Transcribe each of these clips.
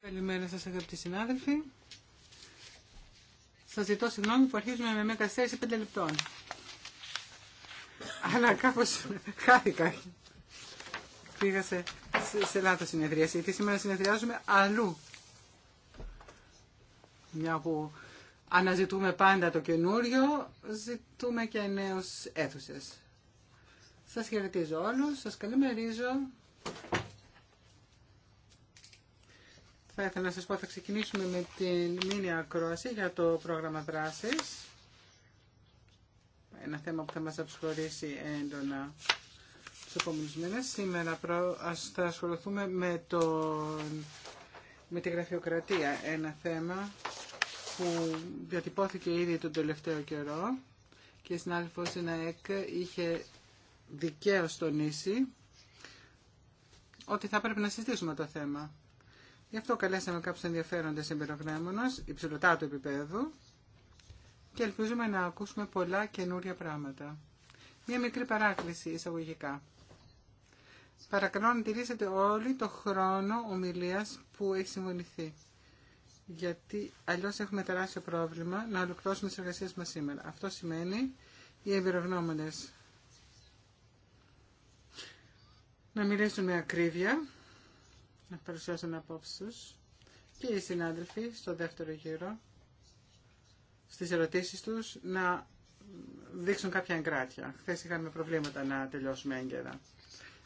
Καλημέρα σας αγαπητοί συνάδελφοι. Σας ζητώ συγγνώμη που αρχίζουμε με μια καθυστέρηση πέντε λεπτών. Αλλά κάπως χάθηκα. Πήγα σε, σε, σε λάθος συνεδρίαση, γιατί σήμερα συνεδριάζουμε αλλού. Μια που αναζητούμε πάντα το καινούριο, ζητούμε και νέους αίθουσες. Σας χαιρετίζω όλους, σας καλημερίζω. Θα ήθελα να σας πω, θα ξεκινήσουμε με την μήνυα ακρόαση για το πρόγραμμα δράσης. Ένα θέμα που θα μας απασχολήσει έντονα τους επόμενους μήνες. Σήμερα θα ασχοληθούμε με, το, με τη γραφειοκρατία. Ένα θέμα που διατυπώθηκε ήδη τον τελευταίο καιρό και η συνάδελφος στην είχε δικαίως τονίσει ότι θα πρέπει να συζητήσουμε το θέμα. Γι' αυτό καλέσαμε κάποιους ενδιαφέροντες εμπειρογνώμονε υψηλωτά του επίπεδου και ελπίζουμε να ακούσουμε πολλά καινούρια πράγματα. Μία μικρή παράκληση εισαγωγικά. Παρακαλώ να τηρήσετε όλοι το χρόνο ομιλία που έχει συμβοληθεί. Γιατί αλλιώ έχουμε τεράστιο πρόβλημα να ολοκληρώσουμε τι εργασίε μα σήμερα. Αυτό σημαίνει οι εμπειρογνώμονε να μιλήσουν με ακρίβεια να παρουσιάσουν απόψεις τους και οι συνάδελφοι στο δεύτερο γύρο στις ερωτήσεις τους να δείξουν κάποια εγκράτια. Χθε είχαμε προβλήματα να τελειώσουμε έγκαιρα.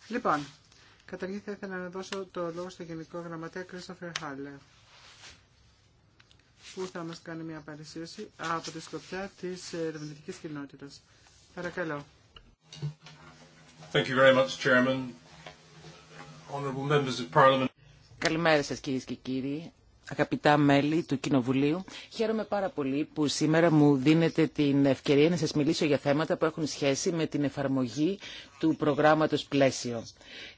Λοιπόν, καταρχήν θα ήθελα να δώσω το λόγο στο Γενικό Γραμματέα Κρίστοφερ Χάλερ που θα μας κάνει μια παρουσίαση από τη σκοπιά της ερευνητική κοινότητα. Παρακαλώ. Thank you very much, Chairman. members of Parliament. Καλημέρα σας κυρίες και κύριοι, αγαπητά μέλη του Κοινοβουλίου. Χαίρομαι πάρα πολύ που σήμερα μου δίνετε την ευκαιρία να σας μιλήσω για θέματα που έχουν σχέση με την εφαρμογή του προγράμματος πλαίσιο.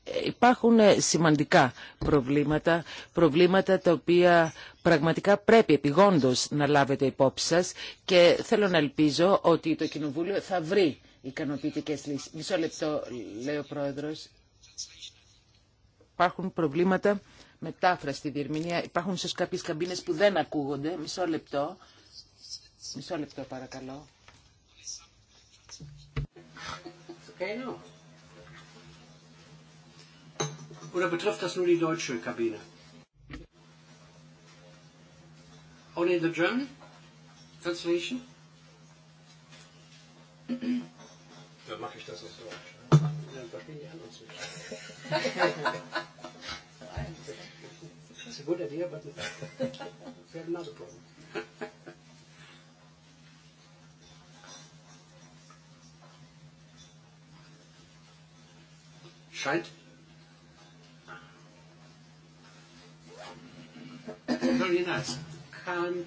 Ε, υπάρχουν ε, σημαντικά προβλήματα, προβλήματα τα οποία πραγματικά πρέπει επιγόντως να λάβετε υπόψη σας και θέλω να ελπίζω ότι το Κοινοβούλιο θα βρει ικανοποιητικές λύσεις. Μισό λεπτό, λέει ο Πρόεδρος. Υπάρχουν προβλήματα μετάφραση τη διερμηνία. Υπάρχουν ίσω κάποιε καμπίνες που δεν ακούγονται. Μισό λεπτό. Μισό λεπτό παρακαλώ. Oder betrifft das nur die deutsche Kabine? Only the German translation? Dann mache ich das auf Deutsch. Dann verstehen die anderen a good idea, but we have another problem. Scheint. Very nice. Can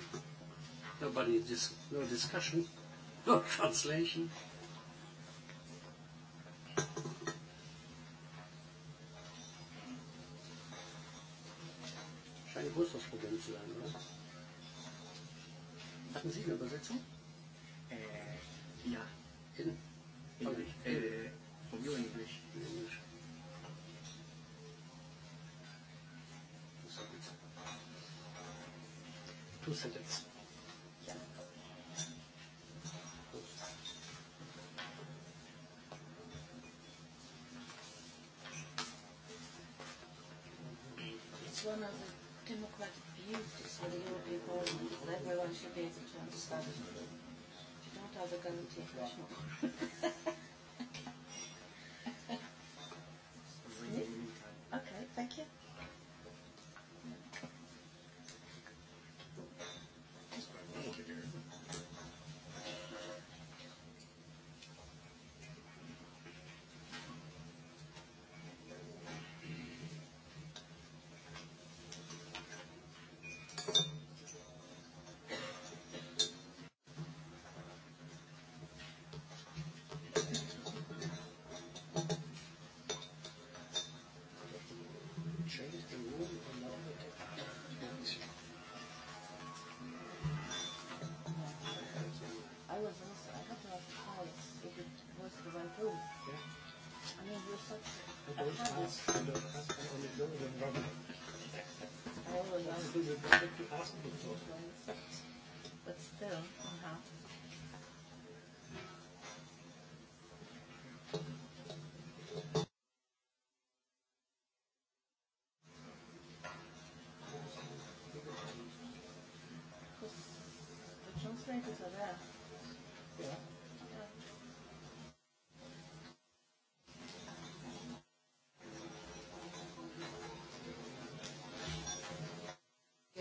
nobody dis no discussion, no translation. ein größeres Problem zu sein, oder? Hatten Sie eine Übersetzung? Äh, ja. In? English. Äh, from In English. Two sentences. data to Do not have the But still, uh-huh. Because the translators are there.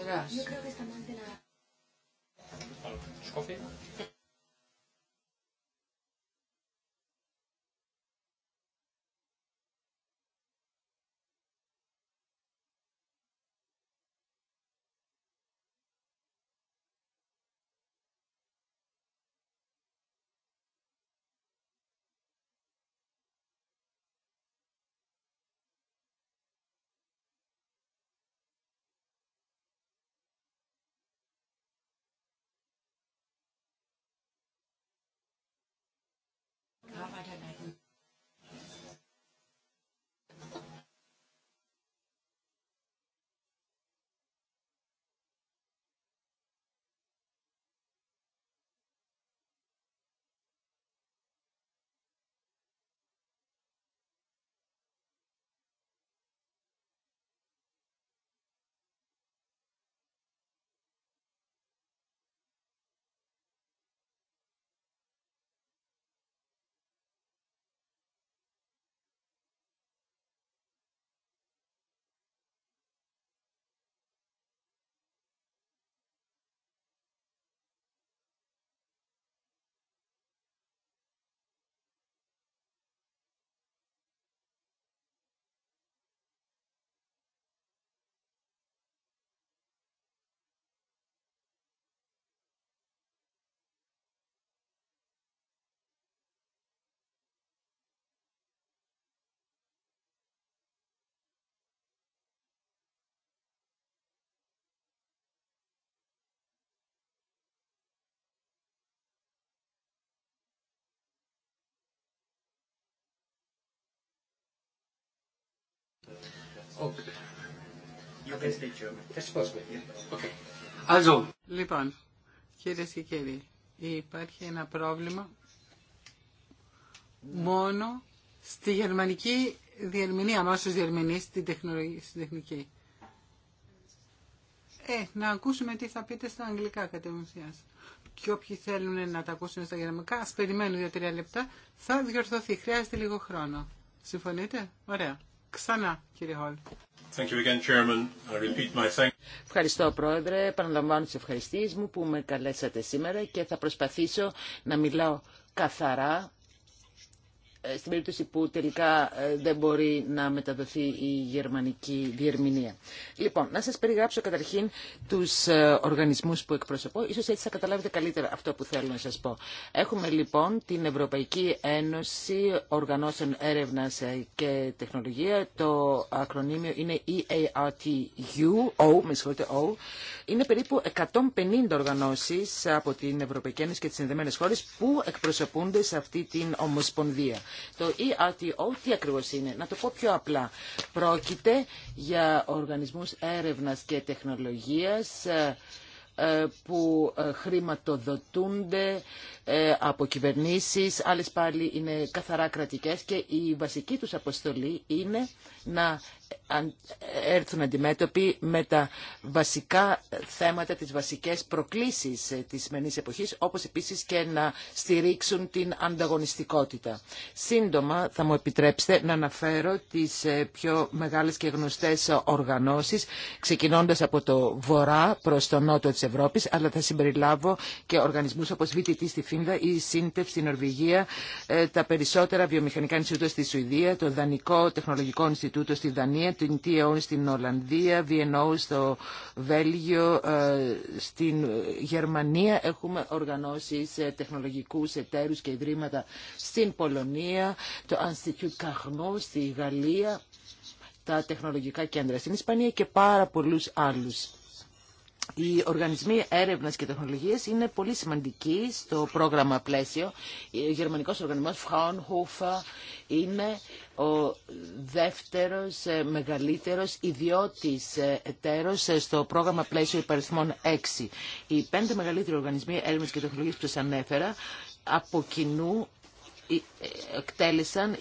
Gracias. Yo creo que está mal de la... I don't know. Λοιπόν, κυρίε και κύριοι, υπάρχει ένα πρόβλημα ναι. μόνο στη γερμανική διερμηνία, μόνο στους διερμηνείς, στην, τεχνολογική. τεχνική. Ε, να ακούσουμε τι θα πείτε στα αγγλικά κατευθείαν. Και όποιοι θέλουν να τα ακούσουν στα γερμανικά, ας περιμένουν 2-3 λεπτά, θα διορθωθεί. Χρειάζεται λίγο χρόνο. Συμφωνείτε? Ωραία. Ξανά, κύριε Χόλ. Ευχαριστώ, Πρόεδρε. Επαναλαμβάνω τις ευχαριστίες μου που με καλέσατε σήμερα και θα προσπαθήσω να μιλάω καθαρά ε, στην περίπτωση που τελικά ε, δεν μπορεί να μεταδοθεί η γερμανική διερμηνία. Λοιπόν, να σας περιγράψω καταρχήν τους ε, οργανισμούς που εκπροσωπώ. Ίσως έτσι θα καταλάβετε καλύτερα αυτό που θέλω να σας πω. Έχουμε λοιπόν την Ευρωπαϊκή Ένωση Οργανώσεων Έρευνας και Τεχνολογία. Το ακρονίμιο είναι EARTU, o, με συγχωρείτε, o. Είναι περίπου 150 οργανώσεις από την Ευρωπαϊκή Ένωση και τις συνδεμένες χώρες που εκπροσωπούνται σε αυτή την ομοσπονδία. Το ERTO τι ακριβώς είναι, να το πω πιο απλά. Πρόκειται για οργανισμούς έρευνας και τεχνολογίας ε, ε, που ε, χρηματοδοτούνται από κυβερνήσεις, άλλες πάλι είναι καθαρά κρατικές και η βασική τους αποστολή είναι να έρθουν αντιμέτωποι με τα βασικά θέματα, τις βασικές προκλήσεις ε, της σημερινής εποχής, όπως επίσης και να στηρίξουν την ανταγωνιστικότητα. Σύντομα θα μου επιτρέψετε να αναφέρω τις ε, πιο μεγάλες και γνωστές οργανώσεις, ξεκινώντας από το βορρά προς το νότο της Ευρώπης, αλλά θα συμπεριλάβω και οργανισμούς όπως VTT στη Φίνδα ή Σύντεφ στην Νορβηγία, ε, τα περισσότερα βιομηχανικά Ινστιτούτα στη Σουηδία, το Δανικό Τεχνολογικό Ινστιτούτο στη Δανία, Γερμανία, την TAO στην Ολλανδία, VNO στο Βέλγιο, ε, στην Γερμανία έχουμε οργανώσει σε τεχνολογικούς εταίρου και ιδρύματα στην Πολωνία, το Institute Carnot στη Γαλλία, τα τεχνολογικά κέντρα στην Ισπανία και πάρα πολλού άλλου. Οι οργανισμοί έρευνας και τεχνολογία είναι πολύ σημαντικοί στο πρόγραμμα πλαίσιο. Ο γερμανικός οργανισμός Fraunhofer είναι ο δεύτερος ε, μεγαλύτερος ιδιώτης ε, εταίρος ε, στο πρόγραμμα πλαίσιο υπαριθμών 6. Οι πέντε μεγαλύτεροι οργανισμοί έρευνας και τεχνολογία που σας ανέφερα από κοινού εκτέλεσαν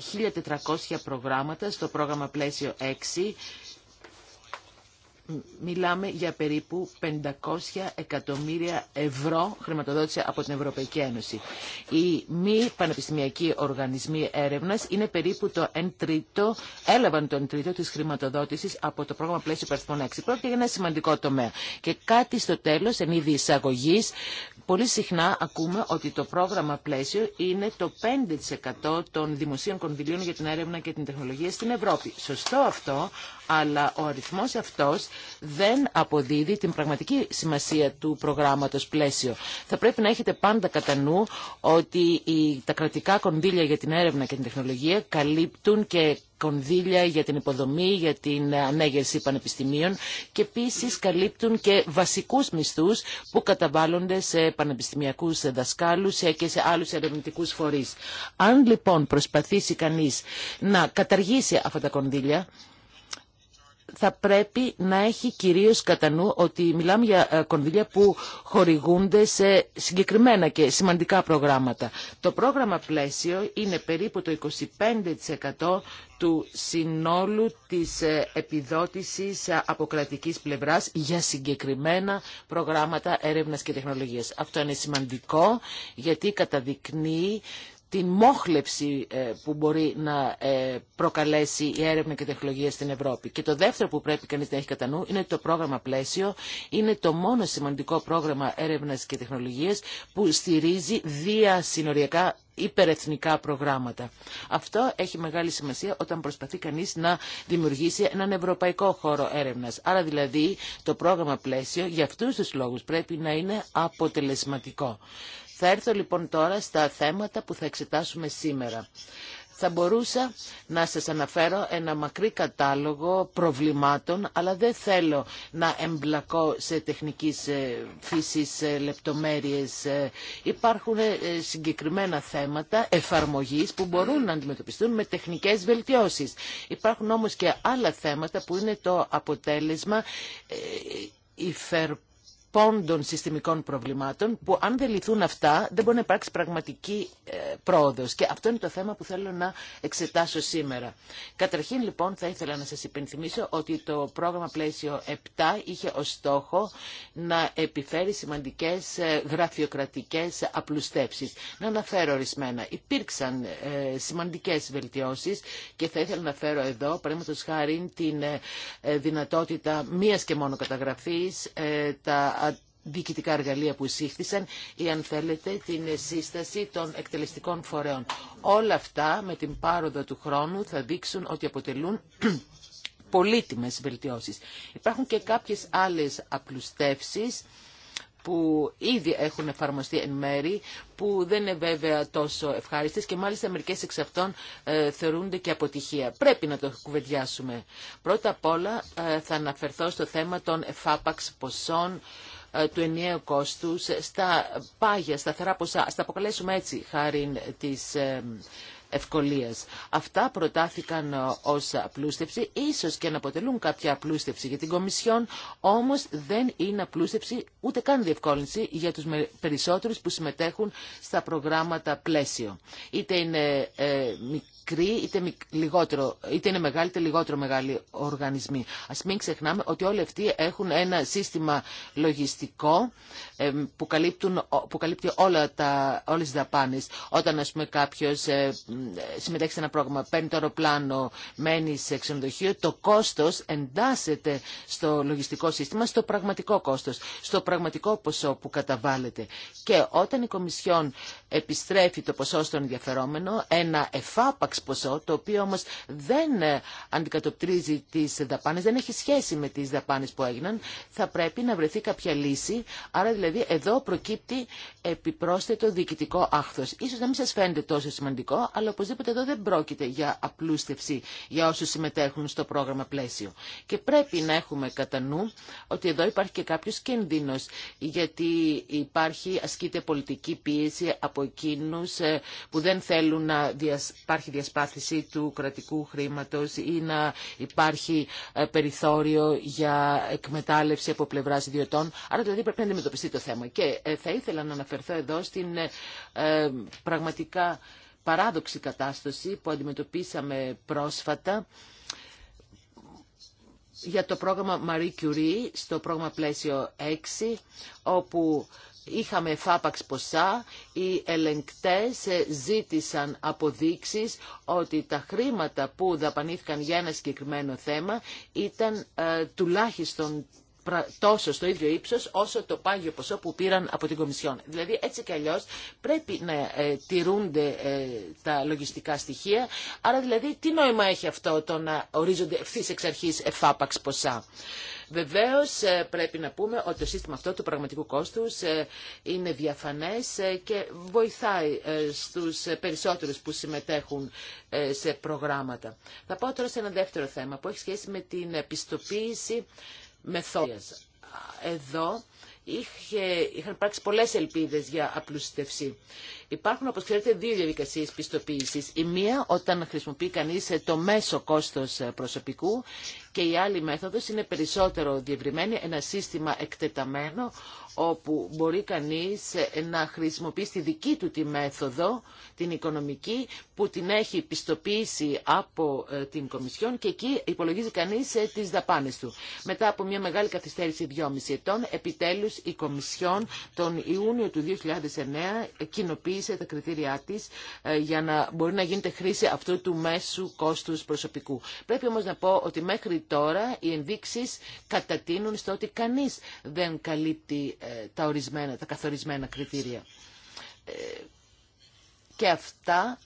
1.400 προγράμματα στο πρόγραμμα πλαίσιο 6 μιλάμε για περίπου 500 εκατομμύρια ευρώ χρηματοδότηση από την Ευρωπαϊκή Ένωση. Οι μη πανεπιστημιακοί οργανισμοί έρευνας είναι περίπου το 1 τρίτο, έλαβαν το 1 τρίτο της χρηματοδότησης από το πρόγραμμα πλαίσιο Περθμών 6. Πρόκειται για ένα σημαντικό τομέα. Και κάτι στο τέλος, εν είδη εισαγωγής, Πολύ συχνά ακούμε ότι το πρόγραμμα πλαίσιο είναι το 5% των δημοσίων κονδυλίων για την έρευνα και την τεχνολογία στην Ευρώπη. Σωστό αυτό, αλλά ο αριθμός αυτός δεν αποδίδει την πραγματική σημασία του προγράμματος πλαίσιο. Θα πρέπει να έχετε πάντα κατά νου ότι τα κρατικά κονδύλια για την έρευνα και την τεχνολογία καλύπτουν και κονδύλια για την υποδομή, για την ανέγερση πανεπιστημίων και επίση καλύπτουν και βασικούς μισθούς που καταβάλλονται σε πανεπιστημιακούς δασκάλους και σε άλλους ερευνητικού φορείς. Αν λοιπόν προσπαθήσει κανείς να καταργήσει αυτά τα κονδύλια, θα πρέπει να έχει κυρίως κατά νου ότι μιλάμε για ε, κονδύλια που χορηγούνται σε συγκεκριμένα και σημαντικά προγράμματα. Το πρόγραμμα πλαίσιο είναι περίπου το 25% του συνόλου της ε, επιδότησης ε, από κρατικής πλευράς για συγκεκριμένα προγράμματα έρευνας και τεχνολογίας. Αυτό είναι σημαντικό γιατί καταδεικνύει την μόχλευση ε, που μπορεί να ε, προκαλέσει η έρευνα και η τεχνολογία στην Ευρώπη. Και το δεύτερο που πρέπει κανείς να έχει κατά νου είναι το πρόγραμμα πλαίσιο. Είναι το μόνο σημαντικό πρόγραμμα έρευνας και τεχνολογίας που στηρίζει διασυνοριακά υπερεθνικά προγράμματα. Αυτό έχει μεγάλη σημασία όταν προσπαθεί κανείς να δημιουργήσει έναν ευρωπαϊκό χώρο έρευνας. Άρα δηλαδή το πρόγραμμα πλαίσιο για αυτούς τους λόγους πρέπει να είναι αποτελεσματικό. Θα έρθω λοιπόν τώρα στα θέματα που θα εξετάσουμε σήμερα. Θα μπορούσα να σας αναφέρω ένα μακρύ κατάλογο προβλημάτων, αλλά δεν θέλω να εμπλακώ σε τεχνικής ε, φύσης ε, λεπτομέρειες. Ε, υπάρχουν συγκεκριμένα θέματα εφαρμογής που μπορούν να αντιμετωπιστούν με τεχνικές βελτιώσεις. Υπάρχουν όμως και άλλα θέματα που είναι το αποτέλεσμα πόντων συστημικών προβλημάτων που αν δεν λυθούν αυτά δεν μπορεί να υπάρξει πραγματική ε, πρόοδος. Και αυτό είναι το θέμα που θέλω να εξετάσω σήμερα. Καταρχήν λοιπόν θα ήθελα να σας υπενθυμίσω ότι το πρόγραμμα πλαίσιο 7 είχε ως στόχο να επιφέρει σημαντικές ε, γραφειοκρατικές απλουστεύσεις. Να αναφέρω ορισμένα. Υπήρξαν ε, σημαντικές βελτιώσεις και θα ήθελα να φέρω εδώ παραδείγματος χάρη την δυνατότητα μίας και μόνο καταγραφής, τα διοικητικά εργαλεία που εισήχθησαν ή αν θέλετε την σύσταση των εκτελεστικών φορέων. Όλα αυτά με την πάροδο του χρόνου θα δείξουν ότι αποτελούν πολύτιμες βελτιώσεις. Υπάρχουν και κάποιες άλλες απλουστεύσεις που ήδη έχουν εφαρμοστεί εν μέρη, που δεν είναι βέβαια τόσο ευχάριστες και μάλιστα μερικές εξ αυτών ε, θεωρούνται και αποτυχία. Πρέπει να το κουβεντιάσουμε. Πρώτα απ' όλα ε, θα αναφερθώ στο θέμα των εφάπαξ ποσών, ε, του ενιαίου κόστου στα πάγια, σταθερά ποσά. Στα αποκαλέσουμε έτσι χάρη της ε, ευκολίας. Αυτά προτάθηκαν ε, ως απλούστευση, ίσως και να αποτελούν κάποια απλούστευση για την Κομισιόν, όμως δεν είναι απλούστευση ούτε καν διευκόλυνση για τους περισσότερους που συμμετέχουν στα προγράμματα πλαίσιο. Είτε είναι είτε λιγότερο, είτε είναι μεγάλοι είτε λιγότερο μεγάλοι οργανισμοί. Ας μην ξεχνάμε ότι όλοι αυτοί έχουν ένα σύστημα λογιστικό που, καλύπτουν, που καλύπτει όλα τα, όλες τις δαπάνες. Όταν ας πούμε κάποιος ε, συμμετέχει σε ένα πρόγραμμα, παίρνει το αεροπλάνο, μένει σε ξενοδοχείο, το κόστος εντάσσεται στο λογιστικό σύστημα, στο πραγματικό κόστος, στο πραγματικό ποσό που καταβάλλεται. Και όταν η Κομισιόν επιστρέφει το ποσό στον ενδιαφερόμενο, ένα εφάπαξ ποσό, το οποίο όμως δεν ε, αντικατοπτρίζει τις δαπάνες, δεν έχει σχέση με τις δαπάνες που έγιναν, θα πρέπει να βρεθεί κάποια λύση. Άρα δηλαδή εδώ προκύπτει επιπρόσθετο διοικητικό άχθος. Ίσως να μην σας φαίνεται τόσο σημαντικό, αλλά οπωσδήποτε εδώ δεν πρόκειται για απλούστευση για όσους συμμετέχουν στο πρόγραμμα πλαίσιο. Και πρέπει να έχουμε κατά νου ότι εδώ υπάρχει και κάποιος κίνδυνος, γιατί υπάρχει, ασκείται πολιτική πίεση από εκείνου ε, που δεν θέλουν να υπάρχει διασπάθηση του κρατικού χρήματος ή να υπάρχει ε, περιθώριο για εκμετάλλευση από πλευράς ιδιωτών. Άρα δηλαδή πρέπει να αντιμετωπιστεί το θέμα. Και ε, θα ήθελα να αναφερθώ εδώ στην ε, πραγματικά παράδοξη κατάσταση που αντιμετωπίσαμε πρόσφατα για το πρόγραμμα Marie Curie στο πρόγραμμα πλαίσιο 6 όπου είχαμε φάπαξ ποσά, οι ελεγκτές ε, ζήτησαν αποδείξεις ότι τα χρήματα που δαπανήθηκαν για ένα συγκεκριμένο θέμα ήταν ε, τουλάχιστον τόσο στο ίδιο ύψος όσο το πάγιο ποσό που πήραν από την Κομισιόν. Δηλαδή έτσι και αλλιώ πρέπει να ε, τηρούνται ε, τα λογιστικά στοιχεία. Άρα δηλαδή τι νόημα έχει αυτό το να ορίζονται ευθύ εξ αρχή εφάπαξ ποσά. Βεβαίω, ε, πρέπει να πούμε ότι το σύστημα αυτό του πραγματικού κόστου ε, είναι διαφανές ε, και βοηθάει στου περισσότερου που συμμετέχουν σε προγράμματα. Θα πάω τώρα σε ένα δεύτερο θέμα που έχει σχέση με την επιστοποίηση μεθόδου. Εδώ είχε, είχαν υπάρξει πολλές ελπίδες για απλούστευση. Υπάρχουν, όπω ξέρετε, δύο διαδικασίε πιστοποίηση. Η μία όταν χρησιμοποιεί κανεί το μέσο κόστο προσωπικού και η άλλη μέθοδο είναι περισσότερο διευρυμένη, ένα σύστημα εκτεταμένο όπου μπορεί κανείς να χρησιμοποιήσει τη δική του τη μέθοδο, την οικονομική, που την έχει πιστοποίησει από ε, την Κομισιόν και εκεί υπολογίζει κανείς ε, τις δαπάνες του. Μετά από μια μεγάλη καθυστέρηση 2,5 ετών, επιτέλους η Κομισιόν τον Ιούνιο του 2009 τροποποίησε τα κριτήριά της ε, για να μπορεί να γίνεται χρήση αυτού του μέσου κόστου προσωπικού. Πρέπει όμω να πω ότι μέχρι τώρα οι ενδείξει κατατείνουν στο ότι κανεί δεν καλύπτει ε, τα, ορισμένα, τα καθορισμένα κριτήρια. Ε, και αυτά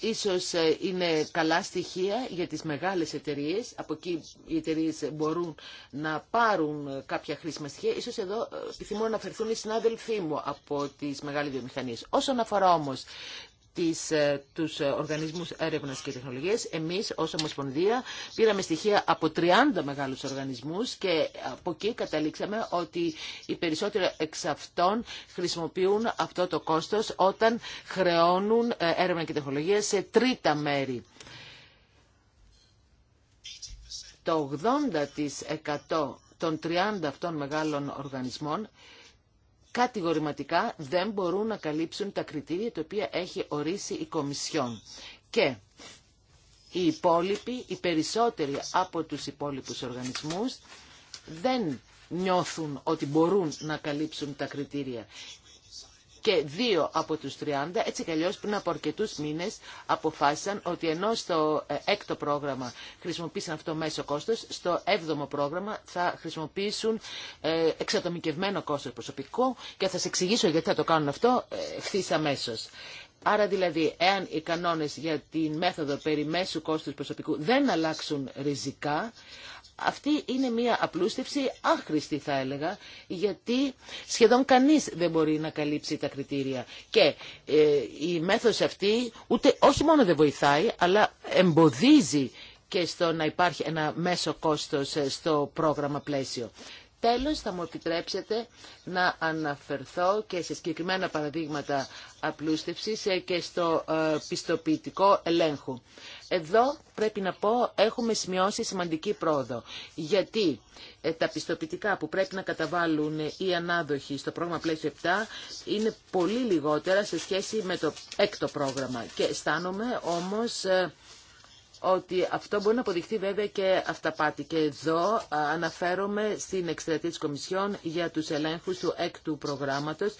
ίσως ε, είναι καλά στοιχεία για τις μεγάλες εταιρείες. Από εκεί οι εταιρείε μπορούν να πάρουν ε, κάποια χρήσιμα στοιχεία. Ίσως εδώ ε, επιθυμώ να αφαιρθούν οι συνάδελφοί μου από τις μεγάλες βιομηχανίες. Όσον αφορά όμως τις, ε, τους ε, οργανισμούς έρευνας και τεχνολογίας. Εμείς ως Ομοσπονδία πήραμε στοιχεία από 30 μεγάλους οργανισμούς και από εκεί καταλήξαμε ότι οι περισσότεροι εξ αυτών χρησιμοποιούν αυτό το κόστος όταν χρεώνουν ε, έρευνα και τεχνολογία σε τρίτα μέρη. Το 80% των 30 αυτών μεγάλων οργανισμών κατηγορηματικά δεν μπορούν να καλύψουν τα κριτήρια τα οποία έχει ορίσει η Κομισιόν. Και οι υπόλοιποι, οι περισσότεροι από τους υπόλοιπους οργανισμούς δεν νιώθουν ότι μπορούν να καλύψουν τα κριτήρια και δύο από τους 30, έτσι κι πριν από αρκετούς μήνες αποφάσισαν ότι ενώ στο ε, έκτο πρόγραμμα χρησιμοποίησαν αυτό μέσο κόστος, στο έβδομο πρόγραμμα θα χρησιμοποιήσουν ε, εξατομικευμένο κόστος προσωπικό και θα σε εξηγήσω γιατί θα το κάνουν αυτό ε, ευθύ αμέσω. Άρα δηλαδή, εάν οι κανόνες για τη μέθοδο περί μέσου κόστους προσωπικού δεν αλλάξουν ριζικά, αυτή είναι μια απλούστευση άχρηστη θα έλεγα, γιατί σχεδόν κανείς δεν μπορεί να καλύψει τα κριτήρια. Και ε, η μέθοδος αυτή ούτε, όχι μόνο δεν βοηθάει, αλλά εμποδίζει και στο να υπάρχει ένα μέσο κόστος ε, στο πρόγραμμα πλαίσιο. Τέλος, θα μου επιτρέψετε να αναφερθώ και σε συγκεκριμένα παραδείγματα απλούστευσης ε, και στο πιστοποιητικό ελέγχου. Εδώ πρέπει να πω έχουμε σημειώσει σημαντική πρόοδο. Γιατί ε, τα πιστοποιητικά που πρέπει να καταβάλουν ε, οι ανάδοχοι στο πρόγραμμα πλαίσιο 7 είναι πολύ λιγότερα σε σχέση με το έκτο πρόγραμμα. Και αισθάνομαι όμως ε, ότι αυτό μπορεί να αποδειχθεί βέβαια και αυταπάτη. Και εδώ αναφέρομαι στην εκστρατεία της Κομισιόν για τους ελέγχους του έκτου προγράμματος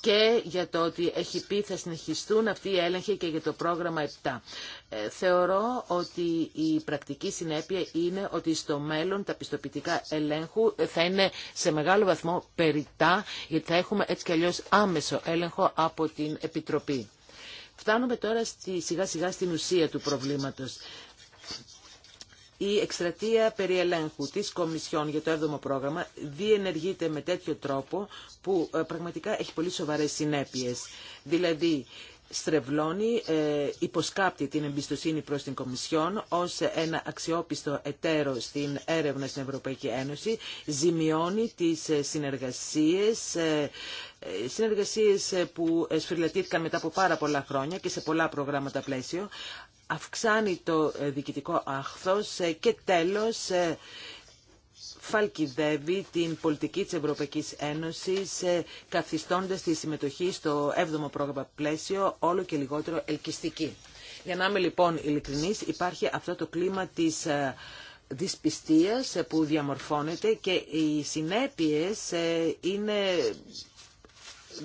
και για το ότι έχει πει θα συνεχιστούν αυτοί οι έλεγχοι και για το πρόγραμμα 7. Ε, θεωρώ ότι η πρακτική συνέπεια είναι ότι στο μέλλον τα πιστοποιητικά ελέγχου θα είναι σε μεγάλο βαθμό περιτά, γιατί θα έχουμε έτσι κι αλλιώς άμεσο έλεγχο από την Επιτροπή. Φτάνουμε τώρα στη, σιγά σιγά στην ουσία του προβλήματος. Η εκστρατεία περί ελέγχου της Κομισιόν για το 7ο πρόγραμμα διενεργείται με τέτοιο τρόπο που ε, πραγματικά έχει πολύ σοβαρές συνέπειες. Δηλαδή, στρεβλώνει, ε, υποσκάπτει την εμπιστοσύνη προς την Κομισιόν ως ένα αξιόπιστο εταίρο στην έρευνα στην Ευρωπαϊκή Ένωση, ζημιώνει τις ε, συνεργασίες, ε, συνεργασίες που σφυριλατήθηκαν μετά από πάρα πολλά χρόνια και σε πολλά προγράμματα πλαίσιο, αυξάνει το διοικητικό άχθος και τέλος φαλκιδεύει την πολιτική της Ευρωπαϊκής Ένωσης ε, καθιστώντας τη συμμετοχή στο 7ο πρόγραμμα πλαίσιο όλο και λιγότερο ελκυστική. Για να είμαι λοιπόν ειλικρινής υπάρχει αυτό το κλίμα της ε, δυσπιστίας ε, που διαμορφώνεται και οι συνέπειες είναι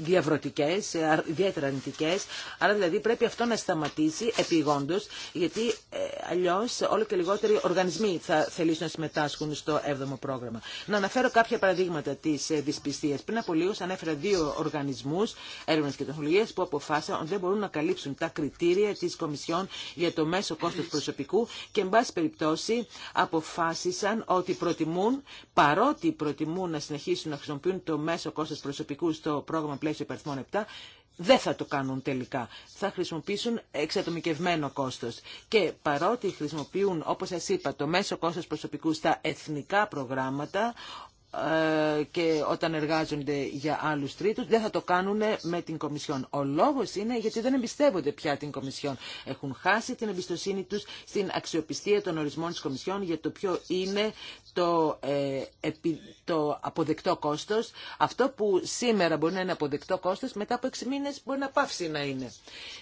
διαβρωτικέ, ε, ιδιαίτερα αρνητικέ. Άρα δηλαδή πρέπει αυτό να σταματήσει επιγόντω, γιατί ε, αλλιώ όλο και λιγότεροι οργανισμοί θα θελήσουν να συμμετάσχουν στο 7ο πρόγραμμα. Να αναφέρω κάποια παραδείγματα της ε, δυσπιστία. Πριν από λίγο ανέφερα δύο οργανισμού έρευνα και τεχνολογία, που αποφάσισαν ότι δεν μπορούν να καλύψουν τα κριτήρια τη Κομισιόν για το μέσο κόστο προσωπικού και εν πάση περιπτώσει αποφάσισαν ότι προτιμούν, παρότι προτιμούν να συνεχίσουν να χρησιμοποιούν το μέσο κόστο προσωπικού στο πρόγραμμα πλαίσιο υπαριθμών 7 δεν θα το κάνουν τελικά. Θα χρησιμοποιήσουν εξατομικευμένο κόστο. Και παρότι χρησιμοποιούν, όπω σα είπα, το μέσο κόστο προσωπικού στα εθνικά προγράμματα, ε, και όταν εργάζονται για άλλους τρίτους δεν θα το κάνουν με την Κομισιόν. Ο λόγος είναι γιατί δεν εμπιστεύονται πια την Κομισιόν. Έχουν χάσει την εμπιστοσύνη τους στην αξιοπιστία των ορισμών της Κομισιόν για το ποιο είναι το, ε, το αποδεκτό κόστος. Αυτό που σήμερα μπορεί να είναι αποδεκτό κόστος, μετά από 6 μήνες μπορεί να πάυσει να είναι.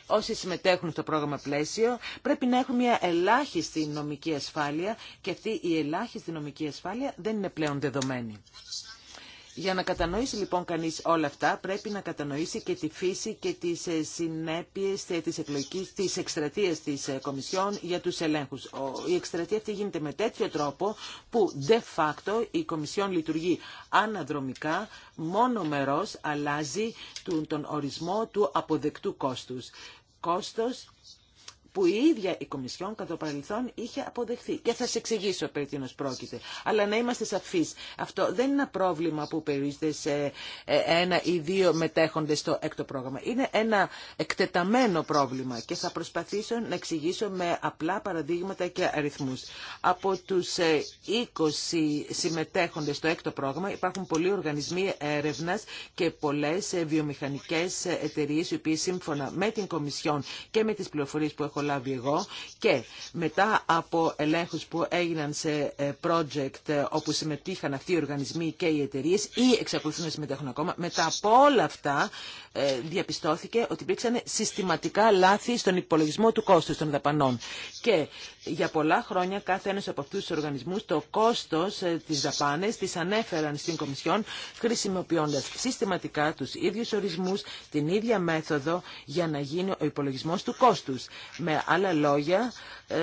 Όσοι συμμετέχουν στο πρόγραμμα πλαίσιο πρέπει να έχουν μια ελάχιστη νομική ασφάλεια και αυτή η ελάχιστη νομική ασφάλεια δεν είναι πλέον δεδομένη. Για να κατανοήσει λοιπόν κανείς όλα αυτά, πρέπει να κατανοήσει και τη φύση και τις ε, συνέπειες ε, της εκλογικής, της εκστρατείας της ε, Κομισιόν για τους ελέγχους. Η εκστρατεία αυτή γίνεται με τέτοιο τρόπο που de facto η Κομισιόν λειτουργεί αναδρομικά, μόνο μερός αλλάζει τον ορισμό του αποδεκτού κόστους. Κόστος που η ίδια η Κομισιόν κατά το παρελθόν είχε αποδεχθεί. Και θα σα εξηγήσω περί τίνο πρόκειται. Αλλά να είμαστε σαφεί. Αυτό δεν είναι ένα πρόβλημα που περιορίζεται σε ε, ένα ή δύο μετέχοντε στο έκτο πρόγραμμα. Είναι ένα εκτεταμένο πρόβλημα και θα προσπαθήσω να εξηγήσω με απλά παραδείγματα και αριθμού. Από του 20 ε, συμμετέχοντε στο έκτο πρόγραμμα υπάρχουν πολλοί οργανισμοί έρευνα και πολλέ ε, βιομηχανικέ εταιρείε, οι οποίε σύμφωνα με την Κομισιόν και με τι πληροφορίε που έχω προλάβει εγώ και μετά από ελέγχους που έγιναν σε ε, project ε, όπου συμμετείχαν αυτοί οι οργανισμοί και οι εταιρείε ή εξακολουθούν να συμμετέχουν ακόμα, μετά από όλα αυτά ε, διαπιστώθηκε ότι υπήρξαν συστηματικά λάθη στον υπολογισμό του κόστου των δαπανών. Και για πολλά χρόνια κάθε ένα από αυτού του οργανισμού, το κόστο τη δαπάνε, τις ανέφεραν στην Κομισιόν χρησιμοποιώντα συστηματικά του ίδιου ορισμού, την ίδια μέθοδο για να γίνει ο υπολογισμό του κόστου με άλλα λόγια, ε,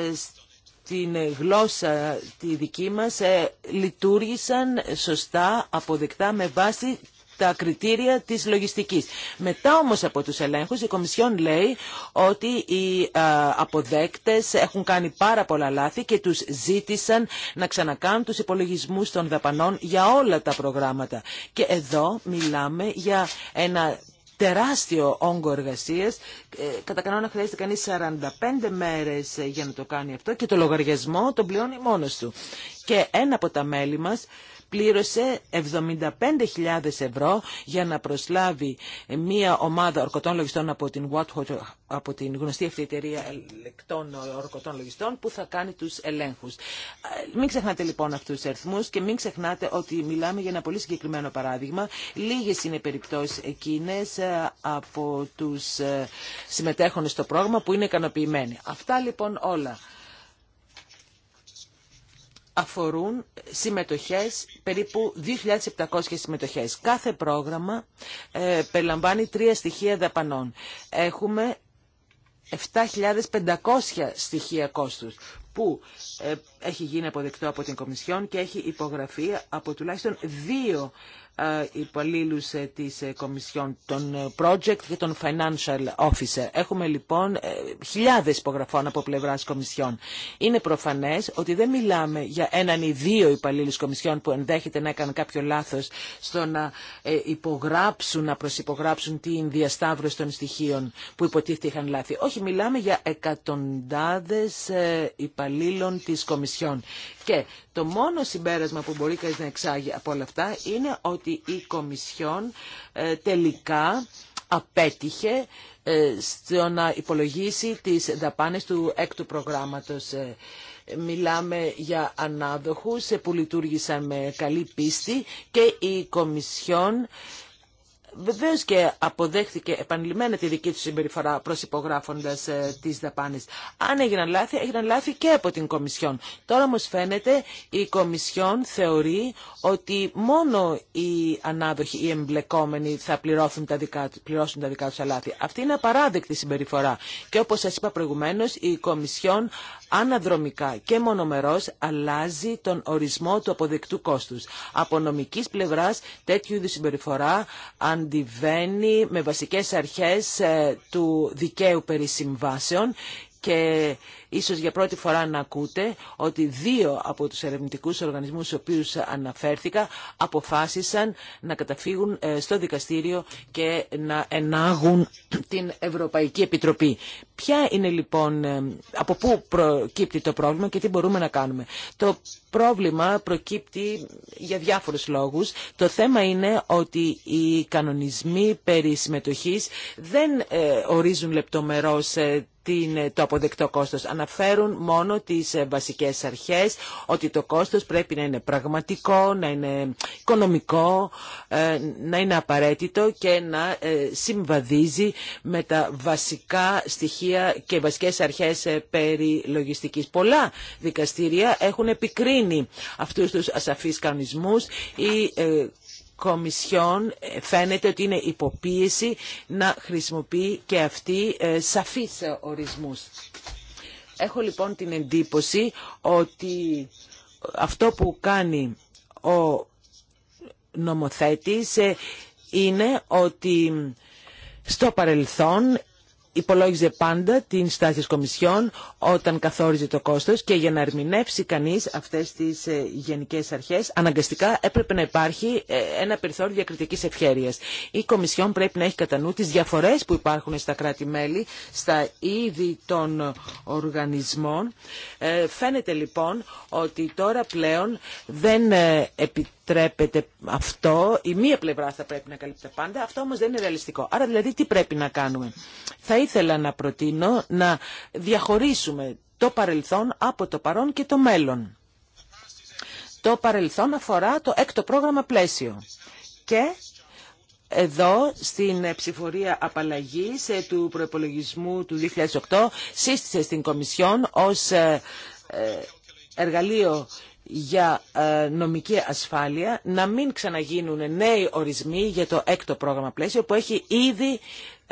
στην γλώσσα τη δική μας ε, λειτουργήσαν σωστά, αποδεκτά με βάση τα κριτήρια της λογιστικής. Μετά όμως από τους ελέγχους η Κομισιόν λέει ότι οι ε, αποδέκτες έχουν κάνει πάρα πολλά λάθη και τους ζήτησαν να ξανακάνουν τους υπολογισμούς των δαπανών για όλα τα προγράμματα. Και εδώ μιλάμε για ένα τεράστιο όγκο εργασία. Ε, κατά κανόνα χρειάζεται κανεί 45 μέρε για να το κάνει αυτό και το λογαριασμό τον πληρώνει μόνο του. Και ένα από τα μέλη μα πλήρωσε 75.000 ευρώ για να προσλάβει μια ομάδα ορκωτών λογιστών από την από την γνωστή αυτή εταιρεία ελεκτών ορκωτών λογιστών που θα κάνει τους ελέγχους. Μην ξεχνάτε λοιπόν αυτούς τους αριθμούς και μην ξεχνάτε ότι μιλάμε για ένα πολύ συγκεκριμένο παράδειγμα. Λίγες είναι περιπτώσεις εκείνες ε, από τους ε, συμμετέχοντες στο πρόγραμμα που είναι ικανοποιημένοι. Αυτά λοιπόν όλα αφορούν συμμετοχές, περίπου 2.700 συμμετοχές. Κάθε πρόγραμμα ε, περιλαμβάνει τρία στοιχεία δαπανών. Έχουμε 7.500 στοιχεία κόστους που ε, έχει γίνει αποδεκτό από την Κομισιόν και έχει υπογραφεί από τουλάχιστον δύο υπαλλήλους ε, της ε, Κομισιόν, των ε, Project και των Financial Officer. Έχουμε λοιπόν χιλιάδες υπογραφών από πλευράς Κομισιόν. Είναι προφανές ότι δεν μιλάμε για έναν ή δύο υπαλλήλους Κομισιόν που ενδέχεται να έκανε κάποιο λάθος στο να υπογράψουν, να προσυπογράψουν την διασταύρωση των στοιχείων που υποτίθεται είχαν λάθη. Όχι, μιλάμε για εκατοντάδες υπαλλήλων της Κομισιόν. Και το μόνο συμπέρασμα που μπορεί κανείς να εξάγει από όλα αυτά είναι ότι η Κομισιόν ε, τελικά απέτυχε ε, στο να υπολογίσει τις δαπάνες του έκτου προγράμματος. Ε, μιλάμε για ανάδοχους που λειτουργήσαν με καλή πίστη και η Κομισιόν Βεβαίω και αποδέχθηκε επανειλημμένα τη δική του συμπεριφορά προ υπογράφοντα ε, τι δαπάνε. Αν έγιναν λάθη, έγιναν λάθη και από την Κομισιόν. Τώρα όμω φαίνεται η Κομισιόν θεωρεί ότι μόνο οι ανάδοχοι, οι εμπλεκόμενοι θα πληρώσουν τα δικά, πληρώσουν τα δικά τους λάθη. Αυτή είναι απαράδεκτη συμπεριφορά. Και όπω σα είπα προηγουμένω, η Κομισιόν αναδρομικά και μονομερός αλλάζει τον ορισμό του αποδεκτού κόστους. Από νομικής πλευράς τέτοιου είδους συμπεριφορά αντιβαίνει με βασικές αρχές ε, του δικαίου περί συμβάσεων και Ίσως για πρώτη φορά να ακούτε ότι δύο από τους ερευνητικούς οργανισμούς στους οποίους αναφέρθηκα αποφάσισαν να καταφύγουν ε, στο δικαστήριο και να ενάγουν την Ευρωπαϊκή Επιτροπή. Ποια είναι λοιπόν, ε, από πού προκύπτει το πρόβλημα και τι μπορούμε να κάνουμε. Το πρόβλημα προκύπτει για διάφορους λόγους. Το θέμα είναι ότι οι κανονισμοί περί συμμετοχής δεν ε, ορίζουν λεπτομερώς την, το αποδεκτό κόστος αναφέρουν μόνο τις ε, βασικές αρχές, ότι το κόστος πρέπει να είναι πραγματικό, να είναι οικονομικό, ε, να είναι απαραίτητο και να ε, συμβαδίζει με τα βασικά στοιχεία και βασικές αρχές περί λογιστικής. Πολλά δικαστήρια έχουν επικρίνει αυτούς τους ασαφείς κανονισμούς ή Κομισιόν φαίνεται ότι είναι υποπίεση να χρησιμοποιεί και αυτή σαφείς ορισμούς. Έχω λοιπόν την εντύπωση ότι αυτό που κάνει ο νομοθέτης ε, είναι ότι στο παρελθόν υπολόγιζε πάντα την στάση της Κομισιόν όταν καθόριζε το κόστος και για να ερμηνεύσει κανείς αυτές τις ε, γενικές αρχές αναγκαστικά έπρεπε να υπάρχει ε, ένα περιθώριο διακριτικής ευχέρειας. Η Κομισιόν πρέπει να έχει κατά νου τις διαφορές που υπάρχουν στα κράτη-μέλη, στα είδη των οργανισμών. Ε, φαίνεται λοιπόν ότι τώρα πλέον δεν επιτρέπει επιτρέπεται αυτό, η μία πλευρά θα πρέπει να καλύπτει πάντα, αυτό όμως δεν είναι ρεαλιστικό. Άρα δηλαδή τι πρέπει να κάνουμε. Θα ήθελα να προτείνω να διαχωρίσουμε το παρελθόν από το παρόν και το μέλλον. Το παρελθόν αφορά το έκτο πρόγραμμα πλαίσιο και εδώ στην ψηφορία απαλλαγής ε, του προπολογισμού του 2008 σύστησε στην Κομισιόν ως ε, ε, εργαλείο για ε, νομική ασφάλεια να μην ξαναγίνουν νέοι ορισμοί για το έκτο πρόγραμμα πλαίσιο που έχει ήδη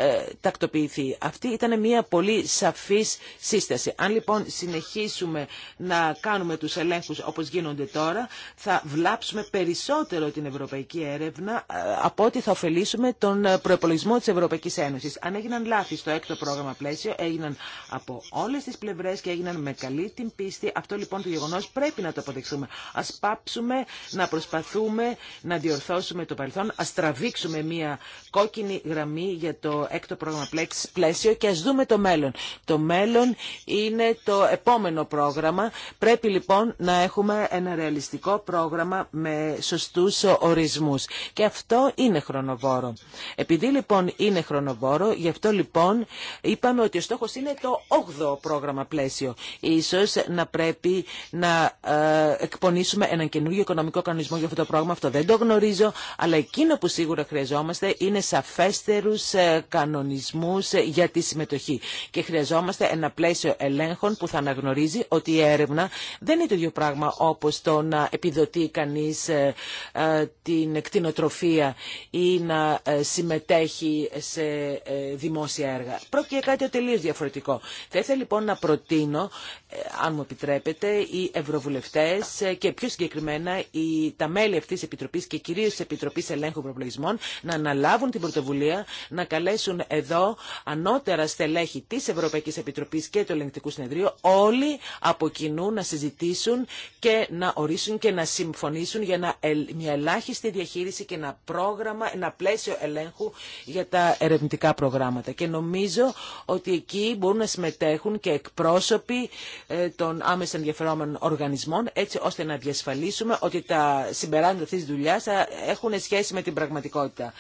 ε, τακτοποιηθεί. Αυτή ήταν μια πολύ σαφής σύσταση. Αν λοιπόν συνεχίσουμε να κάνουμε τους ελέγχους όπως γίνονται τώρα, θα βλάψουμε περισσότερο την ευρωπαϊκή έρευνα ε, από ότι θα ωφελήσουμε τον ε, προπολογισμό της Ευρωπαϊκής Ένωσης. Αν έγιναν λάθη στο έκτο πρόγραμμα πλαίσιο, έγιναν από όλες τις πλευρές και έγιναν με καλή την πίστη. Αυτό λοιπόν το γεγονός πρέπει να το αποδεχθούμε. Ας πάψουμε να προσπαθούμε να διορθώσουμε το παρελθόν, α τραβήξουμε μια κόκκινη γραμμή για το έκτο πρόγραμμα πλαίσιο και ας δούμε το μέλλον. Το μέλλον είναι το επόμενο πρόγραμμα. Πρέπει λοιπόν να έχουμε ένα ρεαλιστικό πρόγραμμα με σωστούς ορισμούς. Και αυτό είναι χρονοβόρο. Επειδή λοιπόν είναι χρονοβόρο, γι' αυτό λοιπόν είπαμε ότι ο στόχος είναι το 8ο πρόγραμμα πλαίσιο. Ίσως να πρέπει να ε, εκπονήσουμε έναν καινούργιο οικονομικό κανονισμό για αυτό το πρόγραμμα. Αυτό δεν το γνωρίζω, αλλά εκείνο που σίγουρα χρειαζόμαστε είναι σαφέστερους ε, κανονισμούς ε, για τη συμμετοχή. Και χρειαζόμαστε ένα πλαίσιο ελέγχων που θα αναγνωρίζει ότι η έρευνα δεν είναι το ίδιο πράγμα όπως το να επιδοτεί κανείς ε, ε, την κτηνοτροφία ή να συμμετέχει σε δημόσια έργα. Πρόκειται για κάτι τελείως διαφορετικό. Θα ήθελα λοιπόν να προτείνω, αν μου επιτρέπετε, οι ευρωβουλευτές και πιο συγκεκριμένα οι, τα μέλη αυτής της Επιτροπής και κυρίως της Επιτροπής Ελέγχου Προπολογισμών να αναλάβουν την πρωτοβουλία να καλέσουν Υπάρχουν εδώ ανώτερα στελέχη της Ευρωπαϊκής Επιτροπής και του Ελεγκτικού Συνεδρίου όλοι από κοινού να συζητήσουν και να ορίσουν και να συμφωνήσουν για μια ελάχιστη διαχείριση και ένα πρόγραμμα, ένα πλαίσιο ελέγχου για τα ερευνητικά προγράμματα. Και νομίζω ότι εκεί μπορούν να συμμετέχουν και εκπρόσωποι ε, των άμεσα ενδιαφερόμενων οργανισμών έτσι ώστε να διασφαλίσουμε ότι τα συμπεράσματα αυτής της δουλειάς θα έχουν σχέση με την πραγματικότητα.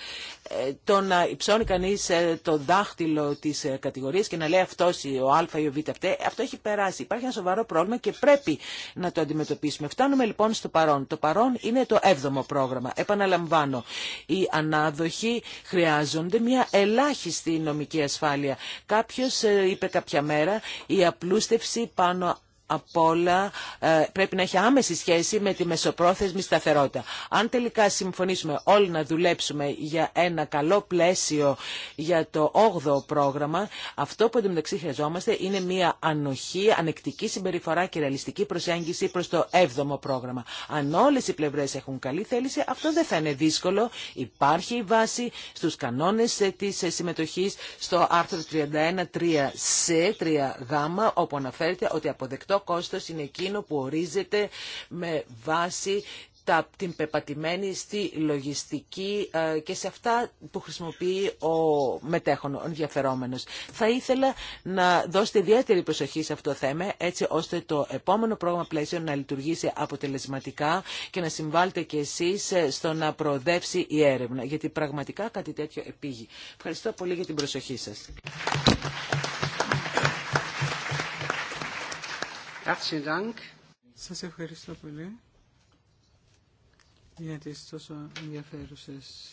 Ε, το να υψώνει κανεί ε, το δάχτυλο τη ε, κατηγορία και να λέει αυτός ο α ή ο β αυτό έχει περάσει. Υπάρχει ένα σοβαρό πρόβλημα και πρέπει να το αντιμετωπίσουμε. Φτάνουμε λοιπόν στο παρόν. Το παρόν είναι το έβδομο πρόγραμμα. Επαναλαμβάνω, οι ανάδοχοι χρειάζονται μια ελάχιστη νομική ασφάλεια. Κάποιο είπε κάποια μέρα η απλούστευση πάνω απ' όλα ε, πρέπει να έχει άμεση σχέση με τη μεσοπρόθεσμη σταθερότητα. Αν τελικά συμφωνήσουμε όλοι να δουλέψουμε για ένα καλό πλαίσιο για το 8ο πρόγραμμα, αυτό που εντωμεταξύ χρειαζόμαστε είναι μια ανοχή, ανεκτική συμπεριφορά και ρεαλιστική προσέγγιση προ το 7ο πρόγραμμα. Αν όλε οι πλευρέ έχουν καλή θέληση, αυτό δεν θα είναι δύσκολο. Υπάρχει η βάση στου κανόνε ε, τη ε, συμμετοχή στο άρθρο 31.3c, 3γ, όπου αναφέρεται ότι αποδεκτό το κόστος είναι εκείνο που ορίζεται με βάση τα την πεπατημένη στη λογιστική ε, και σε αυτά που χρησιμοποιεί ο μετέχων ο ενδιαφερόμενος. Θα ήθελα να δώσετε ιδιαίτερη προσοχή σε αυτό το θέμα, έτσι ώστε το επόμενο πρόγραμμα πλαίσιο να λειτουργήσει αποτελεσματικά και να συμβάλλετε και εσείς στο να προοδεύσει η έρευνα, γιατί πραγματικά κάτι τέτοιο επήγει. Ευχαριστώ πολύ για την προσοχή σας. Σας ευχαριστώ πολύ για τις τόσο ενδιαφέρουσες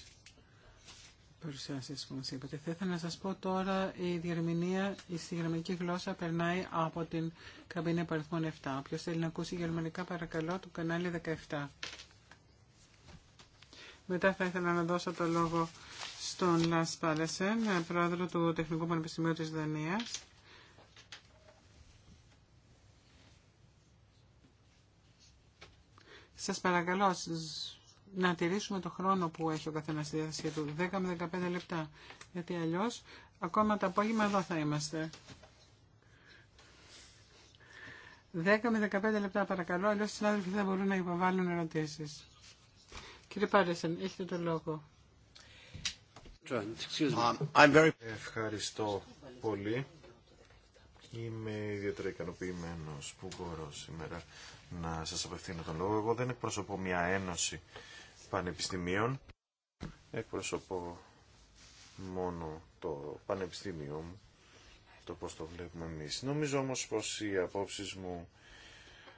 παρουσιάσεις που μας είπατε. Θα ήθελα να σας πω τώρα η διερμηνία η στη γερμανική γλώσσα περνάει από την καμπίνα παριθμών 7. Όποιος θέλει να ακούσει γερμανικά παρακαλώ το κανάλι 17. Μετά θα ήθελα να δώσω το λόγο στον Λας Πάλεσεν, πρόεδρο του Τεχνικού Πανεπιστημίου της Δανίας. Σας παρακαλώ να τηρήσουμε το χρόνο που έχει ο καθένα στη διάθεσή του, 10 με 15 λεπτά, γιατί αλλιώ ακόμα το απόγευμα εδώ θα είμαστε. 10 με 15 λεπτά παρακαλώ, αλλιώς οι συνάδελφοι θα μπορούν να υποβάλουν ερωτήσεις. Κύριε Πάρεσεν, έχετε το λόγο. Um, Ευχαριστώ πολύ. Είμαι ιδιαίτερα ικανοποιημένο που μπορώ σήμερα να σας απευθύνω τον λόγο. Εγώ δεν εκπροσωπώ μια ένωση πανεπιστημίων. Εκπροσωπώ μόνο το πανεπιστήμιο μου, το πώς το βλέπουμε εμείς. Νομίζω όμως πως οι απόψεις μου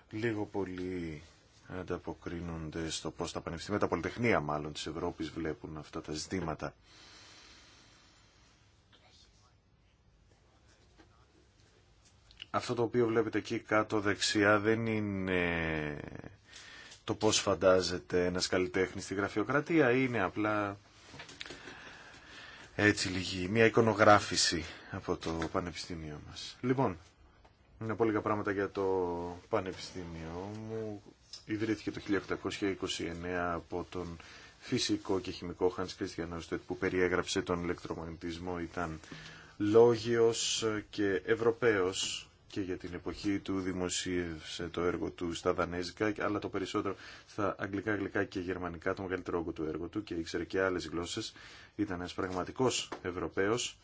λίγο πολύ ανταποκρίνονται στο πώς τα πανεπιστήμια, τα πολυτεχνία μάλλον της Ευρώπης βλέπουν αυτά τα ζητήματα. Αυτό το οποίο βλέπετε εκεί κάτω δεξιά δεν είναι το πώς φαντάζεται ένας καλλιτέχνης στη γραφειοκρατία, είναι απλά έτσι λίγη, μια εικονογράφηση από το πανεπιστήμιο μας. Λοιπόν, είναι πολύ λίγα πράγματα για το πανεπιστήμιο μου. Ιδρύθηκε το 1829 από τον φυσικό και χημικό Hans Christian που περιέγραψε τον ηλεκτρομαγνητισμό, ήταν λόγιος και Ευρωπαίος και για την εποχή του δημοσίευσε το έργο του στα δανέζικα, αλλά το περισσότερο στα αγγλικά, αγγλικά και γερμανικά, το μεγαλύτερο όγκο του έργου του και ήξερε και άλλες γλώσσες. Ήταν ένας πραγματικός Ευρωπαίος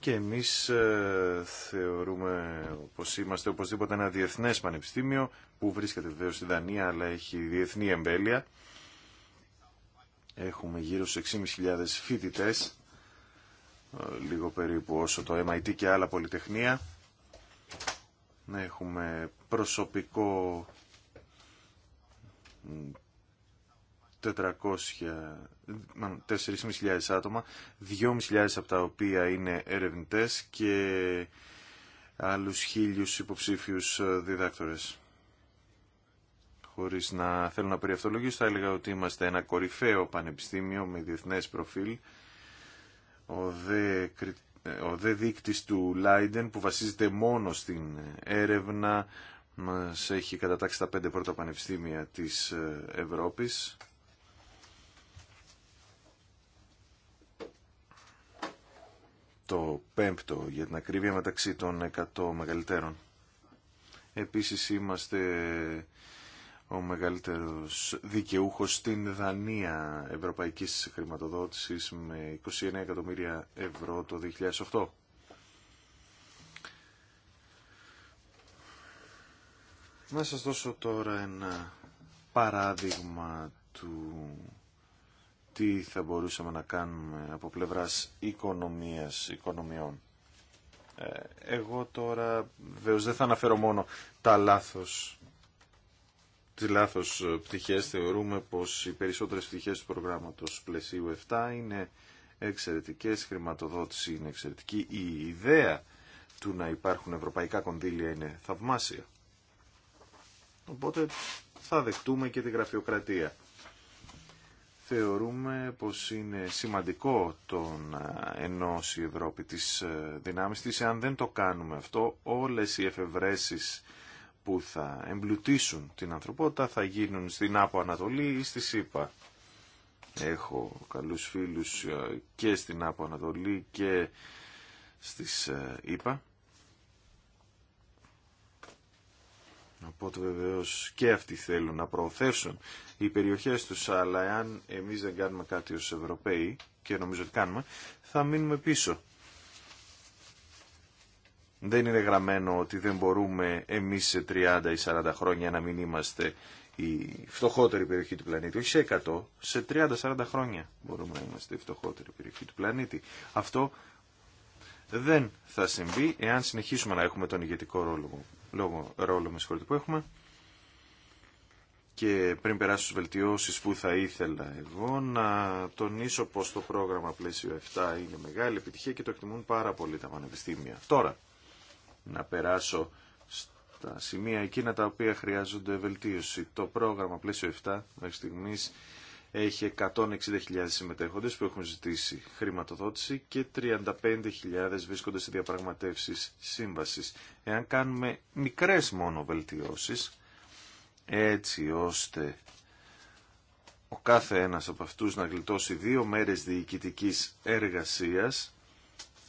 και εμείς ε, θεωρούμε πως είμαστε οπωσδήποτε ένα διεθνές πανεπιστήμιο που βρίσκεται βεβαίως στη Δανία αλλά έχει διεθνή εμβέλεια. Έχουμε γύρω στους 6.500 φοιτητές, ε, λίγο περίπου όσο το MIT και άλλα πολυτεχνία να έχουμε προσωπικό 4.500 άτομα, 2.500 από τα οποία είναι ερευνητές και άλλους χίλιους υποψήφιους διδάκτορες. Χωρίς να θέλω να περιευθολογήσω, θα έλεγα ότι είμαστε ένα κορυφαίο πανεπιστήμιο με διεθνές προφίλ. Ο δε ο δε δείκτης του Λάιντεν που βασίζεται μόνο στην έρευνα μας έχει κατατάξει τα πέντε πρώτα πανεπιστήμια της ε, Ευρώπης. Το πέμπτο για την ακρίβεια μεταξύ των 100 μεγαλύτερων. Επίσης είμαστε ο μεγαλύτερος δικαιούχος στην Δανία ευρωπαϊκής χρηματοδότησης με 29 εκατομμύρια ευρώ το 2008. Να σας δώσω τώρα ένα παράδειγμα του τι θα μπορούσαμε να κάνουμε από πλευράς οικονομίας, οικονομιών. Ε, εγώ τώρα, βεβαίως δεν θα αναφέρω μόνο τα λάθος τι λάθος ε, πτυχές θεωρούμε πως οι περισσότερες πτυχές του προγράμματος πλαισίου 7 είναι εξαιρετικέ η χρηματοδότηση είναι εξαιρετική, η ιδέα του να υπάρχουν ευρωπαϊκά κονδύλια είναι θαυμάσια. Οπότε θα δεχτούμε και τη γραφειοκρατία. Θεωρούμε πως είναι σημαντικό το να ενώσει η Ευρώπη τις ε, δυνάμεις της. Εάν δεν το κάνουμε αυτό, όλες οι εφευρέσεις που θα εμπλουτίσουν την ανθρωπότητα θα γίνουν στην Άπο Ανατολή ή στη ΣΥΠΑ. Έχω καλούς φίλους ε, και στην Άπο Ανατολή και στις ΙΠΑ. Ε, Οπότε βεβαίω και αυτοί θέλουν να προωθεύσουν οι περιοχές τους, αλλά εάν εμείς δεν κάνουμε κάτι ως Ευρωπαίοι, και νομίζω ότι κάνουμε, θα μείνουμε πίσω. Δεν είναι γραμμένο ότι δεν μπορούμε εμείς σε 30 ή 40 χρόνια να μην είμαστε η φτωχότερη περιοχή του πλανήτη. Όχι σε 100, σε 30-40 χρόνια μπορούμε να είμαστε η φτωχότερη περιοχή του πλανήτη. Αυτό δεν θα συμβεί εάν συνεχίσουμε να έχουμε τον ηγετικό ρόλο, λόγο, ρόλο με που έχουμε. Και πριν περάσω στις βελτιώσεις που θα ήθελα εγώ να τονίσω πως το πρόγραμμα πλαίσιο 7 είναι μεγάλη επιτυχία και το εκτιμούν πάρα πολύ τα πανεπιστήμια. Τώρα, να περάσω στα σημεία εκείνα τα οποία χρειάζονται βελτίωση. Το πρόγραμμα πλαίσιο 7 μέχρι στιγμή έχει 160.000 συμμετέχοντες που έχουν ζητήσει χρηματοδότηση και 35.000 βρίσκονται σε διαπραγματεύσεις σύμβασης. Εάν κάνουμε μικρές μόνο βελτιώσεις, έτσι ώστε ο κάθε ένας από αυτούς να γλιτώσει δύο μέρες διοικητικής εργασίας,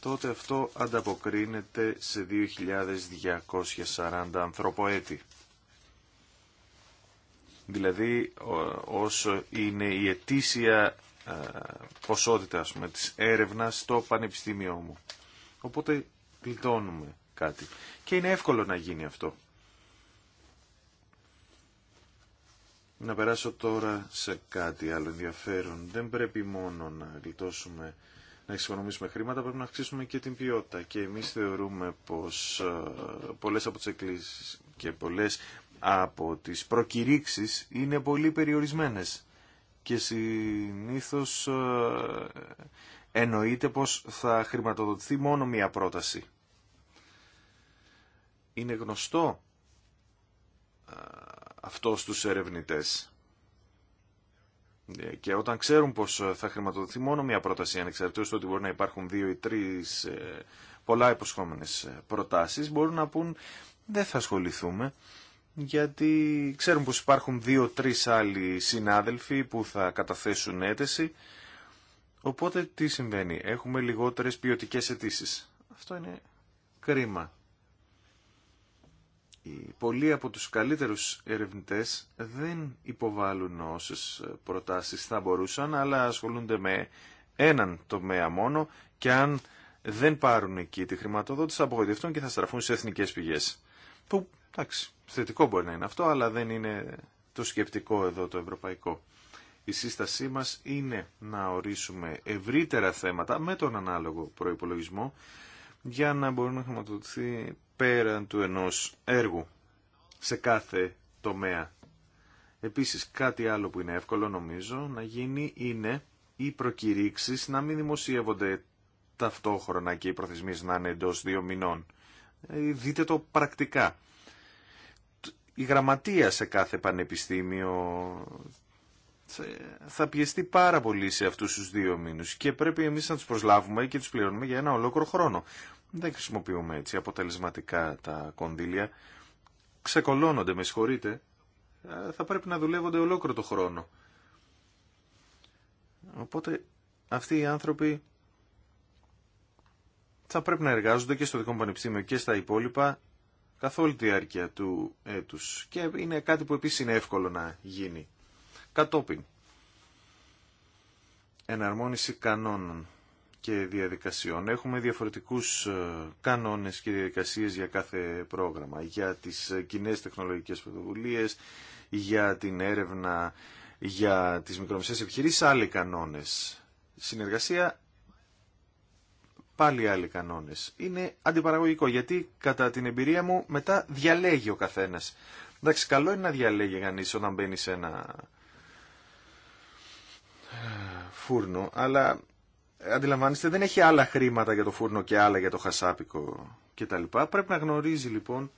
τότε αυτό ανταποκρίνεται σε 2.240 ανθρωποέτη. Δηλαδή όσο είναι η ετήσια ε, ποσότητα ας της έρευνας στο πανεπιστήμιό μου. Οπότε κλειδώνουμε κάτι. Και είναι εύκολο να γίνει αυτό. Να περάσω τώρα σε κάτι άλλο ενδιαφέρον. Δεν πρέπει μόνο να γλιτώσουμε να εξοικονομήσουμε χρήματα, πρέπει να αυξήσουμε και την ποιότητα. Και εμείς θεωρούμε πως ε, πολλές από τις εκκλήσεις και πολλές από τις προκηρύξεις είναι πολύ περιορισμένες. Και συνήθως ε, εννοείται πως θα χρηματοδοτηθεί μόνο μία πρόταση. Είναι γνωστό ε, αυτό στους ερευνητές. Ε, και όταν ξέρουν πως ε, θα χρηματοδοτηθεί μόνο μία πρόταση ανεξαρτήτως του ότι μπορεί να υπάρχουν δύο ή τρεις ε, πολλά υποσχόμενες προτάσεις μπορούν να πούν δεν θα ασχοληθούμε γιατί ξέρουν πως υπάρχουν δύο-τρεις άλλοι συνάδελφοι που θα καταθέσουν αίτηση οπότε τι συμβαίνει έχουμε λιγότερες ποιοτικέ αιτήσει. αυτό είναι κρίμα πολλοί από τους καλύτερους ερευνητές δεν υποβάλλουν όσες προτάσεις θα μπορούσαν, αλλά ασχολούνται με έναν τομέα μόνο και αν δεν πάρουν εκεί τη χρηματοδότηση θα απογοητευτούν και θα στραφούν σε εθνικές πηγές. Που, εντάξει, θετικό μπορεί να είναι αυτό, αλλά δεν είναι το σκεπτικό εδώ το ευρωπαϊκό. Η σύστασή μας είναι να ορίσουμε ευρύτερα θέματα με τον ανάλογο προϋπολογισμό για να μπορούν να χρηματοδοτηθεί πέραν του ενός έργου σε κάθε τομέα. Επίσης κάτι άλλο που είναι εύκολο νομίζω να γίνει είναι οι προκηρύξεις να μην δημοσιεύονται ταυτόχρονα και οι προθεσμίες να είναι εντός δύο μηνών. Ε, δείτε το πρακτικά. Η γραμματεία σε κάθε πανεπιστήμιο θα πιεστεί πάρα πολύ σε αυτούς τους δύο μήνους και πρέπει εμείς να τους προσλάβουμε και τους πληρώνουμε για ένα ολόκληρο χρόνο. Δεν χρησιμοποιούμε έτσι αποτελεσματικά τα κονδύλια. Ξεκολώνονται, με συγχωρείτε. Ε, θα πρέπει να δουλεύονται ολόκληρο το χρόνο. Οπότε αυτοί οι άνθρωποι θα πρέπει να εργάζονται και στο δικό μου πανεπιστήμιο και στα υπόλοιπα καθ' όλη τη διάρκεια του έτους. Και είναι κάτι που επίσης είναι εύκολο να γίνει. Κατόπιν. Εναρμόνιση κανόνων και διαδικασιών. Έχουμε διαφορετικούς ε, κανόνες και διαδικασίες για κάθε πρόγραμμα, για τις ε, κοινέ τεχνολογικές πρωτοβουλίε, για την έρευνα, για τις μικρομεσαίες επιχειρήσεις, άλλοι κανόνες. Συνεργασία, πάλι άλλοι κανόνες. Είναι αντιπαραγωγικό, γιατί κατά την εμπειρία μου μετά διαλέγει ο καθένας. Εντάξει, καλό είναι να διαλέγει κανεί όταν μπαίνει σε ένα ε, φούρνο, αλλά ε, αντιλαμβάνεστε, δεν έχει άλλα χρήματα για το φούρνο και άλλα για το χασάπικο κτλ. Πρέπει να γνωρίζει λοιπόν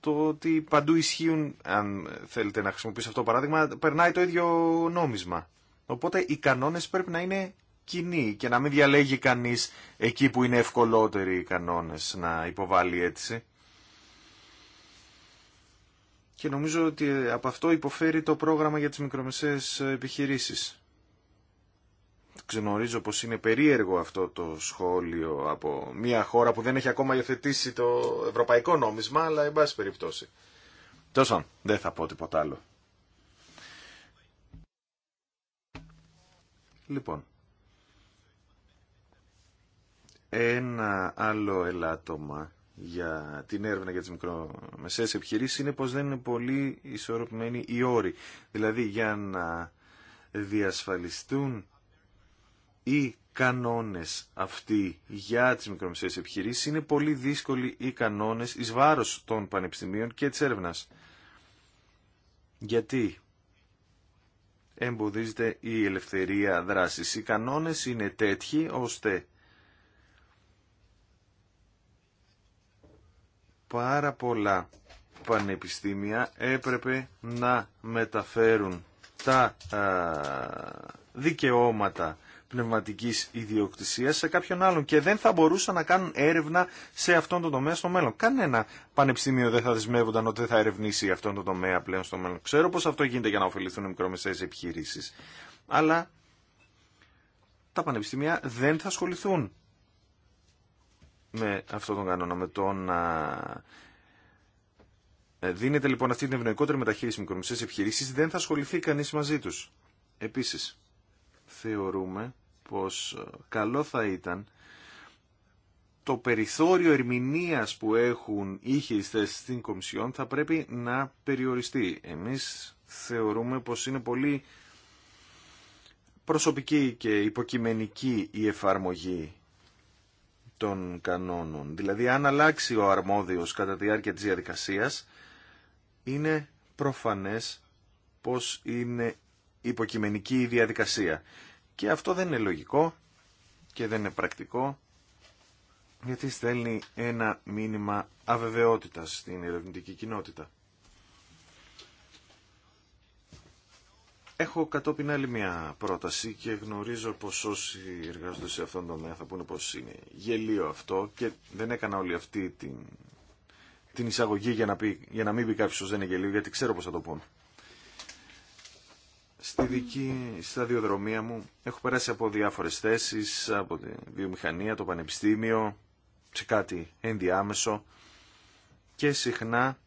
το ότι παντού ισχύουν, αν θέλετε να χρησιμοποιήσω αυτό το παράδειγμα, περνάει το ίδιο νόμισμα. Οπότε οι κανόνες πρέπει να είναι κοινοί και να μην διαλέγει κανείς εκεί που είναι ευκολότεροι οι κανόνε να υποβάλει αίτηση. Και νομίζω ότι από αυτό υποφέρει το πρόγραμμα για τις μικρομεσαίες επιχειρήσεις. Ξενορίζω πως είναι περίεργο αυτό το σχόλιο από μια χώρα που δεν έχει ακόμα υιοθετήσει το ευρωπαϊκό νόμισμα, αλλά εν πάση περιπτώσει. Τόσο, δεν θα πω τίποτα άλλο. Λοιπόν, ένα άλλο ελάττωμα για την έρευνα για τις μικρομεσαίες επιχειρήσεις είναι πως δεν είναι πολύ ισορροπημένοι οι όροι. Δηλαδή για να διασφαλιστούν οι κανόνες αυτοί για τις μικρομεσαίες επιχειρήσεις είναι πολύ δύσκολοι οι κανόνες εις βάρος των πανεπιστημίων και της έρευνα. Γιατί εμποδίζεται η ελευθερία δράσης. Οι κανόνες είναι τέτοιοι ώστε πάρα πολλά πανεπιστήμια έπρεπε να μεταφέρουν τα δικαιώματα Πνευματική ιδιοκτησία σε κάποιον άλλον και δεν θα μπορούσαν να κάνουν έρευνα σε αυτόν τον τομέα στο μέλλον. Κανένα πανεπιστήμιο δεν θα δεσμεύονταν ότι δεν θα ερευνήσει αυτόν τον τομέα πλέον στο μέλλον. Ξέρω πώ αυτό γίνεται για να ωφεληθούν οι μικρομεσαίε επιχειρήσεις. Αλλά τα πανεπιστήμια δεν θα ασχοληθούν με αυτόν τον κανόνα, με τον να ε, δίνεται λοιπόν αυτή την ευνοϊκότερη μεταχείριση μικρομεσαίε επιχειρήσει, δεν θα ασχοληθεί κανεί μαζί του. Επίση, θεωρούμε πως ε, καλό θα ήταν το περιθώριο ερμηνείας που έχουν είχε οι στην Κομισιόν θα πρέπει να περιοριστεί. Εμείς θεωρούμε πως είναι πολύ προσωπική και υποκειμενική η εφαρμογή των κανόνων. Δηλαδή αν αλλάξει ο αρμόδιος κατά τη διάρκεια της διαδικασίας είναι προφανές πως είναι υποκειμενική η διαδικασία. Και αυτό δεν είναι λογικό και δεν είναι πρακτικό γιατί στέλνει ένα μήνυμα αβεβαιότητας στην ερευνητική κοινότητα. Έχω κατόπιν άλλη μια πρόταση και γνωρίζω πως όσοι εργάζονται σε αυτόν τον τομέα θα πούνε πως είναι γελίο αυτό και δεν έκανα όλη αυτή την, την εισαγωγή για να, πει, για να μην πει κάποιος ότι δεν είναι γελίο γιατί ξέρω πως θα το πούνε στη δική σταδιοδρομία μου έχω περάσει από διάφορες θέσεις, από τη βιομηχανία, το πανεπιστήμιο, σε κάτι ενδιάμεσο και συχνά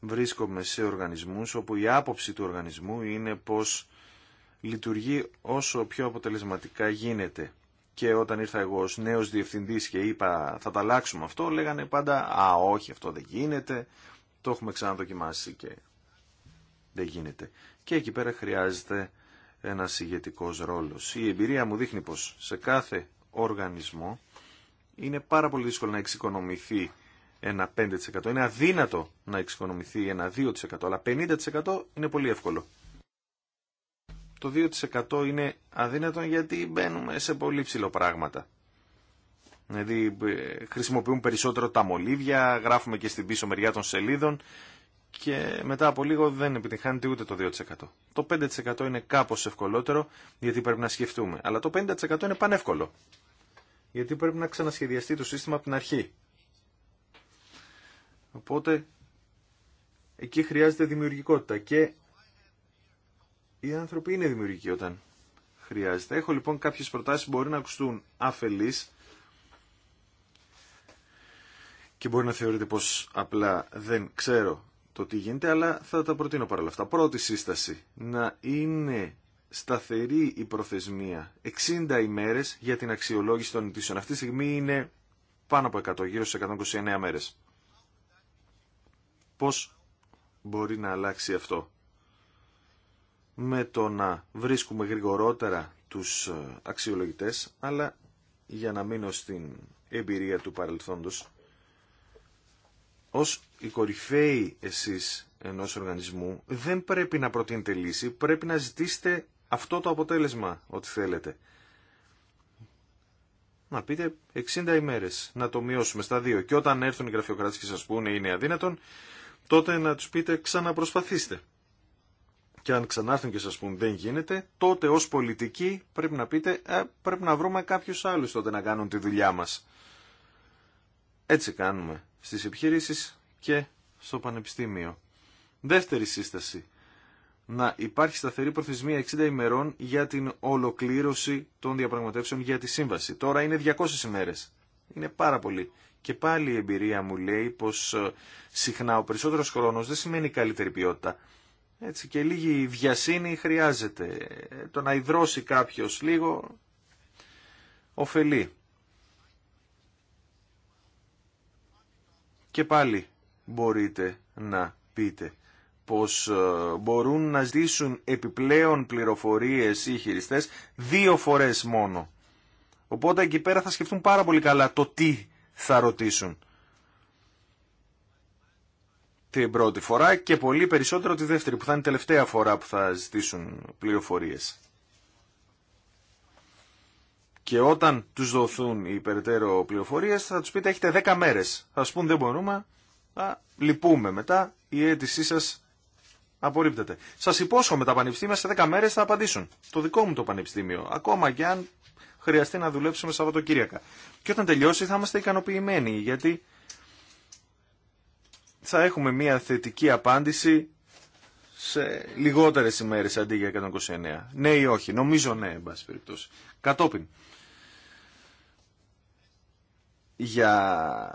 βρίσκομαι σε οργανισμούς όπου η άποψη του οργανισμού είναι πως λειτουργεί όσο πιο αποτελεσματικά γίνεται. Και όταν ήρθα εγώ ως νέος διευθυντής και είπα θα τα αλλάξουμε αυτό, λέγανε πάντα «Α, όχι, αυτό δεν γίνεται, το έχουμε ξαναδοκιμάσει και δεν γίνεται. Και εκεί πέρα χρειάζεται ένα ηγετικό ρόλο. Η εμπειρία μου δείχνει πως σε κάθε οργανισμό είναι πάρα πολύ δύσκολο να εξοικονομηθεί ένα 5%. Είναι αδύνατο να εξοικονομηθεί ένα 2%, αλλά 50% είναι πολύ εύκολο. Το 2% είναι αδύνατο γιατί μπαίνουμε σε πολύ ψηλό πράγματα. Δηλαδή ε, χρησιμοποιούμε περισσότερο τα μολύβια, γράφουμε και στην πίσω μεριά των σελίδων και μετά από λίγο δεν επιτυγχάνεται ούτε το 2%. Το 5% είναι κάπως ευκολότερο γιατί πρέπει να σκεφτούμε. Αλλά το 50% είναι πανεύκολο. Γιατί πρέπει να ξανασχεδιαστεί το σύστημα από την αρχή. Οπότε εκεί χρειάζεται δημιουργικότητα και οι άνθρωποι είναι δημιουργικοί όταν χρειάζεται. Έχω λοιπόν κάποιες προτάσεις που μπορεί να ακουστούν αφελείς και μπορεί να θεωρείτε πως απλά δεν ξέρω το τι γίνεται, αλλά θα τα προτείνω παρόλα αυτά. Πρώτη σύσταση, να είναι σταθερή η προθεσμία 60 ημέρες για την αξιολόγηση των νητήσεων. Αυτή τη στιγμή είναι πάνω από 100, γύρω στις 129 μέρες. Πώς μπορεί να αλλάξει αυτό με το να βρίσκουμε γρηγορότερα τους ε, αξιολογητές, αλλά για να μείνω στην εμπειρία του παρελθόντος, ως οι κορυφαίοι εσείς ενός οργανισμού δεν πρέπει να προτείνετε λύση, πρέπει να ζητήσετε αυτό το αποτέλεσμα ότι θέλετε. Να πείτε 60 ημέρες, να το μειώσουμε στα δύο και όταν έρθουν οι γραφειοκράτες και σας πούνε είναι αδύνατον, τότε να τους πείτε ξαναπροσπαθήστε. Και αν ξανάρθουν και σας πούν δεν γίνεται, τότε ως πολιτικοί πρέπει να πείτε «Ε, πρέπει να βρούμε κάποιους άλλους τότε να κάνουν τη δουλειά μας. Έτσι κάνουμε στις επιχειρήσεις και στο πανεπιστήμιο. Δεύτερη σύσταση. Να υπάρχει σταθερή προθεσμία 60 ημερών για την ολοκλήρωση των διαπραγματεύσεων για τη σύμβαση. Τώρα είναι 200 ημέρες. Είναι πάρα πολύ. Και πάλι η εμπειρία μου λέει πως ε, συχνά ο περισσότερος χρόνος δεν σημαίνει καλύτερη ποιότητα. Έτσι, και λίγη βιασύνη χρειάζεται. Ε, το να υδρώσει κάποιος λίγο ωφελεί. και πάλι μπορείτε να πείτε πως ε, μπορούν να ζητήσουν επιπλέον πληροφορίες οι χειριστές δύο φορές μόνο. Οπότε εκεί πέρα θα σκεφτούν πάρα πολύ καλά το τι θα ρωτήσουν την πρώτη φορά και πολύ περισσότερο τη δεύτερη που θα είναι η τελευταία φορά που θα ζητήσουν πληροφορίες. Και όταν τους δοθούν οι περαιτέρω πληροφορίες θα τους πείτε έχετε 10 μέρες. Θα σου πούν δεν μπορούμε, θα λυπούμε μετά, η αίτησή σας απορρίπτεται. Σας υπόσχομαι τα πανεπιστήμια σε 10 μέρες θα απαντήσουν. Το δικό μου το πανεπιστήμιο, ακόμα και αν χρειαστεί να δουλέψουμε Σαββατοκύριακα. Και όταν τελειώσει θα είμαστε ικανοποιημένοι γιατί θα έχουμε μια θετική απάντηση σε λιγότερες ημέρες αντί για 129. Ναι ή όχι. Νομίζω ναι, εν πάση περιπτώσει. Κατόπιν για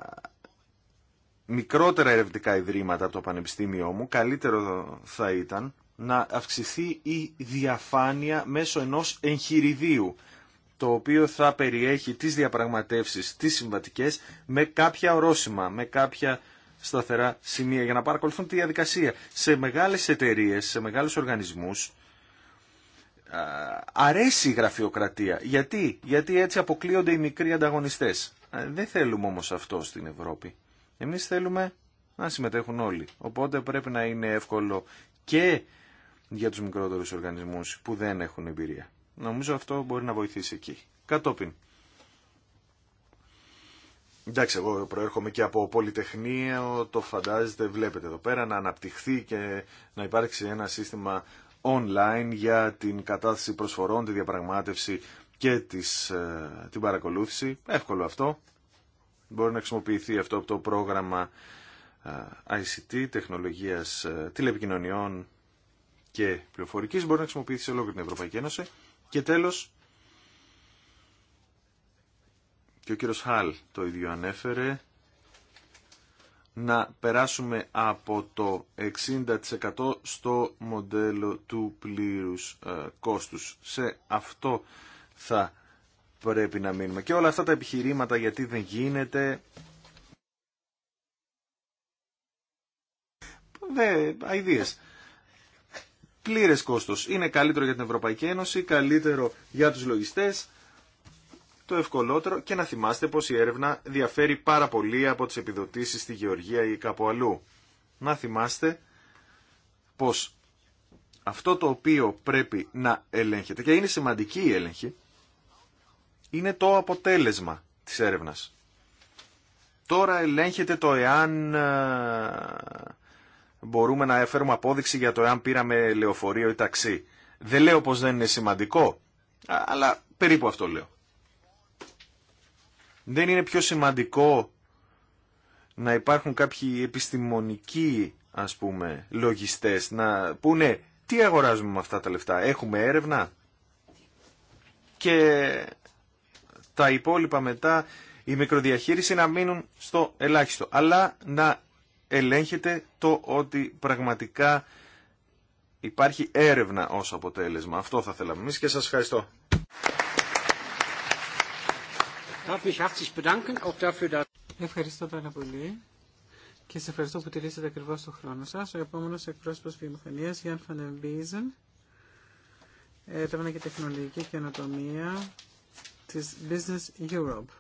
μικρότερα ερευνητικά ιδρύματα από το πανεπιστήμιό μου, καλύτερο θα ήταν να αυξηθεί η διαφάνεια μέσω ενός εγχειριδίου, το οποίο θα περιέχει τις διαπραγματεύσεις, τις συμβατικές, με κάποια ορόσημα, με κάποια σταθερά σημεία, για να παρακολουθούν τη διαδικασία. Σε μεγάλες εταιρείε, σε μεγάλους οργανισμούς, αρέσει η γραφειοκρατία. Γιατί, Γιατί έτσι αποκλείονται οι μικροί ανταγωνιστές. Ε, δεν θέλουμε όμως αυτό στην Ευρώπη. Εμείς θέλουμε να συμμετέχουν όλοι. Οπότε πρέπει να είναι εύκολο και για τους μικρότερους οργανισμούς που δεν έχουν εμπειρία. Νομίζω αυτό μπορεί να βοηθήσει εκεί. Κατόπιν. Εντάξει, εγώ προέρχομαι και από πολυτεχνείο, το φαντάζεστε, βλέπετε εδώ πέρα, να αναπτυχθεί και να υπάρξει ένα σύστημα online για την κατάθεση προσφορών, τη διαπραγμάτευση και τις, ε, την παρακολούθηση. Εύκολο αυτό. Μπορεί να χρησιμοποιηθεί αυτό από το πρόγραμμα ε, ICT, τεχνολογίας ε, τηλεπικοινωνιών και πληροφορικής. Μπορεί να χρησιμοποιηθεί σε ολόκληρη την Ευρωπαϊκή Ένωση. Και τέλος, και ο κύριος Χαλ το ίδιο ανέφερε, να περάσουμε από το 60% στο μοντέλο του πλήρους κόστους. Σε αυτό θα πρέπει να μείνουμε. Και όλα αυτά τα επιχειρήματα γιατί δεν γίνεται. Δε, Πλήρες κόστος. Είναι καλύτερο για την Ευρωπαϊκή Ένωση, καλύτερο για τους λογιστές το ευκολότερο και να θυμάστε πως η έρευνα διαφέρει πάρα πολύ από τις επιδοτήσεις στη Γεωργία ή κάπου αλλού. Να θυμάστε πως αυτό το οποίο πρέπει να ελέγχεται και είναι σημαντική η έλεγχη είναι το αποτέλεσμα της έρευνας. Τώρα ελέγχεται το εάν ε, μπορούμε να φέρουμε απόδειξη για το εάν πήραμε λεωφορείο ή ταξί. Δεν λέω πως δεν είναι σημαντικό, αλλά περίπου αυτό λέω. Δεν είναι πιο σημαντικό να υπάρχουν κάποιοι επιστημονικοί ας πούμε λογιστές να πούνε τι αγοράζουμε με αυτά τα λεφτά, έχουμε έρευνα και τα υπόλοιπα μετά η μικροδιαχείριση να μείνουν στο ελάχιστο. Αλλά να ελέγχεται το ότι πραγματικά υπάρχει έρευνα ως αποτέλεσμα. Αυτό θα θέλαμε εμείς και σας ευχαριστώ. Ευχαριστώ πάρα πολύ και σε ευχαριστώ που τηρήσατε ακριβώ το χρόνο σα. Ο επόμενο εκπρόσωπο βιομηχανία, Γιάνν Φανεμπίζεν, έρευνα και τεχνολογική καινοτομία της Business Europe.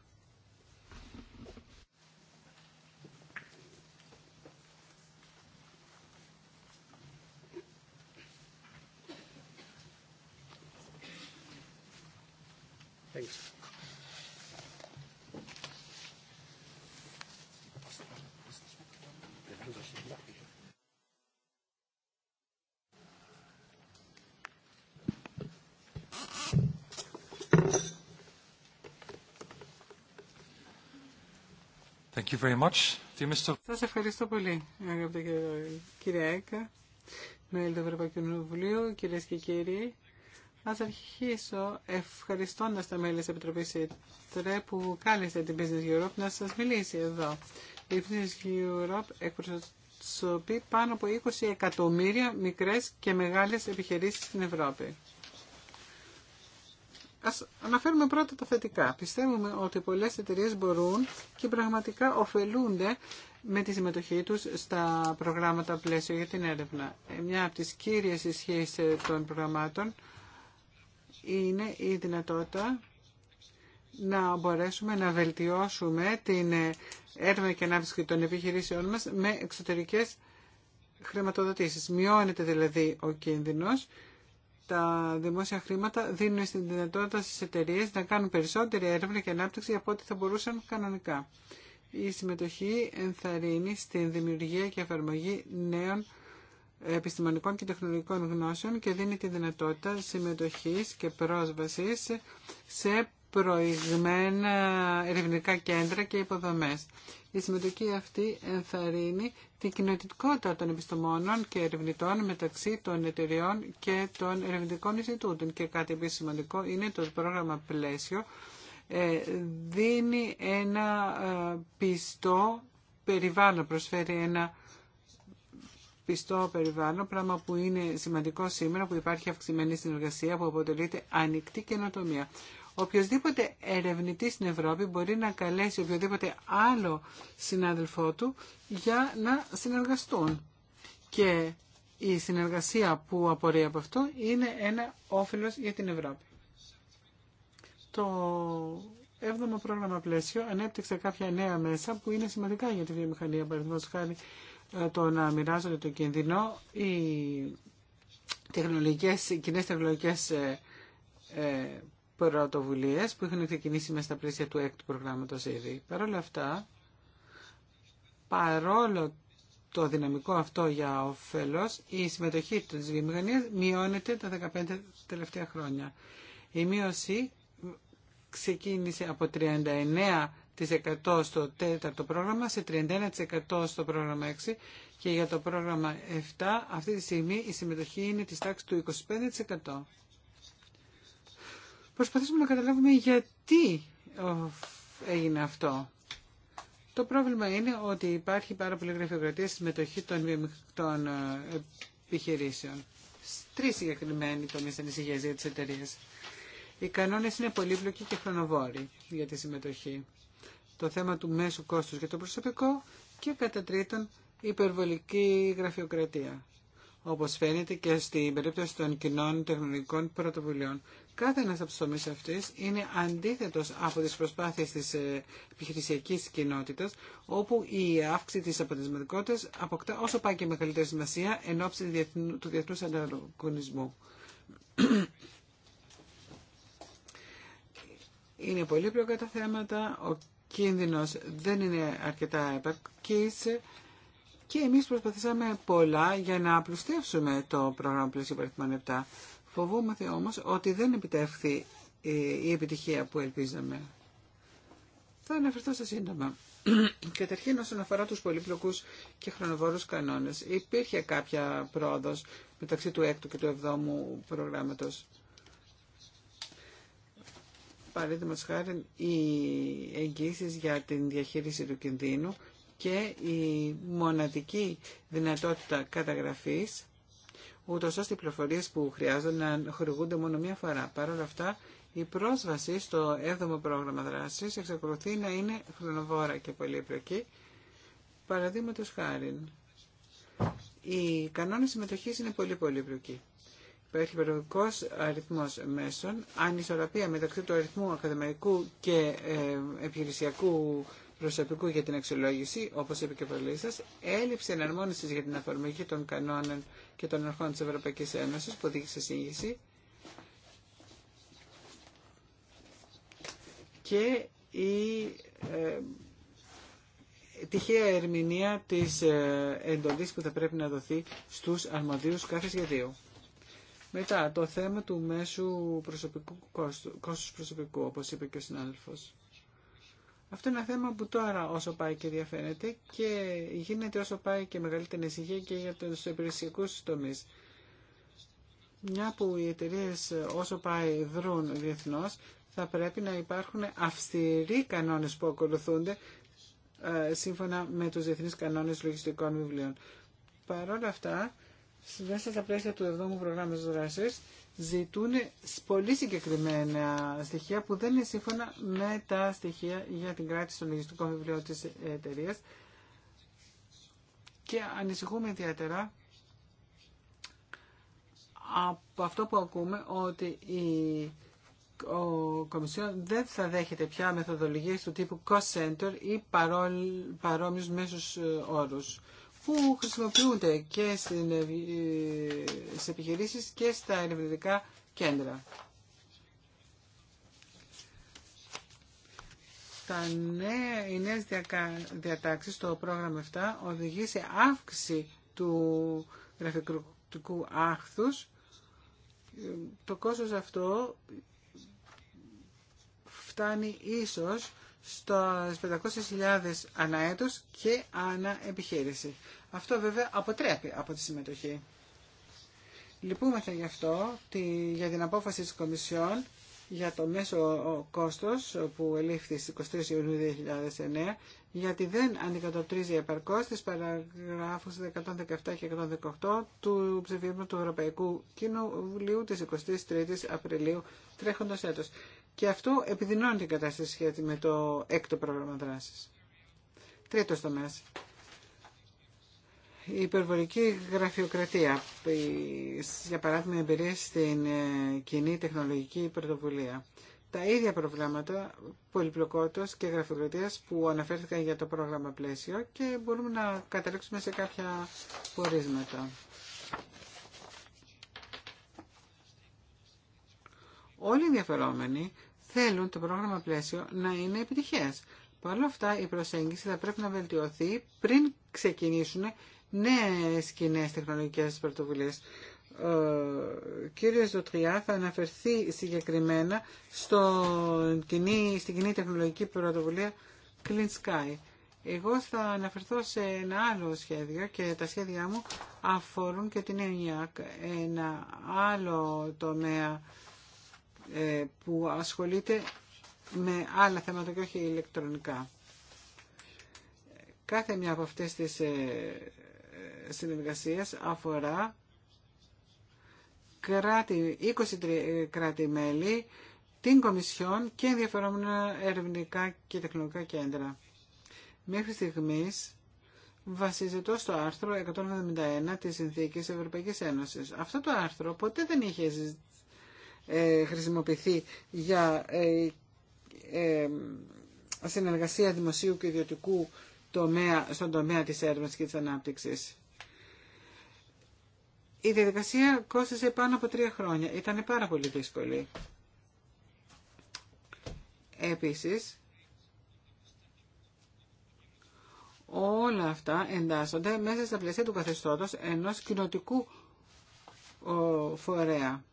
Thanks. Σα Σας ευχαριστώ πολύ, αγαπητέ κύριε Έκα, μέλη του Ευρωπαϊκού Κοινοβουλίου, κυρίες και κύριοι. Ας αρχίσω ευχαριστώντα τα μέλη της Επιτροπής ΕΤΡΕ που κάλεσε την Business Europe να σα μιλήσει εδώ. Η Business Europe εκπροσωπεί πάνω από 20 εκατομμύρια μικρέ και μεγάλε επιχειρήσει στην Ευρώπη. Ας αναφέρουμε πρώτα τα θετικά. Πιστεύουμε ότι πολλές εταιρείες μπορούν και πραγματικά ωφελούνται με τη συμμετοχή τους στα προγράμματα πλαίσιο για την έρευνα. Ε, μια από τις κύριες ισχύες ε, των προγραμμάτων είναι η δυνατότητα να μπορέσουμε να βελτιώσουμε την ε, έρευνα και ανάπτυξη των επιχειρήσεών μας με εξωτερικές χρηματοδοτήσεις. Μειώνεται δηλαδή ο κίνδυνος τα δημόσια χρήματα δίνουν στην δυνατότητα στις εταιρείε να κάνουν περισσότερη έρευνα και ανάπτυξη από ό,τι θα μπορούσαν κανονικά. Η συμμετοχή ενθαρρύνει στην δημιουργία και εφαρμογή νέων επιστημονικών και τεχνολογικών γνώσεων και δίνει τη δυνατότητα συμμετοχής και πρόσβασης σε προηγμένα ερευνητικά κέντρα και υποδομές. Η συμμετοχή αυτή ενθαρρύνει την κοινοτικότητα των επιστημόνων και ερευνητών μεταξύ των εταιριών και των ερευνητικών Ινστιτούτων. Και κάτι επίσης σημαντικό είναι το πρόγραμμα πλαίσιο ε, δίνει ένα ε, πιστό περιβάλλον, προσφέρει ένα πιστό περιβάλλον, πράγμα που είναι σημαντικό σήμερα που υπάρχει αυξημένη συνεργασία που αποτελείται ανοιχτή καινοτομία. Οποιοδήποτε ερευνητή στην Ευρώπη μπορεί να καλέσει οποιοδήποτε άλλο συνάδελφό του για να συνεργαστούν. Και η συνεργασία που απορρέει από αυτό είναι ένα όφελος για την Ευρώπη. Το 7ο πρόγραμμα πλαίσιο ανέπτυξε κάποια νέα μέσα που είναι σημαντικά για τη βιομηχανία. Παραδείγματο χάρη ε, το να μοιράζονται το κίνδυνο, οι τεχνολογικές, οι κοινές ε, ε, πρωτοβουλίε που είχαν ξεκινήσει μέσα στα πλαίσια του έκτου προγράμματο ήδη. Παρ' όλα αυτά, παρόλο το δυναμικό αυτό για όφελος, η συμμετοχή τη βιομηχανία μειώνεται τα 15 τελευταία χρόνια. Η μείωση ξεκίνησε από 39% στο τέταρτο πρόγραμμα σε 31% στο πρόγραμμα 6 και για το πρόγραμμα 7 αυτή τη στιγμή η συμμετοχή είναι της τάξης του 25%. Προσπαθήσουμε να καταλάβουμε γιατί ε, έγινε αυτό. Το πρόβλημα είναι ότι υπάρχει πάρα πολύ γραφειοκρατία στη συμμετοχή των ε, επιχειρήσεων. Τρει συγκεκριμένοι τομεί ανησυχία για τι εταιρείε. Οι κανόνε είναι πολύπλοκοι και χρονοβόροι για τη συμμετοχή. Το θέμα του μέσου κόστου για το προσωπικό και κατά τρίτον υπερβολική γραφειοκρατία. Όπω φαίνεται και στην περίπτωση των κοινών τεχνολογικών πρωτοβουλειών. Κάθε ένα από του τομεί αυτή είναι αντίθετος από τις προσπάθειες της ε, επιχειρησιακή κοινότητα, όπου η αύξηση της αποτελεσματικότητα αποκτά όσο πάει και μεγαλύτερη σημασία εν ώψη του διεθνούς ανταγωνισμού. Είναι πολύπλοκα τα θέματα, ο κίνδυνος δεν είναι αρκετά επαρκής, και εμείς προσπαθήσαμε πολλά για να απλουστεύσουμε το πρόγραμμα πλαίσιο παριθμών 7. Φοβόμαστε όμως ότι δεν επιτεύχθη ε, η επιτυχία που ελπίζαμε. Θα αναφερθώ σε σύντομα. Καταρχήν όσον αφορά τους πολύπλοκους και χρονοβόρους κανόνες, υπήρχε κάποια πρόοδος μεταξύ του 6ου και του 7ου προγράμματος. Παραδείγματος χάρη, οι εγγύσεις για την διαχείριση του κινδύνου και η μοναδική δυνατότητα καταγραφής ούτως ώστε οι πληροφορίες που χρειάζονται να χορηγούνται μόνο μία φορά. Παρ' όλα αυτά, η πρόσβαση στο 7ο πρόγραμμα δράσης εξακολουθεί να είναι χρονοβόρα και πολύπλοκη. Παραδείγματο χάρη, οι κανόνε συμμετοχή είναι πολύ πολύπλοκοι. Υπάρχει περιοδικό αριθμό μέσων, ανισορροπία μεταξύ του αριθμού ακαδημαϊκού και ε, επιχειρησιακού προσωπικού για την αξιολόγηση, όπω είπε και ο σας, έλλειψη εναρμόνιση για την εφαρμογή των κανόνων και των αρχών τη Ευρωπαϊκή Ένωση που οδήγησε σε σύγχυση και η ε, τυχαία ερμηνεία της ε, εντολής που θα πρέπει να δοθεί στους αρμοδίους κάθε σχεδίου. Μετά, το θέμα του μέσου προσωπικού κόστου, κόστους προσωπικού, όπως είπε και ο συνάδελφος. Αυτό είναι ένα θέμα που τώρα όσο πάει και διαφαίνεται και γίνεται όσο πάει και μεγαλύτερη ανησυχία και για τους υπηρεσιακούς τομεί. Μια που οι εταιρείε όσο πάει δρούν διεθνώ, θα πρέπει να υπάρχουν αυστηροί κανόνες που ακολουθούνται ε, σύμφωνα με τους διεθνείς κανόνες λογιστικών βιβλίων. Παρ' όλα αυτά, μέσα στα πλαίσια του 7ου προγράμματος δράσης, ζητούν πολύ συγκεκριμένα στοιχεία που δεν είναι σύμφωνα με τα στοιχεία για την κράτηση των λογιστικών βιβλίων της εταιρεία. Και ανησυχούμε ιδιαίτερα από αυτό που ακούμε ότι η ο Κομισιόν δεν θα δέχεται πια μεθοδολογίες του τύπου cost center ή παρόμοιους μέσους ε, όρους που χρησιμοποιούνται και ε, στι επιχειρήσεις και στα ερευνητικά κέντρα. τα νέα, οι νέες διατάξεις στο πρόγραμμα 7 οδηγεί σε αύξηση του γραφειοκρατικού άχθους. Το κόστος αυτό φτάνει ίσως στα 500.000 ανά έτος και ανά επιχείρηση. Αυτό βέβαια αποτρέπει από τη συμμετοχή. Λυπούμεθα γι' αυτό τη, για την απόφαση της Κομισιόν για το μέσο κόστος που ελήφθη στις 23 Ιουνίου 2009 γιατί δεν αντικατοπτρίζει επαρκώς τις παραγράφους 117 και 118 του ψηφίσματος του Ευρωπαϊκού Κοινοβουλίου της 23ης Απριλίου τρέχοντος έτος. Και αυτό επιδεινώνει την κατάσταση σχέση με το έκτο πρόγραμμα δράσης. Τρίτος τομέας η υπερβολική γραφειοκρατία, για παράδειγμα η εμπειρία στην ε, κοινή τεχνολογική πρωτοβουλία. Τα ίδια προβλήματα πολυπλοκότητας και γραφειοκρατίας που αναφέρθηκαν για το πρόγραμμα πλαίσιο και μπορούμε να καταλήξουμε σε κάποια πορίσματα. Όλοι οι ενδιαφερόμενοι θέλουν το πρόγραμμα πλαίσιο να είναι επιτυχές. Παρ' όλα αυτά η προσέγγιση θα πρέπει να βελτιωθεί πριν ξεκινήσουν νέες κοινέ τεχνολογικές πρωτοβουλίες. Ο ε, κύριος Δουτριά θα αναφερθεί συγκεκριμένα στο κοινή, στην κοινή τεχνολογική πρωτοβουλία Clean Sky. Εγώ θα αναφερθώ σε ένα άλλο σχέδιο και τα σχέδιά μου αφορούν και την ΕΝΙΑΚ, ένα άλλο τομέα ε, που ασχολείται με άλλα θέματα και όχι ηλεκτρονικά. Κάθε μια από αυτές τις ε, συνεργασίας αφορά κράτη, 20 κράτη-μέλη, την Κομισιόν και ενδιαφερόμενα ερευνητικά και τεχνολογικά κέντρα. Μέχρι στιγμής βασίζεται στο άρθρο 171 της Συνθήκης Ευρωπαϊκής Ένωσης. Αυτό το άρθρο ποτέ δεν είχε ε, χρησιμοποιηθεί για ε, ε, συνεργασία δημοσίου και ιδιωτικού τομέα, στον τομέα της έρευνας και της ανάπτυξης. Η διαδικασία κόστισε πάνω από τρία χρόνια. Ήταν πάρα πολύ δύσκολη. Επίσης, όλα αυτά εντάσσονται μέσα στα πλαίσια του καθεστώτος ενός κοινοτικού φορέα.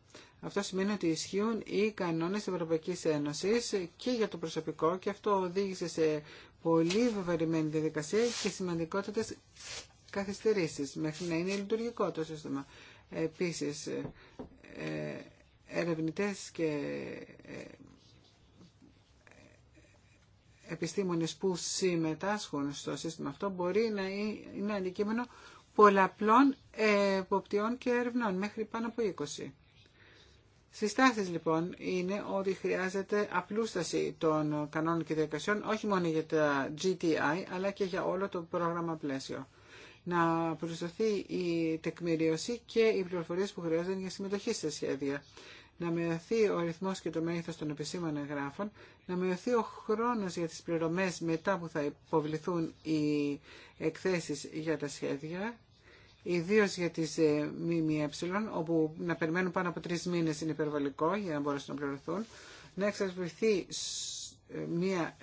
Αυτό σημαίνει ότι ισχύουν οι κανόνες Ευρωπαϊκής Ένωσης και για το προσωπικό και αυτό οδήγησε σε πολύ βεβαρημένη διαδικασία και σημαντικότητες καθυστερήσεις μέχρι να είναι λειτουργικό το σύστημα. Επίσης, ε, ε, ερευνητές και ε, επιστήμονες που συμμετάσχουν στο σύστημα αυτό μπορεί να είναι αντικείμενο πολλαπλών εποπτιών και ερευνών μέχρι πάνω από 20. Συστάσεις λοιπόν είναι ότι χρειάζεται απλούσταση των κανόνων και διακασιών όχι μόνο για τα GTI αλλά και για όλο το πρόγραμμα πλαίσιο. Να προσδοθεί η τεκμηρίωση και οι πληροφορίες που χρειάζονται για συμμετοχή στα σχέδια. Να μειωθεί ο αριθμός και το μέγεθος των επισήμων εγγράφων. Να μειωθεί ο χρόνος για τις πληρωμές μετά που θα υποβληθούν οι εκθέσεις για τα σχέδια Ιδίω για τις ε, ΜΜΕ, όπου να περιμένουν πάνω από τρει μήνες είναι υπερβολικό για να μπορέσουν να πληρωθούν, να εξασφαλιστεί ε, μια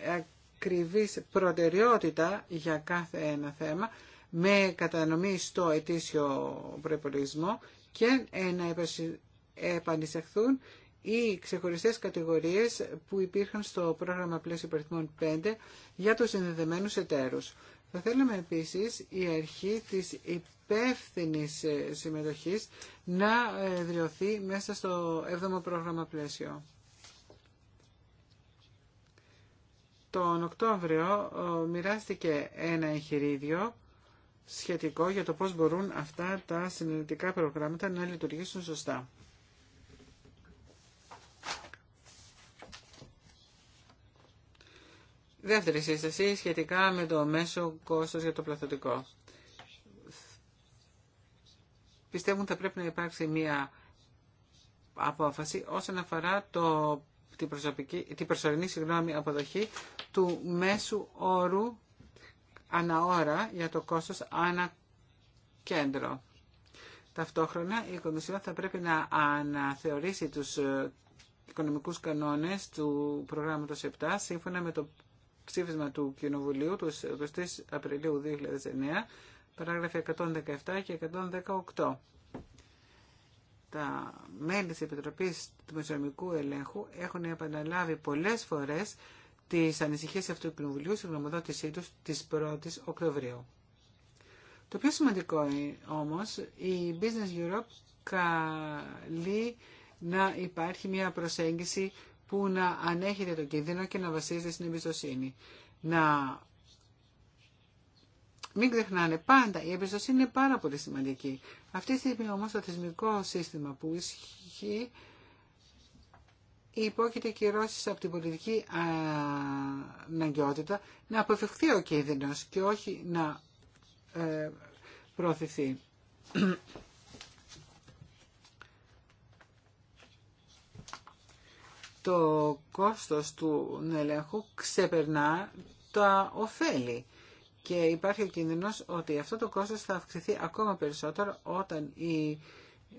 ακριβή προτεραιότητα για κάθε ένα θέμα, με κατανομή στο ετήσιο προπολογισμό και να επανεισεχθούν οι ξεχωριστές κατηγορίες που υπήρχαν στο πρόγραμμα πλαίσιο υπερθυμών 5 για τους συνδεδεμένους εταίρους. Θα θέλαμε επίσης η αρχή της υπεύθυνη ε, συμμετοχή να ε, δριωθεί μέσα στο 7ο πρόγραμμα πλαίσιο. Τον Οκτώβριο μοιράστηκε ένα εγχειρίδιο σχετικό για το πώς μπορούν αυτά τα συνεργατικά προγράμματα να λειτουργήσουν σωστά. Δεύτερη σύσταση σχετικά με το μέσο κόστος για το πλαθωτικό πιστεύουν ότι θα πρέπει να υπάρξει μια απόφαση όσον αφορά το, την, προσωπική, την προσωρινή συγγνώμη, αποδοχή του μέσου όρου αναώρα για το κόστος ανά κέντρο. Ταυτόχρονα η Κομισιόν θα πρέπει να αναθεωρήσει τους ε, οικονομικούς κανόνες του προγράμματος 7 σύμφωνα με το ψήφισμα του Κοινοβουλίου του 23 ε, Απριλίου 2009 παράγραφοι 117 και 118. Τα μέλη της Επιτροπής του Μεσονομικού Ελέγχου έχουν επαναλάβει πολλές φορές τις ανησυχίες αυτού του κοινοβουλίου στην γνωμοδότησή τους της 1ης Οκτωβρίου. Το πιο σημαντικό όμως, η Business Europe καλεί να υπάρχει μια προσέγγιση που να ανέχεται το κίνδυνο και να βασίζεται στην εμπιστοσύνη. Να μην ξεχνάνε, πάντα η εμπιστοσύνη είναι πάρα πολύ σημαντική. Αυτή τη στιγμή όμως το θεσμικό σύστημα που ισχύει υπόκειται κυρώσει από την πολιτική αναγκαιότητα να αποφευχθεί ο κίνδυνος και όχι να ε, προωθηθεί. το κόστος του ελέγχου ξεπερνά τα ωφέλη. Και υπάρχει ο κίνδυνος ότι αυτό το κόστος θα αυξηθεί ακόμα περισσότερο όταν οι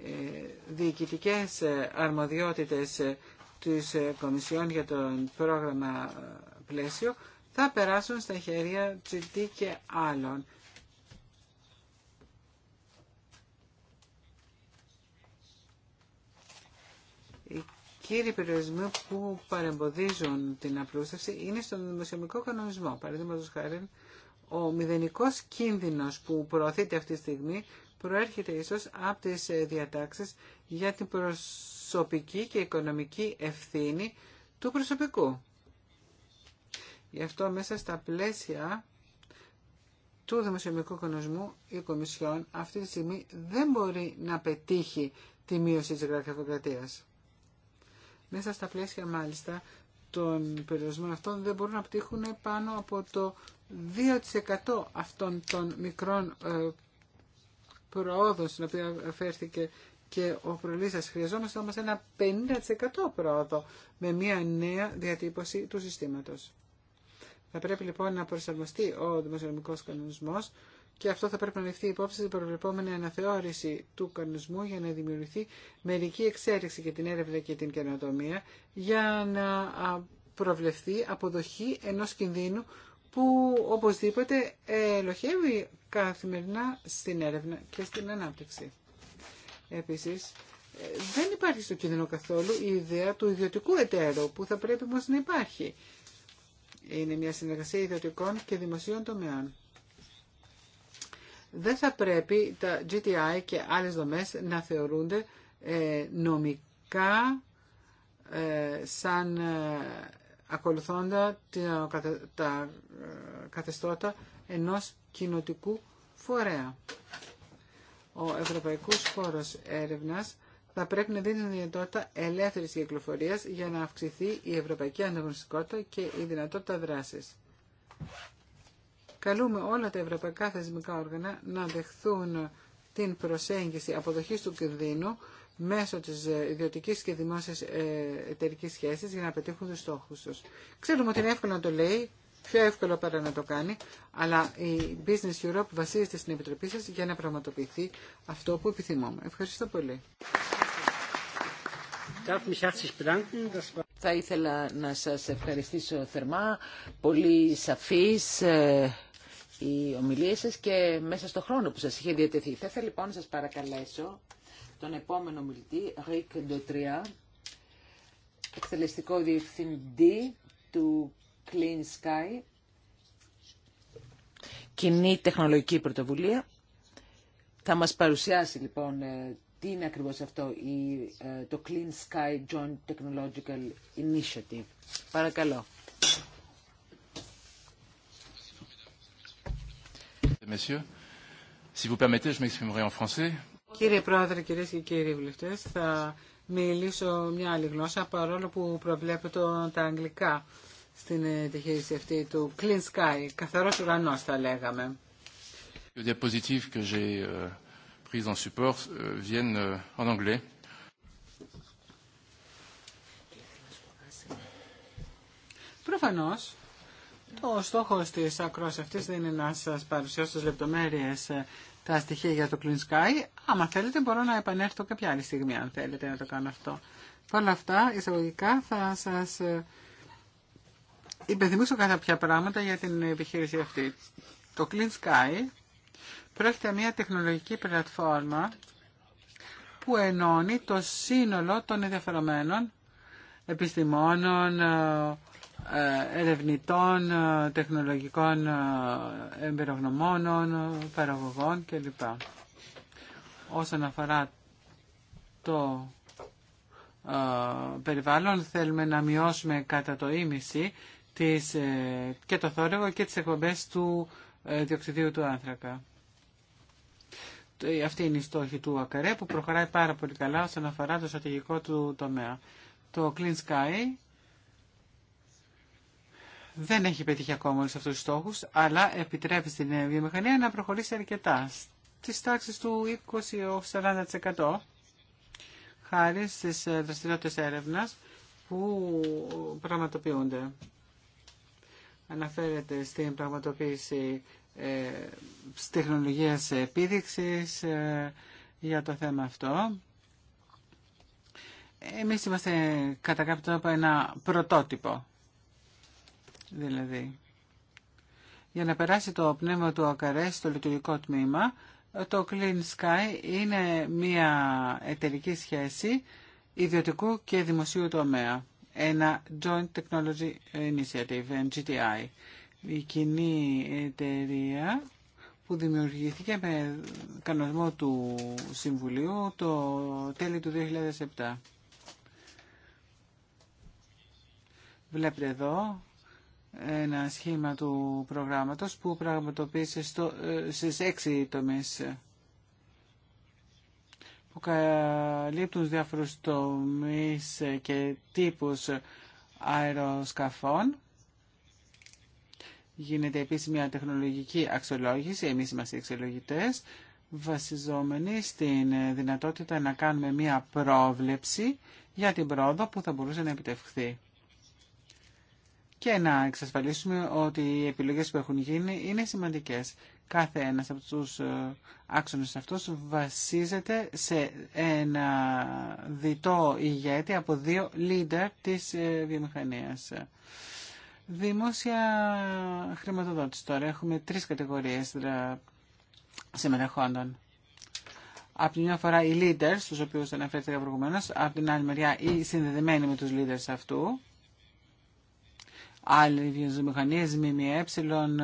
ε, διοικητικές αρμοδιότητες της Κομισιόν για το πρόγραμμα πλαίσιο θα περάσουν στα χέρια τσιτή και άλλων. Οι κύριοι περιορισμοί που παρεμποδίζουν την απλούστευση είναι στον δημοσιομικό κανονισμό. Παραδείγματος χάρη ο μηδενικός κίνδυνος που προωθείται αυτή τη στιγμή προέρχεται ίσως από τις ε, διατάξεις για την προσωπική και οικονομική ευθύνη του προσωπικού. Γι' αυτό μέσα στα πλαίσια του δημοσιονομικού οικονομισμού η Κομισιόν αυτή τη στιγμή δεν μπορεί να πετύχει τη μείωση της γραφειοκρατίας. Μέσα στα πλαίσια μάλιστα των περιορισμών αυτών δεν μπορούν να πτύχουν πάνω από το 2% αυτών των μικρών ε, προόδων στην οποία αφέρθηκε και ο προλήσας. Χρειαζόμαστε όμως ένα 50% πρόοδο με μια νέα διατύπωση του συστήματος. Θα πρέπει λοιπόν να προσαρμοστεί ο δημοσιονομικός κανονισμός και αυτό θα πρέπει να ληφθεί υπόψη στην προβλεπόμενη αναθεώρηση του κανονισμού για να δημιουργηθεί μερική εξέλιξη για την έρευνα και την καινοτομία για να προβλεφθεί αποδοχή ενός κινδύνου που οπωσδήποτε ελοχεύει καθημερινά στην έρευνα και στην ανάπτυξη. Επίσης, ε, δεν υπάρχει στο κίνδυνο καθόλου η ιδέα του ιδιωτικού εταίρου που θα πρέπει όμως να υπάρχει. Είναι μια συνεργασία ιδιωτικών και δημοσίων τομεών δεν θα πρέπει τα GTI και άλλες δομές να θεωρούνται ε, νομικά ε, σαν ε, ακολουθώντα τα καθεστώτα ενός κοινοτικού φορέα. Ο Ευρωπαϊκός Χώρος Έρευνας θα πρέπει να δίνει την δυνατότητα ελεύθερης κυκλοφορίας για να αυξηθεί η ευρωπαϊκή ανταγωνιστικότητα και η δυνατότητα δράσης. Καλούμε όλα τα ευρωπαϊκά θεσμικά όργανα να δεχθούν την προσέγγιση αποδοχής του κινδύνου μέσω της ε, ιδιωτικής και δημόσιας ε, εταιρικής σχέσης για να πετύχουν τους στόχους τους. Ξέρουμε ότι είναι εύκολο να το λέει, πιο εύκολο παρά να το κάνει, αλλά η Business Europe βασίζεται στην Επιτροπή σας για να πραγματοποιηθεί αυτό που επιθυμούμε. Ευχαριστώ πολύ. Θα ήθελα να σας ευχαριστήσω θερμά, πολύ σαφής, ε, οι ομιλίες σας και μέσα στο χρόνο που σας είχε διατεθεί. Θα ήθελα λοιπόν να σας παρακαλέσω τον επόμενο ομιλητή, Ρίκ Ντοτριά, εκτελεστικό διευθυντή του Clean Sky, κοινή τεχνολογική πρωτοβουλία. Θα μας παρουσιάσει λοιπόν ε, τι είναι ακριβώς αυτό η, ε, το Clean Sky Joint Technological Initiative. Παρακαλώ. Κύριε Πρόεδρε, κυρίες και κύριοι βουλευτές, θα μιλήσω μια άλλη γλώσσα παρόλο που προβλέπετε τα αγγλικά στην επιχείρηση αυτή του Clean Sky, καθαρός ουρανός θα λέγαμε. Προφανώς, το στόχο τη ακρόαση αυτή δεν είναι να σα παρουσιάσω τι λεπτομέρειε ε, τα στοιχεία για το Clean Sky. Άμα θέλετε, μπορώ να επανέλθω κάποια άλλη στιγμή, αν θέλετε να το κάνω αυτό. Παρ' όλα αυτά, εισαγωγικά θα σα ε, υπενθυμίσω κάποια πράγματα για την επιχείρηση αυτή. Το Clean Sky πρόκειται μια τεχνολογική πλατφόρμα που ενώνει το σύνολο των ενδιαφερομένων επιστημόνων, ε, ε, ερευνητών, ε, τεχνολογικών ε, εμπειρογνωμόνων, παραγωγών κλπ. Όσον αφορά το περιβάλλον θέλουμε να μειώσουμε κατά το ίμιση τις, και το θόρυβο και τις εκπομπές του διοξιδίου του άνθρακα. Αυτή είναι η στόχη του ΑΚΡΕ που προχωράει πάρα πολύ καλά όσον αφορά το στρατηγικό του τομέα. Το Clean Sky δεν έχει πετύχει ακόμα όλους αυτούς τους στόχους, αλλά επιτρέπει στην βιομηχανία να προχωρήσει αρκετά στις τάξεις του 20-40% χάρη στις ε, δραστηριότητε έρευνα που πραγματοποιούνται. Αναφέρεται στην πραγματοποίηση ε, τεχνολογίας επίδειξης ε, για το θέμα αυτό. Εμείς είμαστε κατά κάποιο τρόπο ένα πρωτότυπο δηλαδή. Για να περάσει το πνεύμα του ΑΚΑΡΕ στο λειτουργικό τμήμα, το Clean Sky είναι μια εταιρική σχέση ιδιωτικού και δημοσίου τομέα. Ένα Joint Technology Initiative, NGTI. Η κοινή εταιρεία που δημιουργήθηκε με κανονισμό του Συμβουλίου το τέλη του 2007. Βλέπετε εδώ ένα σχήμα του προγράμματος που πραγματοποίησε στο, ε, στις έξι τομείς που καλύπτουν διάφορους τομείς και τύπους αεροσκαφών. Γίνεται επίσης μια τεχνολογική αξιολόγηση, εμείς είμαστε αξιολογητές, βασιζόμενοι στην δυνατότητα να κάνουμε μια πρόβλεψη για την πρόοδο που θα μπορούσε να επιτευχθεί και να εξασφαλίσουμε ότι οι επιλογές που έχουν γίνει είναι σημαντικές. Κάθε ένας από τους ε, άξονες αυτούς βασίζεται σε ένα διτό ηγέτη από δύο leader της ε, βιομηχανίας. Δημόσια χρηματοδότηση τώρα. Έχουμε τρεις κατηγορίες συμμετεχόντων. Από την μια φορά οι leaders, στους οποίους αναφέρθηκα προηγουμένως, από την άλλη μεριά οι συνδεδεμένοι με τους leaders αυτού, άλλοι βιομηχανίες, ε, έψιλον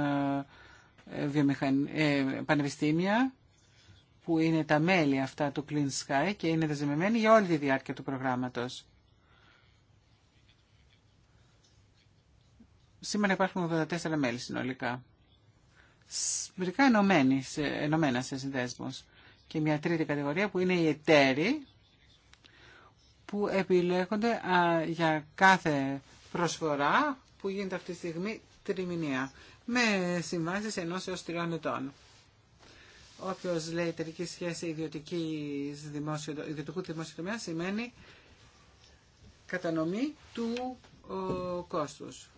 ε, πανεπιστήμια που είναι τα μέλη αυτά του Clean Sky και είναι δεσμευμένοι για όλη τη διάρκεια του προγράμματος. Σήμερα υπάρχουν 84 μέλη συνολικά. Μερικά ενωμένα σε συνδέσμους. Και μια τρίτη κατηγορία που είναι οι εταίροι που επιλέγονται για κάθε προσφορά που γίνεται αυτή τη στιγμή τριμηνία με συμβάσεις ενός έως τριών ετών. Όποιο λέει εταιρική σχέση δημόσιο, ιδιωτικού δημόσιου τομέα σημαίνει κατανομή του ο, κόστους.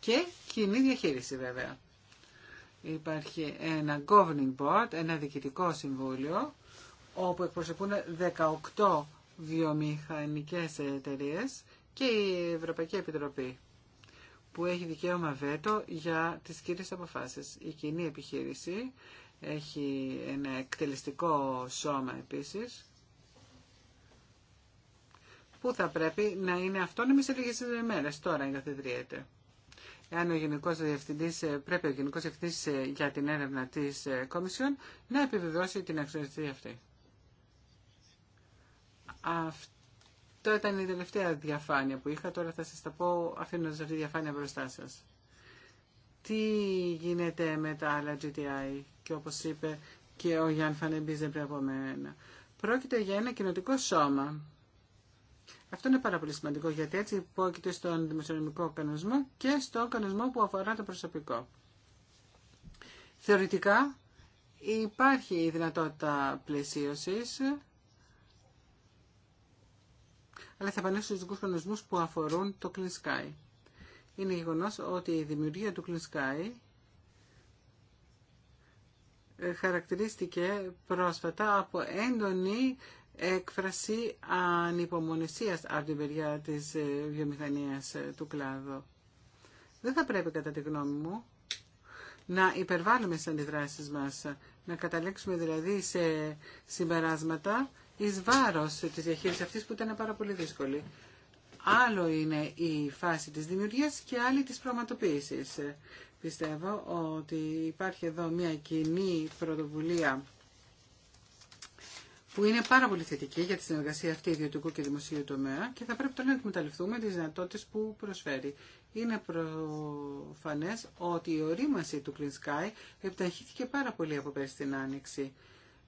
Και κοινή διαχείριση βέβαια. Υπάρχει ένα governing board, ένα διοικητικό συμβούλιο, όπου εκπροσωπούν 18 βιομηχανικές εταιρείες και η Ευρωπαϊκή Επιτροπή που έχει δικαίωμα βέτο για τις κύριες αποφάσεις. Η κοινή επιχείρηση έχει ένα εκτελεστικό σώμα επίσης που θα πρέπει να είναι αυτόνομη σε λίγες μέρες. Τώρα εγκαθιδρύεται. Εάν ο Γενικός Διευθυντής, πρέπει ο γενικό Διευθυντής ε, για την έρευνα τη ε, Κομισιόν να επιβεβαιώσει την αξιοθεσία αυτή. Τώρα ήταν η τελευταία διαφάνεια που είχα. Τώρα θα σας τα πω αφήνοντας αυτή τη διαφάνεια μπροστά σας. Τι γίνεται με τα άλλα GTI και όπως είπε και ο Γιάνν Φανεμπίζε πριν από μένα. Πρόκειται για ένα κοινοτικό σώμα. Αυτό είναι πάρα πολύ σημαντικό γιατί έτσι υπόκειται στον δημοσιονομικό κανονισμό και στον κανονισμό που αφορά το προσωπικό. Θεωρητικά υπάρχει η δυνατότητα πλαισίωσης αλλά θα επανέλθω στους δικού που αφορούν το Clean Sky. Είναι γεγονό ότι η δημιουργία του Clean Sky ε, χαρακτηρίστηκε πρόσφατα από έντονη έκφραση ανυπομονησίας από την περιά της ε, βιομηχανίας ε, του κλάδου. Δεν θα πρέπει κατά τη γνώμη μου να υπερβάλλουμε στις αντιδράσεις μας, να καταλήξουμε δηλαδή σε συμπεράσματα ει βάρο τη διαχείριση αυτή που ήταν πάρα πολύ δύσκολη. Άλλο είναι η φάση της δημιουργίας και άλλη της πραγματοποίησης. Πιστεύω ότι υπάρχει εδώ μια κοινή πρωτοβουλία που είναι πάρα πολύ θετική για τη συνεργασία αυτή ιδιωτικού και δημοσίου τομέα και θα πρέπει τώρα να εκμεταλλευτούμε τις δυνατότητες που προσφέρει. Είναι προφανές ότι η ορίμαση του Clean Sky επιταχύθηκε πάρα πολύ από πέρσι την Άνοιξη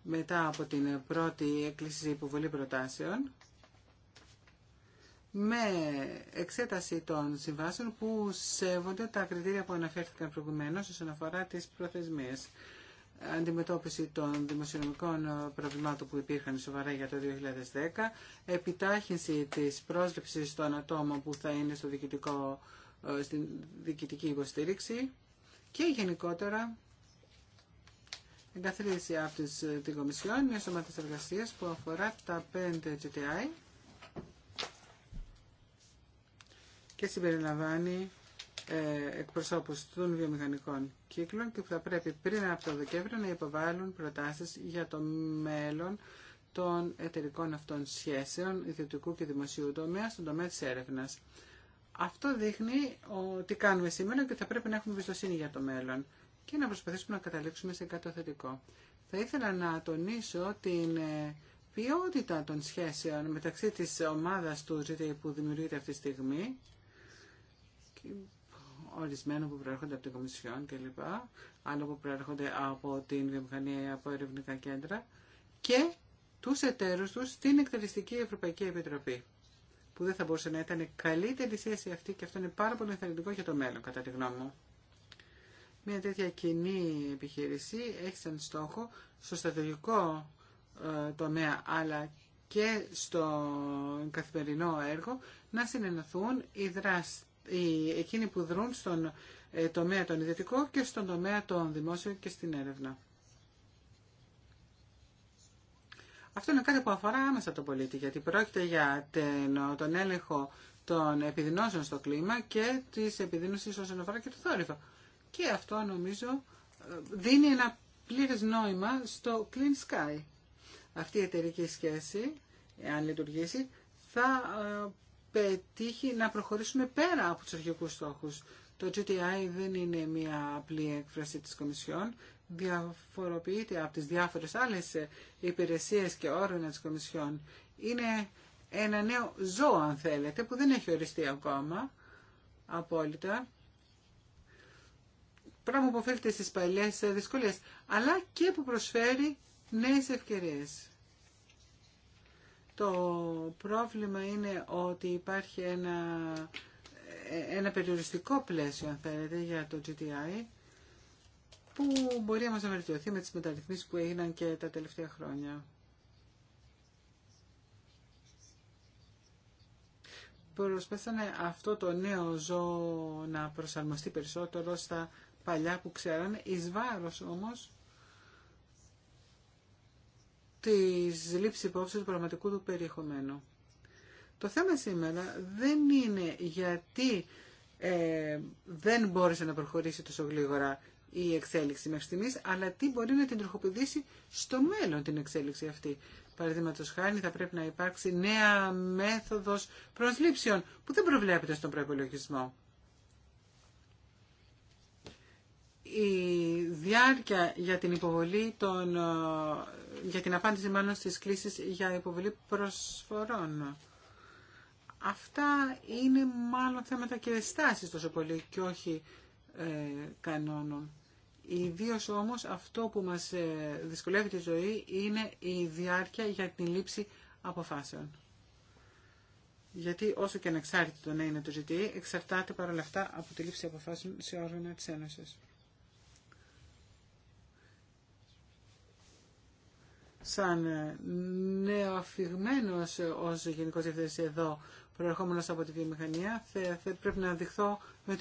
μετά από την πρώτη έκκληση υποβολή προτάσεων με εξέταση των συμβάσεων που σέβονται τα κριτήρια που αναφέρθηκαν προηγουμένως όσον αφορά τις προθεσμίες. Αντιμετώπιση των δημοσιονομικών προβλημάτων που υπήρχαν σοβαρά για το 2010, επιτάχυνση της πρόσληψης των ατόμων που θα είναι στο ε, στην διοικητική υποστήριξη και γενικότερα η από τις, ε, την Κομισιόν μια ομάδα εργασία που αφορά τα 5 GTI και συμπεριλαμβάνει ε, εκπροσώπους των βιομηχανικών κύκλων και που θα πρέπει πριν από το Δεκέμβριο να υποβάλουν προτάσεις για το μέλλον των εταιρικών αυτών σχέσεων ιδιωτικού και δημοσίου τομέα στον τομέα της έρευνας. Αυτό δείχνει ότι κάνουμε σήμερα και θα πρέπει να έχουμε εμπιστοσύνη για το μέλλον και να προσπαθήσουμε να καταλήξουμε σε κάτι θετικό. Θα ήθελα να τονίσω την ε, ποιότητα των σχέσεων μεταξύ της ομάδας του ζήτη που δημιουργείται αυτή τη στιγμή, ορισμένων που προέρχονται από την Κομισιόν κλπ, άλλο που προέρχονται από την βιομηχανία ή από ερευνητικά κέντρα και τους εταίρους τους στην Εκτελεστική Ευρωπαϊκή Επιτροπή που δεν θα μπορούσε να ήταν καλύτερη σχέση αυτή και αυτό είναι πάρα πολύ ενθαρρυντικό για το μέλλον κατά τη γνώμη μου. Μια τέτοια κοινή επιχείρηση έχει σαν στόχο στο στρατηγικό ε, τομέα αλλά και στο καθημερινό έργο να συνενωθούν οι, οι εκείνοι που δρούν στον ε, τομέα τον ιδιωτικό και στον τομέα των δημόσιων και στην έρευνα. Αυτό είναι κάτι που αφορά άμεσα τον πολίτη, γιατί πρόκειται για τον έλεγχο των επιδεινώσεων στο κλίμα και της επιδείνωσης όσον αφορά και το θόρυβο. Και αυτό νομίζω δίνει ένα πλήρες νόημα στο Clean Sky. Αυτή η εταιρική σχέση, αν λειτουργήσει, θα ε, πετύχει να προχωρήσουμε πέρα από τους αρχικούς στόχους. Το GTI δεν είναι μία απλή έκφραση της Κομισιόν, διαφοροποιείται από τις διάφορες άλλες ε, υπηρεσίες και όργανα της Κομισιόν. Είναι ένα νέο ζώο, αν θέλετε, που δεν έχει οριστεί ακόμα απόλυτα πράγμα που οφείλεται στις παλιές δυσκολίες, αλλά και που προσφέρει νέες ευκαιρίες. Το πρόβλημα είναι ότι υπάρχει ένα, ένα περιοριστικό πλαίσιο, αν θέλετε, για το GTI, που μπορεί να να βελτιωθεί με τις μεταρρυθμίσεις που έγιναν και τα τελευταία χρόνια. Προσπαθήσανε αυτό το νέο ζώο να προσαρμοστεί περισσότερο στα παλιά που ξέρανε, εις βάρος όμως της λήψη υπόψη του πραγματικού του περιεχομένου. Το θέμα σήμερα δεν είναι γιατί ε, δεν μπόρεσε να προχωρήσει τόσο γλίγορα η εξέλιξη μέχρι στιγμής, αλλά τι μπορεί να την τροχοποιήσει στο μέλλον την εξέλιξη αυτή. Παραδείγματο χάρη θα πρέπει να υπάρξει νέα μέθοδος προσλήψεων που δεν προβλέπεται στον προπολογισμό. η διάρκεια για την υποβολή των, ε, για την απάντηση μάλλον στις κλήσεις για υποβολή προσφορών. Αυτά είναι μάλλον θέματα και στάσεις τόσο πολύ και όχι ε, κανόνων. Ιδίως όμως αυτό που μας ε, δυσκολεύει τη ζωή είναι η διάρκεια για την λήψη αποφάσεων. Γιατί όσο και ανεξάρτητο να είναι το ζητή, εξαρτάται παρόλα αυτά από τη λήψη αποφάσεων σε όργανα της Ένωσης. σαν ε, νεοαφιγμένος ω γενικό Διευθυντή εδώ προερχόμενο από τη βιομηχανία θα, πρέπει να δειχθώ με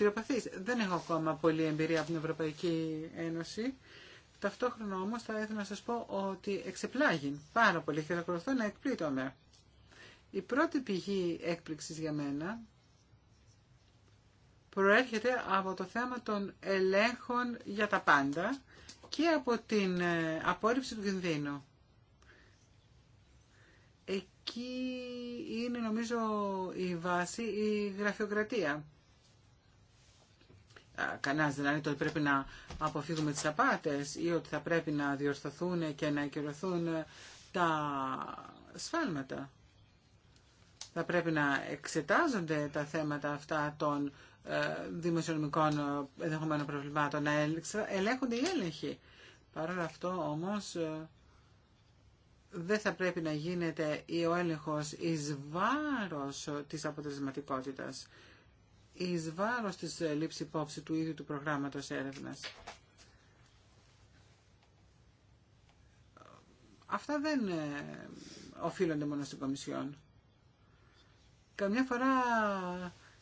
Δεν έχω ακόμα πολλή εμπειρία από την Ευρωπαϊκή Ένωση. Ταυτόχρονα όμω θα ήθελα να σας πω ότι εξεπλάγει πάρα πολύ και θα ακολουθώ να εκπλήττομαι. Η πρώτη πηγή έκπληξη για μένα προέρχεται από το θέμα των ελέγχων για τα πάντα και από την ε, απόρριψη του κινδύνου εκεί είναι νομίζω η βάση η γραφειοκρατία. Κανένα δεν ότι πρέπει να αποφύγουμε τις απάτες ή ότι θα πρέπει να διορθωθούν και να ακυρωθούν τα σφάλματα. Θα πρέπει να εξετάζονται τα θέματα αυτά των ε, δημοσιονομικών ενδεχομένων προβλημάτων, να ελέγχονται οι έλεγχοι. Παρ' όλα αυτό όμως ε, δεν θα πρέπει να γίνεται ο έλεγχος εις βάρος της αποτελεσματικότητας, εις βάρος της ε, λήψη υπόψη του ίδιου του προγράμματος έρευνας. Αυτά δεν ε, οφείλονται μόνο στην Κομισιόν. Καμιά φορά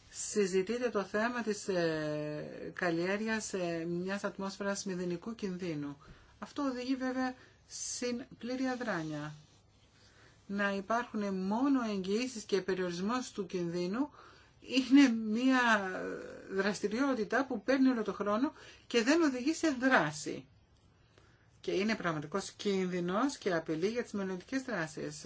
συζητείται το θέμα της ε, καλλιέργειας μιας ατμόσφαιρας μηδενικού κινδύνου. Αυτό οδηγεί βέβαια συν πλήρη αδράνεια. Να υπάρχουν μόνο εγγυήσει και περιορισμός του κινδύνου είναι μια δραστηριότητα που παίρνει όλο το χρόνο και δεν οδηγεί σε δράση. Και είναι πραγματικός κίνδυνος και απειλή για τις μελλοντικές δράσεις.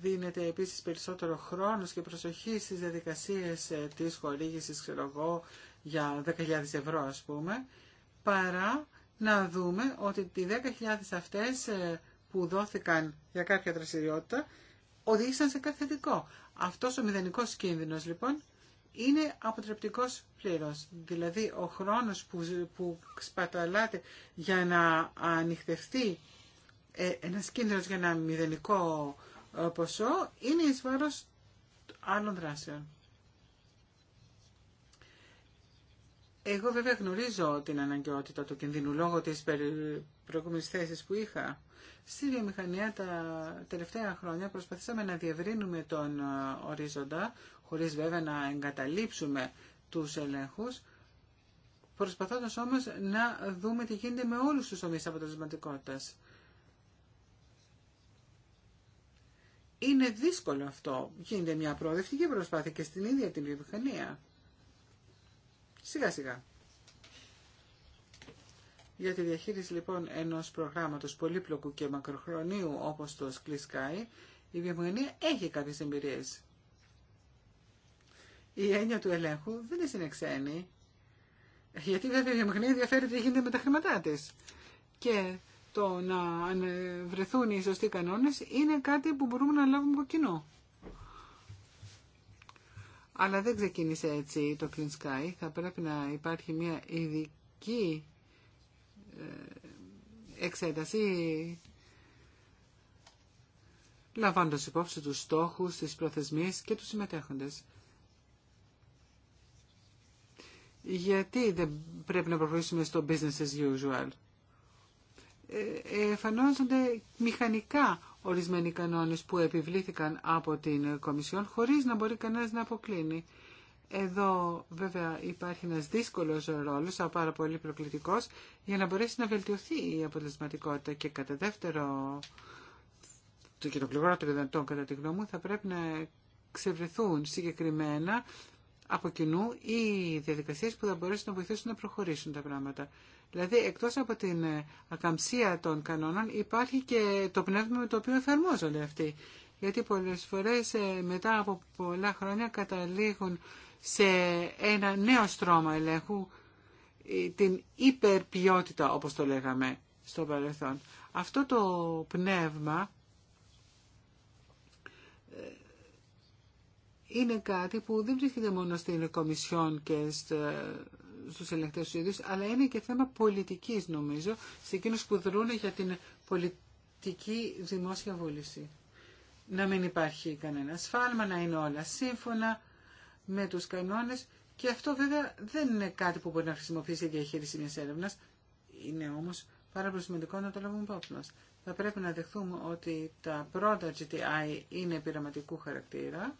Δίνεται επίσης περισσότερο χρόνο και προσοχή στις διαδικασίες ε, της χορήγησης, ξέρω εγώ, για 10.000 ευρώ ας πούμε, παρά να δούμε ότι οι 10.000 αυτές ε, που δόθηκαν για κάποια δραστηριότητα οδήγησαν σε κάτι θετικό. Αυτός ο μηδενικός κίνδυνος λοιπόν είναι αποτρεπτικός πλήρως. Δηλαδή ο χρόνος που, που σπαταλάτε για να ανοιχτευτεί ε, ένας κίνδυνος για ένα μηδενικό ε, ποσό είναι εις βάρος άλλων δράσεων. Εγώ βέβαια γνωρίζω την αναγκαιότητα του κινδύνου λόγω της προηγούμενης θέσης που είχα. Στη βιομηχανία τα τελευταία χρόνια προσπαθήσαμε να διευρύνουμε τον ε, ορίζοντα, χωρίς βέβαια να εγκαταλείψουμε τους ελέγχους, προσπαθώντας όμως να δούμε τι γίνεται με όλους τους τομείς αποτελεσματικότητας. Είναι δύσκολο αυτό. Γίνεται μια προοδευτική προσπάθεια και στην ίδια την βιομηχανία σιγά σιγά. Για τη διαχείριση λοιπόν ενός προγράμματος πολύπλοκου και μακροχρονίου όπως το Sky, η βιομηχανία έχει κάποιες εμπειρίες. Η έννοια του ελέγχου δεν είναι συνεξένη, γιατί βέβαια η βιομηχανία ενδιαφέρει τι γίνεται με τα χρήματά τη. Και το να βρεθούν οι σωστοί κανόνες είναι κάτι που μπορούμε να λάβουμε από κοινό. Αλλά δεν ξεκίνησε έτσι το Clean Sky. Θα πρέπει να υπάρχει μια ειδική ε, εξέταση λαμβάνοντας υπόψη τους στόχους, τις προθεσμίες και τους συμμετέχοντες. Γιατί δεν πρέπει να προχωρήσουμε στο business as usual. Ε, ε εφανώνονται μηχανικά ορισμένοι κανόνες που επιβλήθηκαν από την Κομισιόν χωρίς να μπορεί κανένας να αποκλίνει. Εδώ βέβαια υπάρχει ένας δύσκολος ρόλος, αλλά πάρα πολύ προκλητικός, για να μπορέσει να βελτιωθεί η αποτελεσματικότητα και κατά δεύτερο το κοινοπληγόρο των κατά τη γνώμη μου θα πρέπει να ξεβρεθούν συγκεκριμένα από κοινού οι διαδικασίες που θα μπορέσουν να βοηθήσουν να προχωρήσουν τα πράγματα. Δηλαδή, εκτός από την ε, ακαμψία των κανόνων, υπάρχει και το πνεύμα με το οποίο εφαρμόζονται αυτοί. Γιατί πολλές φορές ε, μετά από πολλά χρόνια καταλήγουν σε ένα νέο στρώμα ελέγχου, ε, την υπερπιότητα, όπως το λέγαμε στο παρελθόν. Αυτό το πνεύμα είναι κάτι που δεν βρίσκεται μόνο στην Κομισιόν και στο στους του ίδιου, αλλά είναι και θέμα πολιτικής νομίζω, σε εκείνου που δρούν για την πολιτική δημόσια βούληση. Να μην υπάρχει κανένα σφάλμα, να είναι όλα σύμφωνα με τους κανόνες και αυτό βέβαια δεν είναι κάτι που μπορεί να χρησιμοποιήσει η διαχείριση μια έρευνα. είναι όμως πάρα πολύ σημαντικό να το λάβουμε υπόψη Θα πρέπει να δεχθούμε ότι τα πρώτα GTI είναι πειραματικού χαρακτήρα,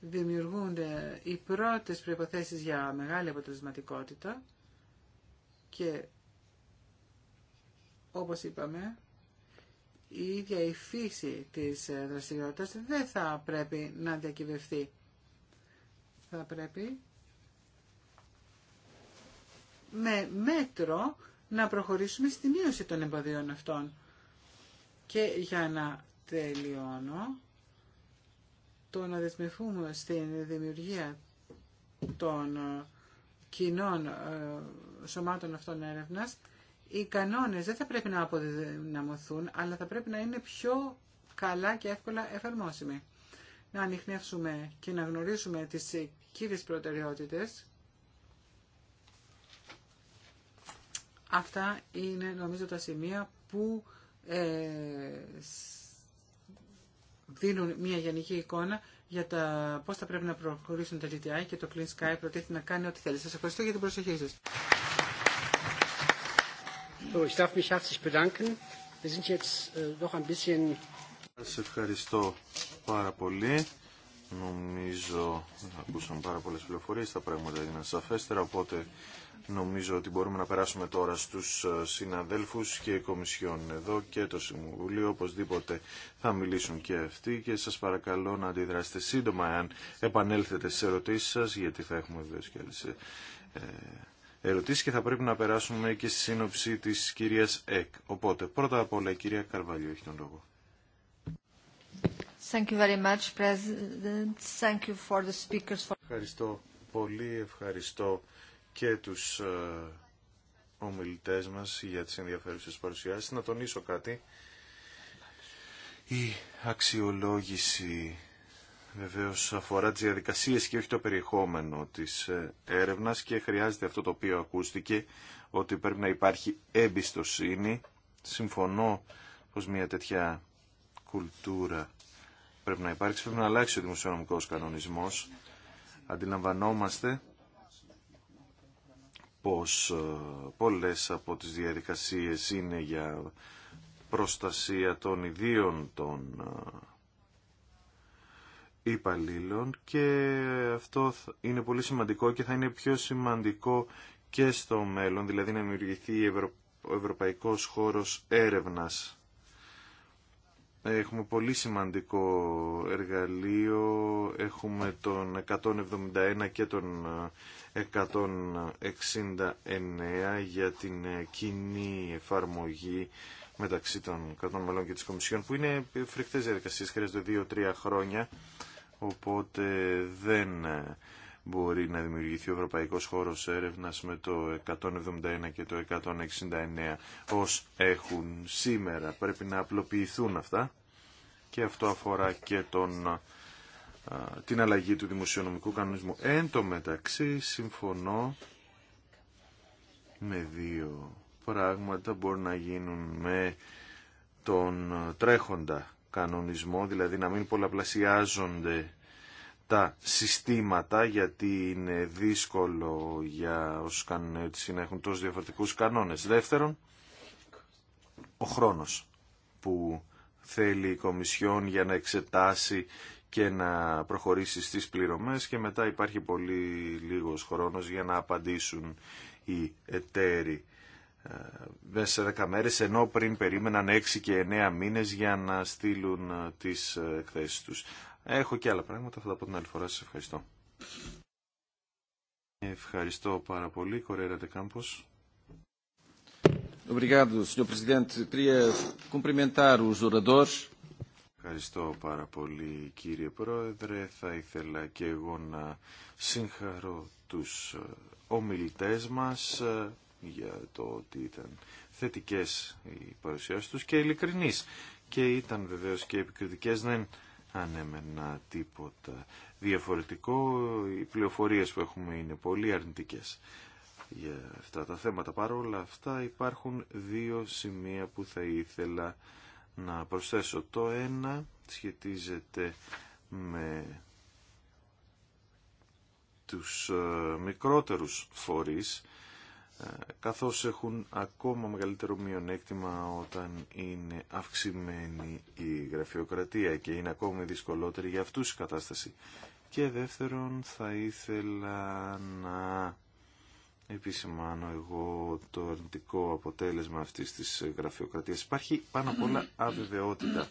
δημιουργούνται οι πρώτες προϋποθέσεις για μεγάλη αποτελεσματικότητα και όπως είπαμε η ίδια η φύση της δραστηριότητας δεν θα πρέπει να διακυβευτεί. Θα πρέπει με μέτρο να προχωρήσουμε στη μείωση των εμποδίων αυτών. Και για να τελειώνω, το να δεσμευτούμε στην δημιουργία των ε, κοινών ε, σωμάτων αυτών έρευνας, οι κανόνε δεν θα πρέπει να αποδυναμωθούν, αλλά θα πρέπει να είναι πιο καλά και εύκολα εφαρμόσιμοι. Να ανοιχνεύσουμε και να γνωρίσουμε τι κύριε προτεραιότητες. Αυτά είναι νομίζω τα σημεία που ε, δίνουν μια γενική εικόνα για τα πώς θα πρέπει να προχωρήσουν τα GTI και το Clean Sky προτίθεται να κάνει ό,τι θέλει. Σας ευχαριστώ για την προσοχή σας. Σας ευχαριστώ πάρα πολύ. Νομίζω ακούσαν πάρα πληροφορίες, τα πράγματα έγιναν σαφέστερα, οπότε νομίζω ότι μπορούμε να περάσουμε τώρα στους ε, συναδέλφους και Κομισιόν εδώ και το Συμβουλίο, οπωσδήποτε θα μιλήσουν και αυτοί και σας παρακαλώ να αντιδράσετε σύντομα εάν επανέλθετε στι ερωτήσεις σας, γιατί θα έχουμε βέβαια και άλλες ε, ε, ερωτήσεις και θα πρέπει να περάσουμε και στη σύνοψη της κυρίας ΕΚ. Οπότε, πρώτα απ' όλα η κυρία Καρβαλιού έχει τον λόγο. Ευχαριστώ πολύ, ευχαριστώ και τους ε, ομιλητές μας για τις ενδιαφέρουσες παρουσιάσεις. Να τονίσω κάτι. Η αξιολόγηση βεβαίως αφορά τις διαδικασίες και όχι το περιεχόμενο της ε, έρευνας και χρειάζεται αυτό το οποίο ακούστηκε ότι πρέπει να υπάρχει εμπιστοσύνη. Συμφωνώ πως μια τέτοια κουλτούρα πρέπει να υπάρξει. Πρέπει να αλλάξει ο δημοσιονομικός κανονισμός. Αντιλαμβανόμαστε πως ε, πολλές από τις διαδικασίες είναι για προστασία των ιδίων των ε, υπαλλήλων και αυτό είναι πολύ σημαντικό και θα είναι πιο σημαντικό και στο μέλλον, δηλαδή να δημιουργηθεί ο ευρωπαϊκός χώρος έρευνας Έχουμε πολύ σημαντικό εργαλείο, έχουμε τον 171 και τον 169 ε, για την ε, κοινή εφαρμογή μεταξύ των κρατών μελών και της Κομισιόν που είναι φρικτές διαδικασίες, χρειάζονται 2-3 χρόνια οπότε δεν ε, μπορεί να δημιουργηθεί ο Ευρωπαϊκός Χώρος Έρευνας με το 171 και το 169 ως έχουν σήμερα. Πρέπει να απλοποιηθούν αυτά και αυτό αφορά και τον, την αλλαγή του δημοσιονομικού κανονισμού. Εν τω μεταξύ συμφωνώ με δύο πράγματα Μπορεί να γίνουν με τον τρέχοντα κανονισμό, δηλαδή να μην πολλαπλασιάζονται τα συστήματα γιατί είναι δύσκολο για όσους κάνουν έτσι να έχουν τόσους διαφορετικούς κανόνες. Δεύτερον, ο χρόνος που θέλει η Κομισιόν για να εξετάσει και να προχωρήσει στις πληρωμές και μετά υπάρχει πολύ λίγος χρόνος για να απαντήσουν οι εταίροι ε, μέσα σε μέρες ενώ πριν περίμεναν 6 και 9 μήνες για να στείλουν ε, τις ε, εκθέσεις τους. Έχω και άλλα πράγματα, θα τα πω την άλλη φορά. Σας ευχαριστώ. Ευχαριστώ πάρα πολύ. Κορέρα Τεκάμπος. Ευχαριστώ πάρα πολύ κύριε Πρόεδρε. Θα ήθελα και εγώ να συγχαρώ τους ε, ομιλητές μας ε, για το ότι ήταν θετικές οι παρουσιάσεις τους και ειλικρινείς. Και ήταν βεβαίως και επικριτικές. Δεν ανέμενα τίποτα διαφορετικό. Οι πληροφορίες που έχουμε είναι πολύ αρνητικές για αυτά τα θέματα. Παρ' όλα αυτά υπάρχουν δύο σημεία που θα ήθελα να προσθέσω. Το ένα σχετίζεται με τους ε, μικρότερους φορείς καθώς έχουν ακόμα μεγαλύτερο μειονέκτημα όταν είναι αυξημένη η γραφειοκρατία και είναι ακόμη δυσκολότερη για αυτούς η κατάσταση. Και δεύτερον θα ήθελα να επισημάνω εγώ το αρνητικό αποτέλεσμα αυτής της γραφειοκρατίας. Υπάρχει πάνω απ' όλα αβεβαιότητα.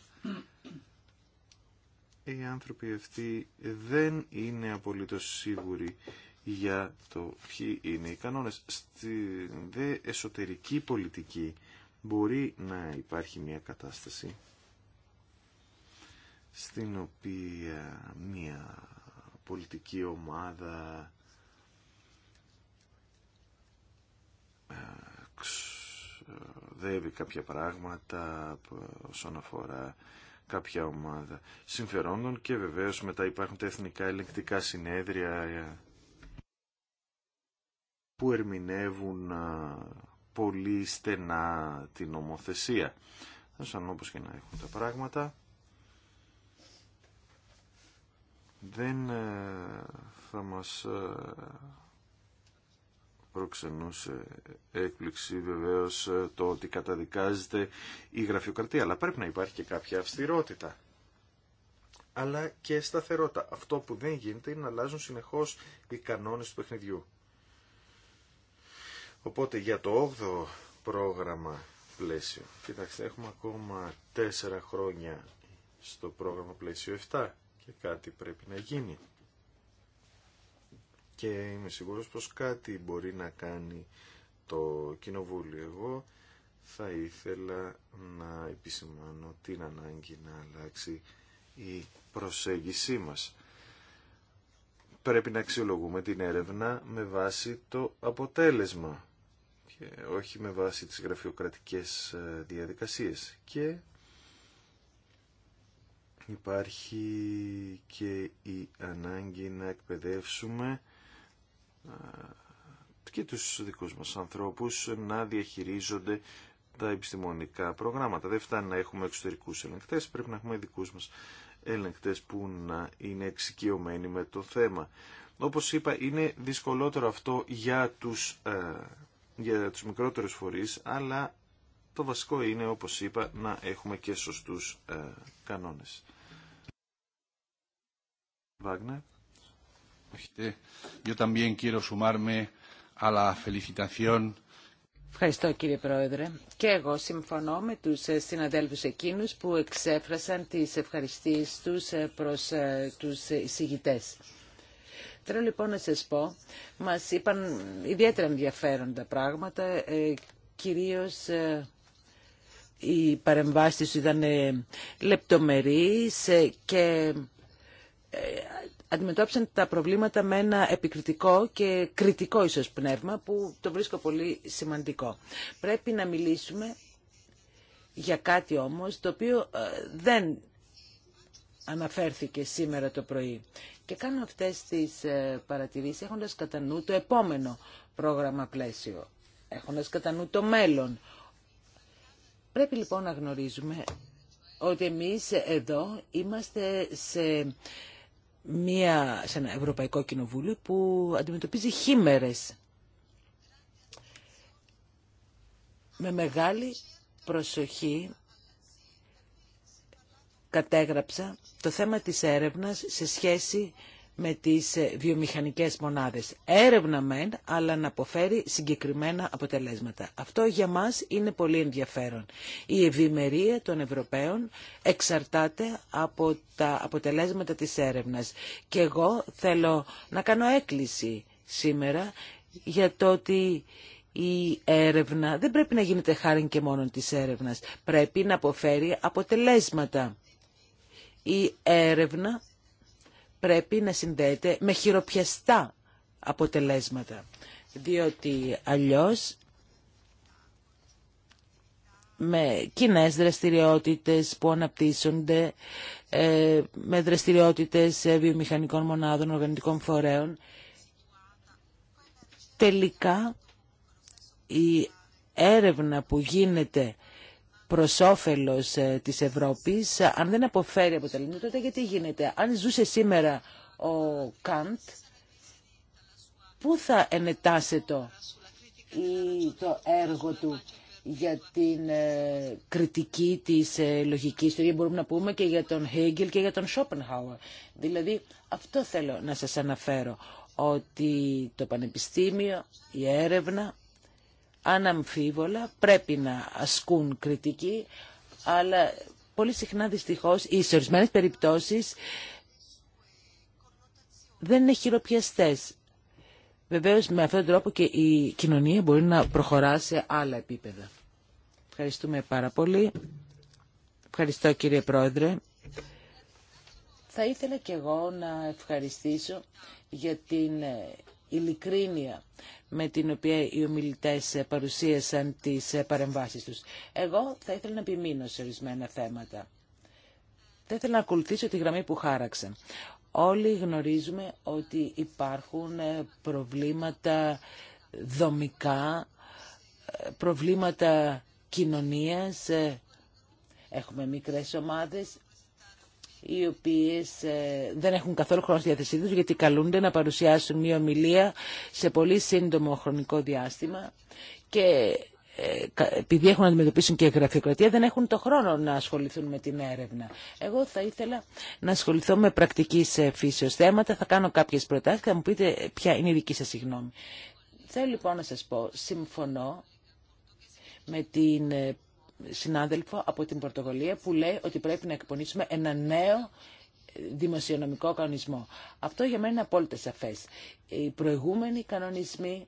Οι άνθρωποι αυτοί δεν είναι απολύτως σίγουροι για το ποιοι είναι οι κανόνες. Στην δε εσωτερική πολιτική μπορεί να υπάρχει μια κατάσταση στην οποία μια πολιτική ομάδα ε, ξοδεύει ε, κάποια πράγματα όσον αφορά κάποια ομάδα συμφερόντων και βεβαίως μετά υπάρχουν τα εθνικά ελεγκτικά συνέδρια ε, που ερμηνεύουν πολύ στενά την νομοθεσία. Σαν όπως και να έχουν τα πράγματα, δεν ε, θα μας ε, προξενούσε έκπληξη βεβαίως ε, το ότι καταδικάζεται η γραφειοκρατία, αλλά πρέπει να υπάρχει και κάποια αυστηρότητα αλλά και σταθερότητα. Αυτό που δεν γίνεται είναι να αλλάζουν συνεχώς οι κανόνες του παιχνιδιού. Οπότε για το 8ο πρόγραμμα πλαίσιο. Κοιτάξτε, έχουμε ακόμα 4 χρόνια στο πρόγραμμα πλαίσιο 7 και κάτι πρέπει να γίνει. Και είμαι σίγουρος πως κάτι μπορεί να κάνει το κοινοβούλιο. Εγώ θα ήθελα να επισημάνω την ανάγκη να αλλάξει η προσέγγισή μας. Πρέπει να αξιολογούμε την έρευνα με βάση το αποτέλεσμα όχι με βάση τις γραφειοκρατικές ε, διαδικασίες. Και υπάρχει και η ανάγκη να εκπαιδεύσουμε ε, και τους δικούς μας ανθρώπους να διαχειρίζονται τα επιστημονικά προγράμματα. Δεν φτάνει να έχουμε εξωτερικούς ελεγκτές, πρέπει να έχουμε δικούς μας ελεγκτές που να είναι εξοικειωμένοι με το θέμα. Όπως είπα, είναι δυσκολότερο αυτό για τους ε, για τους μικρότερους φορείς, αλλά το βασικό είναι, όπως είπα, να έχουμε και σωστούς ε, κανόνες. Ευχαριστώ κύριε Πρόεδρε. Και εγώ συμφωνώ με τους ε, συναδέλφους εκείνους που εξέφρασαν τις ευχαριστίες τους ε, προς ε, τους εισηγητές. Θέλω λοιπόν να σας πω, μας είπαν ιδιαίτερα ενδιαφέροντα πράγματα, ε, κυρίως ε, οι παρεμβάσεις ήταν ε, λεπτομερείς και αντιμετώπισαν τα προβλήματα με ένα επικριτικό και κριτικό ίσως πνεύμα που το βρίσκω πολύ σημαντικό. Πρέπει να μιλήσουμε για κάτι όμως το οποίο δεν αναφέρθηκε σήμερα το πρωί. Και κάνω αυτές τις ε, παρατηρήσεις έχοντας κατά νου το επόμενο πρόγραμμα πλαίσιο, έχοντας κατά νου το μέλλον. Πρέπει λοιπόν να γνωρίζουμε ότι εμείς εδώ είμαστε σε, μια, ένα Ευρωπαϊκό Κοινοβούλιο που αντιμετωπίζει χήμερες με μεγάλη προσοχή κατέγραψα το θέμα της έρευνας σε σχέση με τις ε, βιομηχανικές μονάδες. Έρευνα μεν, αλλά να αποφέρει συγκεκριμένα αποτελέσματα. Αυτό για μας είναι πολύ ενδιαφέρον. Η ευημερία των Ευρωπαίων εξαρτάται από τα αποτελέσματα της έρευνας. Και εγώ θέλω να κάνω έκκληση σήμερα για το ότι η έρευνα δεν πρέπει να γίνεται χάρη και μόνο της έρευνας. Πρέπει να αποφέρει αποτελέσματα η έρευνα πρέπει να συνδέεται με χειροπιαστά αποτελέσματα, διότι αλλιώς με κοινέ δραστηριότητες που αναπτύσσονται, ε, με δραστηριότητες βιομηχανικών μονάδων, οργανικών φορέων. Τελικά η έρευνα που γίνεται προ όφελο ε, της Ευρώπης, αν δεν αποφέρει αποτελέσματα, τότε γιατί γίνεται. Αν ζούσε σήμερα ο Καντ, πού θα ενετάσετε ή το έργο του για την ε, κριτική της ε, λογικής του, μπορούμε να πούμε και για τον Χέγγελ και για τον Σόπενχάουερ. Δηλαδή, αυτό θέλω να σας αναφέρω, ότι το πανεπιστήμιο, η έρευνα αναμφίβολα πρέπει να ασκούν κριτική, αλλά πολύ συχνά δυστυχώς οι ορισμένε περιπτώσεις δεν είναι χειροπιαστές. Βεβαίως με αυτόν τον τρόπο και η κοινωνία μπορεί να προχωρά σε άλλα επίπεδα. Ευχαριστούμε πάρα πολύ. Ευχαριστώ κύριε Πρόεδρε. Θα ήθελα και εγώ να ευχαριστήσω για την ειλικρίνεια με την οποία οι ομιλητές παρουσίασαν τις παρεμβάσεις τους. Εγώ θα ήθελα να επιμείνω σε ορισμένα θέματα. Θα ήθελα να ακολουθήσω τη γραμμή που χάραξα. Όλοι γνωρίζουμε ότι υπάρχουν ε, προβλήματα δομικά, ε, προβλήματα κοινωνίας, ε, έχουμε μικρές ομάδες, οι οποίες ε, δεν έχουν καθόλου χρόνο στη διάθεσή του, γιατί καλούνται να παρουσιάσουν μία ομιλία σε πολύ σύντομο χρονικό διάστημα και ε, επειδή έχουν να αντιμετωπίσουν και γραφειοκρατία, δεν έχουν το χρόνο να ασχοληθούν με την έρευνα. Εγώ θα ήθελα να ασχοληθώ με πρακτική ε, φύσεως θέματα, θα κάνω κάποιες προτάσεις και θα μου πείτε ποια είναι η δική σας συγγνώμη. Θέλω λοιπόν να σας πω, συμφωνώ με την συνάδελφο από την Πορτογαλία που λέει ότι πρέπει να εκπονήσουμε ένα νέο δημοσιονομικό κανονισμό. Αυτό για μένα είναι απόλυτα σαφές. Οι προηγούμενοι κανονισμοί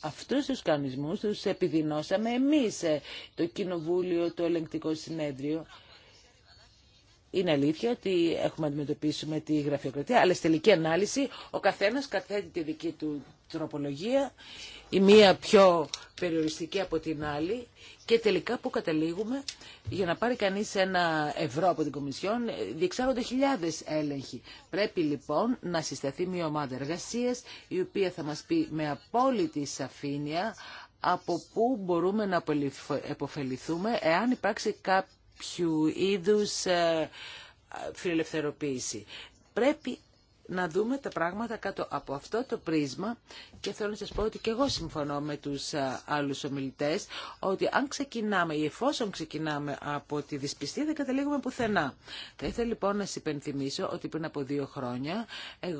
Αυτούς τους κανονισμούς τους επιδεινώσαμε εμείς, ε, το Κοινοβούλιο, το Ελεγκτικό Συνέδριο. Είναι αλήθεια ότι έχουμε αντιμετωπίσουμε τη γραφειοκρατία, αλλά στη τελική ανάλυση ο καθένας καθέτει τη δική του τροπολογία η μία πιο περιοριστική από την άλλη και τελικά που καταλήγουμε για να πάρει κανείς ένα ευρώ από την Κομισιόν διεξάγονται χιλιάδες έλεγχοι. Πρέπει λοιπόν να συσταθεί μια ομάδα εργασίας η οποία θα μας πει με απόλυτη σαφήνεια από πού μπορούμε να επωφεληθούμε εάν υπάρξει κάποιο είδους ε, φιλελευθερωποίηση. Πρέπει να δούμε τα πράγματα κάτω από αυτό το πρίσμα και θέλω να σας πω ότι και εγώ συμφωνώ με τους άλλους ομιλητές ότι αν ξεκινάμε ή εφόσον ξεκινάμε από τη δυσπιστία δεν καταλήγουμε πουθενά. Θα ήθελα λοιπόν να σας υπενθυμίσω ότι πριν από δύο χρόνια ε,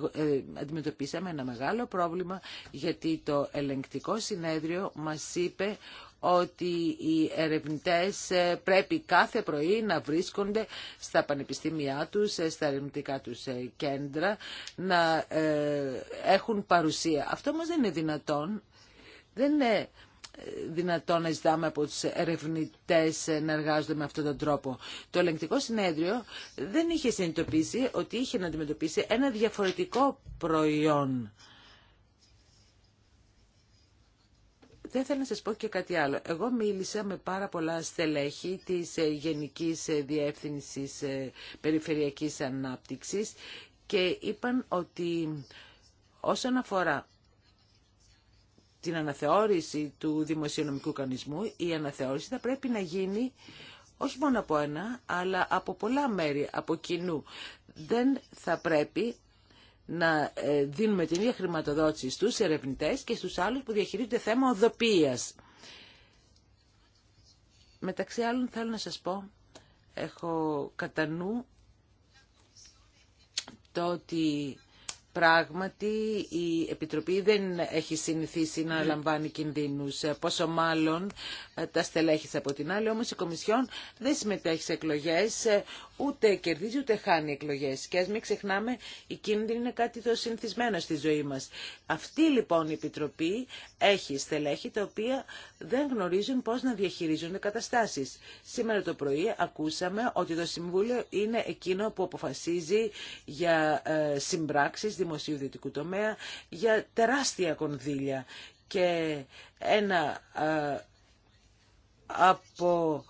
αντιμετωπίσαμε ένα μεγάλο πρόβλημα γιατί το ελεγκτικό συνέδριο μας είπε ότι οι ερευνητές ε, πρέπει κάθε πρωί να βρίσκονται στα πανεπιστήμια τους, ε, στα ερευνητικά τους ε, κέντρα, να έχουν παρουσία. Αυτό όμως δεν είναι δυνατόν. Δεν είναι δυνατόν να ζητάμε από τους ερευνητές να εργάζονται με αυτόν τον τρόπο. Το ελεγκτικό συνέδριο δεν είχε συνειδητοποιήσει ότι είχε να αντιμετωπίσει ένα διαφορετικό προϊόν Δεν ήθελα να σας πω και κάτι άλλο. Εγώ μίλησα με πάρα πολλά στελέχη της ε, Γενικής ε, Διεύθυνσης ε, Περιφερειακής Ανάπτυξης και είπαν ότι όσον αφορά την αναθεώρηση του δημοσιονομικού κανονισμού, η αναθεώρηση θα πρέπει να γίνει όχι μόνο από ένα, αλλά από πολλά μέρη, από κοινού. Δεν θα πρέπει να ε, δίνουμε την ίδια χρηματοδότηση στους ερευνητές και στους άλλους που διαχειρίζονται θέμα οδοποίησης. Μεταξύ άλλων θέλω να σας πω, έχω κατά νου το ότι πράγματι η Επιτροπή δεν έχει συνηθίσει να λαμβάνει κινδύνους, ε, πόσο μάλλον ε, τα στελέχη από την άλλη, όμως η Κομισιόν δεν συμμετέχει σε εκλογές, ούτε κερδίζει ούτε χάνει εκλογέ. Και α μην ξεχνάμε, η κίνδυνη είναι κάτι το συνηθισμένο στη ζωή μα. Αυτή λοιπόν η Επιτροπή έχει στελέχη τα οποία δεν γνωρίζουν πώ να διαχειρίζονται καταστάσει. Σήμερα το πρωί ακούσαμε ότι το Συμβούλιο είναι εκείνο που αποφασίζει για ε, συμπράξει δημοσίου ιδιωτικού τομέα, για τεράστια κονδύλια. Και ένα ε, από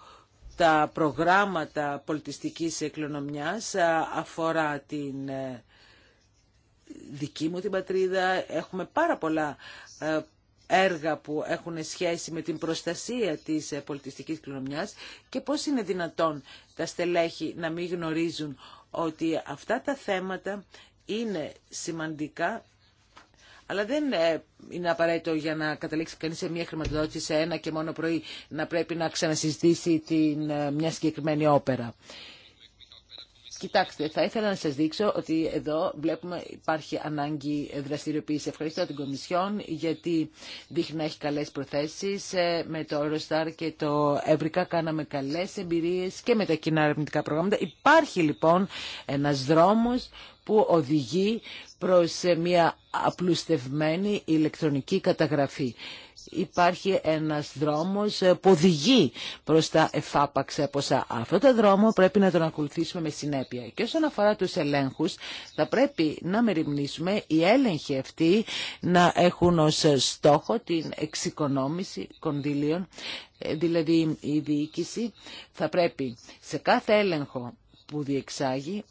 τα προγράμματα πολιτιστικής εκλονομιάς ε, αφορά την ε, δική μου την πατρίδα. Έχουμε πάρα πολλά ε, έργα που έχουν σχέση με την προστασία της πολιτιστικής κληρονομιάς και πώς είναι δυνατόν τα στελέχη να μην γνωρίζουν ότι αυτά τα θέματα είναι σημαντικά αλλά δεν ε, είναι απαραίτητο για να καταλήξει κανείς σε μια χρηματοδότηση σε ένα και μόνο πρωί να πρέπει να ξανασυζητήσει την, ε, μια συγκεκριμένη όπερα. Κοιτάξτε, θα ήθελα να σας δείξω ότι εδώ βλέπουμε υπάρχει ανάγκη δραστηριοποίηση. Ευχαριστώ την Κομισιόν γιατί δείχνει να έχει καλές προθέσεις. Ε, με το Eurostar και το Ευρικά κάναμε καλές εμπειρίες και με τα κοινά ερευνητικά προγράμματα. Υπάρχει λοιπόν ένας δρόμος που οδηγεί προς μια απλουστευμένη ηλεκτρονική καταγραφή. Υπάρχει ένας δρόμος που οδηγεί προς τα εφάπαξα ποσά. Αυτό το δρόμο πρέπει να τον ακολουθήσουμε με συνέπεια. Και όσον αφορά τους ελέγχους, θα πρέπει να μεριμνήσουμε οι έλεγχοι αυτοί να έχουν ως στόχο την εξοικονόμηση κονδύλιων. Ε, δηλαδή η διοίκηση θα πρέπει σε κάθε έλεγχο που διεξάγει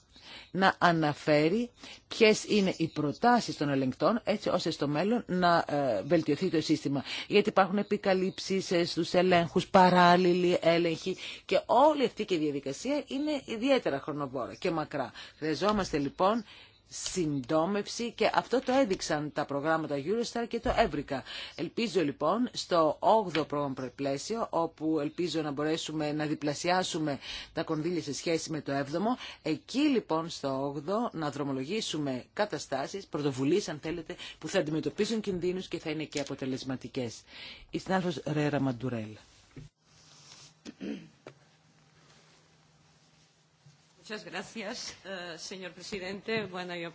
να αναφέρει ποιε είναι οι προτάσει των ελεγκτών έτσι ώστε στο μέλλον να ε, βελτιωθεί το σύστημα. Γιατί υπάρχουν επικαλύψεις ε, στου ελέγχους, παράλληλοι έλεγχοι και όλη αυτή και η διαδικασία είναι ιδιαίτερα χρονοβόρα και μακρά. Χρειαζόμαστε λοιπόν συντόμευση και αυτό το έδειξαν τα προγράμματα Eurostar και το έβρικα. Ελπίζω λοιπόν στο 8ο πρόγραμμα πλαίσιο, όπου ελπίζω να μπορέσουμε να διπλασιάσουμε τα κονδύλια σε σχέση με το 7ο, εκεί λοιπόν στο 8ο να δρομολογήσουμε καταστάσεις, πρωτοβουλίες αν θέλετε, που θα αντιμετωπίσουν κινδύνους και θα είναι και αποτελεσματικές. Η συνάδελφος Ρέρα Μαντουρέλ. Eh,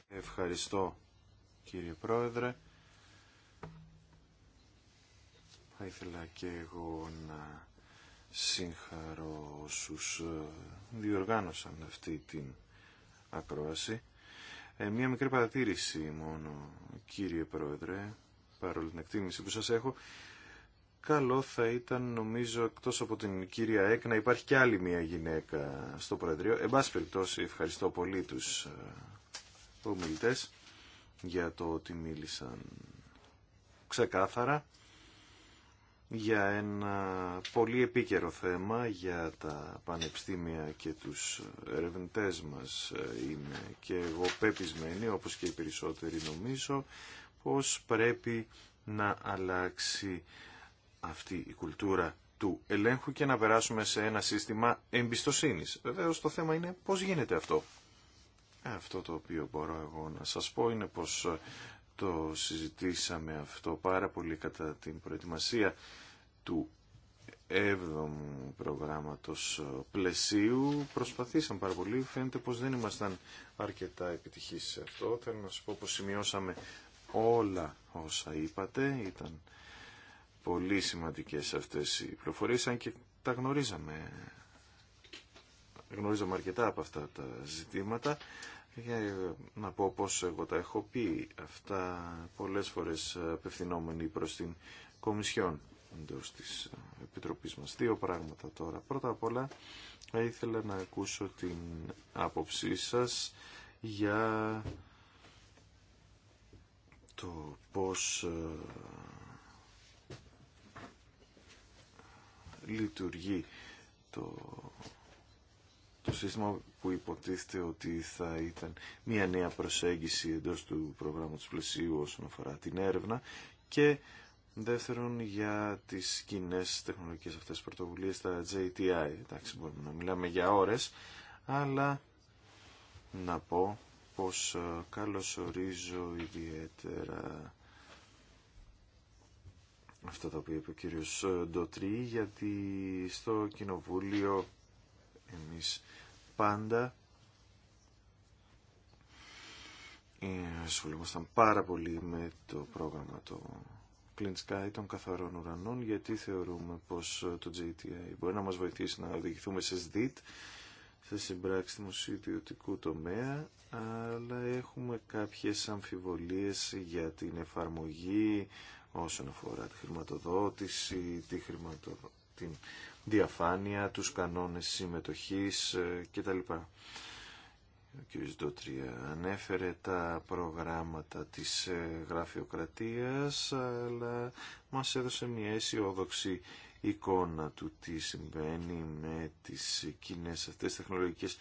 Ευχαριστώ κύριε Πρόεδρε. Θα ήθελα και εγώ να συγχαρώ όσους ε, διοργάνωσαν αυτή την ακρόαση. Ε, μία μικρή παρατήρηση μόνο, κύριε Πρόεδρε, παρόλο την εκτίμηση που σας έχω καλό θα ήταν νομίζω εκτός από την κυρία Εκ να υπάρχει και άλλη μια γυναίκα στο Προεδρείο. Εν πάση περιπτώσει ευχαριστώ πολύ του ε, ομιλητέ για το ότι μίλησαν ξεκάθαρα για ένα πολύ επίκαιρο θέμα για τα πανεπιστήμια και τους ερευνητές μας ε, είναι και εγώ πεπισμένη όπως και οι περισσότεροι νομίζω πως πρέπει να αλλάξει αυτή η κουλτούρα του ελέγχου και να περάσουμε σε ένα σύστημα εμπιστοσύνης. Βεβαίω το θέμα είναι πώς γίνεται αυτό. Αυτό το οποίο μπορώ εγώ να σας πω είναι πως ε, το συζητήσαμε αυτό πάρα πολύ κατά την προετοιμασία του 7ου προγράμματος ε, πλαισίου. Προσπαθήσαμε πάρα πολύ, φαίνεται πως δεν ήμασταν αρκετά επιτυχείς σε αυτό. Θέλω να σας πω πως σημειώσαμε όλα όσα είπατε, ήταν πολύ σημαντικές αυτές οι πληροφορίες, αν και τα γνωρίζαμε. Γνωρίζαμε αρκετά από αυτά τα ζητήματα. Για να πω πως εγώ τα έχω πει αυτά πολλές φορές απευθυνόμενοι προς την Κομισιόν εντό της Επιτροπής μας. Δύο πράγματα τώρα. Πρώτα απ' όλα θα ήθελα να ακούσω την άποψή σας για το πώς ε, λειτουργεί το, το σύστημα που υποτίθεται ότι θα ήταν μια νέα προσέγγιση εντός του προγράμματος πλαισίου όσον αφορά την έρευνα και Δεύτερον, για τις κοινέ τεχνολογικές αυτές πρωτοβουλίες, τα JTI. Εντάξει, μπορούμε να μιλάμε για ώρες, αλλά να πω πως ε, καλωσορίζω ιδιαίτερα αυτό τα οποία είπε ο κύριος ε, Ντοτρί γιατί στο κοινοβούλιο εμείς πάντα ε, ασχολούμασταν πάρα πολύ με το πρόγραμμα το Clean Sky των καθαρών ουρανών γιατί θεωρούμε πως το JTA μπορεί να μας βοηθήσει να οδηγηθούμε σε SDIT σε συμπράξη δημοσίου ιδιωτικού τομέα αλλά έχουμε κάποιες αμφιβολίες για την εφαρμογή όσον αφορά τη χρηματοδότηση, τη την διαφάνεια, τους κανόνες συμμετοχής ε, κτλ. Ο κ. Δότρια ανέφερε τα προγράμματα της ε, γραφειοκρατίας, αλλά μας έδωσε μια αισιόδοξη εικόνα του τι συμβαίνει με τις κοινέ αυτές τεχνολογικές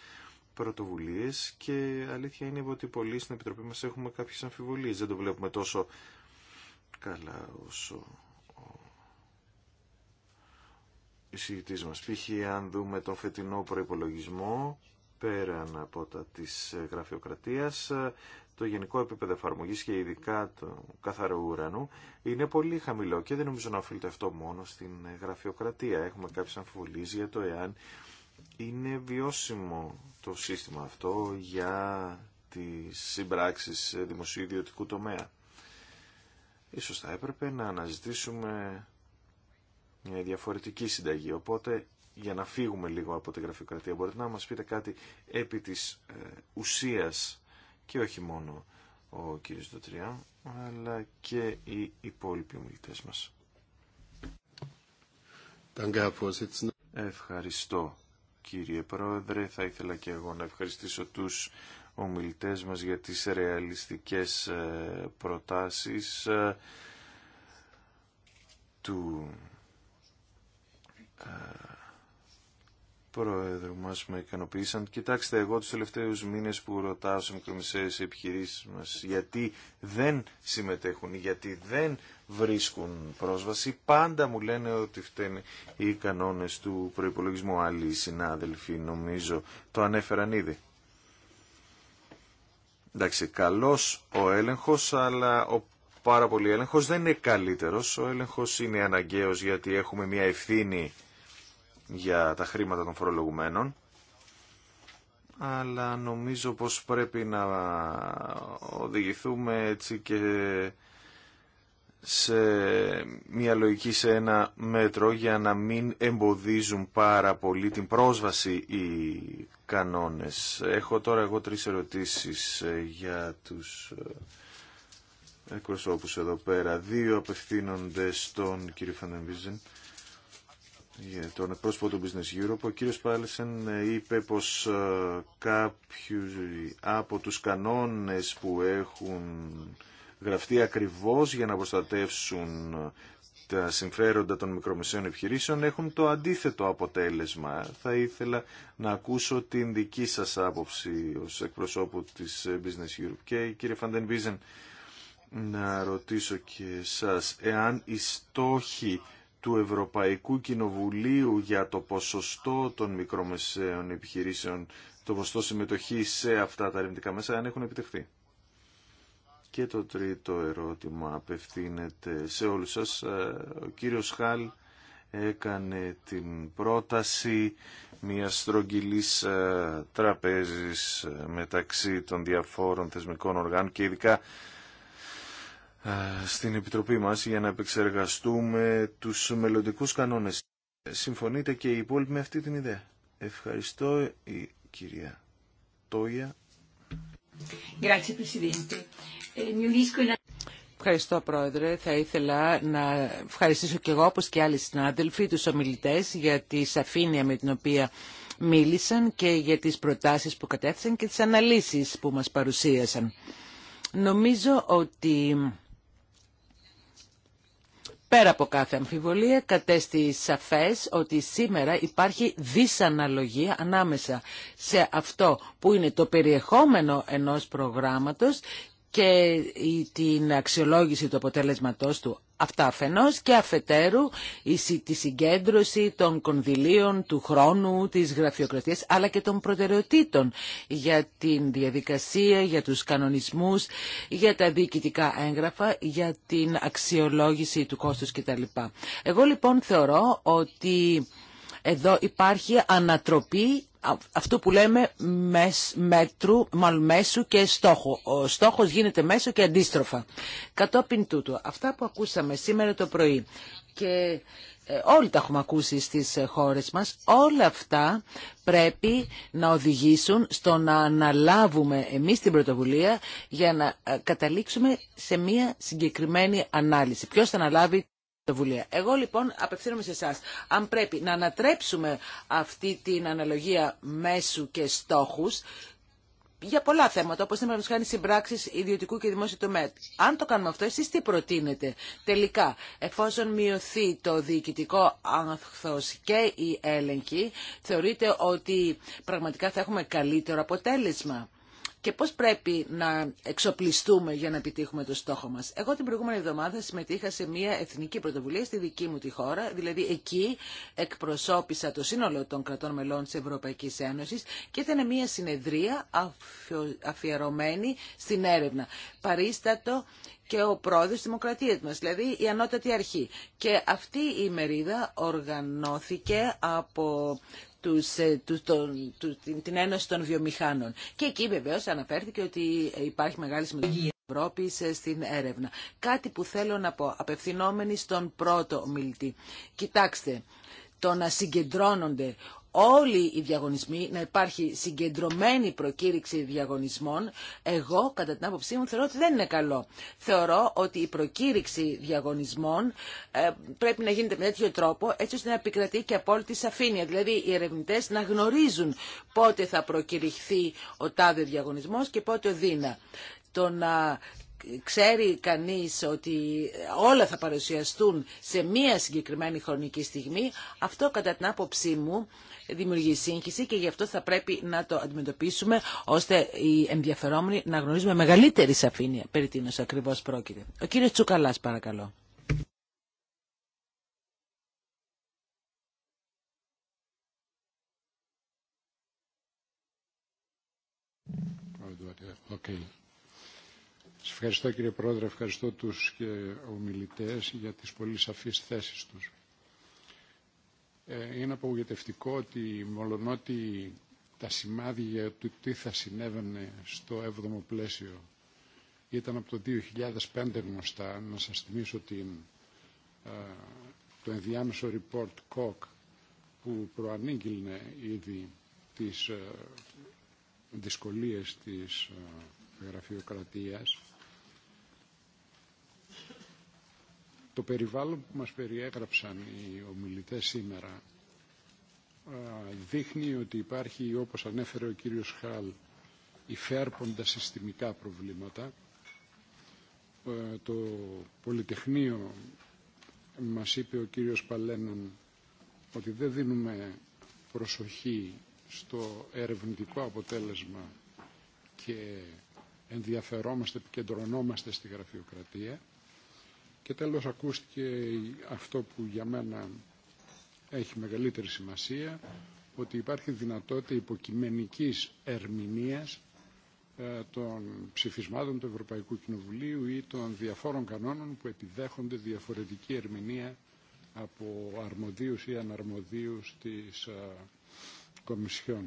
πρωτοβουλίες και αλήθεια είναι ότι πολλοί στην Επιτροπή μας έχουμε κάποιες αμφιβολίες. Δεν το βλέπουμε τόσο καλά όσο ο εισηγητής μας. Π.χ. αν δούμε τον φετινό προϋπολογισμό, πέραν από τα της γραφειοκρατίας, το γενικό επίπεδο εφαρμογή και ειδικά του καθαρού ουρανού είναι πολύ χαμηλό και δεν νομίζω να οφείλεται αυτό μόνο στην γραφειοκρατία. Έχουμε κάποιε αμφιβολίε για το εάν είναι βιώσιμο το σύστημα αυτό για τι συμπράξεις δημοσίου ιδιωτικού τομέα. Ίσως θα έπρεπε να αναζητήσουμε μια διαφορετική συνταγή. Οπότε, για να φύγουμε λίγο από τη γραφειοκρατία, μπορείτε να μας πείτε κάτι επί της ε, ουσίας και όχι μόνο ο κύριος Δοτριά, αλλά και οι υπόλοιποι ομιλητές μας. Ευχαριστώ κύριε Πρόεδρε. Θα ήθελα και εγώ να ευχαριστήσω τους ομιλητές μας για τις ρεαλιστικές ε, προτάσεις ε, του ε, πρόεδρου μας με ικανοποίησαν. Κοιτάξτε, εγώ τους τελευταίους μήνες που ρωτάω σε μικρομεσαίες επιχειρήσεις μας γιατί δεν συμμετέχουν, γιατί δεν βρίσκουν πρόσβαση, πάντα μου λένε ότι φταίνε οι κανόνες του προϋπολογισμού. Άλλοι συνάδελφοι νομίζω το ανέφεραν ήδη. Εντάξει, καλός ο έλεγχος, αλλά ο πάρα πολύ έλεγχος δεν είναι καλύτερος. Ο έλεγχος είναι αναγκαίος γιατί έχουμε μια ευθύνη για τα χρήματα των φορολογουμένων. Αλλά νομίζω πως πρέπει να οδηγηθούμε έτσι και σε μια λογική σε ένα μέτρο για να μην εμποδίζουν πάρα πολύ την πρόσβαση οι κανόνες. Έχω τώρα εγώ τρεις ερωτήσεις ε, για τους ε, εκπροσώπους εδώ πέρα. Δύο απευθύνονται στον κύριο Φαντεμβίζεν, τον εκπρόσωπο του Business Europe. Ο κύριος Πάλεσεν ε, είπε πως κάποιους από τους κανόνες που έχουν γραφτεί ακριβώς για να προστατεύσουν τα συμφέροντα των μικρομεσαίων επιχειρήσεων έχουν το αντίθετο αποτέλεσμα. Θα ήθελα να ακούσω την δική σας άποψη ως εκπροσώπου της Business Europe. Και κύριε Βίζεν, να ρωτήσω και σας, εάν οι στόχοι του Ευρωπαϊκού Κοινοβουλίου για το ποσοστό των μικρομεσαίων επιχειρήσεων, το ποσοστό συμμετοχή σε αυτά τα ερευνητικά μέσα, αν έχουν επιτευχθεί. Και το τρίτο ερώτημα απευθύνεται σε όλους σας. Ε, ο κύριος Χάλ έκανε την πρόταση μια στρογγυλής ε, τραπέζης ε, μεταξύ των διαφόρων θεσμικών οργάνων και ειδικά στην Επιτροπή μας για να επεξεργαστούμε τους μελλοντικού κανόνες. Συμφωνείτε και οι υπόλοιποι με αυτή την ιδέα. Ευχαριστώ η κυρία Τόια. Grazie Ευχαριστώ Πρόεδρε. Θα ήθελα να ευχαριστήσω και εγώ όπως και άλλοι συνάδελφοι, τους ομιλητές για τη σαφήνεια με την οποία μίλησαν και για τις προτάσεις που κατέθεσαν και τις αναλύσεις που μας παρουσίασαν. Νομίζω ότι πέρα από κάθε αμφιβολία κατέστη σαφές ότι σήμερα υπάρχει δυσαναλογία ανάμεσα σε αυτό που είναι το περιεχόμενο ενός προγράμματος και την αξιολόγηση του αποτέλεσματός του. Αυτά αφενός και αφετέρου τη συγκέντρωση των κονδυλίων, του χρόνου, της γραφειοκρατίας αλλά και των προτεραιοτήτων για την διαδικασία, για τους κανονισμούς, για τα διοικητικά έγγραφα, για την αξιολόγηση του κόστους κτλ. Εγώ λοιπόν θεωρώ ότι εδώ υπάρχει ανατροπή αυτό που λέμε μεσ, μέτρου, μάλλον μέσου και στόχο. Ο στόχος γίνεται μέσο και αντίστροφα. Κατόπιν τούτου, αυτά που ακούσαμε σήμερα το πρωί και ε, όλοι τα έχουμε ακούσει στις ε, χώρες μας, όλα αυτά πρέπει να οδηγήσουν στο να αναλάβουμε εμείς την πρωτοβουλία για να ε, καταλήξουμε σε μία συγκεκριμένη ανάλυση. Ποιος θα αναλάβει εγώ λοιπόν απευθύνομαι σε εσά. Αν πρέπει να ανατρέψουμε αυτή την αναλογία μέσου και στόχου για πολλά θέματα, όπως είναι κάνει συμπράξει ιδιωτικού και δημόσιου τομέα. Αν το κάνουμε αυτό, εσείς τι προτείνετε τελικά, εφόσον μειωθεί το διοικητικό άγχο και η έλεγχη, θεωρείτε ότι πραγματικά θα έχουμε καλύτερο αποτέλεσμα και πώς πρέπει να εξοπλιστούμε για να επιτύχουμε το στόχο μας. Εγώ την προηγούμενη εβδομάδα συμμετείχα σε μια εθνική πρωτοβουλία στη δική μου τη χώρα, δηλαδή εκεί εκπροσώπησα το σύνολο των κρατών μελών της Ευρωπαϊκής Ένωσης και ήταν μια συνεδρία αφιερωμένη στην έρευνα. Παρίστατο και ο πρόεδρος της Δημοκρατίας μας, δηλαδή η ανώτατη αρχή. Και αυτή η μερίδα οργανώθηκε από ε, τους, τον, την Ένωση των Βιομηχάνων. Και εκεί βεβαίως αναφέρθηκε ότι υπάρχει μεγάλη συμμετοχή. Ευρώπη στην έρευνα. Κάτι που θέλω να πω, απευθυνόμενοι στον πρώτο ομιλητή. Κοιτάξτε, το να συγκεντρώνονται όλοι οι διαγωνισμοί, να υπάρχει συγκεντρωμένη προκήρυξη διαγωνισμών, εγώ κατά την άποψή μου θεωρώ ότι δεν είναι καλό. Θεωρώ ότι η προκήρυξη διαγωνισμών ε, πρέπει να γίνεται με τέτοιο τρόπο έτσι ώστε να επικρατεί και απόλυτη σαφήνεια. Δηλαδή οι ερευνητέ να γνωρίζουν πότε θα προκηρυχθεί ο τάδε διαγωνισμό και πότε ο δίνα. Το να ξέρει κανείς ότι όλα θα παρουσιαστούν σε μία συγκεκριμένη χρονική στιγμή, αυτό κατά την άποψή μου δημιουργεί σύγχυση και γι' αυτό θα πρέπει να το αντιμετωπίσουμε ώστε οι ενδιαφερόμενοι να γνωρίζουμε μεγαλύτερη σαφήνεια περί τίνος ακριβώς πρόκειται. Ο κύριος Τσουκαλάς παρακαλώ. Okay. Σας ευχαριστώ κύριε Πρόεδρε, ευχαριστώ τους και ομιλητές για τις πολύ σαφείς θέσεις τους. Ε, είναι απογοητευτικό ότι μολονότι τα σημάδια του τι θα συνέβαινε στο 7ο πλαίσιο ήταν από το 2005 γνωστά. Να σας θυμίσω την, ε, το ενδιάμεσο report COC που προανήγγειλνε ήδη τις ε, δυσκολίες της γραφειοκρατίας Το περιβάλλον που μας περιέγραψαν οι ομιλητές σήμερα δείχνει ότι υπάρχει, όπως ανέφερε ο κύριος Χαλ, υφέρποντα συστημικά προβλήματα. Ε, το Πολυτεχνείο μας είπε ο κύριος Παλένων ότι δεν δίνουμε προσοχή στο ερευνητικό αποτέλεσμα και ενδιαφερόμαστε, επικεντρωνόμαστε στη γραφειοκρατία. Και τέλος ακούστηκε αυτό που για μένα έχει μεγαλύτερη σημασία, ότι υπάρχει δυνατότητα υποκειμενικής ερμηνείας ε, των ψηφισμάτων του Ευρωπαϊκού Κοινοβουλίου ή των διαφόρων κανόνων που επιδέχονται διαφορετική ερμηνεία από αρμοδίους ή αναρμοδίους της ε, Κομισιόν.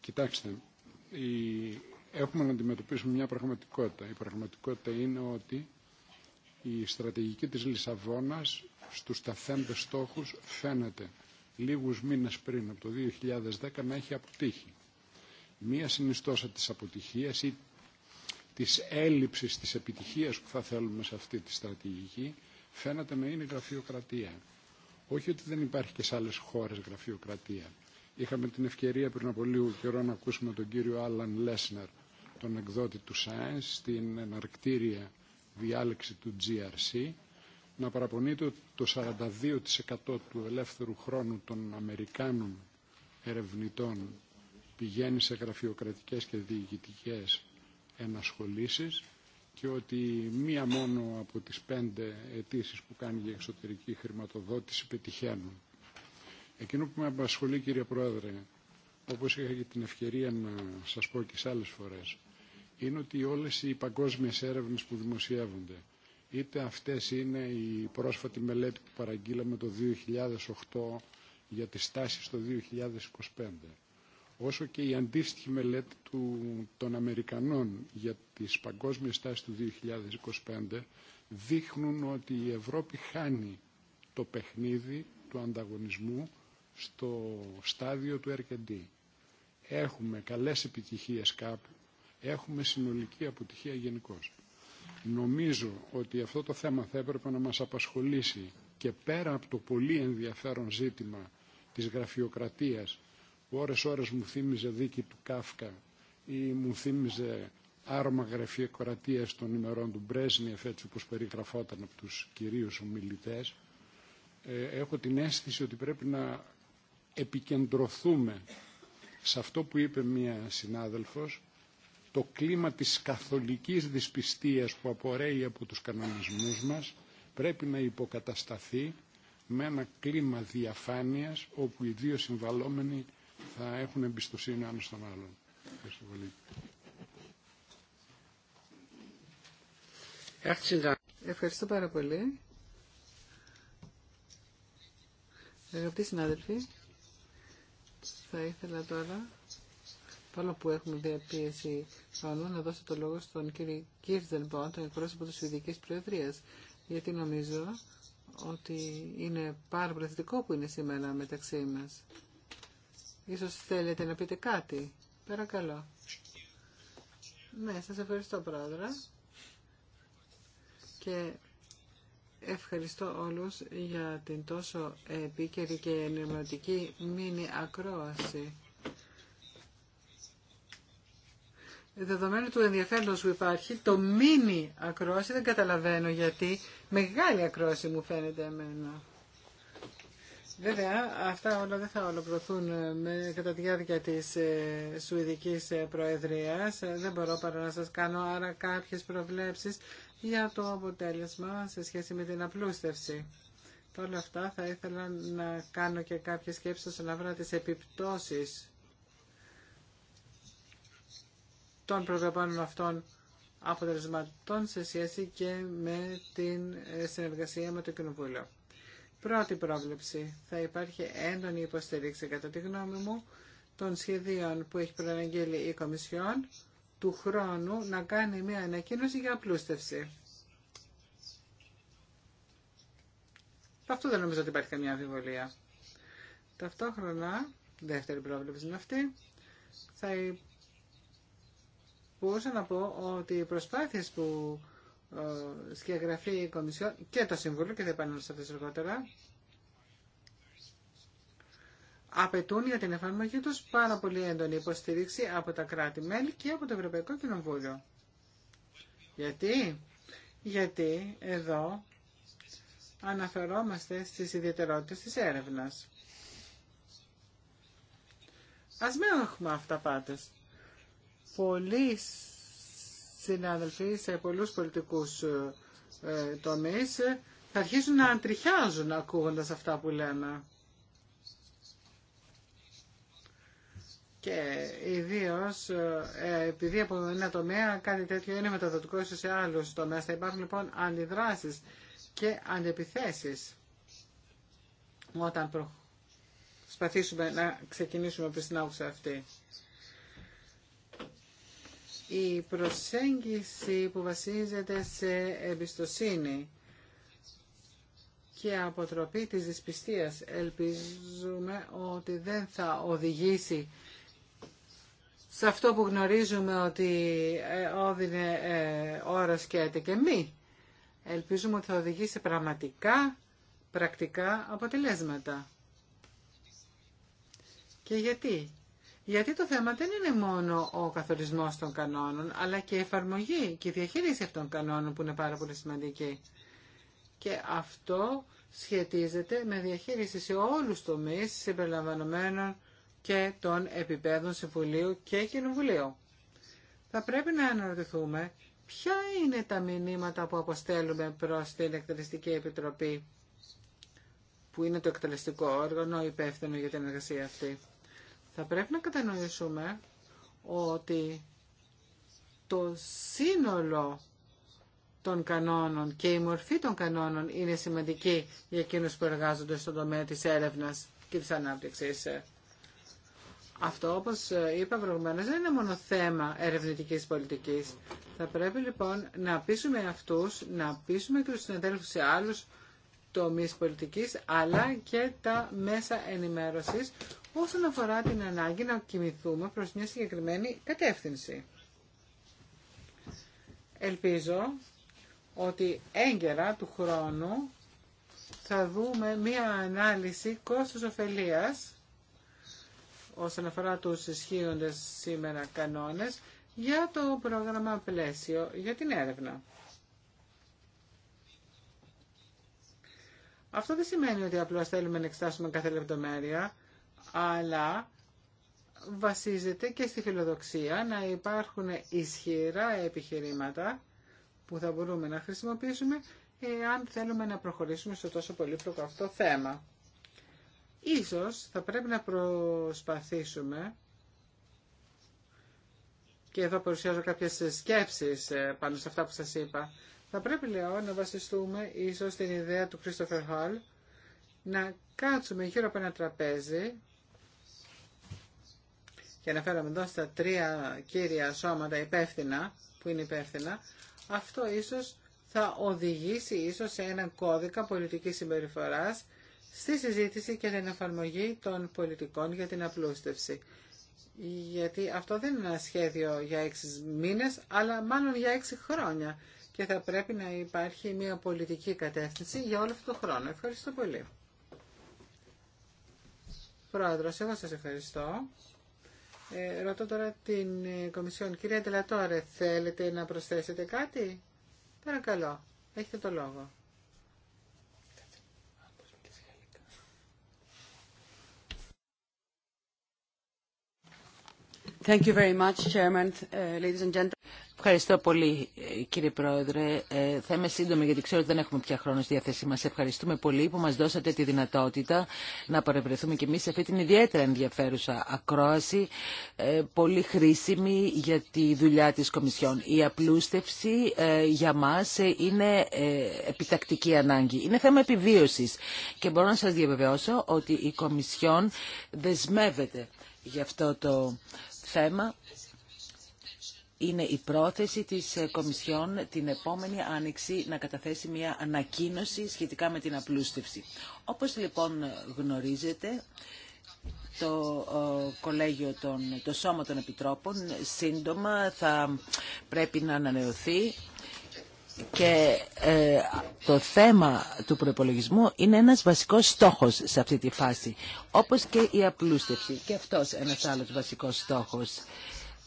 Κοιτάξτε, η των διαφορων κανονων που επιδεχονται διαφορετικη ερμηνεια απο αρμοδιους η αναρμοδιους της κομισιον κοιταξτε έχουμε να αντιμετωπίσουμε μια πραγματικότητα. Η πραγματικότητα είναι ότι η στρατηγική της Λισαβόνας στους σταθέντες στόχους φαίνεται λίγους μήνες πριν από το 2010 να έχει αποτύχει. Μία συνιστόσα της αποτυχίας ή της έλλειψης της επιτυχίας που θα θέλουμε σε αυτή τη στρατηγική φαίνεται να είναι η γραφειοκρατία. Όχι ότι δεν υπάρχει και σε άλλες χώρες γραφειοκρατία. Είχαμε την ευκαιρία πριν από λίγο καιρό να ακούσουμε τον κύριο Άλαν Λέσνερ τον εκδότη του Science στην εναρκτήρια διάλεξη του GRC να παραπονείται ότι το 42% του ελεύθερου χρόνου των Αμερικάνων ερευνητών πηγαίνει σε γραφειοκρατικές και διηγητικές ενασχολήσεις και ότι μία μόνο από τις πέντε αιτήσει που κάνει για εξωτερική χρηματοδότηση πετυχαίνουν. Εκείνο που με απασχολεί κύριε Πρόεδρε, όπως είχα και την ευκαιρία να σας πω και σε άλλες φορές, είναι ότι όλες οι παγκόσμιες έρευνες που δημοσιεύονται, είτε αυτές είναι η πρόσφατη μελέτη που παραγγείλαμε το 2008 για τις τάσεις το 2025, όσο και η αντίστοιχη μελέτη των Αμερικανών για τις παγκόσμιες τάσεις του 2025, δείχνουν ότι η Ευρώπη χάνει το παιχνίδι του ανταγωνισμού στο στάδιο του R&D. Έχουμε καλές επιτυχίες κάπου, έχουμε συνολική αποτυχία γενικώ. Νομίζω ότι αυτό το θέμα θα έπρεπε να μας απασχολήσει και πέρα από το πολύ ενδιαφέρον ζήτημα της γραφειοκρατίας που ώρες ώρες μου θύμιζε δίκη του Κάφκα ή μου θύμιζε άρωμα γραφειοκρατίας των ημερών του Μπρέσνιεφ έτσι όπως περιγραφόταν από τους κυρίους ομιλητές ε, έχω την αίσθηση ότι πρέπει να επικεντρωθούμε σε αυτό που είπε μία συνάδελφος το κλίμα της καθολικής δυσπιστίας που απορρέει από τους κανονισμούς μας πρέπει να υποκατασταθεί με ένα κλίμα διαφάνειας όπου οι δύο συμβαλόμενοι θα έχουν εμπιστοσύνη ένα στον άλλον. Ευχαριστώ πολύ. Ευχαριστώ πάρα πολύ. Αγαπητοί συνάδελφοι, θα ήθελα τώρα Παρόλο που έχουμε διαπίεση χρόνου, να δώσω το λόγο στον κύριο Κίρτζελμπον, τον εκπρόσωπο τη Σουηδική Προεδρία. Γιατί νομίζω ότι είναι πάρα πολύ που είναι σήμερα μεταξύ μα. Ίσως θέλετε να πείτε κάτι. Παρακαλώ. Ναι, σας ευχαριστώ πρόεδρε. Και ευχαριστώ όλους για την τόσο επίκαιρη και ενημερωτική μήνυ ακρόαση. δεδομένου του ενδιαφέροντος που υπάρχει, το μίνι ακρόαση δεν καταλαβαίνω γιατί. Μεγάλη ακρόαση μου φαίνεται εμένα. Βέβαια, αυτά όλα δεν θα ολοκληρωθούν ε, κατά τη διάρκεια της ε, Σουηδικής ε, Προεδρίας. Ε, δεν μπορώ παρά να σας κάνω άρα κάποιες προβλέψει για το αποτέλεσμα σε σχέση με την απλούστευση. Παρ' όλα αυτά θα ήθελα να κάνω και κάποιε σκέψει όσον αφορά τις επιπτώσεις των προγραμμάτων αυτών αποτελεσματών σε σχέση και με την ε, συνεργασία με το Κοινοβούλιο. Πρώτη πρόβλεψη. Θα υπάρχει έντονη υποστήριξη, κατά τη γνώμη μου, των σχεδίων που έχει προαναγγείλει η Κομισιόν του χρόνου να κάνει μια ανακοίνωση για απλούστευση. Αυτό δεν νομίζω ότι υπάρχει καμιά αμφιβολία. Ταυτόχρονα, δεύτερη πρόβλεψη είναι αυτή, θα μπορούσα να πω ότι οι προσπάθειες που ε, σκιαγραφεί η Κομισιόν και το Συμβούλιο, και θα επανέλθω σε αυτές αργότερα, απαιτούν για την εφαρμογή τους πάρα πολύ έντονη υποστήριξη από τα κράτη-μέλη και από το Ευρωπαϊκό Κοινοβούλιο. Γιατί? Γιατί εδώ αναφερόμαστε στις ιδιαιτερότητες της έρευνας. Ας μην έχουμε αυτά πάντως πολλοί συνάδελφοι σε πολλούς πολιτικούς ε, ε τομείς ε, θα αρχίσουν να αντριχιάζουν ακούγοντας αυτά που λέμε. Και ιδίω ε, επειδή από ένα τομέα κάτι τέτοιο είναι μεταδοτικό σε άλλου τομέα, θα υπάρχουν λοιπόν αντιδράσει και αντιεπιθέσεις όταν προσπαθήσουμε να ξεκινήσουμε από την άκουσα αυτή η προσέγγιση που βασίζεται σε εμπιστοσύνη και αποτροπή της δυσπιστίας. Ελπίζουμε ότι δεν θα οδηγήσει σε αυτό που γνωρίζουμε ότι όδινε ε, ε και σκέτη και μη. Ελπίζουμε ότι θα οδηγήσει πραγματικά, πρακτικά αποτελέσματα. Και γιατί. Γιατί το θέμα δεν είναι μόνο ο καθορισμός των κανόνων, αλλά και η εφαρμογή και η διαχείριση αυτών των κανόνων που είναι πάρα πολύ σημαντική. Και αυτό σχετίζεται με διαχείριση σε όλους τους τομείς συμπεριλαμβανομένων και των επιπέδων Συμβουλίου και Κοινοβουλίου. Θα πρέπει να αναρωτηθούμε ποια είναι τα μηνύματα που αποστέλουμε προς την Εκτελεστική Επιτροπή, που είναι το εκτελεστικό όργανο υπεύθυνο για την εργασία αυτή. Θα πρέπει να κατανοήσουμε ότι το σύνολο των κανόνων και η μορφή των κανόνων είναι σημαντική για εκείνους που εργάζονται στον τομέα της έρευνας και της ανάπτυξης. Αυτό, όπως είπα προηγουμένως, δεν είναι μόνο θέμα ερευνητικής πολιτικής. Θα πρέπει λοιπόν να πείσουμε αυτούς, να πείσουμε και τους συναδέλφους σε άλλους τομείς πολιτικής, αλλά και τα μέσα ενημέρωσης, όσον αφορά την ανάγκη να κοιμηθούμε προς μια συγκεκριμένη κατεύθυνση. Ελπίζω ότι έγκαιρα του χρόνου θα δούμε μία ανάλυση κόστος ωφελίας όσον αφορά τους ισχύοντες σήμερα κανόνες για το πρόγραμμα πλαίσιο για την έρευνα. Αυτό δεν σημαίνει ότι απλώς θέλουμε να εξετάσουμε κάθε λεπτομέρεια αλλά βασίζεται και στη φιλοδοξία να υπάρχουν ισχυρά επιχειρήματα που θα μπορούμε να χρησιμοποιήσουμε αν θέλουμε να προχωρήσουμε στο τόσο πολύπλοκο αυτό θέμα. Ίσως θα πρέπει να προσπαθήσουμε και εδώ παρουσιάζω κάποιες σκέψεις ε, πάνω σε αυτά που σας είπα. Θα πρέπει, λέω, να βασιστούμε ίσως στην ιδέα του Christopher Hall να κάτσουμε γύρω από ένα τραπέζι και αναφέραμε εδώ στα τρία κύρια σώματα υπεύθυνα, που είναι υπεύθυνα, αυτό ίσως θα οδηγήσει ίσως σε έναν κώδικα πολιτικής συμπεριφοράς στη συζήτηση και την εφαρμογή των πολιτικών για την απλούστευση. Γιατί αυτό δεν είναι ένα σχέδιο για έξι μήνες, αλλά μάλλον για έξι χρόνια. Και θα πρέπει να υπάρχει μια πολιτική κατεύθυνση για όλο αυτό το χρόνο. Ευχαριστώ πολύ. Πρόεδρος, εγώ σας ευχαριστώ. Ε, ρωτώ τώρα την ε, Κομισιόν. Κυρία Τελατόρε, θέλετε να προσθέσετε κάτι. Παρακαλώ, έχετε το λόγο. Thank you very much, uh, Ευχαριστώ πολύ ε, κύριε Πρόεδρε. Ε, θα είμαι σύντομη γιατί ξέρω ότι δεν έχουμε πια χρόνο στη διάθεσή μας. Ευχαριστούμε πολύ που μας δώσατε τη δυνατότητα να παρευρεθούμε και εμείς σε αυτή την ιδιαίτερα ενδιαφέρουσα ακρόαση, ε, πολύ χρήσιμη για τη δουλειά της Κομισιόν. Η απλούστευση για μας είναι επιτακτική ανάγκη. Είναι θέμα επιβίωση και μπορώ να σας διαβεβαιώσω ότι η Κομισιόν δεσμεύεται γι' αυτό το θέμα είναι η πρόθεση της ε, Κομισιόν την επόμενη άνοιξη να καταθέσει μια ανακοίνωση σχετικά με την απλούστευση. Όπως λοιπόν γνωρίζετε, το κολέγιο των, το Σώμα των Επιτρόπων σύντομα θα πρέπει να ανανεωθεί και ε, το θέμα του προπολογισμού είναι ένας βασικός στόχος σε αυτή τη φάση, όπως και η απλούστευση. Και αυτός ένας άλλος βασικός στόχος.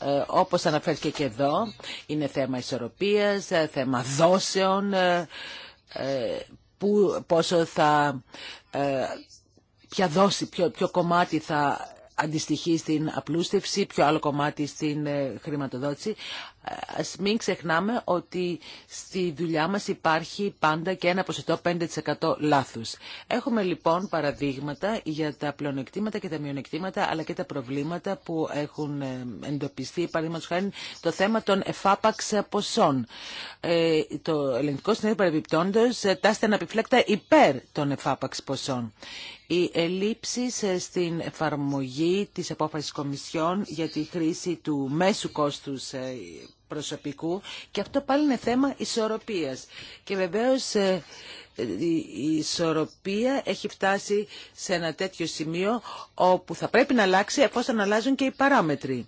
Ε, όπως αναφέρθηκε και εδώ, είναι θέμα ισορροπίας, ε, θέμα δόσεων, ε, που, πόσο θα, ποια δόση, ποιο, ποιο κομμάτι θα αντιστοιχεί στην απλούστευση, ποιο άλλο κομμάτι στην χρηματοδότηση. Ας μην ξεχνάμε ότι στη δουλειά μας υπάρχει πάντα και ένα ποσοστό 5% λάθους. Έχουμε λοιπόν παραδείγματα για τα πλεονεκτήματα και τα μειονεκτήματα αλλά και τα προβλήματα που έχουν ε, εντοπιστεί. Παραδείγματος χάρη το θέμα των εφάπαξ ποσών. Ε, το ελληνικό συνέδριο παρεμπιπτόντος ε, τάσσεται αναπιφλέκτα υπέρ των εφάπαξ ποσών οι ελλείψεις ε, στην εφαρμογή της απόφασης Κομισιόν για τη χρήση του μέσου κόστους ε, προσωπικού και αυτό πάλι είναι θέμα ισορροπίας. Και βεβαίως ε, η ισορροπία έχει φτάσει σε ένα τέτοιο σημείο όπου θα πρέπει να αλλάξει εφόσον αλλάζουν και οι παράμετροι.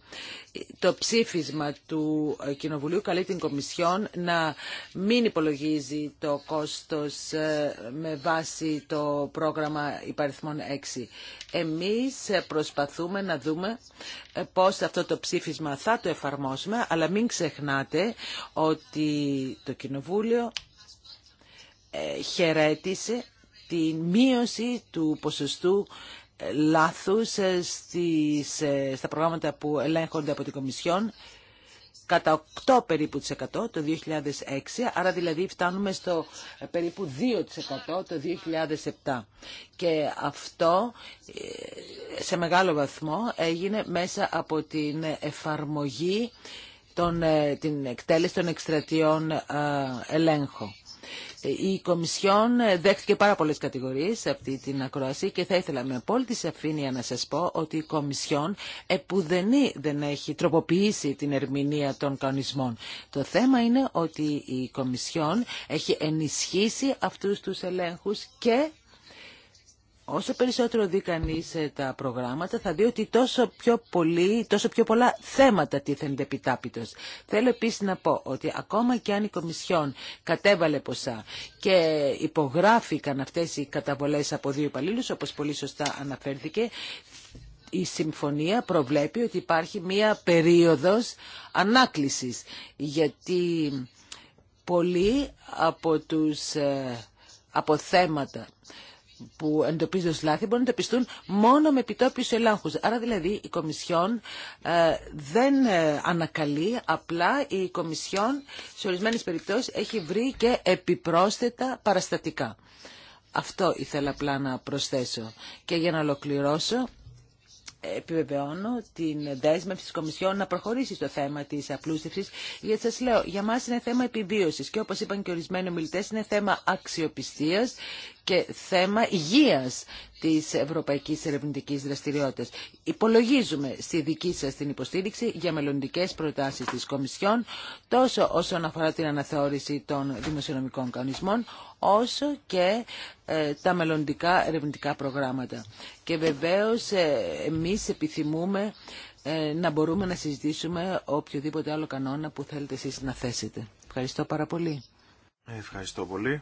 Το ψήφισμα του Κοινοβουλίου καλεί την Κομισιόν να μην υπολογίζει το κόστος ε, με βάση το πρόγραμμα υπαριθμών 6. Εμείς προσπαθούμε να δούμε ε, πώς αυτό το ψήφισμα θα το εφαρμόσουμε, αλλά μην ξεχνάτε ότι το Κοινοβούλιο ε, χαιρέτησε τη μείωση του ποσοστού ε, λάθους ε, στις, στα προγράμματα που ελέγχονται από την Κομισιόν κατά 8 περίπου της το 2006, άρα δηλαδή φτάνουμε στο περίπου 2% το 2007. Και αυτό σε μεγάλο βαθμό έγινε μέσα από την εφαρμογή, των, την εκτέλεση των εκστρατιών ελέγχων. Η Κομισιόν ε, δέχτηκε πάρα πολλές κατηγορίες σε αυτή την ακρόαση και θα ήθελα με απόλυτη σαφήνεια να σας πω ότι η Κομισιόν επουδενή δεν έχει τροποποιήσει την ερμηνεία των κανονισμών. Το θέμα είναι ότι η Κομισιόν έχει ενισχύσει αυτούς τους ελέγχους και Όσο περισσότερο δει κανεί ε, τα προγράμματα, θα δει ότι τόσο πιο, πολύ, τόσο πιο πολλά θέματα τίθενται επιτάπητο. Θέλω επίση να πω ότι ακόμα και αν η Κομισιόν κατέβαλε ποσά και υπογράφηκαν αυτέ οι καταβολέ από δύο υπαλλήλου, όπω πολύ σωστά αναφέρθηκε, η συμφωνία προβλέπει ότι υπάρχει μία περίοδος ανάκλησης, γιατί πολλοί από τους ε, από θέματα που εντοπίζονται ως λάθη μπορούν να εντοπιστούν μόνο με επιτόπιους ελάχου. Άρα δηλαδή η Κομισιόν ε, δεν ε, ανακαλεί, απλά η Κομισιόν σε ορισμένες περιπτώσεις έχει βρει και επιπρόσθετα παραστατικά. Αυτό ήθελα απλά να προσθέσω. Και για να ολοκληρώσω, επιβεβαιώνω την δέσμευση της Κομισιόν να προχωρήσει στο θέμα της απλούστευσης, γιατί σας λέω, για μας είναι θέμα επιβίωσης και όπως είπαν και ορισμένοι ομιλητές, είναι θέμα αξιοπιστίας και θέμα υγείας της ευρωπαϊκής ερευνητικής δραστηριότητας. Υπολογίζουμε στη δική σας την υποστήριξη για μελλοντικές προτάσεις της Κομισιόν, τόσο όσον αφορά την αναθεώρηση των δημοσιονομικών κανονισμών, όσο και ε, τα μελλοντικά ερευνητικά προγράμματα. Και βεβαίως ε, εμείς επιθυμούμε ε, να μπορούμε να συζητήσουμε οποιοδήποτε άλλο κανόνα που θέλετε εσείς να θέσετε. Ευχαριστώ πάρα πολύ. Ευχαριστώ πολύ.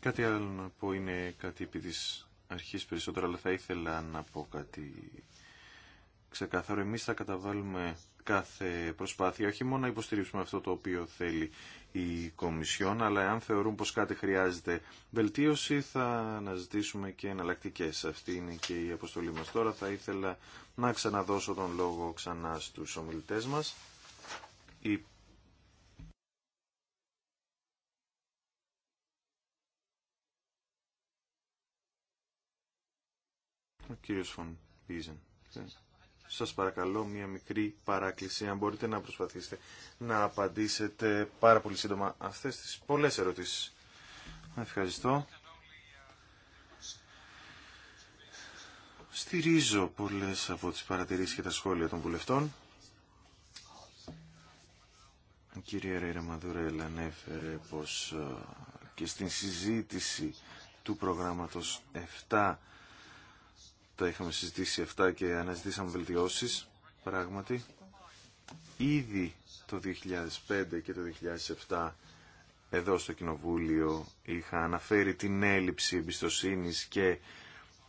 Κάτι άλλο να πω είναι κάτι επί της αρχής περισσότερο, αλλά θα ήθελα να πω κάτι ξεκάθαρο. Εμείς θα καταβάλουμε κάθε προσπάθεια, όχι μόνο να υποστηρίξουμε αυτό το οποίο θέλει η Κομισιόν, αλλά εάν θεωρούν πως κάτι χρειάζεται βελτίωση θα αναζητήσουμε και εναλλακτικέ. Αυτή είναι και η αποστολή μας τώρα. Θα ήθελα να ξαναδώσω τον λόγο ξανά στους ομιλητές μας. Η... κύριος Φων σας παρακαλώ μια μικρή παράκληση, αν μπορείτε να προσπαθήσετε να απαντήσετε πάρα πολύ σύντομα αυτές τις πολλές ερωτήσεις. Ευχαριστώ. Στηρίζω πολλές από τις παρατηρήσεις και τα σχόλια των βουλευτών. Η κυρία Ρέιρα Μαδουρέλ ανέφερε πως ε, και στην συζήτηση του προγράμματος 7 τα είχαμε συζητήσει αυτά και αναζητήσαμε βελτιώσεις, πράγματι. Ήδη το 2005 και το 2007 εδώ στο Κοινοβούλιο είχα αναφέρει την έλλειψη εμπιστοσύνης και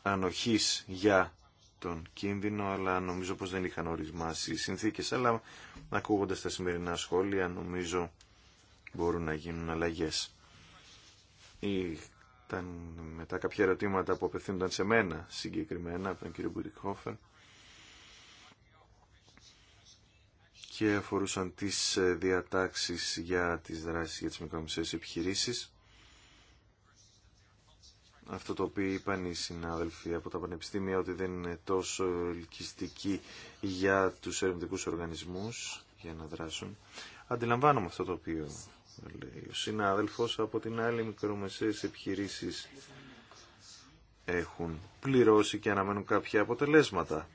ανοχής για τον κίνδυνο, αλλά νομίζω πως δεν είχαν ορισμάσει οι συνθήκες. Αλλά ακούγοντας τα σημερινά σχόλια νομίζω μπορούν να γίνουν αλλαγές. Η ήταν μετά κάποια ερωτήματα που απευθύνονταν σε μένα συγκεκριμένα από τον κύριο Μπουτικόφερ και αφορούσαν τις ε, διατάξεις για τις δράσεις για τις μικρομεσαίες επιχειρήσεις. Αυτό το οποίο είπαν οι συνάδελφοι από τα πανεπιστήμια ότι δεν είναι τόσο ελκυστική για τους ερευνητικούς οργανισμούς για να δράσουν. Αντιλαμβάνομαι αυτό το οποίο λέει ο συνάδελφος, από την άλλη μικρομεσαίες επιχειρήσεις έχουν πληρώσει και αναμένουν κάποια αποτελέσματα.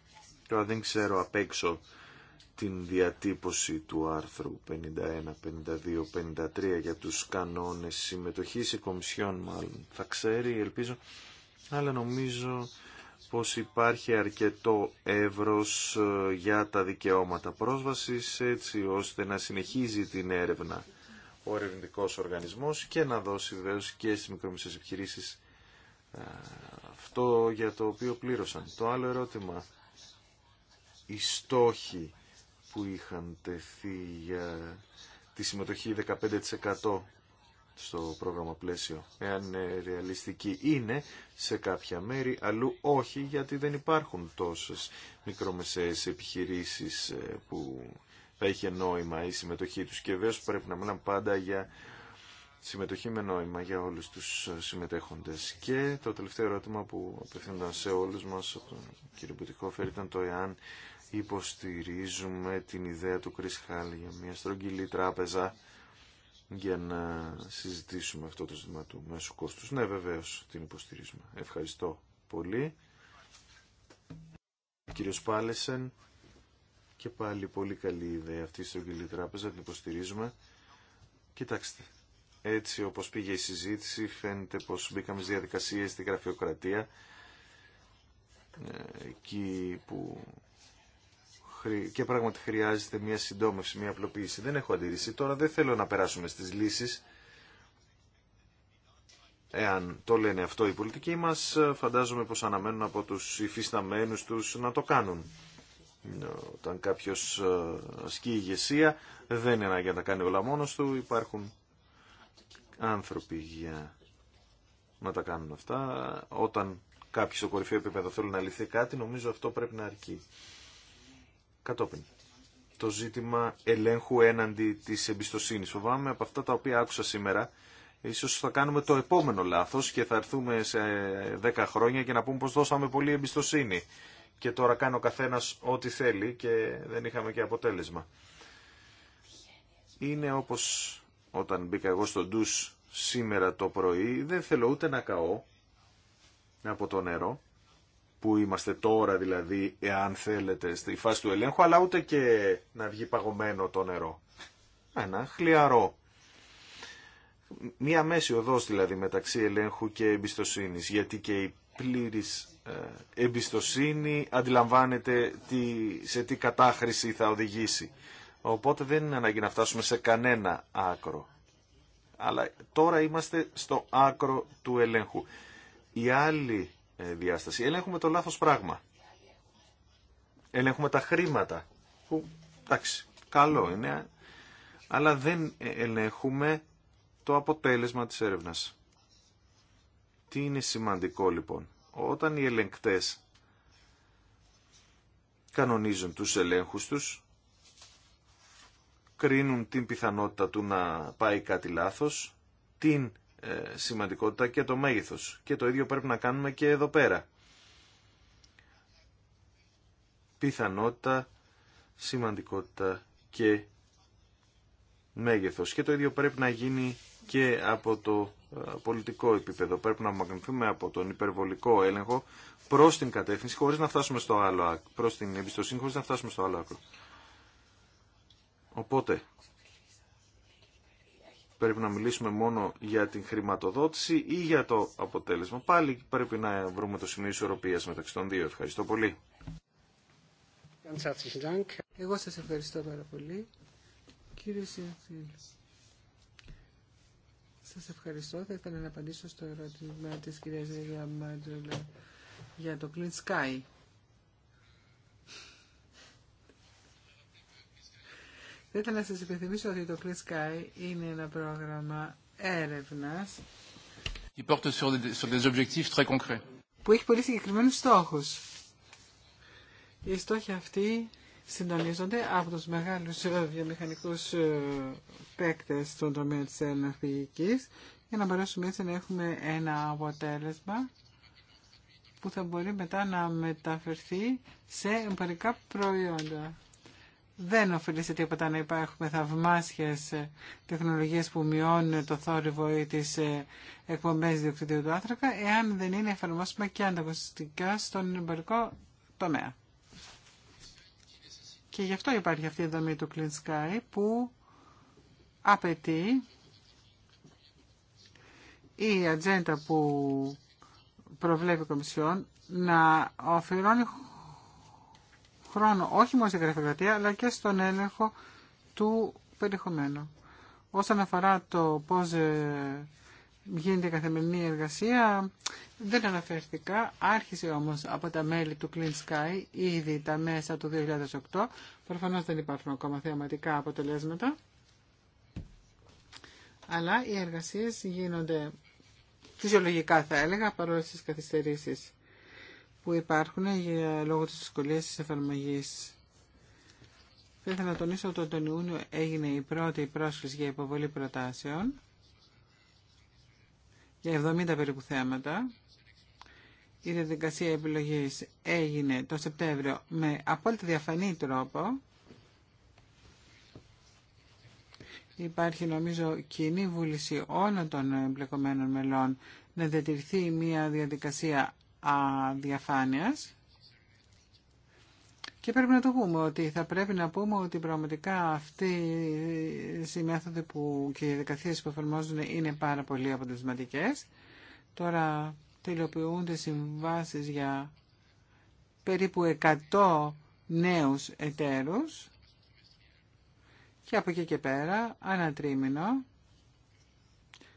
Τώρα δεν ξέρω απ' έξω την διατύπωση του άρθρου 51, 52, 53 για τους κανόνες συμμετοχής, η Κομισιόν μάλλον θα ξέρει, ελπίζω, αλλά νομίζω πως υπάρχει αρκετό εύρος ε, για τα δικαιώματα πρόσβασης έτσι ώστε να συνεχίζει την έρευνα ο ερευνητικό οργανισμό και να δώσει βεβαίω και στι μικρομεσαίες επιχειρήσεις ε, αυτό για το οποίο πλήρωσαν. Το άλλο ερώτημα, οι στόχοι που είχαν τεθεί για τη συμμετοχή 15% στο πρόγραμμα πλαίσιο, εάν είναι ρεαλιστική, είναι σε κάποια μέρη, αλλού όχι, γιατί δεν υπάρχουν τόσες μικρομεσαίες επιχειρήσεις ε, που θα είχε νόημα η συμμετοχή τους και βέβαια πρέπει να μιλάμε πάντα για συμμετοχή με νόημα για όλους τους συμμετέχοντες. Και το τελευταίο ερώτημα που απευθύνονταν σε όλους μας από τον κύριο Μπουτικόφερ ήταν το εάν υποστηρίζουμε την ιδέα του Κρίς Χάλ για μια στρογγυλή τράπεζα για να συζητήσουμε αυτό το ζήτημα του μέσου κόστου. Ναι, βεβαίως την υποστηρίζουμε. Ευχαριστώ πολύ. Και πάλι πολύ καλή ιδέα αυτή η στρογγυλή τράπεζα, την υποστηρίζουμε. Κοιτάξτε, έτσι όπως πήγε η συζήτηση φαίνεται πως μπήκαμε στις διαδικασίες στη γραφειοκρατία ε, εκεί που και πράγματι χρειάζεται μια συντόμευση, μια απλοποίηση. Δεν έχω αντίρρηση. Τώρα δεν θέλω να περάσουμε στις λύσεις εάν το λένε αυτό οι πολιτικοί μας φαντάζομαι πως αναμένουν από τους υφισταμένους τους να το κάνουν. Όταν κάποιος ε, ασκεί ηγεσία δεν είναι ανάγκη να τα κάνει όλα μόνος του. Υπάρχουν άνθρωποι για να τα κάνουν αυτά. Όταν κάποιοι στο κορυφαίο επίπεδο θέλουν να λυθεί κάτι, νομίζω αυτό πρέπει να αρκεί. Κατόπιν. Το ζήτημα ελέγχου έναντι της εμπιστοσύνης. Φοβάμαι από αυτά τα οποία άκουσα σήμερα, ίσως θα κάνουμε το επόμενο λάθος και θα έρθουμε σε 10 χρόνια και να πούμε πως δώσαμε πολύ εμπιστοσύνη και τώρα κάνω ο καθένας ό,τι θέλει και δεν είχαμε και αποτέλεσμα. Είναι όπως όταν μπήκα εγώ στο ντους σήμερα το πρωί, δεν θέλω ούτε να καώ από το νερό, που είμαστε τώρα δηλαδή, εάν θέλετε, στη φάση του ελέγχου, αλλά ούτε και να βγει παγωμένο το νερό. Ένα χλιαρό. Μία μέση οδός δηλαδή μεταξύ ελέγχου και εμπιστοσύνης, γιατί και πλήρης ε, εμπιστοσύνη, αντιλαμβάνεται τι, σε τι κατάχρηση θα οδηγήσει. Οπότε δεν είναι ανάγκη να φτάσουμε σε κανένα άκρο. Αλλά τώρα είμαστε στο άκρο του ελέγχου. Η άλλη ε, διάσταση. Ελέγχουμε το λάθος πράγμα. Ελέγχουμε τα χρήματα. Που, εντάξει, καλό είναι. Αλλά δεν ε, ελέγχουμε το αποτέλεσμα της έρευνας. Τι είναι σημαντικό λοιπόν. Όταν οι ελεγκτές κανονίζουν τους ελέγχους τους, κρίνουν την πιθανότητα του να πάει κάτι λάθος, την ε, σημαντικότητα και το μέγεθος. Και το ίδιο πρέπει να κάνουμε και εδώ πέρα. Πιθανότητα, σημαντικότητα και μέγεθος. Και το ίδιο πρέπει να γίνει και από το ε, πολιτικό επίπεδο. Πρέπει να μαγνηθούμε από τον υπερβολικό έλεγχο προ την κατεύθυνση, χωρί να φτάσουμε στο άλλο άκρο. Προ την εμπιστοσύνη, χωρί να φτάσουμε στο άλλο άκρο. Οπότε, πρέπει να μιλήσουμε μόνο για την χρηματοδότηση ή για το αποτέλεσμα. Πάλι πρέπει να βρούμε το σημείο ισορροπία μεταξύ των δύο. Ευχαριστώ πολύ. Εγώ σας ευχαριστώ πάρα πολύ. Κύριε Σα ευχαριστώ. Θα ήθελα να απαντήσω στο ερώτημα τη κυρία Ζεγιά Μάντζουλα για το Clean Sky. Θα ήθελα να σας υπενθυμίσω ότι το Clean Sky είναι ένα πρόγραμμα έρευνας που έχει πολύ συγκεκριμένους στόχους. Οι στόχοι αυτοί συντονίζονται από τους μεγάλους ε, βιομηχανικούς ε, παίκτες στον τομέα της ενεργειακής για να μπορέσουμε έτσι να έχουμε ένα αποτέλεσμα που θα μπορεί μετά να μεταφερθεί σε εμπορικά προϊόντα. Δεν σε τίποτα να υπάρχουν θαυμάσιες ε, τεχνολογίες που μειώνουν το θόρυβο ή τις εκπομπές διοκτήτου του άνθρακα, εάν δεν είναι εφαρμόσιμα και ανταγωνιστικά στον εμπορικό τομέα. Και γι' αυτό υπάρχει αυτή η δομή του Clean Sky που απαιτεί η ατζέντα που προβλέπει η Κομισιόν να αφιερώνει χρόνο όχι μόνο στην γραφειοκρατία αλλά και στον έλεγχο του περιεχομένου. Όσον αφορά το πώς ε, γίνεται καθημερινή εργασία. Δεν αναφέρθηκα. Άρχισε όμως από τα μέλη του Clean Sky ήδη τα μέσα του 2008. Προφανώς δεν υπάρχουν ακόμα θεαματικά αποτελέσματα. Αλλά οι εργασίες γίνονται φυσιολογικά θα έλεγα παρόλες τις καθυστερήσεις που υπάρχουν για λόγω της δυσκολίας της εφαρμογής. Θα ήθελα να τονίσω ότι τον Ιούνιο έγινε η πρώτη πρόσκληση για υποβολή προτάσεων για 70 περίπου θέματα. Η διαδικασία επιλογής έγινε το Σεπτέμβριο με απόλυτα διαφανή τρόπο. Υπάρχει νομίζω κοινή βούληση όλων των εμπλεκομένων μελών να διατηρηθεί μια διαδικασία αδιαφάνειας και πρέπει να το πούμε ότι θα πρέπει να πούμε ότι πραγματικά αυτοί οι μέθοδοι που και οι διαδικασίες που εφαρμόζουν είναι πάρα πολύ αποτελεσματικέ. Τώρα τελειοποιούνται συμβάσεις για περίπου 100 νέους εταίρους και από εκεί και πέρα, τρίμηνο,